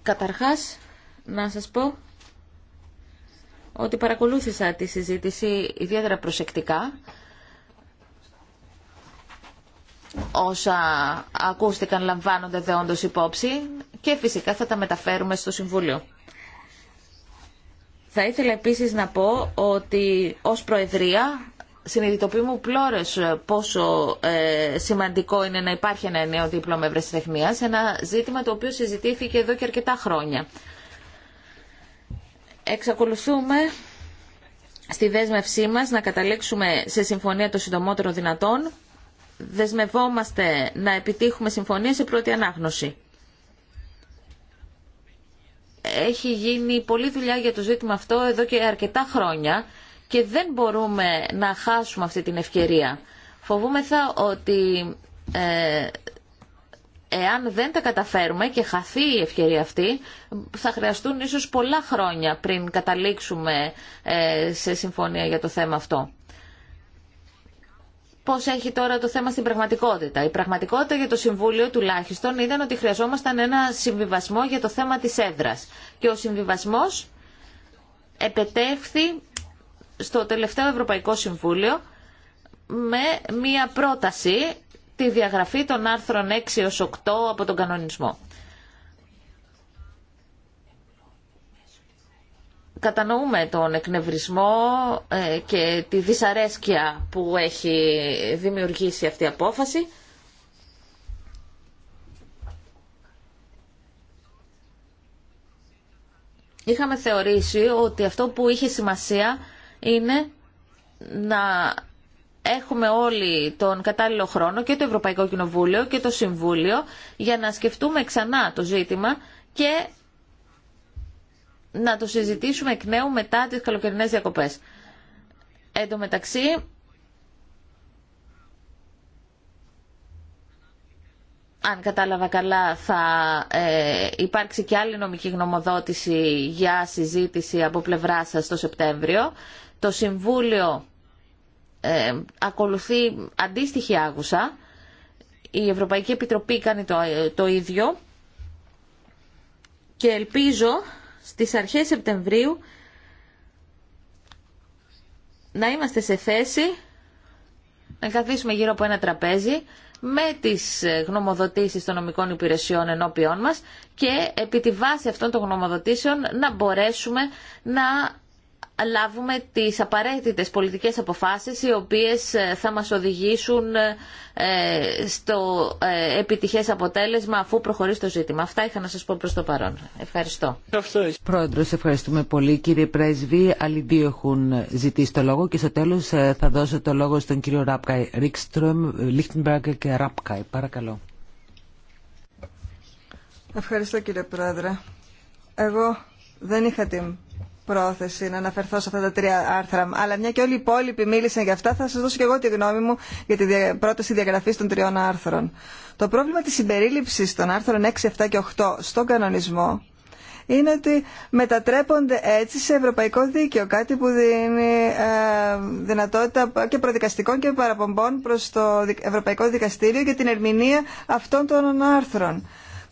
Καταρχάς, να σας πω ότι παρακολούθησα τη συζήτηση ιδιαίτερα προσεκτικά όσα ακούστηκαν λαμβάνονται δεόντως υπόψη και φυσικά θα τα μεταφέρουμε στο Συμβούλιο. Θα ήθελα επίσης να πω ότι ως Προεδρία συνειδητοποιούμε πλώρε ε, πόσο ε, σημαντικό είναι να υπάρχει ένα νέο δίπλωμα ευρεσιτεχνία, ένα ζήτημα το οποίο συζητήθηκε εδώ και αρκετά χρόνια. Εξακολουθούμε στη δέσμευσή μας να καταλήξουμε σε συμφωνία το συντομότερο δυνατόν. Δεσμευόμαστε να επιτύχουμε συμφωνία σε πρώτη ανάγνωση. Έχει γίνει πολλή δουλειά για το ζήτημα αυτό εδώ και αρκετά χρόνια και δεν μπορούμε να χάσουμε αυτή την ευκαιρία. Φοβούμεθα ότι ε, εάν δεν τα καταφέρουμε και χαθεί η ευκαιρία αυτή, θα χρειαστούν ίσως πολλά χρόνια πριν καταλήξουμε ε, σε συμφωνία για το θέμα αυτό. Πώς έχει τώρα το θέμα στην πραγματικότητα. Η πραγματικότητα για το Συμβούλιο τουλάχιστον ήταν ότι χρειαζόμασταν ένα συμβιβασμό για το θέμα της έδρας. Και ο συμβιβασμός επετεύχθη στο τελευταίο Ευρωπαϊκό Συμβούλιο με μία πρόταση τη διαγραφή των άρθρων 6 έως 8 από τον κανονισμό. Κατανοούμε τον εκνευρισμό ε, και τη δυσαρέσκεια που έχει δημιουργήσει αυτή η απόφαση. Είχαμε θεωρήσει ότι αυτό που είχε σημασία είναι να έχουμε όλοι τον κατάλληλο χρόνο και το Ευρωπαϊκό Κοινοβούλιο και το Συμβούλιο για να σκεφτούμε ξανά το ζήτημα και να το συζητήσουμε εκ νέου μετά τις καλοκαιρινές διακοπές. Εν τω μεταξύ, αν κατάλαβα καλά, θα ε, υπάρξει και άλλη νομική γνωμοδότηση για συζήτηση από πλευρά σας το Σεπτέμβριο το Συμβούλιο ε, ακολουθεί αντίστοιχη άγουσα. Η Ευρωπαϊκή Επιτροπή κάνει το, ε, το ίδιο και ελπίζω στις αρχές Σεπτεμβρίου να είμαστε σε θέση να καθίσουμε γύρω από ένα τραπέζι με τις γνωμοδοτήσεις των νομικών υπηρεσιών ενώπιών μας και επί τη βάση αυτών των γνωμοδοτήσεων να μπορέσουμε να λάβουμε τις απαραίτητες πολιτικές αποφάσεις οι οποίες ε, θα μας οδηγήσουν ε, στο ε, επιτυχές αποτέλεσμα αφού προχωρήσει το ζήτημα. Αυτά είχα να σας πω προς το παρόν. Ευχαριστώ. Πρόεδρος, ευχαριστούμε πολύ. Κύριε Πρέσβη, άλλοι δύο έχουν ζητήσει το λόγο και στο τέλος θα δώσω το λόγο στον κύριο Ράπκαη. Ρίξτρομ, Λίχτενμπεργκ και Ράπκαη. Παρακαλώ. Ευχαριστώ κύριε Πρόεδρε. Εγώ δεν είχα την πρόθεση να αναφερθώ σε αυτά τα τρία άρθρα. Αλλά μια και όλοι οι υπόλοιποι μίλησαν για αυτά, θα σα δώσω και εγώ τη γνώμη μου για την πρόταση διαγραφή των τριών άρθρων. Το πρόβλημα τη συμπερίληψη των άρθρων 6, 7 και 8 στον κανονισμό είναι ότι μετατρέπονται έτσι σε ευρωπαϊκό δίκαιο, κάτι που δίνει ε, δυνατότητα και προδικαστικών και παραπομπών προς το Ευρωπαϊκό Δικαστήριο για την ερμηνεία αυτών των άρθρων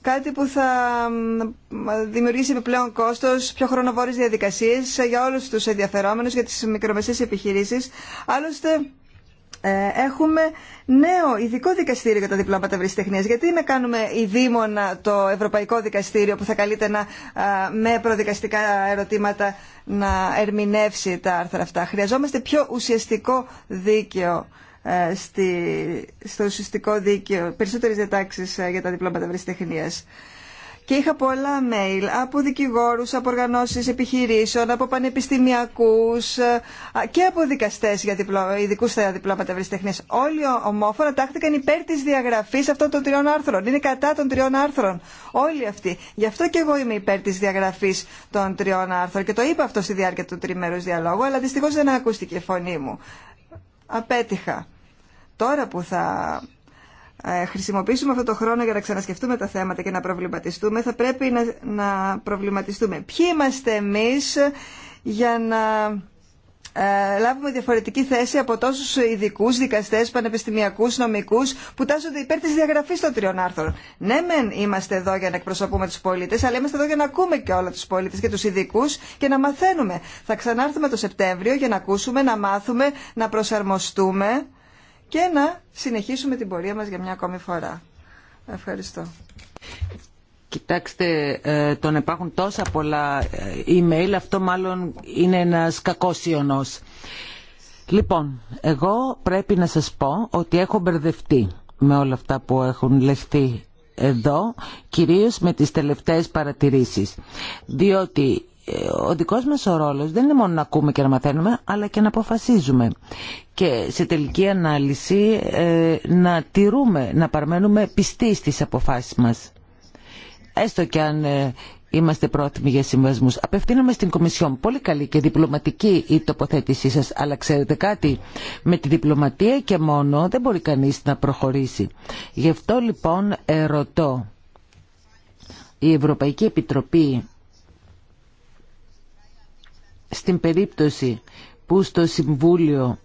κάτι που θα δημιουργήσει επιπλέον κόστο πιο χρονοβόρε διαδικασίες για όλους τους ενδιαφερόμενους, για τις μικρομεσαίες επιχειρήσει. Άλλωστε, ε, έχουμε νέο ειδικό δικαστήριο για τα διπλώματα ευρεσιτεχνία. Γιατί να κάνουμε ειδήμονα το Ευρωπαϊκό Δικαστήριο που θα καλείται να, με προδικαστικά ερωτήματα να ερμηνεύσει τα άρθρα αυτά. Χρειαζόμαστε πιο ουσιαστικό δίκαιο ε, στη, στο ουσιαστικό δίκαιο, περισσότερες διατάξεις ε, για τα διπλώματα ευρεσιτεχνίας. Και είχα πολλά mail από δικηγόρους, από οργανώσεις επιχειρήσεων, από πανεπιστημιακούς ε, και από δικαστές για διπλώ, ειδικούς στα διπλώματα ευρεσιτεχνίας. Όλοι ομόφωνα τάχθηκαν υπέρ της διαγραφής αυτών των τριών άρθρων. Είναι κατά των τριών άρθρων. Όλοι αυτοί. Γι' αυτό και εγώ είμαι υπέρ της διαγραφής των τριών άρθρων. Και το είπα αυτό στη διάρκεια του τριμερούς διαλόγου, αλλά δυστυχώς δεν ακούστηκε φωνή μου. Απέτυχα. Τώρα που θα ε, χρησιμοποιήσουμε αυτό το χρόνο για να ξανασκεφτούμε τα θέματα και να προβληματιστούμε, θα πρέπει να, να προβληματιστούμε. Ποιοι είμαστε εμείς για να ε, λάβουμε διαφορετική θέση από τόσους ειδικού, δικαστές, πανεπιστημιακούς, νομικούς που τάσσονται υπέρ της διαγραφής των τριών άρθρων. Ναι μεν είμαστε εδώ για να εκπροσωπούμε τους πολίτες, αλλά είμαστε εδώ για να ακούμε και όλα τους πολίτες και τους ειδικού και να μαθαίνουμε. Θα ξανάρθουμε το Σεπτέμβριο για να ακούσουμε, να μάθουμε, να προσαρμοστούμε και να συνεχίσουμε την πορεία μας για μια ακόμη φορά. Ευχαριστώ. Κοιτάξτε, ε, τον υπάρχουν τόσα πολλά ε, email, αυτό μάλλον είναι ένας κακός ιονός. Λοιπόν, εγώ πρέπει να σας πω ότι έχω μπερδευτεί με όλα αυτά που έχουν λεχθεί εδώ, κυρίως με τις τελευταίες παρατηρήσεις. Διότι ο δικός μας ο ρόλος δεν είναι μόνο να ακούμε και να μαθαίνουμε, αλλά και να αποφασίζουμε. Και σε τελική ανάλυση ε, να τηρούμε, να παραμένουμε πιστοί στις αποφάσεις μας. Έστω και αν ε, είμαστε πρόθυμοι για συμβασμού. Απευθύνομαι στην Κομισιόν. Πολύ καλή και διπλωματική η τοποθέτησή σα. Αλλά ξέρετε κάτι, με τη διπλωματία και μόνο δεν μπορεί κανεί να προχωρήσει. Γι' αυτό λοιπόν ρωτώ Η Ευρωπαϊκή Επιτροπή στην περίπτωση που στο Συμβούλιο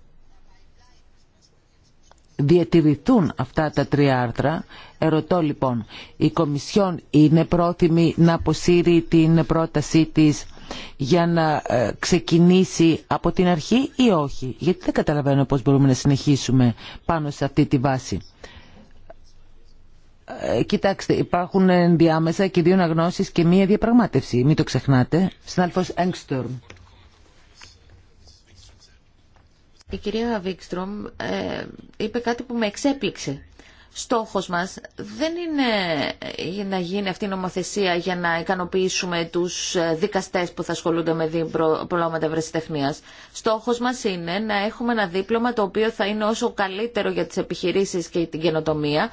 διατηρηθούν αυτά τα τρία άρθρα. Ερωτώ λοιπόν, η Κομισιόν είναι πρόθυμη να αποσύρει την πρότασή της για να ε, ξεκινήσει από την αρχή ή όχι. Γιατί δεν καταλαβαίνω πώς μπορούμε να συνεχίσουμε πάνω σε αυτή τη βάση. Ε, κοιτάξτε, υπάρχουν διάμεσα και δύο αναγνώσεις και μία διαπραγμάτευση. Μην το ξεχνάτε. Συνάλφος Έγκστορμ. Η κυρία Βίκστρομ ε, είπε κάτι που με εξέπληξε. Στόχος μας δεν είναι ε, να γίνει αυτή η νομοθεσία για να ικανοποιήσουμε τους ε, δικαστές που θα ασχολούνται με διπλώματα ευρεσιτεχνίας. Στόχος μας είναι να έχουμε ένα δίπλωμα το οποίο θα είναι όσο καλύτερο για τις επιχειρήσεις και την καινοτομία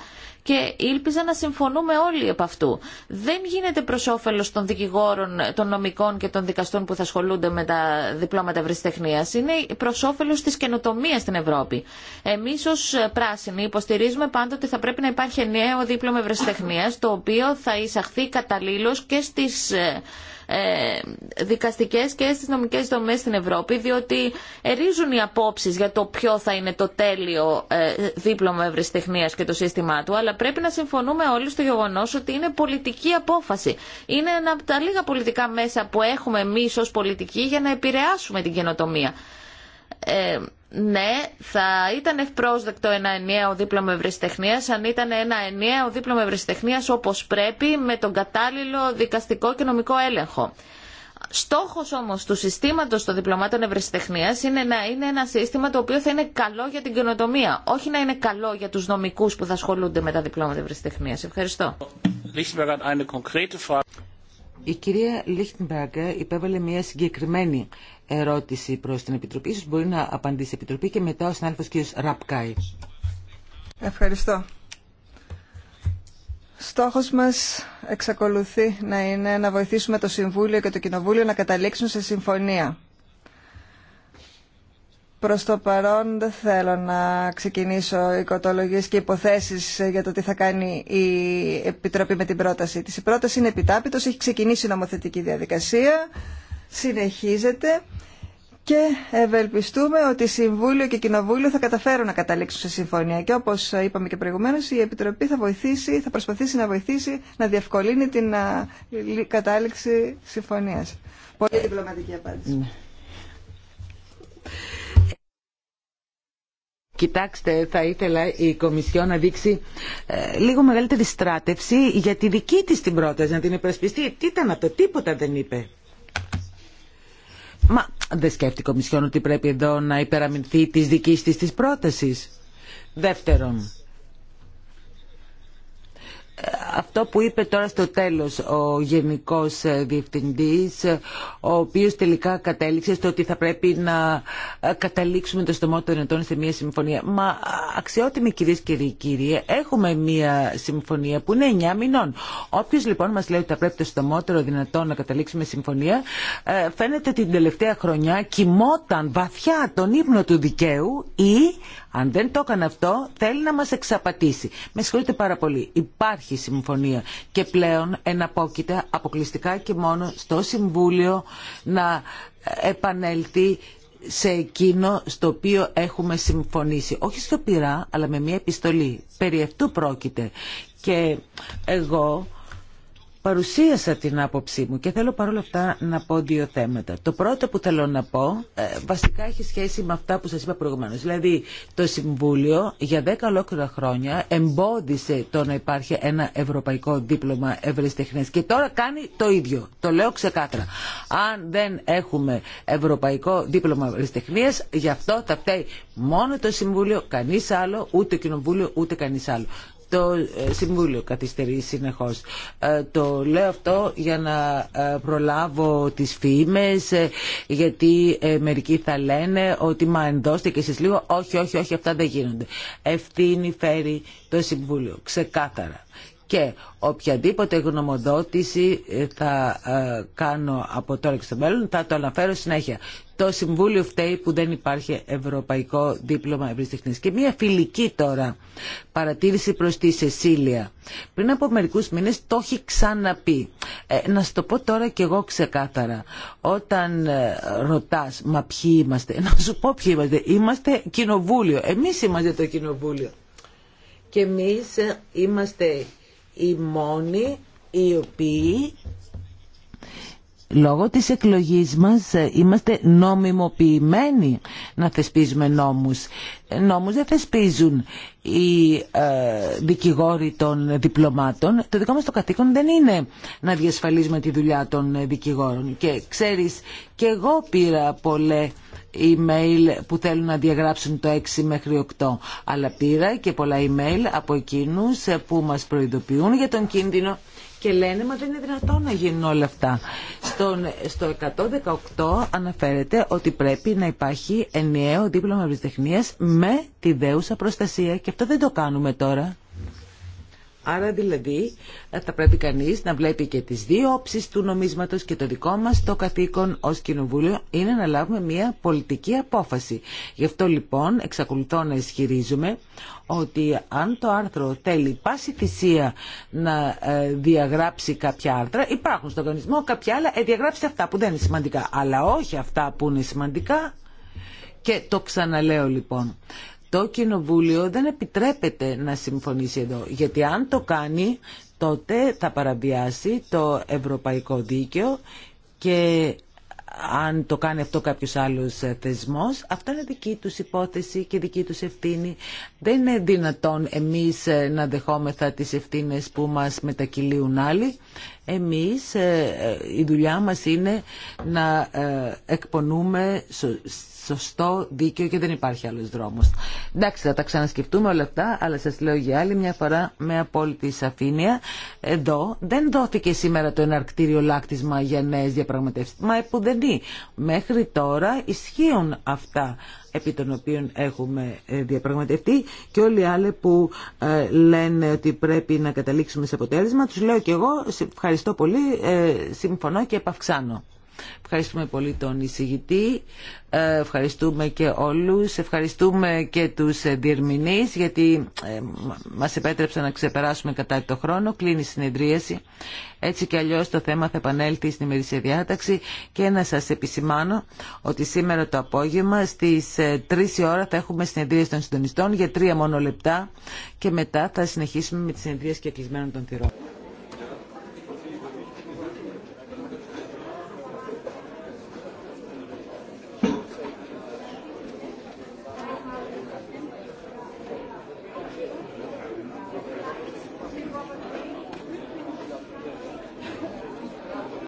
και ήλπιζα να συμφωνούμε όλοι από αυτού. Δεν γίνεται προ όφελο των δικηγόρων, των νομικών και των δικαστών που θα ασχολούνται με τα διπλώματα ευρεσιτεχνία. Είναι προ όφελο τη καινοτομία στην Ευρώπη. Εμεί ω πράσινοι υποστηρίζουμε πάντοτε ότι θα πρέπει να υπάρχει νέο δίπλωμα ευρεσιτεχνία, το οποίο θα εισαχθεί καταλήλω και στι ε, ε, δικαστικές και στις νομικές δομές στην Ευρώπη διότι ερίζουν οι απόψεις για το ποιο θα είναι το τέλειο ε, δίπλωμα ευρεσιτεχνίας και το σύστημά του αλλά πρέπει να συμφωνούμε όλοι στο γεγονός ότι είναι πολιτική απόφαση. Είναι ένα από τα λίγα πολιτικά μέσα που έχουμε εμείς ως πολιτικοί για να επηρεάσουμε την καινοτομία. Ε, ναι, θα ήταν ευπρόσδεκτο ένα ενιαίο δίπλωμα ευρεσιτεχνία αν ήταν ένα ενιαίο δίπλωμα ευρεσιτεχνία όπω πρέπει με τον κατάλληλο δικαστικό και νομικό έλεγχο. Στόχο όμω του συστήματο των διπλωμάτων ευρεσιτεχνία είναι να είναι ένα σύστημα το οποίο θα είναι καλό για την καινοτομία, όχι να είναι καλό για του νομικού που θα ασχολούνται με τα διπλώματα ευρεσιτεχνία. Ευχαριστώ. Η κυρία Λίχτενμπεργκερ υπέβαλε μια συγκεκριμένη ερώτηση προς την Επιτροπή. Ίσως μπορεί να απαντήσει η Επιτροπή και μετά ο συνάδελφος κ. Ραπκάη. Ευχαριστώ. Στόχος μας εξακολουθεί να είναι να βοηθήσουμε το Συμβούλιο και το Κοινοβούλιο να καταλήξουν σε συμφωνία. Προς το παρόν δεν θέλω να ξεκινήσω οικοτολογίες και υποθέσεις για το τι θα κάνει η Επιτροπή με την πρόταση της. Η πρόταση είναι επιτάπητος, έχει ξεκινήσει η νομοθετική διαδικασία συνεχίζεται και ευελπιστούμε ότι Συμβούλιο και Κοινοβούλιο θα καταφέρουν να καταλήξουν σε συμφωνία. Και όπως είπαμε και προηγουμένω, η Επιτροπή θα, βοηθήσει, θα προσπαθήσει να βοηθήσει να διευκολύνει την κατάληξη συμφωνίας. Πολύ διπλωματική απάντηση. Ναι. Κοιτάξτε, θα ήθελα η Κομισιό να δείξει ε, λίγο μεγαλύτερη στράτευση για τη δική της την πρόταση, να την υπερασπιστεί. Τι ήταν αυτό, τίποτα δεν είπε. Μα δεν σκέφτηκε ο Μισιόν ότι πρέπει εδώ να υπεραμεινθεί τη δική τη της πρότασης. Δεύτερον, αυτό που είπε τώρα στο τέλος ο Γενικός Διευθυντής, ο οποίος τελικά κατέληξε στο ότι θα πρέπει να καταλήξουμε το στομό των δυνατών σε μια συμφωνία. Μα αξιότιμοι κυρίες και κύριοι, έχουμε μια συμφωνία που είναι 9 μηνών. Όποιος λοιπόν μας λέει ότι θα πρέπει το των δυνατόν να καταλήξουμε συμφωνία, ε, φαίνεται ότι την τελευταία χρονιά κοιμόταν βαθιά τον ύπνο του δικαίου ή αν δεν το έκανε αυτό, θέλει να μας εξαπατήσει. Με συγχωρείτε πάρα πολύ. Υπάρχει συμφωνία και πλέον εναπόκειται αποκλειστικά και μόνο στο Συμβούλιο να επανέλθει σε εκείνο στο οποίο έχουμε συμφωνήσει. Όχι στο πειρά, αλλά με μια επιστολή. Περί αυτού πρόκειται. Και εγώ παρουσίασα την άποψή μου και θέλω παρόλα αυτά να πω δύο θέματα. Το πρώτο που θέλω να πω ε, βασικά έχει σχέση με αυτά που σας είπα προηγουμένως. Δηλαδή το Συμβούλιο για 10 ολόκληρα χρόνια εμπόδισε το να υπάρχει ένα ευρωπαϊκό δίπλωμα ευρεσιτεχνές και τώρα κάνει το ίδιο. Το λέω ξεκάθαρα. Αν δεν έχουμε ευρωπαϊκό δίπλωμα ευρεσιτεχνίας γι' αυτό θα φταίει μόνο το Συμβούλιο, κανείς άλλο, ούτε το Κοινοβούλιο, ούτε κανείς άλλο το ε, Συμβούλιο καθυστερεί συνεχώς. Ε, το λέω αυτό για να ε, προλάβω τις φήμες, γιατί μερικοί θα λένε ότι μα ενδώστε και εσείς λίγο. Όχι, όχι, όχι, αυτά δεν γίνονται. Ευθύνη φέρει το Συμβούλιο, ξεκάθαρα και οποιαδήποτε γνωμοδότηση ε, θα ε, κάνω από τώρα και στο μέλλον θα το αναφέρω συνέχεια. Το Συμβούλιο φταίει που δεν υπάρχει ευρωπαϊκό δίπλωμα Ευρωστηχνής. Και μια φιλική τώρα παρατήρηση προς τη Σεσίλια. Πριν από μερικούς μήνες το έχει ξαναπεί. Ε, να σου το πω τώρα και εγώ ξεκάθαρα. Όταν ε, ρωτάς, μα ποιοι είμαστε, να σου πω ποιοι είμαστε. Είμαστε κοινοβούλιο. Εμείς είμαστε το κοινοβούλιο. Και εμείς είμαστε οι μόνοι οι οποίοι Λόγω της εκλογής μας ε, είμαστε νομιμοποιημένοι να θεσπίζουμε νόμους. Ε, νόμους δεν θεσπίζουν οι ε, δικηγόροι των διπλωμάτων. Το δικό μας το καθήκον δεν είναι να διασφαλίζουμε τη δουλειά των δικηγόρων. Και ξέρεις, και εγώ πήρα πολλές email που θέλουν να διαγράψουν το 6 μέχρι 8. Αλλά πήρα και πολλά email από εκείνους που μας προειδοποιούν για τον κίνδυνο και λένε μα δεν είναι δυνατόν να γίνουν όλα αυτά. Στον, στο 118 αναφέρεται ότι πρέπει να υπάρχει ενιαίο δίπλωμα ευρυστεχνίας με τη δέουσα προστασία και αυτό δεν το κάνουμε τώρα. Άρα δηλαδή ε, θα πρέπει κανείς να βλέπει και τις δύο όψεις του νομίσματος και το δικό μας το καθήκον ως Κοινοβούλιο είναι να λάβουμε μια πολιτική απόφαση. Γι' αυτό λοιπόν εξακολουθώ να ισχυρίζουμε ότι αν το άρθρο θέλει πάση θυσία να ε, διαγράψει κάποια άρθρα, υπάρχουν στον κανονισμό κάποια άλλα, ε, διαγράψτε αυτά που δεν είναι σημαντικά. Αλλά όχι αυτά που είναι σημαντικά και το ξαναλέω λοιπόν το Κοινοβούλιο δεν επιτρέπεται να συμφωνήσει εδώ, γιατί αν το κάνει τότε θα παραβιάσει το ευρωπαϊκό δίκαιο και αν το κάνει αυτό κάποιος άλλος θεσμός, αυτό είναι δική τους υπόθεση και δική τους ευθύνη. Δεν είναι δυνατόν εμείς ε, να δεχόμεθα τις ευθύνες που μας μετακυλίουν άλλοι. Εμείς, ε, ε, η δουλειά μας είναι να εκπονούμε σωστό, δίκαιο και δεν υπάρχει άλλος δρόμος. Εντάξει, θα τα ξανασκεφτούμε όλα αυτά, αλλά σας λέω για άλλη μια φορά με απόλυτη σαφήνεια. Εδώ δεν δόθηκε σήμερα το εναρκτήριο λάκτισμα για νέες διαπραγματεύσεις. Μα επουδενή. Μέχρι τώρα ισχύουν αυτά επί των οποίων έχουμε ε, διαπραγματευτεί και όλοι οι άλλοι που ε, λένε ότι πρέπει να καταλήξουμε σε αποτέλεσμα τους λέω και εγώ ευχαριστώ πολύ, ε, συμφωνώ και επαυξάνω. Ευχαριστούμε πολύ τον εισηγητή, ε, ευχαριστούμε και όλους, ευχαριστούμε και τους ε, διερμηνείς γιατί ε, μας επέτρεψαν να ξεπεράσουμε κατά το χρόνο, κλείνει η συνεδρίαση. Έτσι κι αλλιώς το θέμα θα επανέλθει στην ημερήσια διάταξη και να σας επισημάνω ότι σήμερα το απόγευμα στις 3 η ώρα θα έχουμε συνεδρίαση των συντονιστών για τρία μόνο λεπτά και μετά θα συνεχίσουμε με τις συνεδρίες και κλεισμένων των θυρών.